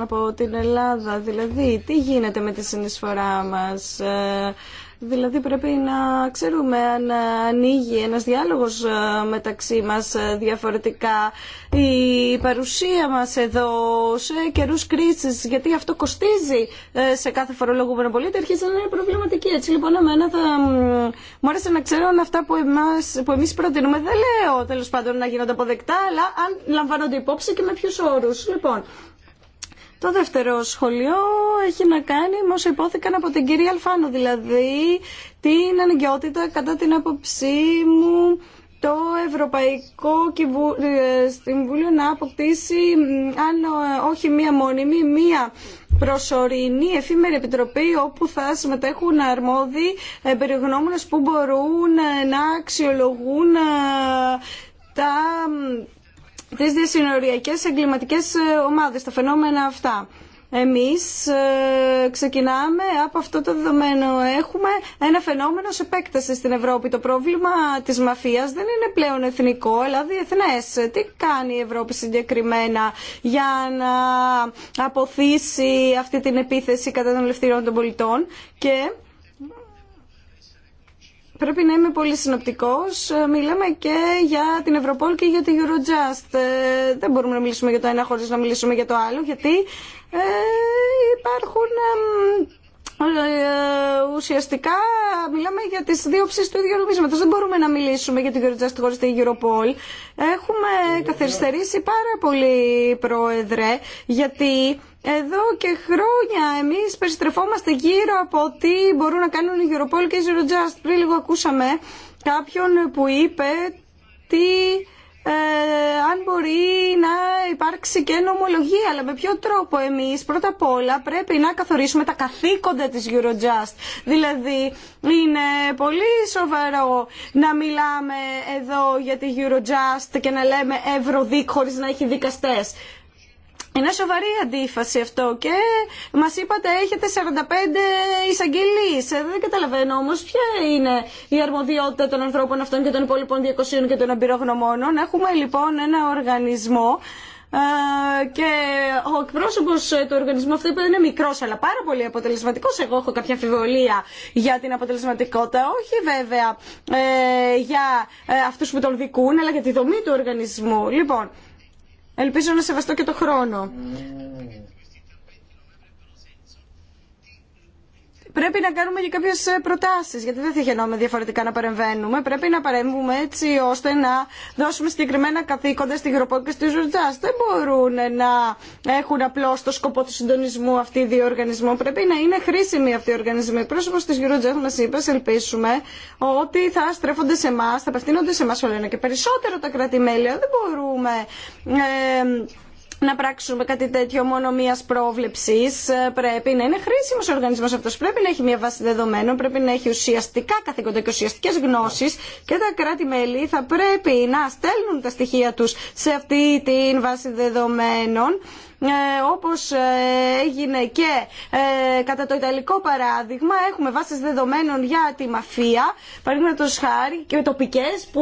από την Ελλάδα, δηλαδή, τι γίνεται με τη συνεισφορά μας ε, Δηλαδή πρέπει να ξέρουμε αν ανοίγει ένας διάλογος ε, μεταξύ μας ε, διαφορετικά η παρουσία μας εδώ σε καιρούς κρίσης γιατί αυτό κοστίζει ε, σε κάθε φορολογούμενο πολίτη αρχίζει να είναι προβληματική. Έτσι λοιπόν εμένα θα μου άρεσε να ξέρω αν αυτά που, εμάς, που εμείς προτείνουμε δεν λέω τέλος πάντων να γίνονται αποδεκτά αλλά αν λαμβάνονται υπόψη και με ποιους όρους. Λοιπόν, το δεύτερο σχολείο έχει να κάνει με όσα υπόθηκαν από την κυρία Αλφάνο, δηλαδή την αναγκαιότητα κατά την άποψή μου το Ευρωπαϊκό ε, Συμβούλιο να αποκτήσει, αν ε, όχι μία μόνιμη, μία προσωρινή εφήμερη επιτροπή όπου θα συμμετέχουν αρμόδιοι ε, περιγνώμονες που μπορούν να αξιολογούν τα τις διασυνοριακές εγκληματικές ε, ομάδες, τα φαινόμενα αυτά. Εμείς ε, ξεκινάμε από αυτό το δεδομένο. Έχουμε ένα φαινόμενο σε επέκταση στην Ευρώπη. Το πρόβλημα της μαφίας δεν είναι πλέον εθνικό, αλλά διεθνές. Τι κάνει η Ευρώπη συγκεκριμένα για να αποθήσει αυτή την επίθεση κατά των λευθυρών των πολιτών και Πρέπει να είμαι πολύ συνοπτικός. Ε, μιλάμε και για την Ευρωπόλ και για την Eurojust. Ε, δεν μπορούμε να μιλήσουμε για το ένα χωρίς να μιλήσουμε για το άλλο, γιατί ε, υπάρχουν ουσιαστικά μιλάμε για τις δύο ψήσεις του ίδιου νομίσματος. Δεν μπορούμε να μιλήσουμε για την Eurojust χωρίς την Europol. Έχουμε καθυστερήσει πάρα πολύ, Πρόεδρε, γιατί εδώ και χρόνια εμείς περιστρεφόμαστε γύρω από τι μπορούν να κάνουν οι Europol και οι Eurojust. Πριν λίγο ακούσαμε κάποιον που είπε τι ε, αν μπορεί να υπάρξει και νομολογία, αλλά με ποιο τρόπο εμείς πρώτα απ' όλα πρέπει να καθορίσουμε τα καθήκοντα της Eurojust. Δηλαδή είναι πολύ σοβαρό να μιλάμε εδώ για τη Eurojust και να λέμε ευρωδίκ χωρίς να έχει δικαστές. Είναι σοβαρή αντίφαση αυτό και μα είπατε έχετε 45 εισαγγελίε. Δεν καταλαβαίνω όμω ποια είναι η αρμοδιότητα των ανθρώπων αυτών και των υπόλοιπων 200 και των εμπειρογνωμόνων. Έχουμε λοιπόν ένα οργανισμό ε, και ο εκπρόσωπο ε, του οργανισμού αυτό είπε είναι μικρό αλλά πάρα πολύ αποτελεσματικό. Εγώ έχω κάποια αμφιβολία για την αποτελεσματικότητα. Όχι βέβαια ε, για αυτού που τον δικούν αλλά για τη δομή του οργανισμού. Λοιπόν, Ελπίζω να σεβαστώ και το χρόνο. πρέπει να κάνουμε και κάποιε προτάσει, γιατί δεν θα διαφορετικά να παρεμβαίνουμε. Πρέπει να παρέμβουμε έτσι ώστε να δώσουμε συγκεκριμένα καθήκοντα στην Γεροπόλ και στη Ζουρτζά. Δεν μπορούν να έχουν απλώ το σκοπό του συντονισμού αυτοί οι δύο οργανισμοί. Πρέπει να είναι χρήσιμοι αυτοί οι οργανισμοί. Πρόσωπο τη Eurojust μα είπε, ελπίσουμε, ότι θα στρέφονται σε εμά, θα απευθύνονται σε εμά όλο και περισσότερο τα κρατη Δεν μπορούμε. Ε, να πράξουμε κάτι τέτοιο μόνο μια πρόβλεψη. Ε, πρέπει να είναι χρήσιμο ο οργανισμό αυτό. Πρέπει να έχει μια βάση δεδομένων, πρέπει να έχει ουσιαστικά καθήκοντα και ουσιαστικέ γνώσει και τα κράτη-μέλη θα πρέπει να στέλνουν τα στοιχεία του σε αυτή την βάση δεδομένων ε, όπως ε, έγινε και ε, κατά το Ιταλικό παράδειγμα έχουμε βάσεις δεδομένων για τη μαφία παραδείγματο χάρη και τοπικές που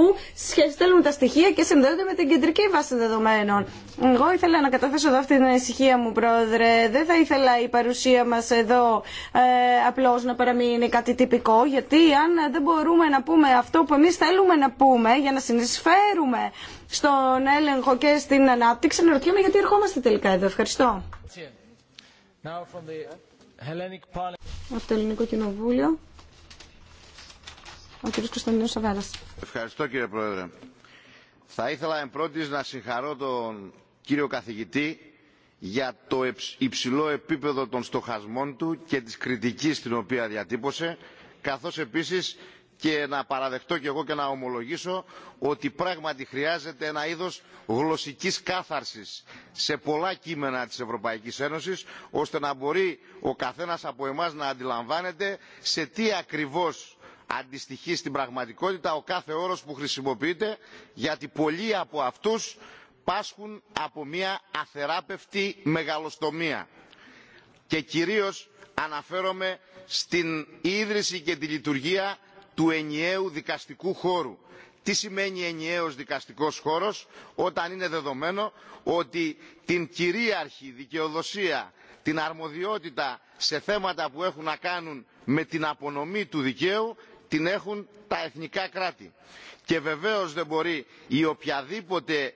στέλνουν τα στοιχεία και συνδέονται με την κεντρική βάση δεδομένων. Εγώ ήθελα να καταθέσω εδώ αυτή την ανησυχία μου πρόεδρε. Δεν θα ήθελα η παρουσία μας εδώ ε, απλώς να παραμείνει κάτι τυπικό γιατί αν δεν μπορούμε να πούμε αυτό που εμείς θέλουμε να πούμε για να συνεισφέρουμε στον έλεγχο και στην ανάπτυξη. Αναρωτιέμαι γιατί ερχόμαστε τελικά εδώ. Ευχαριστώ. Από το Ελληνικό Κοινοβούλιο, ο κ. Κωνσταντινός Σαβέρας. Ευχαριστώ κύριε Πρόεδρε. Θα ήθελα εν πρώτης να συγχαρώ τον κύριο καθηγητή για το υψηλό επίπεδο των στοχασμών του και της κριτικής την οποία διατύπωσε, καθώς επίσης και να παραδεχτώ και εγώ και να ομολογήσω ότι πράγματι χρειάζεται ένα είδος γλωσσικής κάθαρσης σε πολλά κείμενα της Ευρωπαϊκής Ένωσης ώστε να μπορεί ο καθένας από εμάς να αντιλαμβάνεται σε τι ακριβώς αντιστοιχεί στην πραγματικότητα ο κάθε όρος που χρησιμοποιείται γιατί πολλοί από αυτούς πάσχουν από μια αθεράπευτη μεγαλοστομία και κυρίως αναφέρομαι στην ίδρυση και τη λειτουργία του ενιαίου δικαστικού χώρου. Τι σημαίνει ενιαίος δικαστικός χώρος όταν είναι δεδομένο ότι την κυρίαρχη δικαιοδοσία, την αρμοδιότητα σε θέματα που έχουν να κάνουν με την απονομή του δικαίου την έχουν τα εθνικά κράτη. Και βεβαίως δεν μπορεί η οποιαδήποτε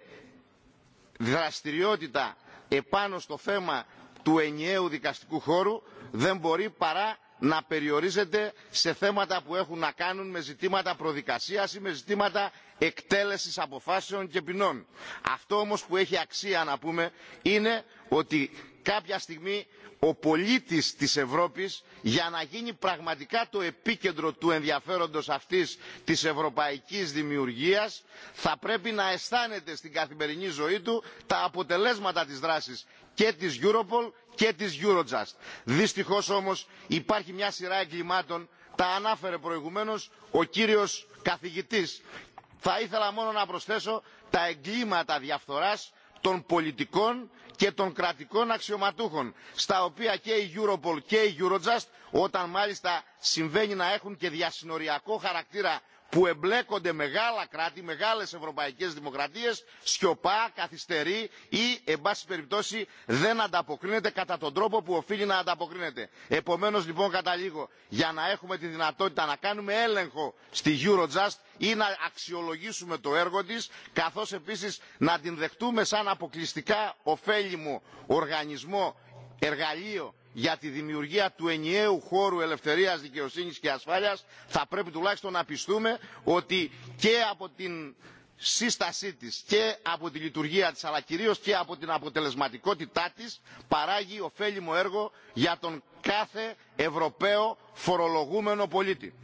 δραστηριότητα επάνω στο θέμα του ενιαίου δικαστικού χώρου δεν μπορεί παρά να περιορίζεται σε θέματα που έχουν να κάνουν με ζητήματα προδικασίας ή με ζητήματα εκτέλεσης αποφάσεων και ποινών. Αυτό όμως που έχει αξία να πούμε είναι ότι κάποια στιγμή ο πολίτης της Ευρώπης για να γίνει πραγματικά το επίκεντρο του ενδιαφέροντος αυτής της ευρωπαϊκής δημιουργίας θα πρέπει να αισθάνεται στην καθημερινή ζωή του τα αποτελέσματα της δράσης και της Europol και της Eurojust. Δυστυχώς όμως υπάρχει μια σειρά εγκλημάτων, τα ανάφερε προηγουμένως ο κύριος καθηγητής. Θα ήθελα μόνο να προσθέσω τα εγκλήματα διαφθοράς των πολιτικών και των κρατικών αξιωματούχων, στα οποία και η Europol και η Eurojust, όταν μάλιστα συμβαίνει να έχουν και διασυνοριακό χαρακτήρα που εμπλέκονται μεγάλα κράτη, μεγάλες ευρωπαϊκές δημοκρατίες, σιωπά, καθυστερεί ή, εν πάση περιπτώσει, δεν ανταποκρίνεται κατά τον τρόπο που οφείλει να ανταποκρίνεται. Επομένως, λοιπόν, καταλήγω, για να έχουμε τη δυνατότητα να κάνουμε έλεγχο στη Eurojust ή να αξιολογήσουμε το έργο της, καθώς επίσης να την δεχτούμε σαν αποκλειστικά ωφέλιμο οργανισμό εργαλείο για τη δημιουργία του ενιαίου χώρου ελευθερίας, δικαιοσύνης και ασφάλειας θα πρέπει τουλάχιστον να πιστούμε ότι και από την σύστασή της και από τη λειτουργία της αλλά κυρίως και από την αποτελεσματικότητά της παράγει ωφέλιμο έργο για τον κάθε Ευρωπαίο φορολογούμενο πολίτη.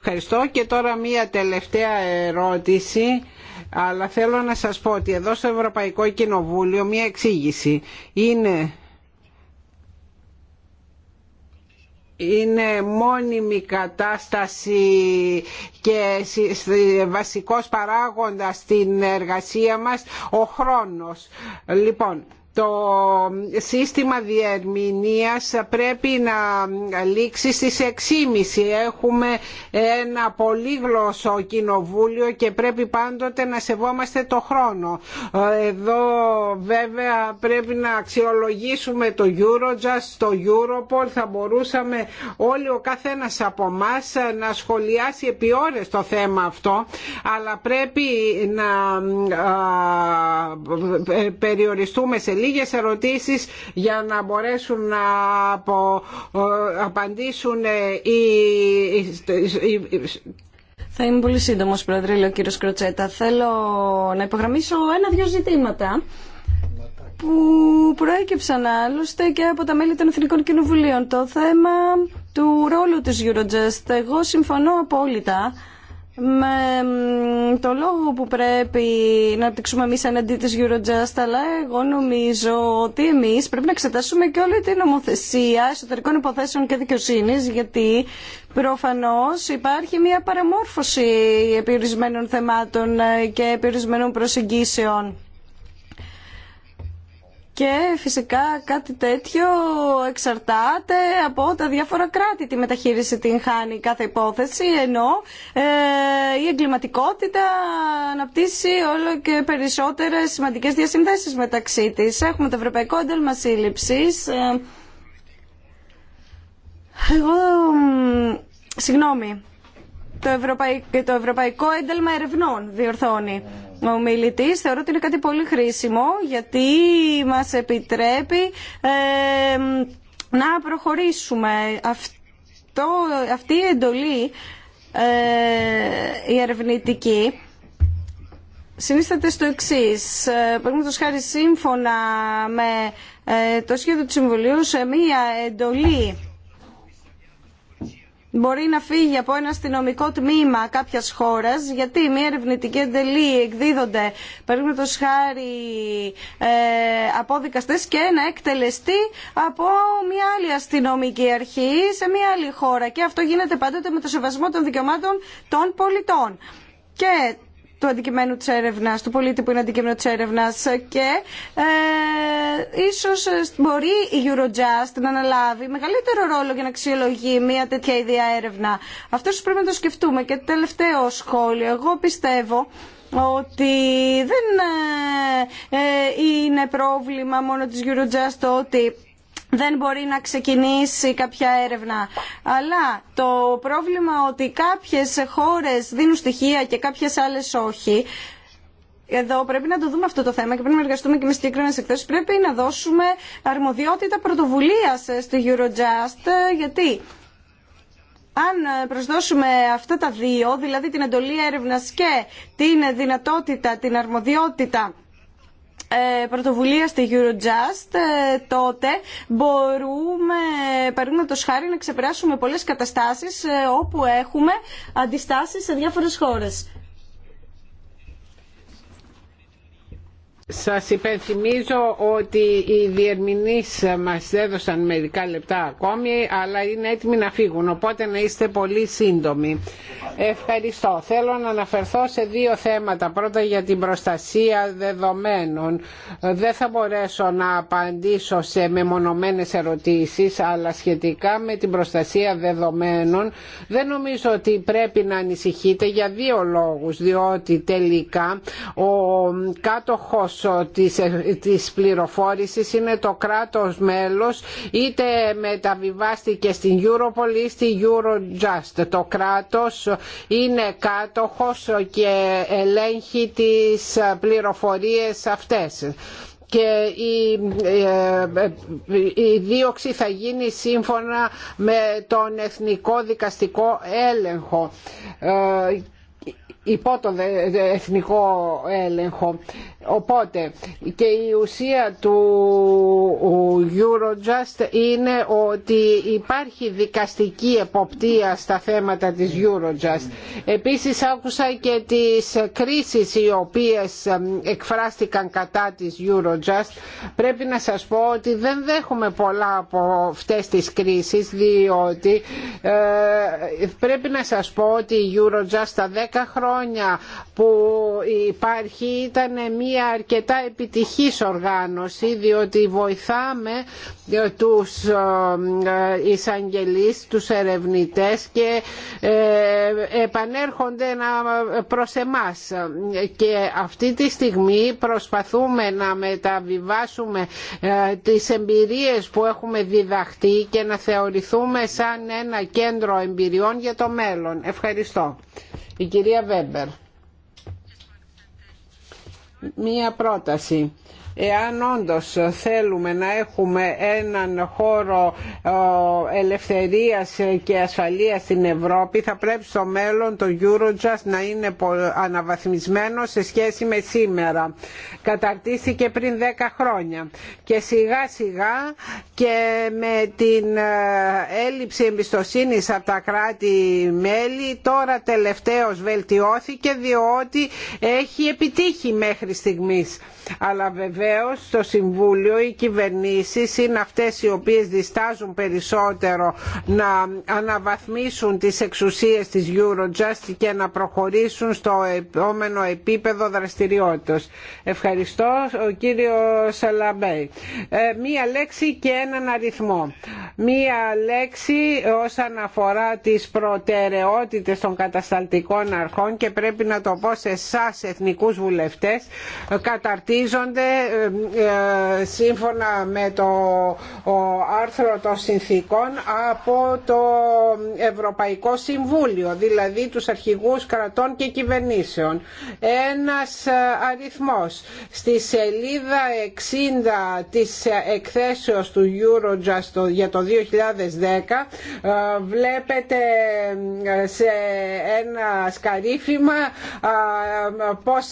Ευχαριστώ και τώρα μία τελευταία ερώτηση αλλά θέλω να σας πω ότι εδώ στο Ευρωπαϊκό Κοινοβούλιο μία εξήγηση είναι είναι μόνιμη κατάσταση και βασικός παράγοντας στην εργασία μας ο χρόνος. Λοιπόν, το σύστημα διερμηνίας πρέπει να λήξει στις 6.30. Έχουμε ένα πολύγλωσσο κοινοβούλιο και πρέπει πάντοτε να σεβόμαστε το χρόνο. Εδώ βέβαια πρέπει να αξιολογήσουμε το Eurojust, το Europol. Θα μπορούσαμε όλοι ο καθένας από εμά να σχολιάσει επί ώρες το θέμα αυτό, αλλά πρέπει να περιοριστούμε σε λίγες ερωτήσεις για να μπορέσουν να ε, απαντήσουν ε, οι θα είμαι πολύ σύντομο, Πρόεδρε, λέει ο κύριο Κροτσέτα. Θέλω να υπογραμμίσω ένα-δυο ζητήματα που προέκυψαν άλλωστε και από τα μέλη των Εθνικών Κοινοβουλίων. Το θέμα του ρόλου της Eurojust. Εγώ συμφωνώ απόλυτα με το λόγο που πρέπει να πτυξούμε εμεί εναντί τη Eurojust, αλλά εγώ νομίζω ότι εμεί πρέπει να εξετάσουμε και όλη την νομοθεσία εσωτερικών υποθέσεων και δικαιοσύνη, γιατί προφανώ υπάρχει μια παραμόρφωση επί θεμάτων και επί προσεγγίσεων. Και φυσικά κάτι τέτοιο εξαρτάται από τα διάφορα κράτη τη μεταχείριση την χάνει κάθε υπόθεση, ενώ ε, η εγκληματικότητα αναπτύσσει όλο και περισσότερες σημαντικές διασυνδέσεις μεταξύ της. Έχουμε το Ευρωπαϊκό Ένταλμα Σύλληψης. Ε, εγώ, συγγνώμη, το, το Ευρωπαϊκό Ένταλμα Ερευνών διορθώνει ο θεωρώ ότι είναι κάτι πολύ χρήσιμο γιατί μας επιτρέπει να προχωρήσουμε. Αυτό, αυτή η εντολή ε, η ερευνητική συνίσταται στο εξή. Ε, Παραδείγματο χάρη, σύμφωνα με ε, το σχέδιο του Συμβουλίου, σε μία εντολή μπορεί να φύγει από ένα αστυνομικό τμήμα κάποια χώρα, γιατί μια ερευνητική εντελή εκδίδονται, παραδείγματο χάρη, ε, από δικαστέ και να εκτελεστεί από μια άλλη αστυνομική αρχή σε μια άλλη χώρα. Και αυτό γίνεται πάντοτε με το σεβασμό των δικαιωμάτων των πολιτών. Και του αντικειμένου τη έρευνα, του πολίτη που είναι αντικείμενο τη έρευνα. και ε, ίσως ε, μπορεί η Eurojust να αναλάβει μεγαλύτερο ρόλο για να αξιολογεί μια τέτοια ιδέα έρευνα. Αυτό πρέπει να το σκεφτούμε. Και τελευταίο σχόλιο. Εγώ πιστεύω ότι δεν ε, ε, είναι πρόβλημα μόνο της Eurojust ότι δεν μπορεί να ξεκινήσει κάποια έρευνα. Αλλά το πρόβλημα ότι κάποιες χώρες δίνουν στοιχεία και κάποιες άλλες όχι, εδώ πρέπει να το δούμε αυτό το θέμα και πρέπει να εργαστούμε και με συγκεκριμένε εκθέσει. Πρέπει να δώσουμε αρμοδιότητα πρωτοβουλία στο Eurojust. Γιατί αν προσδώσουμε αυτά τα δύο, δηλαδή την εντολή έρευνα και την δυνατότητα, την αρμοδιότητα ε, πρωτοβουλία στη Eurojust, ε, τότε μπορούμε, το χάρη, να ξεπεράσουμε πολλές καταστάσεις ε, όπου έχουμε αντιστάσεις σε διάφορες χώρες. Σας υπενθυμίζω ότι οι διερμηνείς μας έδωσαν μερικά λεπτά ακόμη, αλλά είναι έτοιμοι να φύγουν, οπότε να είστε πολύ σύντομοι. Ευχαριστώ. Θέλω να αναφερθώ σε δύο θέματα. Πρώτα για την προστασία δεδομένων. Δεν θα μπορέσω να απαντήσω σε μεμονωμένες ερωτήσεις, αλλά σχετικά με την προστασία δεδομένων δεν νομίζω ότι πρέπει να ανησυχείτε για δύο λόγους, διότι τελικά ο κάτοχος της, της πληροφόρησης είναι το κράτος μέλος είτε μεταβιβάστηκε στην Europol ή στην Eurojust. Το κράτος είναι κάτοχος και ελέγχει τις πληροφορίες αυτές και η, ε, η δίωξη θα γίνει σύμφωνα με τον Εθνικό Δικαστικό Έλεγχο ε, υπό τον εθνικό έλεγχο. Οπότε και η ουσία του Eurojust είναι ότι υπάρχει δικαστική εποπτεία στα θέματα της Eurojust. Επίσης άκουσα και τις κρίσεις οι οποίες ε, εκφράστηκαν κατά της Eurojust. Πρέπει να σας πω ότι δεν δέχομαι πολλά από αυτές τις κρίσεις διότι ε, πρέπει να σας πω ότι η Eurojust τα 10 χρόνια χρόνια που υπάρχει ήταν μια αρκετά επιτυχής οργάνωση διότι βοηθάμε ε, τους ε, εισαγγελείς, τους ερευνητές και ε, επανέρχονται προς εμάς και αυτή τη στιγμή προσπαθούμε να μεταβιβάσουμε τις εμπειρίες που έχουμε διδαχτεί και να θεωρηθούμε σαν ένα κέντρο εμπειριών για το μέλλον. Ευχαριστώ. Η κυρία Βέμπερ. Μία πρόταση. Εάν όντως θέλουμε να έχουμε έναν χώρο ελευθερίας και ασφαλείας στην Ευρώπη θα πρέπει στο μέλλον το Eurojust να είναι αναβαθμισμένο σε σχέση με σήμερα. Καταρτίστηκε πριν 10 χρόνια και σιγά σιγά και με την ε, έλλειψη εμπιστοσύνης από τα κράτη-μέλη τώρα τελευταίως βελτιώθηκε διότι έχει επιτύχει μέχρι στιγμής. Αλλά βεβαίως το Συμβούλιο οι κυβερνήσεις είναι αυτές οι οποίες διστάζουν περισσότερο να αναβαθμίσουν τις εξουσίες της Eurojust και να προχωρήσουν στο επόμενο επίπεδο δραστηριότητας. Ευχαριστώ ο κύριο Σαλαμπέη. Ε, μία λέξη και έναν αριθμό. Μία λέξη όσον αφορά τις προτεραιότητες των κατασταλτικών αρχών και πρέπει να το πω σε εσά εθνικούς βουλευτές ε, ε, σύμφωνα με το άρθρο των συνθήκων από το Ευρωπαϊκό Συμβούλιο, δηλαδή τους αρχηγούς κρατών και κυβερνήσεων. Ένας ε, αριθμός στη σελίδα 60 της εκθέσεως του Eurojust για το 2010 βλέπετε σε ένα σκαρίφημα πώς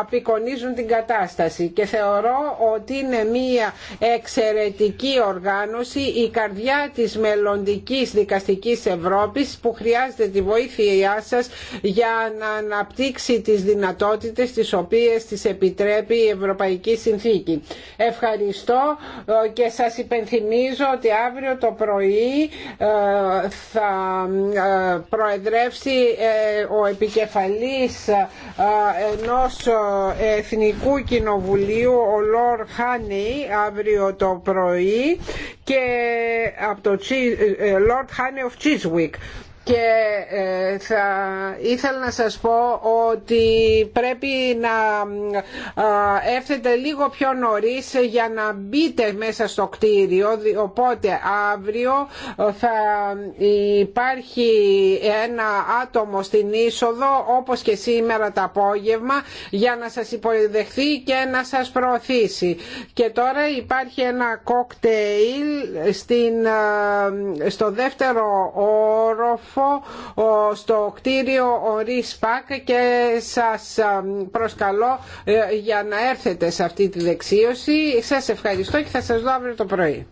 απεικονίζουν την κατάσταση και θεωρώ ότι είναι μία εξαιρετική οργάνωση η καρδιά της μελλοντική δικαστικής Ευρώπης που χρειάζεται τη βοήθειά σας για να αναπτύξει τις δυνατότητες τις οποίες της επιτρέπει η Ευρωπαϊκή Συνθήκη. Ευχαριστώ ε, και σας υπενθυμίζω ότι αύριο το πρωί ε, θα ε, προεδρεύσει ο επικεφαλής ενός εθνικού κοινοβουλίου Κοινοβουλίου ο Λόρ Χάνι αύριο το πρωί και από το Λόρ ε, Χάνι of Chiswick και ε, θα ήθελα να σας πω ότι πρέπει να ε, έρθετε λίγο πιο νωρίς για να μπείτε μέσα στο κτίριο οπότε αύριο ε, θα υπάρχει ένα άτομο στην είσοδο όπως και σήμερα το απόγευμα για να σας υποδεχθεί και να σας προωθήσει και τώρα υπάρχει ένα κόκτειλ στην, στο δεύτερο όροφο στο κτίριο ΡΙΣΠΑΚ και σας προσκαλώ ε, για να έρθετε σε αυτή τη δεξίωση. Σας ευχαριστώ και θα σας δω αύριο το πρωί.